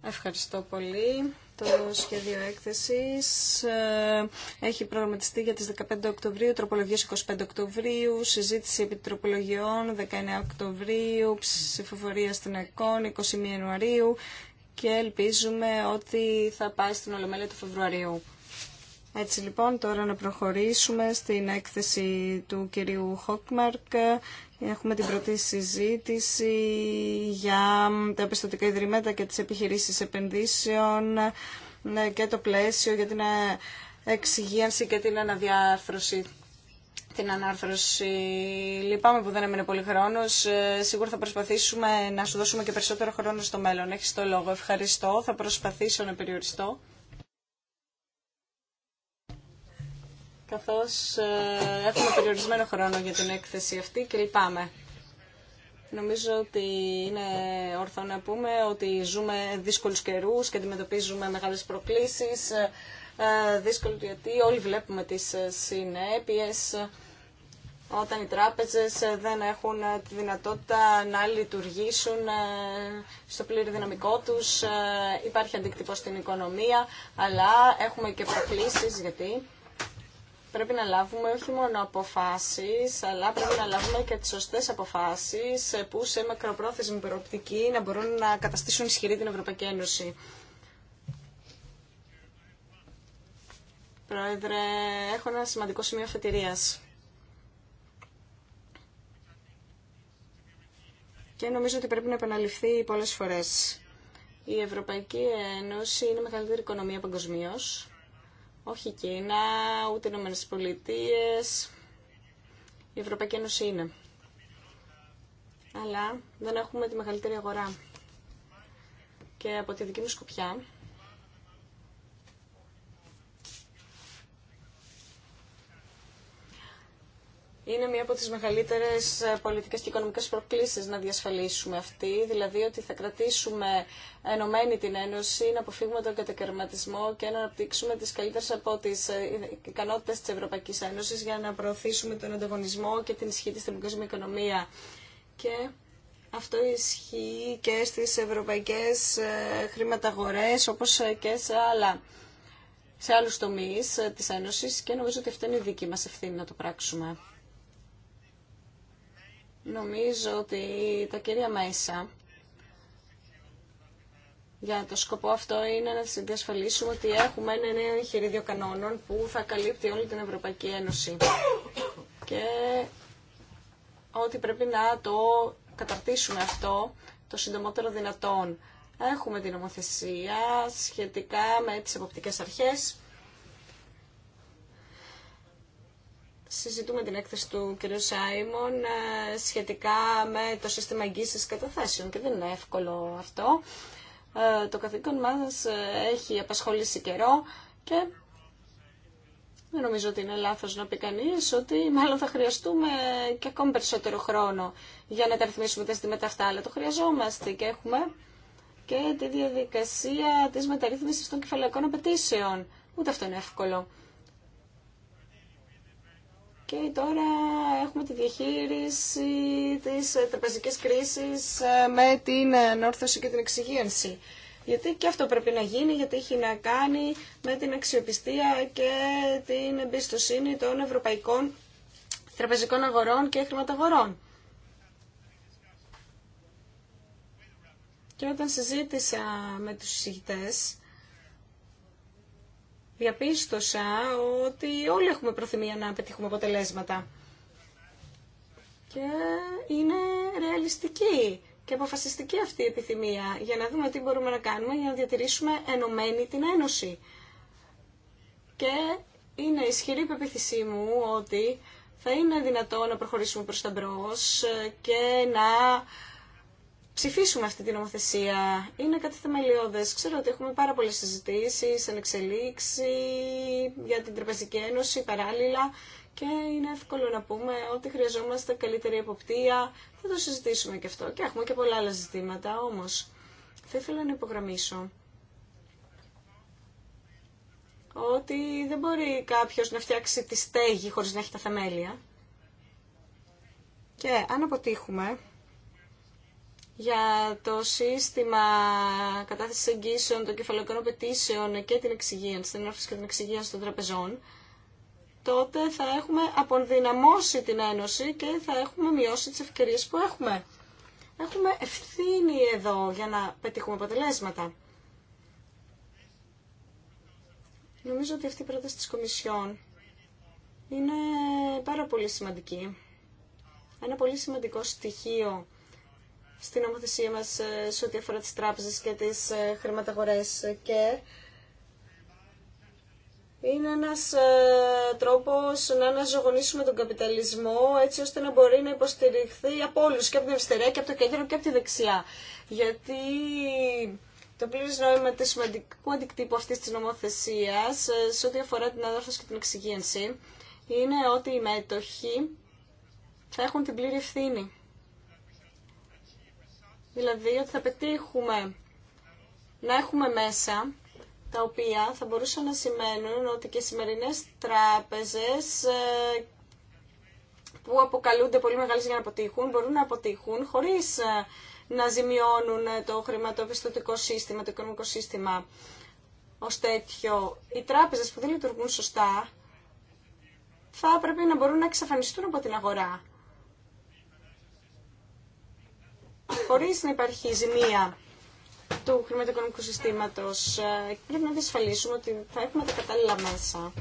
Ευχαριστώ πολύ. Το σχέδιο έκθεσης ε, έχει προγραμματιστεί για τις 15 Οκτωβρίου, τροπολογίες 25 Οκτωβρίου, συζήτηση επιτροπολογιών 19 Οκτωβρίου, ψηφοφορία στην ΕΚΟΝ 21 Ιανουαρίου και ελπίζουμε ότι θα πάει στην Ολομέλεια του Φεβρουαρίου. Έτσι λοιπόν τώρα να προχωρήσουμε στην έκθεση του κυρίου Χόκμαρκ. Έχουμε την πρώτη συζήτηση για τα επιστοτικά ιδρύματα και τις επιχειρήσεις επενδύσεων ναι, και το πλαίσιο για την ε, εξυγίανση και την αναδιάρθρωση την ανάρθρωση. Λυπάμαι που δεν έμεινε πολύ χρόνο. Ε, σίγουρα θα προσπαθήσουμε να σου δώσουμε και περισσότερο χρόνο στο μέλλον. Έχει το λόγο. Ευχαριστώ. Θα προσπαθήσω να περιοριστώ. καθώς ε, έχουμε περιορισμένο χρόνο για την έκθεση αυτή και λυπάμαι. Νομίζω ότι είναι όρθο να πούμε ότι ζούμε δύσκολους καιρούς και αντιμετωπίζουμε μεγάλες προκλήσεις. Ε, ε, δύσκολο γιατί όλοι βλέπουμε τις συνέπειες όταν οι τράπεζες δεν έχουν τη δυνατότητα να λειτουργήσουν στο πλήρη δυναμικό τους. Υπάρχει αντίκτυπο στην οικονομία, αλλά έχουμε και προκλήσεις γιατί πρέπει να λάβουμε όχι μόνο αποφάσεις, αλλά πρέπει να λάβουμε και τις σωστές αποφάσεις ε, που σε μακροπρόθεσμη προοπτική να μπορούν να καταστήσουν ισχυρή την Ευρωπαϊκή Ένωση. Πρόεδρε, έχω ένα σημαντικό σημείο αφετηρίας. Και νομίζω ότι πρέπει να επαναληφθεί πολλές φορές. Η Ευρωπαϊκή Ένωση είναι μεγαλύτερη οικονομία παγκοσμίω όχι η Κίνα, ούτε οι Ηνωμένες Πολιτείες. Η Ευρωπαϊκή Ένωση είναι. Αλλά δεν έχουμε τη μεγαλύτερη αγορά. Και από τη δική μου σκοπιά, είναι μία από τις μεγαλύτερες ε, πολιτικές και οικονομικές προκλήσεις να διασφαλίσουμε αυτή, δηλαδή ότι θα κρατήσουμε ενωμένη την Ένωση, να αποφύγουμε τον κατακαιρματισμό και να αναπτύξουμε τις καλύτερες από τις ε, ικανότητες της Ευρωπαϊκής Ένωσης για να προωθήσουμε τον ανταγωνισμό και την ισχύ της στην οικονομία. Και αυτό ισχύει και στις ευρωπαϊκές ε, χρηματαγορές όπως και σε άλλα σε άλλους τομείς της Ένωσης και νομίζω ότι αυτή είναι η δική μας ευθύνη να το πράξουμε. Νομίζω ότι τα κυρία μέσα για το σκοπό αυτό είναι να διασφαλίσουμε ότι έχουμε ένα νέο εγχειρίδιο κανόνων που θα καλύπτει όλη την Ευρωπαϊκή Ένωση και ότι πρέπει να το καταρτήσουμε αυτό το συντομότερο δυνατόν. Έχουμε την νομοθεσία σχετικά με τις εποπτικές αρχές συζητούμε την έκθεση του κ. Σάιμον ε, σχετικά με το σύστημα εγγύησης καταθέσεων και δεν είναι εύκολο αυτό. Ε, το καθήκον μας ε, έχει απασχολήσει καιρό και δεν νομίζω ότι είναι λάθος να πει κανεί ότι μάλλον θα χρειαστούμε και ακόμη περισσότερο χρόνο για να τα ρυθμίσουμε τα ζητήματα αυτά, αλλά το χρειαζόμαστε και έχουμε και τη διαδικασία της μεταρρύθμισης των κεφαλαϊκών απαιτήσεων. Ούτε αυτό είναι εύκολο. Και τώρα έχουμε τη διαχείριση της τραπεζικής κρίσης ε, με την ανόρθωση και την εξυγίανση. Γιατί και αυτό πρέπει να γίνει, γιατί έχει να κάνει με την αξιοπιστία και την εμπιστοσύνη των ευρωπαϊκών τραπεζικών αγορών και χρηματαγορών. Και όταν συζήτησα με τους συζητητές, διαπίστωσα ότι όλοι έχουμε προθυμία να πετύχουμε αποτελέσματα. Και είναι ρεαλιστική και αποφασιστική αυτή η επιθυμία για να δούμε τι μπορούμε να κάνουμε για να διατηρήσουμε ενωμένη την Ένωση. Και είναι ισχυρή η πεποίθησή μου ότι θα είναι δυνατό να προχωρήσουμε προς τα μπρος και να ψηφίσουμε αυτή την νομοθεσία. Είναι κάτι θεμελιώδε. Ξέρω ότι έχουμε πάρα πολλές συζητήσεις, ανεξελίξη για την Τραπεζική Ένωση παράλληλα και είναι εύκολο να πούμε ότι χρειαζόμαστε καλύτερη εποπτεία. Θα το συζητήσουμε και αυτό. Και έχουμε και πολλά άλλα ζητήματα Όμω, Θα ήθελα να υπογραμμίσω ότι δεν μπορεί κάποιος να φτιάξει τη στέγη χωρίς να έχει τα θεμέλια. Και αν αποτύχουμε, για το σύστημα κατάθεσης εγγύσεων των κεφαλαϊκών απαιτήσεων και την εξυγίανση, την όρθωση και την των τραπεζών, τότε θα έχουμε αποδυναμώσει την Ένωση και θα έχουμε μειώσει τι ευκαιρίες που έχουμε. Έχουμε ευθύνη εδώ για να πετύχουμε αποτελέσματα. Νομίζω ότι αυτή η πρόταση της Κομισιόν είναι πάρα πολύ σημαντική. Ένα πολύ σημαντικό στοιχείο στην νομοθεσία μας ε, σε ό,τι αφορά τις τράπεζες και τις ε, χρηματαγορές και είναι ένας ε, τρόπος να αναζωογονήσουμε τον καπιταλισμό έτσι ώστε να μπορεί να υποστηριχθεί από όλους και από την αριστερά και από το κέντρο και από τη δεξιά. Γιατί το πλήρε νόημα του σημαντικού αντικτύπου αυτή τη νομοθεσία σε ό,τι αφορά την αδόρφωση και την εξυγίανση είναι ότι οι μέτοχοι θα έχουν την πλήρη ευθύνη Δηλαδή ότι θα πετύχουμε να έχουμε μέσα τα οποία θα μπορούσαν να σημαίνουν ότι και σημερινές τράπεζες ε, που αποκαλούνται πολύ μεγάλες για να αποτύχουν, μπορούν να αποτύχουν χωρίς ε, να ζημιώνουν το χρηματοπιστωτικό σύστημα, το οικονομικό σύστημα ως τέτοιο. Οι τράπεζες που δεν λειτουργούν σωστά θα πρέπει να μπορούν να εξαφανιστούν από την αγορά. χωρίς να υπάρχει ζημία του χρηματοοικονομικού συστήματος. Πρέπει να διασφαλίσουμε ότι θα έχουμε τα κατάλληλα μέσα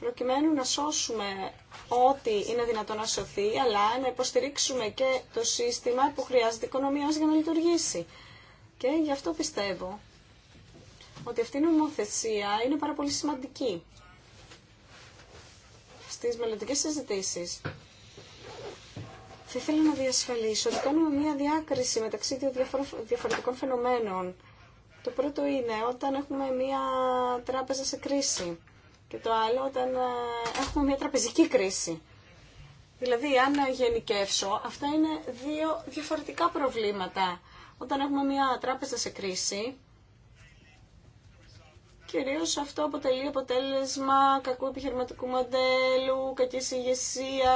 προκειμένου να σώσουμε ό,τι είναι δυνατό να σωθεί, αλλά να υποστηρίξουμε και το σύστημα που χρειάζεται οικονομία για να λειτουργήσει. Και γι' αυτό πιστεύω ότι αυτή η νομοθεσία είναι πάρα πολύ σημαντική στις μελλοντικέ συζητήσεις. Θα ήθελα να διασφαλίσω ότι κάνουμε μία διάκριση μεταξύ δύο διαφορετικών φαινομένων. Το πρώτο είναι όταν έχουμε μία τράπεζα σε κρίση και το άλλο όταν ε, έχουμε μία τραπεζική κρίση. Δηλαδή, αν γενικεύσω, αυτά είναι δύο διαφορετικά προβλήματα. Όταν έχουμε μία τράπεζα σε κρίση, Κυρίως αυτό αποτελεί αποτέλεσμα κακού επιχειρηματικού μοντέλου, κακής ηγεσία,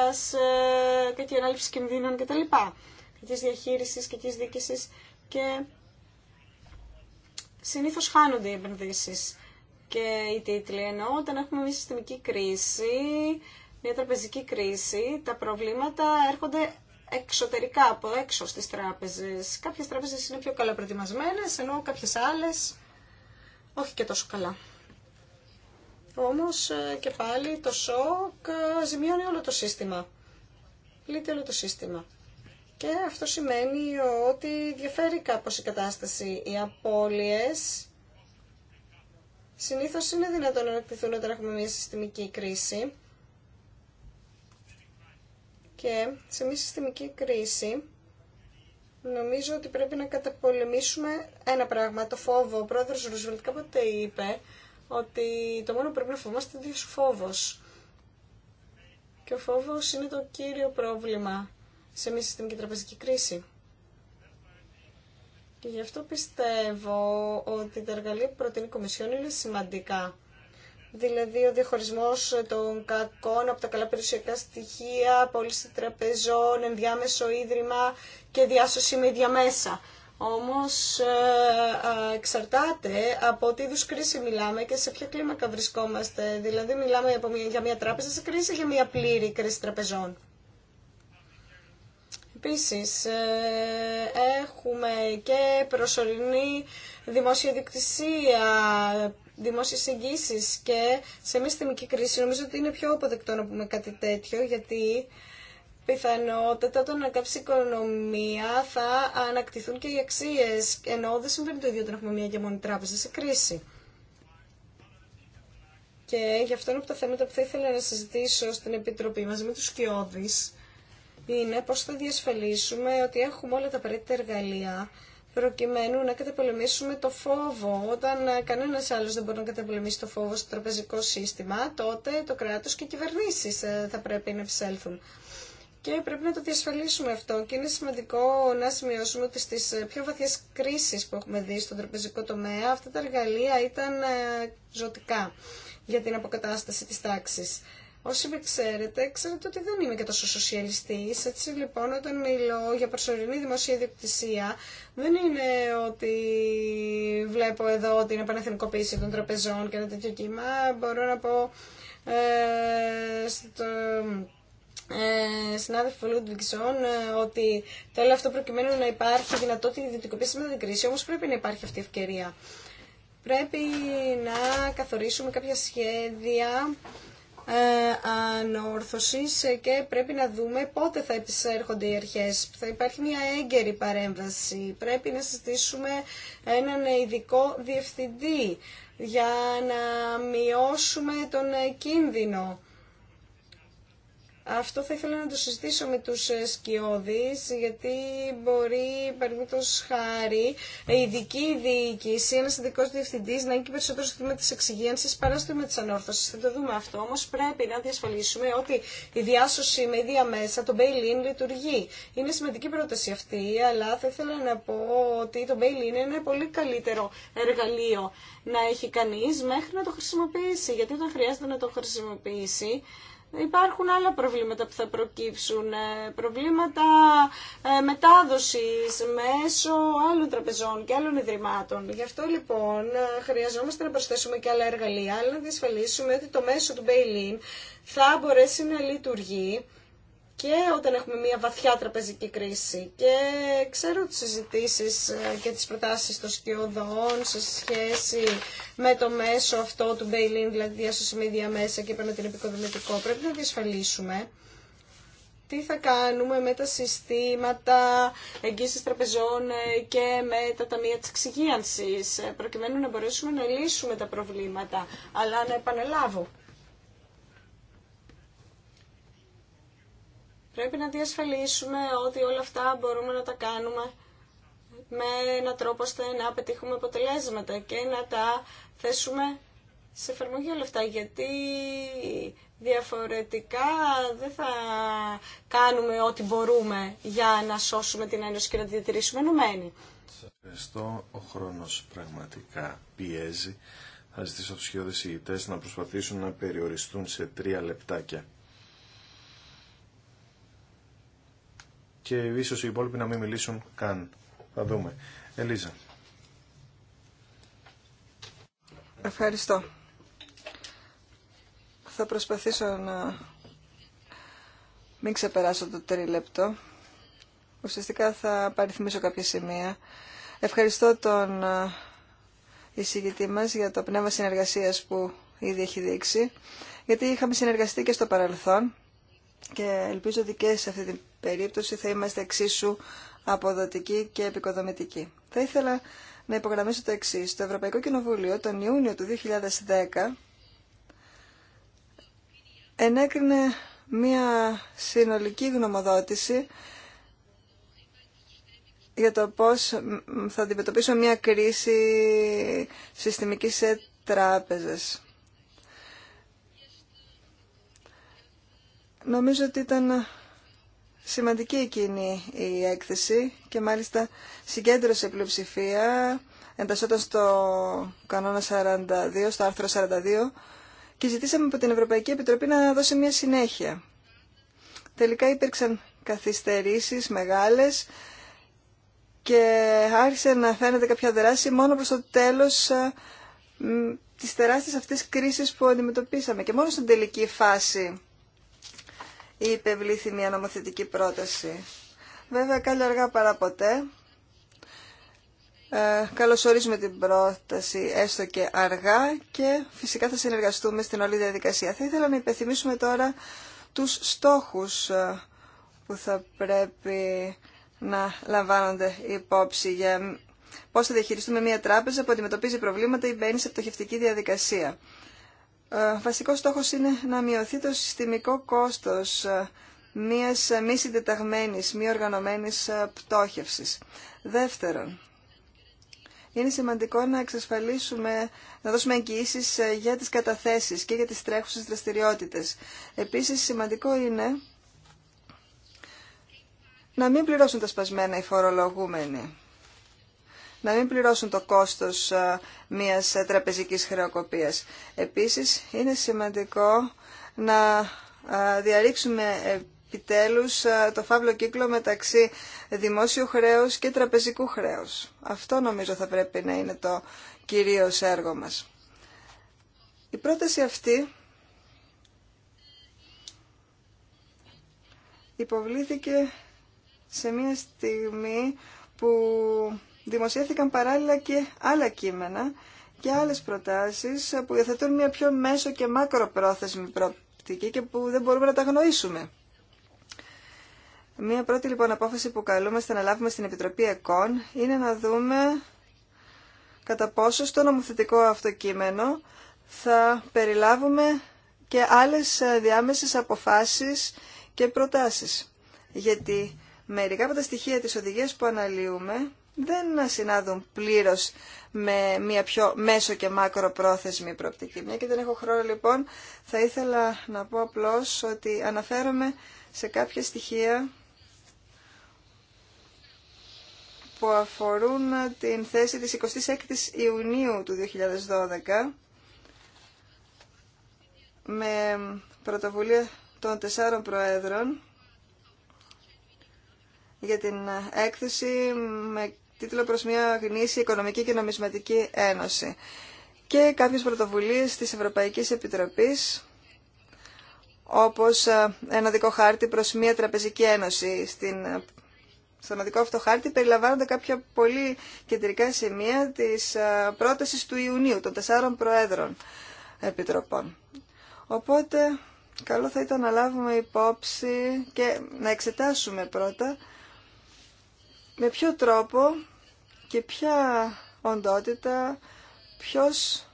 ε, κακή ανάληψη κινδύνων κτλ. Κακής διαχείρισης, κακής διοίκησης και συνήθως χάνονται οι επενδύσεις και οι τίτλοι. Ενώ όταν έχουμε μια συστημική κρίση, μια τραπεζική κρίση, τα προβλήματα έρχονται εξωτερικά, από έξω στις τράπεζες. Κάποιες τράπεζες είναι πιο καλά προετοιμασμένες, ενώ κάποιες άλλες όχι και τόσο καλά. Όμως ε, και πάλι το σοκ ε, ζημιώνει όλο το σύστημα. Λύτει όλο το σύστημα. Και αυτό σημαίνει ότι διαφέρει κάπως η κατάσταση. Οι απώλειες συνήθως είναι δυνατόν να εκπληθούν όταν έχουμε μια συστημική κρίση. Και σε μια συστημική κρίση Νομίζω ότι πρέπει να καταπολεμήσουμε ένα πράγμα, το φόβο. Ο πρόεδρος Ρουσβελτ κάποτε είπε ότι το μόνο που πρέπει να φοβόμαστε είναι ο φόβος. Και ο φόβος είναι το κύριο πρόβλημα σε μια συστημική τραπεζική κρίση. Και γι' αυτό πιστεύω ότι τα εργαλεία που προτείνει η Κομισιόν είναι σημαντικά δηλαδή ο διαχωρισμός των κακών από τα καλά περιουσιακά στοιχεία, πώληση τραπεζών, ενδιάμεσο ίδρυμα και διάσωση με διαμέσα. Όμως ε, εξαρτάται από τι είδους κρίση μιλάμε και σε ποια κλίμακα βρισκόμαστε. Δηλαδή μιλάμε για μια τράπεζα σε κρίση ή για μια πλήρη κρίση τραπεζών. Επίσης, ε, έχουμε και προσωρινή δημόσια δημόσιες εγγύσεις και σε μια στιγμική κρίση νομίζω ότι είναι πιο αποδεκτό να πούμε κάτι τέτοιο γιατί πιθανότατα όταν ανακάψει η οικονομία θα ανακτηθούν και οι αξίες ενώ δεν συμβαίνει το ίδιο όταν έχουμε μια και μόνη τράπεζα σε κρίση. Και γι' αυτό είναι από τα θέματα που θα ήθελα να συζητήσω στην Επιτροπή μαζί με του Σκιώδης είναι πώ θα διασφαλίσουμε ότι έχουμε όλα τα απαραίτητα εργαλεία προκειμένου να καταπολεμήσουμε το φόβο. Όταν ε, κανένας άλλος δεν μπορεί να καταπολεμήσει το φόβο στο τραπεζικό σύστημα, τότε το κράτος και οι κυβερνήσεις ε, θα πρέπει να ευσέλθουν. Και πρέπει να το διασφαλίσουμε αυτό και είναι σημαντικό να σημειώσουμε ότι στις ε, πιο βαθιές κρίσεις που έχουμε δει στον τραπεζικό τομέα αυτά τα εργαλεία ήταν ζωτικά για την αποκατάσταση της τάξης. Όσοι με ξέρετε, ξέρετε ότι δεν είμαι και τόσο σοσιαλιστής. Έτσι λοιπόν, όταν μιλώ για προσωρινή δημοσία ιδιοκτησία, δεν είναι ότι βλέπω εδώ ότι είναι των τραπεζών και ένα τέτοιο κύμα. Μπορώ να πω ε, στο, ε, συνάδελφο ε, ότι το αυτό προκειμένου να υπάρχει δυνατότητα ιδιωτικοποίηση μετά την κρίση, όμω πρέπει να υπάρχει αυτή η ευκαιρία. Πρέπει να καθορίσουμε κάποια σχέδια ε, ανόρθωσης ε, και πρέπει να δούμε πότε θα επισέρχονται οι αρχές. Θα υπάρχει μια έγκαιρη παρέμβαση. Πρέπει να συστήσουμε έναν ειδικό διευθυντή για να μειώσουμε τον κίνδυνο αυτό θα ήθελα να το συζητήσω με τους ε, σκιώδεις, γιατί μπορεί, παραδείγματος χάρη, η ειδική διοίκηση, ένας ειδικός διευθυντής να είναι και περισσότερο στο τμήμα της εξυγένσης παρά στο θέμα της ανόρθωσης. Θα το δούμε αυτό, όμως πρέπει να διασφαλίσουμε ότι η διάσωση με ίδια μέσα, το bail-in λειτουργεί. Είναι σημαντική πρόταση αυτή, αλλά θα ήθελα να πω ότι το bail-in είναι ένα πολύ καλύτερο εργαλείο να έχει κανείς μέχρι να το χρησιμοποιήσει, γιατί όταν χρειάζεται να το χρησιμοποιήσει, Υπάρχουν άλλα προβλήματα που θα προκύψουν, ε, προβλήματα ε, μετάδοσης μέσω άλλων τραπεζών και άλλων ιδρυμάτων. Γι' αυτό λοιπόν ε, χρειαζόμαστε να προσθέσουμε και άλλα εργαλεία, αλλά να διασφαλίσουμε ότι το μέσο του Μπέιλιν θα μπορέσει να λειτουργεί και όταν έχουμε μια βαθιά τραπεζική κρίση. Και ξέρω τις συζητήσεις ε, και τις προτάσεις των σκιωδών σε σχέση με το μέσο αυτό του bail-in, δηλαδή διάσωσιμη μέσα και είπαμε την επικοδομητικό. Πρέπει να διασφαλίσουμε τι θα κάνουμε με τα συστήματα εγγύησης τραπεζών ε, και με τα ταμεία της εξυγίανσης, ε, προκειμένου να μπορέσουμε να λύσουμε τα προβλήματα. Αλλά να επαναλάβω, Πρέπει να διασφαλίσουμε ότι όλα αυτά μπορούμε να τα κάνουμε με έναν τρόπο ώστε να πετύχουμε αποτελέσματα και να τα θέσουμε σε εφαρμογή όλα αυτά, γιατί διαφορετικά δεν θα κάνουμε ό,τι μπορούμε για να σώσουμε την Ένωση και να τη διατηρήσουμε ενωμένη. Ευχαριστώ. Ο χρόνος πραγματικά πιέζει. Θα ζητήσω από τους να προσπαθήσουν να περιοριστούν σε τρία λεπτάκια. και ίσω οι υπόλοιποι να μην μιλήσουν καν. Θα δούμε. Ελίζα. Ευχαριστώ. Θα προσπαθήσω να μην ξεπεράσω το τρίλεπτο. Ουσιαστικά θα παριθμίσω κάποια σημεία. Ευχαριστώ τον ε, εισηγητή μας για το πνεύμα συνεργασίας που ήδη έχει δείξει, γιατί είχαμε συνεργαστεί και στο παρελθόν και ελπίζω ότι και σε αυτή την περίπτωση θα είμαστε εξίσου αποδοτικοί και επικοδομητικοί. Θα ήθελα να υπογραμμίσω το εξή. Το Ευρωπαϊκό Κοινοβούλιο τον Ιούνιο του 2010 ενέκρινε μία συνολική γνωμοδότηση για το πώς θα αντιμετωπίσω μία κρίση συστημικής σε τράπεζες. Νομίζω ότι ήταν σημαντική εκείνη η έκθεση και μάλιστα συγκέντρωσε πλειοψηφία εντασσόταν στο κανόνα 42, στο άρθρο 42 και ζητήσαμε από την Ευρωπαϊκή Επιτροπή να δώσει μια συνέχεια. Τελικά υπήρξαν καθυστερήσεις μεγάλες και άρχισε να φαίνεται κάποια δράση μόνο προς το τέλος της τεράστιας αυτής κρίσης που αντιμετωπίσαμε και μόνο στην τελική φάση ή υπευλήθη μια νομοθετική πρόταση. Βέβαια, κάλλιο αργά παρά ποτέ. Ε, καλωσορίζουμε την πρόταση έστω και αργά και φυσικά θα συνεργαστούμε στην όλη διαδικασία. Θα ήθελα να υπενθυμίσουμε τώρα τους στόχους ε, που θα πρέπει να λαμβάνονται υπόψη για πώς θα διαχειριστούμε μια τράπεζα που αντιμετωπίζει προβλήματα ή μπαίνει σε πτωχευτική διαδικασία. Ε, βασικός στόχος είναι να μειωθεί το συστημικό κόστος ε, μίας ε, μη συντεταγμένης, μη οργανωμένης πτώχευσης. Δεύτερον, είναι σημαντικό να εξασφαλίσουμε, να δώσουμε εγγύησει για τις καταθέσεις και για τις τρέχουσες δραστηριότητες. Επίσης, σημαντικό είναι να μην πληρώσουν τα σπασμένα οι φορολογούμενοι να μην πληρώσουν το κόστος μιας ε, τραπεζικής χρεοκοπίας. Επίσης, είναι σημαντικό να διαρρήξουμε επιτέλους το φαύλο κύκλο μεταξύ δημόσιου χρέους και τραπεζικού χρέους. Αυτό νομίζω θα πρέπει να είναι το κυρίως έργο μας. Η πρόταση αυτή υποβλήθηκε σε μια στιγμή που δημοσιεύθηκαν παράλληλα και άλλα κείμενα και άλλες προτάσεις που υιοθετούν μια πιο μέσο και μακροπρόθεσμη προοπτική και που δεν μπορούμε να τα γνωρίσουμε. Μία πρώτη λοιπόν απόφαση που καλούμαστε να λάβουμε στην Επιτροπή ΕΚΟΝ είναι να δούμε κατά πόσο στο νομοθετικό αυτό κείμενο θα περιλάβουμε και άλλες διάμεσες αποφάσεις και προτάσεις. Γιατί μερικά από τα στοιχεία της οδηγίας που αναλύουμε δεν συνάδουν πλήρω με μια πιο μέσο και μάκρο πρόθεσμη προοπτική. Μια και δεν έχω χρόνο λοιπόν, θα ήθελα να πω απλώ ότι αναφέρομαι σε κάποια στοιχεία που αφορούν την θέση της 26ης Ιουνίου του 2012 με πρωτοβουλία των τεσσάρων προέδρων για την έκθεση με τίτλο προς μια γνήση Οικονομική και Νομισματική Ένωση και κάποιες πρωτοβουλίες της Ευρωπαϊκής Επιτροπής όπως ε, ένα δικό χάρτη προς μια τραπεζική ένωση. Στην, ε, στον δικό αυτό χάρτη περιλαμβάνονται κάποια πολύ κεντρικά σημεία της ε, πρότασης του Ιουνίου των τεσσάρων προέδρων επιτροπών. Οπότε καλό θα ήταν να λάβουμε υπόψη και να εξετάσουμε πρώτα με ποιο τρόπο και ποια οντότητα, ποιος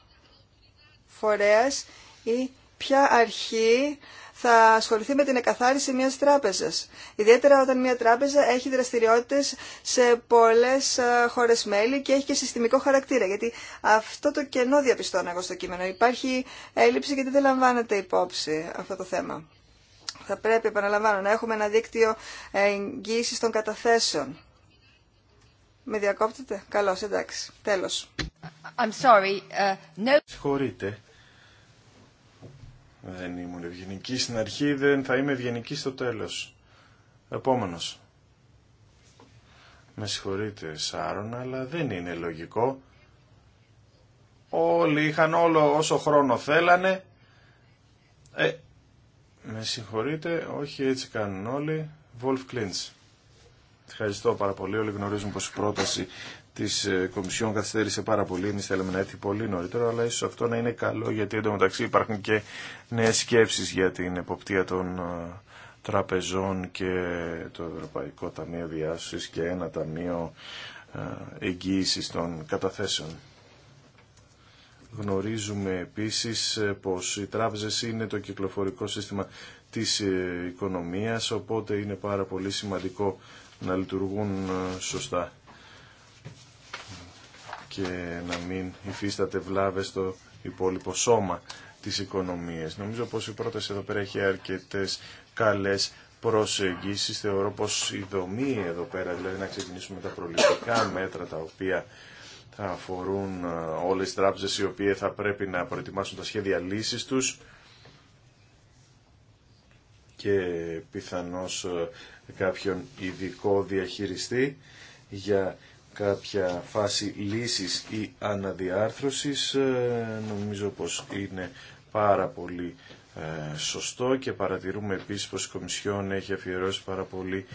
φορέας ή ποια αρχή θα ασχοληθεί με την εκαθάριση μιας τράπεζας. Ιδιαίτερα όταν μια τράπεζα έχει δραστηριότητες σε πολλές ε, χώρες μέλη και έχει και συστημικό χαρακτήρα. Γιατί αυτό το κενό διαπιστώνω εγώ στο κείμενο. Υπάρχει έλλειψη γιατί δεν λαμβάνεται υπόψη αυτό το θέμα. Θα πρέπει, επαναλαμβάνω, να έχουμε ένα δίκτυο εγγύησης των καταθέσεων. Με διακόπτετε. Καλώς, εντάξει. Τέλος. I'm sorry. Uh, no... Συγχωρείτε. Δεν ήμουν ευγενική στην αρχή, δεν θα είμαι ευγενική στο τέλος. Επόμενος. Με συγχωρείτε Σάρων, αλλά δεν είναι λογικό. Όλοι είχαν όλο όσο χρόνο θέλανε. Ε, με συγχωρείτε, όχι έτσι κάνουν όλοι. Βολφ Κλίντς. Ευχαριστώ πάρα πολύ. Όλοι γνωρίζουν πω η πρόταση τη ε, Κομισιόν καθυστέρησε πάρα πολύ. Εμεί θέλαμε να έρθει πολύ νωρίτερα, αλλά ίσω αυτό να είναι καλό γιατί εντωμεταξύ υπάρχουν και νέε σκέψει για την εποπτεία των ε, τραπεζών και το Ευρωπαϊκό Ταμείο Διάσωση και ένα Ταμείο ε, εγγύηση των Καταθέσεων. Γνωρίζουμε επίσης πως οι τράπεζε είναι το κυκλοφορικό σύστημα της οικονομίας, οπότε είναι πάρα πολύ σημαντικό να λειτουργούν ε, σωστά και να μην υφίσταται βλάβε στο υπόλοιπο σώμα της οικονομίας. Νομίζω πως η πρόταση εδώ πέρα έχει αρκετές καλές προσεγγίσεις. Θεωρώ πως η δομή εδώ πέρα, δηλαδή να ξεκινήσουμε τα προληπτικά μέτρα τα οποία θα αφορούν ε, όλες τις τράπεζες οι οποίες θα πρέπει να προετοιμάσουν τα σχέδια λύσης τους και πιθανώς ε, κάποιον ειδικό διαχειριστή για κάποια φάση λύσης ή αναδιάρθρωσης ε, νομίζω πως είναι πάρα πολύ ε, σωστό και παρατηρούμε επίσης πως η Κομισιόν έχει αφιερώσει πάρα πολύ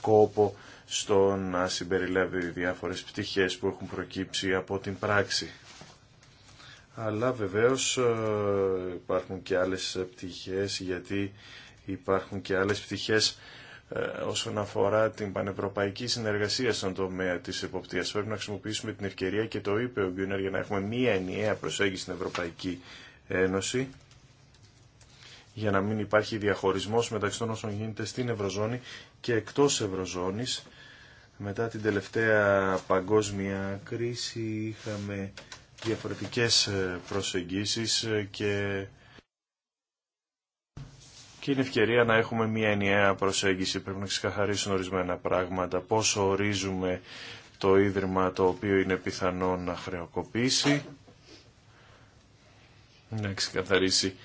κόπο στο να συμπεριλάβει διάφορες πτυχές που έχουν προκύψει από την πράξη. Αλλά βεβαίως υπάρχουν και άλλες πτυχές γιατί υπάρχουν και άλλες πτυχές ε, όσον αφορά την πανευρωπαϊκή συνεργασία στον τομέα της εποπτείας. Πρέπει να χρησιμοποιήσουμε την ευκαιρία και το είπε ο Γκιούνερ για να έχουμε μία ενιαία προσέγγιση στην Ευρωπαϊκή Ένωση για να μην υπάρχει διαχωρισμός μεταξύ των όσων γίνεται στην Ευρωζώνη και εκτός Ευρωζώνης. Μετά την τελευταία παγκόσμια κρίση είχαμε διαφορετικές ε, προσεγγίσεις ε, και και είναι ευκαιρία να έχουμε μια ενιαία προσέγγιση. Πρέπει να ξεκαθαρίσουν ορισμένα πράγματα, πόσο ορίζουμε το ίδρυμα το οποίο είναι πιθανό να χρεοκοπήσει, να ξεκαθαρίσει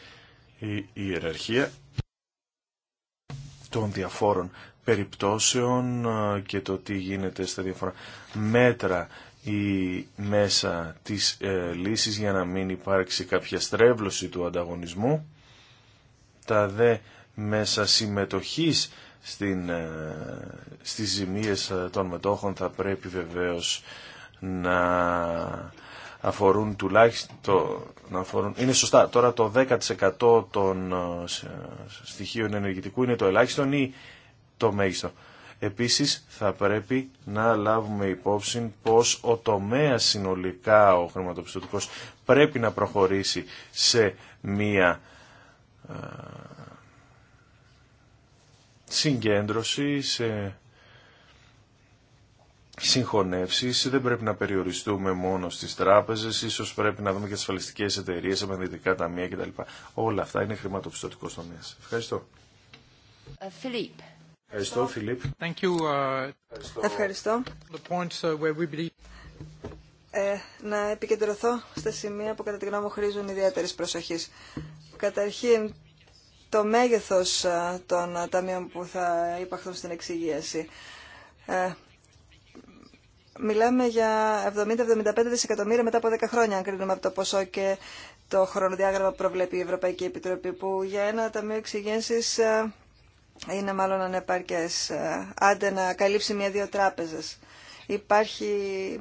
η ιεραρχία των διαφόρων περιπτώσεων ε, και το τι γίνεται στα διαφορά μέτρα ή μέσα της ε, λύσης για να μην υπάρξει κάποια στρέβλωση του ανταγωνισμού τα δε μέσα συμμετοχής στην, ε, στις ζημίες ε, των μετόχων θα πρέπει βεβαίως να αφορούν τουλάχιστον να αφορούν, είναι σωστά τώρα το 10% των ε, στοιχείων ενεργητικού είναι το ελάχιστο ή το μέγιστο επίσης θα πρέπει να λάβουμε υπόψη πως ο τομέας συνολικά ο χρηματοπιστωτικός πρέπει να προχωρήσει σε μία ε, συγκέντρωση, σε συγχωνεύσεις. Δεν πρέπει να περιοριστούμε μόνο στις τράπεζες, ίσως πρέπει να δούμε και ασφαλιστικές εταιρείες, επενδυτικά ταμεία κτλ. Όλα αυτά είναι χρηματοπιστωτικό τομέα. Ευχαριστώ. Ε, Φιλίπ. Ευχαριστώ, Φιλίπ. Ευχαριστώ. να επικεντρωθώ στα σημεία που κατά τη γνώμη μου χρήζουν ιδιαίτερης προσοχής. Καταρχήν, το μέγεθος των ταμείων που θα υπάρχουν στην εξυγίαση. Ε, μιλάμε για 70-75 δισεκατομμύρια μετά από 10 χρόνια, αν κρίνουμε από το ποσό και το χρονοδιάγραμμα που προβλέπει η Ευρωπαϊκή Επιτροπή, που για ένα ταμείο εξυγένσης είναι μάλλον ανεπαρκές, ε, άντε να καλύψει μια-δύο τράπεζες. Υπάρχει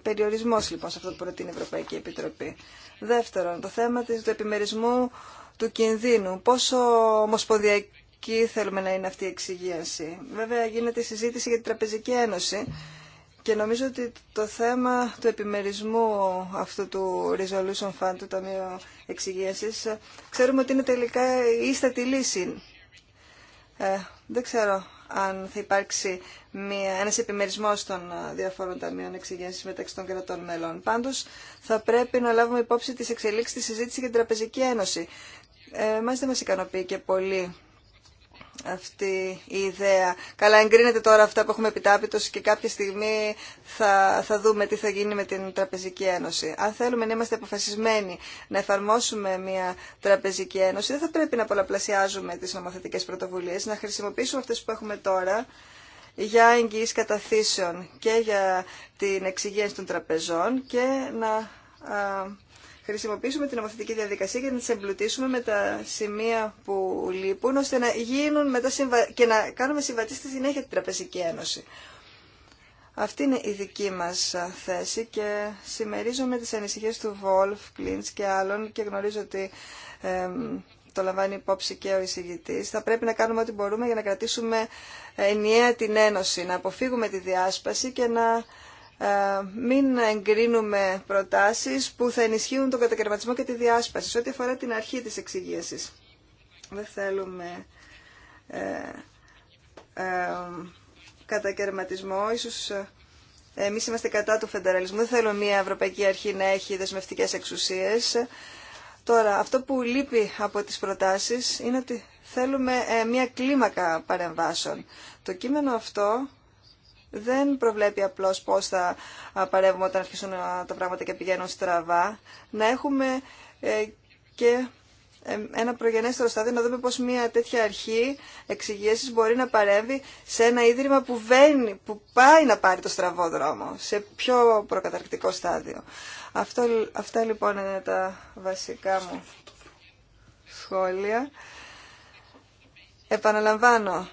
περιορισμός λοιπόν σε αυτό που προτείνει η Ευρωπαϊκή Επιτροπή. Δεύτερον, το θέμα του επιμερισμού του κινδύνου. Πόσο ομοσπονδιακή θέλουμε να είναι αυτή η εξυγίαση. Βέβαια γίνεται συζήτηση για την Τραπεζική Ένωση και νομίζω ότι το θέμα του επιμερισμού αυτού του Resolution Fund, του Ταμείου Εξυγίασης, ξέρουμε ότι είναι τελικά η ίστατη λύση. Ε, δεν ξέρω αν θα υπάρξει μια, ένας επιμερισμός των ε, διαφόρων ταμείων εξηγένσης μεταξύ των κρατών μελών. Πάντως θα πρέπει να λάβουμε υπόψη τις εξελίξεις της συζήτησης για την Τραπεζική Ένωση. Ε, μας δεν μας ικανοποιεί και πολύ αυτή η ιδέα. Καλά εγκρίνεται τώρα αυτά που έχουμε επιτάπητος και κάποια στιγμή θα, θα δούμε τι θα γίνει με την Τραπεζική Ένωση. Αν θέλουμε να είμαστε αποφασισμένοι να εφαρμόσουμε μια Τραπεζική Ένωση, δεν θα πρέπει να πολλαπλασιάζουμε τις νομοθετικές πρωτοβουλίες, να χρησιμοποιήσουμε αυτές που έχουμε τώρα για εγγυής καταθήσεων και για την εξυγένση των τραπεζών και να χρησιμοποιήσουμε την νομοθετική διαδικασία για να τι εμπλουτίσουμε με τα σημεία που λείπουν, ώστε να γίνουν μετά και να κάνουμε συμβατή στη συνέχεια την Τραπεζική Ένωση. Αυτή είναι η δική μας θέση και συμμερίζομαι τις ανησυχίες του Βολφ, Κλίντς και άλλων και γνωρίζω ότι ε, το λαμβάνει υπόψη και ο εισηγητής. Θα πρέπει να κάνουμε ό,τι μπορούμε για να κρατήσουμε ε, ενιαία την Ένωση, να αποφύγουμε τη διάσπαση και να ε, μην εγκρίνουμε προτάσεις που θα ενισχύουν τον κατακαιρματισμό και τη διάσπαση σε ό,τι αφορά την αρχή της εξυγίασης. Δεν θέλουμε ε, ε, κατακαιρματισμό. Ίσως ε, εμείς είμαστε κατά του φεντεραλισμού. Δεν θέλουμε μια ευρωπαϊκή αρχή να έχει δεσμευτικές εξουσίες. Τώρα, αυτό που λείπει από τις προτάσεις είναι ότι θέλουμε ε, μια κλίμακα παρεμβάσεων. Το κείμενο αυτό δεν προβλέπει απλώς πώς θα παρεύουμε όταν αρχίσουν τα πράγματα και πηγαίνουν στραβά. Να έχουμε ε, και ε, ένα προγενέστερο στάδιο να δούμε πώς μια τέτοια αρχή εξηγήσεις μπορεί να παρέμβει σε ένα ίδρυμα που, βαίνει, που πάει να πάρει το στραβό δρόμο, σε πιο προκαταρκτικό στάδιο. Αυτό, αυτά λοιπόν είναι τα βασικά μου σχόλια. Επαναλαμβάνω,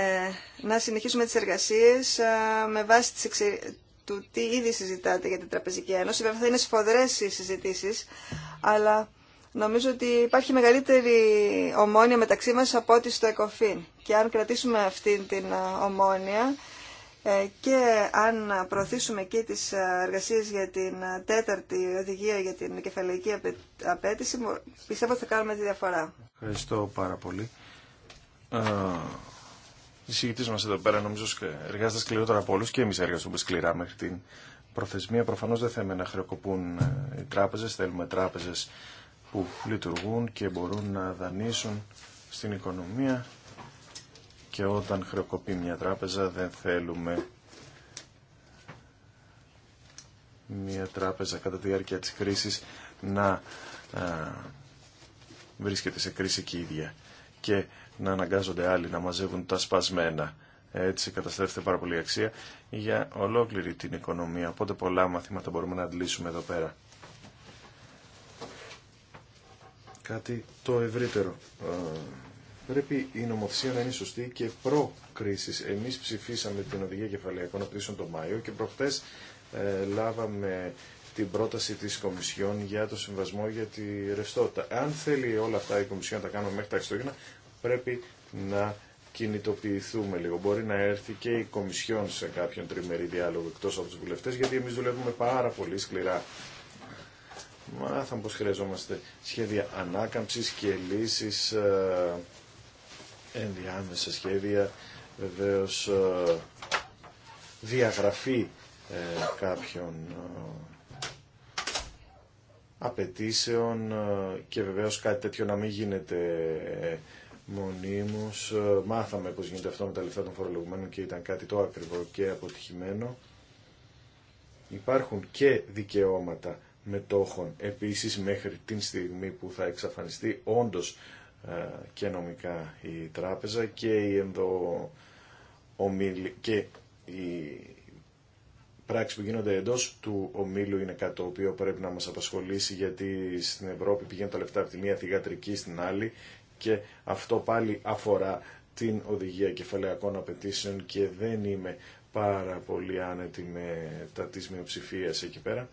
ε, να συνεχίσουμε τις εργασίες ε, με βάση του τι ήδη συζητάτε για την Τραπεζική Ένωση. Βέβαια θα είναι σφοδρές οι συζητήσεις, αλλά νομίζω ότι υπάρχει μεγαλύτερη ομόνια μεταξύ μας από ό,τι στο ΕΚΟΦΗΝ. Και αν κρατήσουμε αυτή την ε, ομόνια και αν προωθήσουμε και τις εργασίες για την τέταρτη οδηγία για την κεφαλαϊκή απέτηση, πιστεύω ότι θα κάνουμε τη διαφορά. Ευχαριστώ πάρα πολύ εισηγητής μας εδώ πέρα νομίζω εργάζεται σκληρότερα από όλους και εμείς εργαζόμαστε σκληρά μέχρι την προθεσμία. Προφανώς δεν θέλουμε να χρεοκοπούν ε, οι τράπεζες, θέλουμε τράπεζες που λειτουργούν και μπορούν να δανείσουν στην οικονομία και όταν χρεοκοπεί μια τράπεζα δεν θέλουμε μια τράπεζα κατά τη διάρκεια της κρίσης να ε, βρίσκεται σε κρίση και ίδια. Και να αναγκάζονται άλλοι να μαζεύουν τα σπασμένα. Έτσι καταστρέφεται πάρα πολύ αξία για ολόκληρη την οικονομία. Οπότε πολλά μαθήματα μπορούμε να αντλήσουμε εδώ πέρα. Κάτι το ευρύτερο. Ε, πρέπει η νομοθεσία να είναι σωστή και προ-κρίσης. Εμείς ψηφίσαμε την Οδηγία Κεφαλαϊκών Απτήσεων τον Μάιο και προχτές ε, λάβαμε την πρόταση της Κομισιόν για το συμβασμό για τη ρευστότητα. Αν θέλει όλα αυτά η Κομισιόν να τα κάνουμε μέχρι τα Χριστούγεννα, πρέπει να κινητοποιηθούμε λίγο. Μπορεί να έρθει και η Κομισιόν σε κάποιον τριμερή διάλογο εκτός από τους βουλευτές, γιατί εμείς δουλεύουμε πάρα πολύ σκληρά. Μάθαμε πως χρειαζόμαστε σχέδια ανάκαμψης και λύσεις, ε, ενδιάμεσα σχέδια, βεβαίως ε, διαγραφή ε, κάποιων απαιτήσεων και βεβαίως κάτι τέτοιο να μην γίνεται μονίμως. Ε, μάθαμε πώς γίνεται αυτό με τα λεφτά των φορολογουμένων και ήταν κάτι το ακριβό και αποτυχημένο. Υπάρχουν και δικαιώματα μετόχων επίσης μέχρι την στιγμή που θα εξαφανιστεί όντως ε, και νομικά η τράπεζα και η ενδο... και η πράξη που γίνονται εντό του ομίλου είναι κάτι το οποίο πρέπει να μας απασχολήσει, γιατί στην Ευρώπη πηγαίνουν τα λεφτά από τη μία θηγατρική στην άλλη και αυτό πάλι αφορά την οδηγία κεφαλαιακών απαιτήσεων και δεν είμαι πάρα πολύ άνετη με τα της μειοψηφίας εκεί πέρα.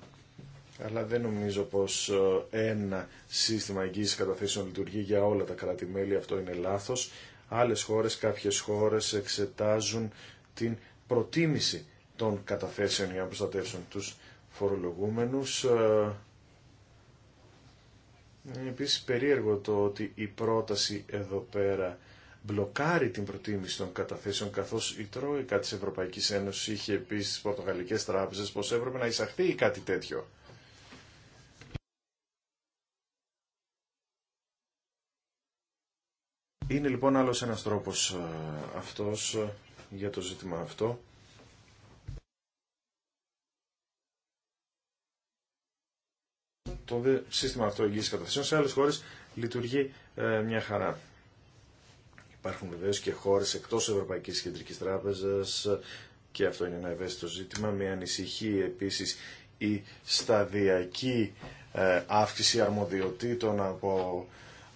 Αλλά δεν νομίζω πως ε, ένα σύστημα εγγύησης καταθέσεων λειτουργεί για όλα τα κράτη-μέλη, αυτό είναι λάθος. Άλλες χώρες, κάποιες χώρες εξετάζουν την προτίμηση των καταθέσεων για να προστατεύσουν τους φορολογούμενους. Ε, είναι επίσης περίεργο το ότι η πρόταση εδώ πέρα μπλοκάρει την προτίμηση των καταθέσεων καθώς η Τρόικα της Ευρωπαϊκής Ένωσης είχε πει στις πορτογαλικές τράπεζες πως έπρεπε να εισαχθεί ή κάτι τέτοιο. Είναι λοιπόν άλλος ένας τρόπος ε, αυτός ε, για το ζήτημα αυτό το σύστημα αυτό εγγύησης καταθέσεων σε άλλες χώρες λειτουργεί ε, μια χαρά. Υπάρχουν βεβαίω και χώρες εκτός Ευρωπαϊκής Κεντρικής Τράπεζας ε, και αυτό είναι ένα ευαίσθητο ζήτημα. Μια ανησυχεί επίσης η σταδιακή ε, αύξηση αρμοδιοτήτων από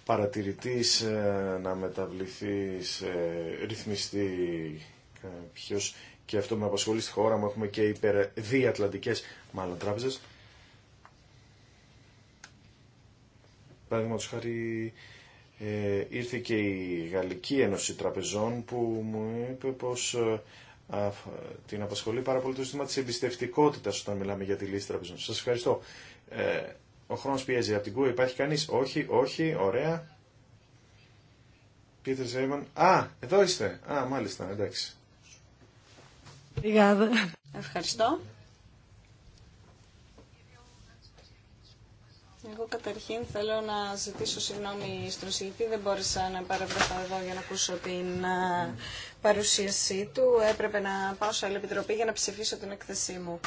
παρατηρητής ε, να μεταβληθεί σε ρυθμιστή ποιος και αυτό με απασχολεί στη χώρα μου. Έχουμε και υπερδιατλαντικές μάλλον τράπεζες Παραδείγματο χάρη ε, ήρθε και η Γαλλική Ένωση Τραπεζών που μου είπε πως ε, την απασχολεί πάρα πολύ το ζήτημα της εμπιστευτικότητας όταν μιλάμε για τη λύση τραπεζών. Σας ευχαριστώ. Ε, ο χρόνος πιέζει. Από την ΚΟΕ υπάρχει κανείς. Όχι, όχι, ωραία. Πίτερ Ζέιμαν. Α, εδώ είστε. Α, μάλιστα, εντάξει. Ευχαριστώ. Εγώ καταρχήν θέλω να ζητήσω συγγνώμη στον συγκεκριτή. Δεν μπόρεσα να παρευρεθώ εδώ για να ακούσω την ε, παρουσίασή του. Έπρεπε να πάω σε άλλη επιτροπή για να ψηφίσω την έκθεσή μου.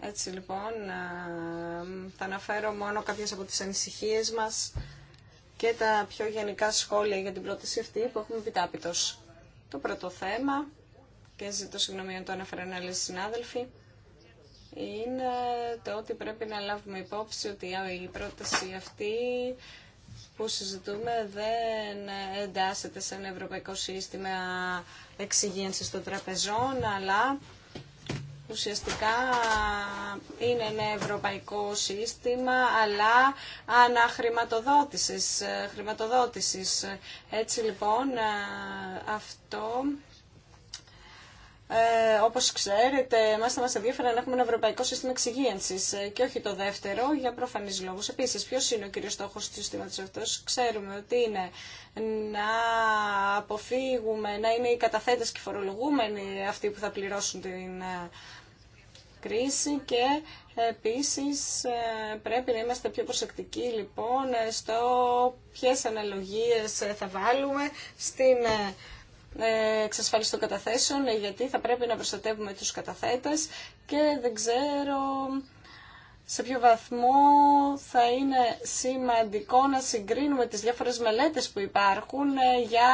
Έτσι λοιπόν, ε, θα αναφέρω μόνο κάποιες από τις ανησυχίες μας και τα πιο γενικά σχόλια για την πρόταση αυτή που έχουμε επιτάπητος. Το πρώτο θέμα, και ζητώ συγγνώμη αν το αναφέραν άλλοι συνάδελφοι, είναι το ότι πρέπει να λάβουμε υπόψη ότι η πρόταση αυτή που συζητούμε δεν εντάσσεται σε ένα ευρωπαϊκό σύστημα εξυγένσης των τραπεζών, αλλά ουσιαστικά είναι ένα ευρωπαϊκό σύστημα, αλλά αναχρηματοδότησης, χρηματοδότησης. Έτσι λοιπόν αυτό ε, όπως ξέρετε, εμά θα μας ενδιαφέρει να έχουμε ένα ευρωπαϊκό σύστημα εξυγίανσης ε, και όχι το δεύτερο για προφανεί λόγους. Επίσης, ποιο είναι ο κύριο στόχο του συστήματο αυτό, Ξέρουμε ότι είναι να αποφύγουμε, να είναι οι καταθέτες και οι φορολογούμενοι αυτοί που θα πληρώσουν την ε, κρίση και επίσης ε, πρέπει να είμαστε πιο προσεκτικοί λοιπόν στο ποιες αναλογίες θα βάλουμε στην ε, εξασφάλιση των καταθέσεων, γιατί θα πρέπει να προστατεύουμε τους καταθέτες και δεν ξέρω σε ποιο βαθμό θα είναι σημαντικό να συγκρίνουμε τις διάφορες μελέτες που υπάρχουν ε, για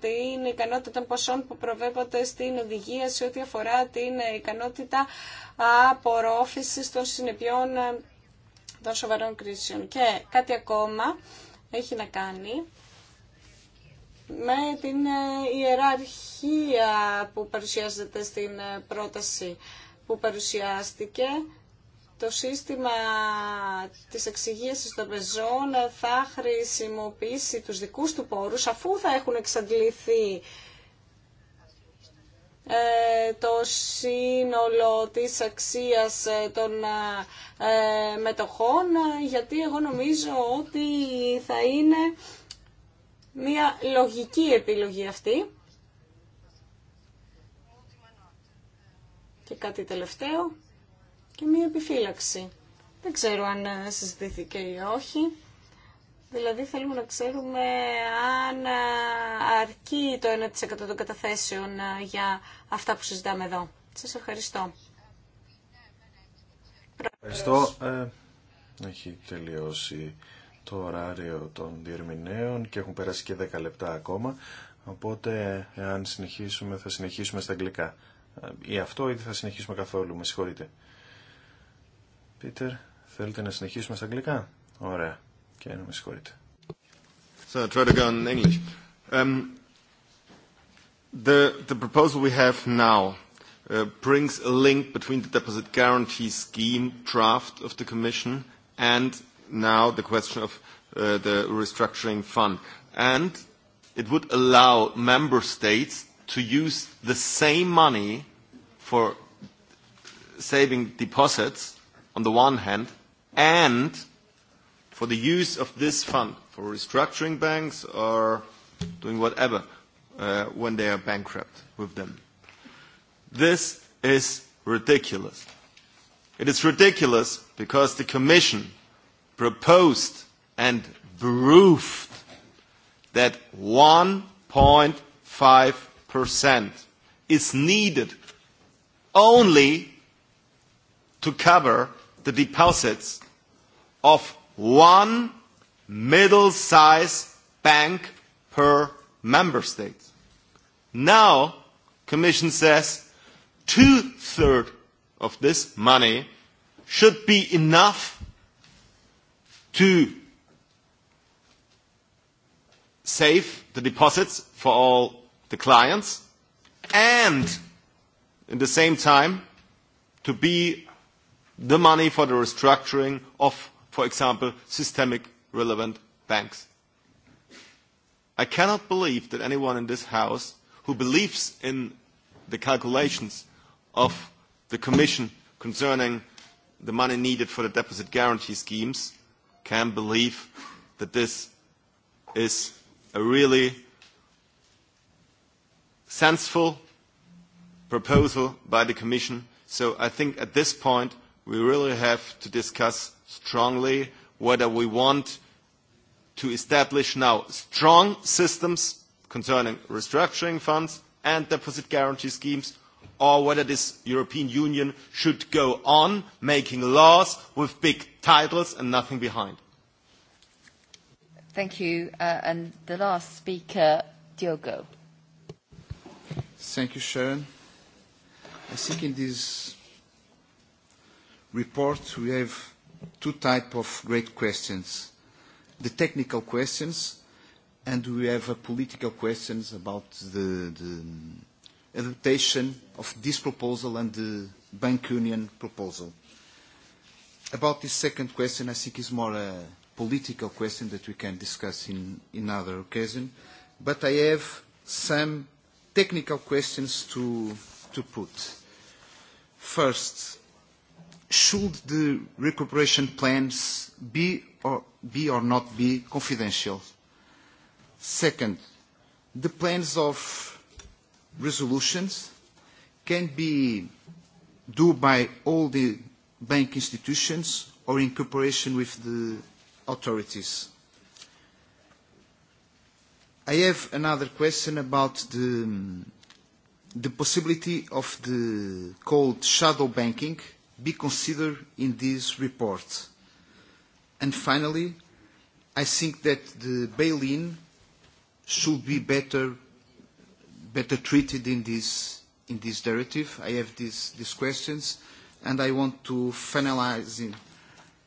την ικανότητα των ποσών που προβέπονται στην οδηγία σε ό,τι αφορά την ε, ικανότητα απορρόφησης των συνεπειών των σοβαρών κρίσεων. Και κάτι ακόμα έχει να κάνει με την ε, ιεραρχία που παρουσιάζεται στην ε, πρόταση που παρουσιάστηκε το σύστημα της εξυγίασης των πεζών θα χρησιμοποιήσει τους δικούς του πόρους αφού θα έχουν εξαντληθεί ε, το σύνολο της αξίας των μετοχών γιατί εγώ νομίζω ότι θα είναι μια λογική επιλογή αυτή. Και κάτι τελευταίο και μια επιφύλαξη. Δεν ξέρω αν συζητήθηκε ή όχι. Δηλαδή θέλουμε να ξέρουμε αν αρκεί το 1% των καταθέσεων για αυτά που συζητάμε εδώ. Σας ευχαριστώ. Ευχαριστώ. Ε, έχει τελειώσει το ωράριο των διερμηνέων και έχουν περάσει και 10 λεπτά ακόμα. Οπότε, εάν συνεχίσουμε, θα συνεχίσουμε στα αγγλικά. Ε, ή αυτό, ή δεν θα συνεχίσουμε καθόλου. Με συγχωρείτε. Πίτερ, θέλετε να συνεχίσουμε στα αγγλικά. Ωραία. Και να με συγχωρείτε. So, try to go in English. Um, the, the proposal we have now uh, brings a link between the deposit guarantee scheme draft of the Commission and now the question of the restructuring fund. And it would allow member states to use the same money for saving deposits on the one hand and for the use of this fund for restructuring banks or doing whatever when they are bankrupt with them. This is ridiculous. It is ridiculous because the Commission proposed and proved that 1.5% is needed only to cover the deposits of one middle-sized bank per member state. Now, Commission says two-thirds of this money should be enough to save the deposits for all the clients and at the same time to be the money for the restructuring of, for example, systemic relevant banks. I cannot believe that anyone in this House who believes in the calculations of the Commission concerning the money needed for the deposit guarantee schemes can believe that this is a really sensible proposal by the Commission. So I think at this point we really have to discuss strongly whether we want to establish now strong systems concerning restructuring funds and deposit guarantee schemes or whether this European Union should go on making laws with big titles and nothing behind. Thank you. And the last speaker, Diogo. Thank you, Sharon. I think in this report we have two types of great questions. The technical questions and we have political questions about the adaptation of this proposal and the bank union proposal. About this second question, I think is more a political question that we can discuss in another occasion, but I have some technical questions to put. First, should the recuperation plans be or be or not be confidential? Second, the plans of resolutions can be due by all the bank institutions or in cooperation with the authorities. I have another question about the, the possibility of the called shadow banking be considered in this report. And finally, I think that the bail-in should be better better treated in this in this directive. I have these these questions, and I want to finalise in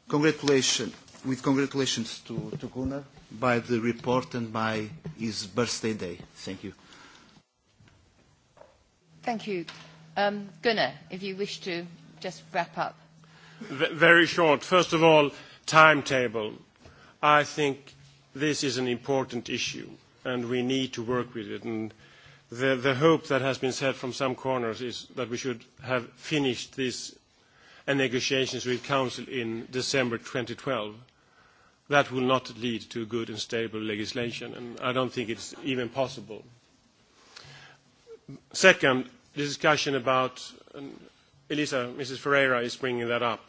congratulations with congratulations to to Gunnar by the report and by his birthday day. Thank you. Thank you, Gunnar. If you wish to just wrap up. Very short. First of all, timetable. I think this is an important issue, and we need to work with it the hope that has been said from some corners is that we should have finished these negotiations with Council in December 2012. That will not lead to good and stable legislation, and I don't think it's even possible. Second, the discussion about, Elisa, Mrs. Ferreira is bringing that up,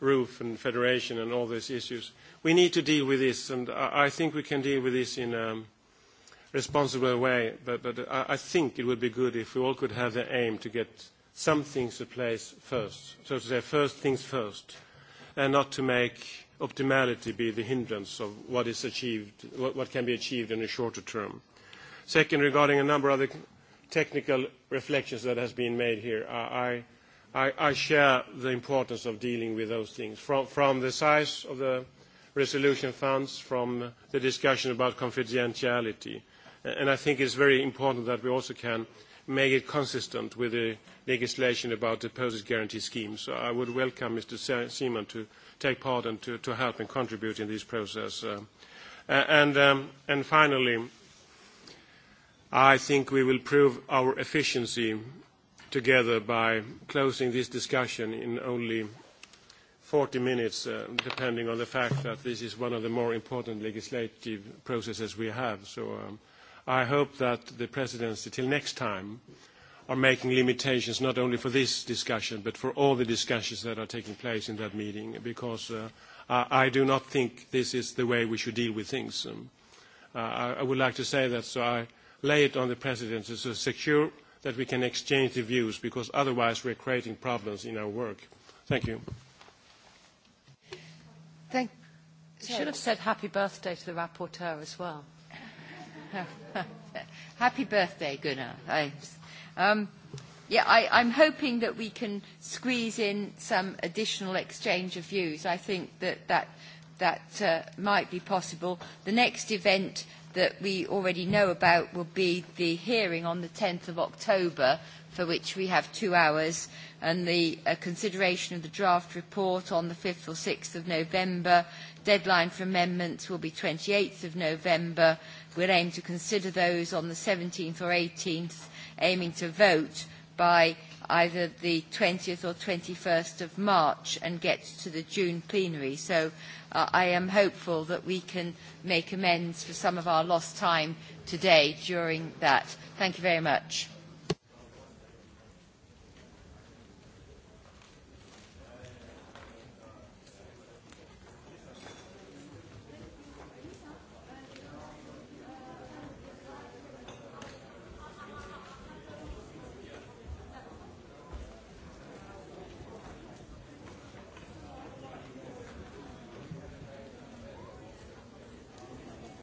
roof and federation and all these issues. We need to deal with this, and I think we can deal with this in responsible way, but I think it would be good if we all could have the aim to get some things in place first, so to say, first things first, and not to make optimality be the hindrance of what is achieved, what can be achieved in a shorter term. Second, regarding a number of the technical reflections that has been made here, I share the importance of dealing with those things, from the size of the resolution funds, from the discussion about confidentiality and I think it's very important that we also can make it consistent with the legislation about deposit guarantee schemes. So I would welcome Mr. Seaman to take part and to help and contribute in this process. And finally, I think we will prove our efficiency together by closing this discussion in only 40 minutes, depending on the fact that this is one of the more important legislative processes we have. So I hope that the presidency, till next time, are making limitations not only for this discussion, but for all the discussions that are taking place in that meeting, because I do not think this is the way we should deal with things. I would like to say that, so I lay it on the presidency to secure that we can exchange the views, because otherwise we're creating problems in our work. Thank you. Thank. Should have said happy birthday to the rapporteur as well. Happy birthday, Gunnar. Yeah, I'm hoping that we can squeeze in some additional exchange of views. I think that that that might be possible. The next event that we already know about will be the hearing on the 10th of October, for which we have two hours, and the consideration of the draft report on the 5th or 6th of November. Deadline for amendments will be 28th of November We'll aim to consider those on the 17th or 18th, aiming to vote by either the 20th or 21st of March and get to the June plenary. So I am hopeful that we can make amends for some of our lost time today during that. Thank you very much.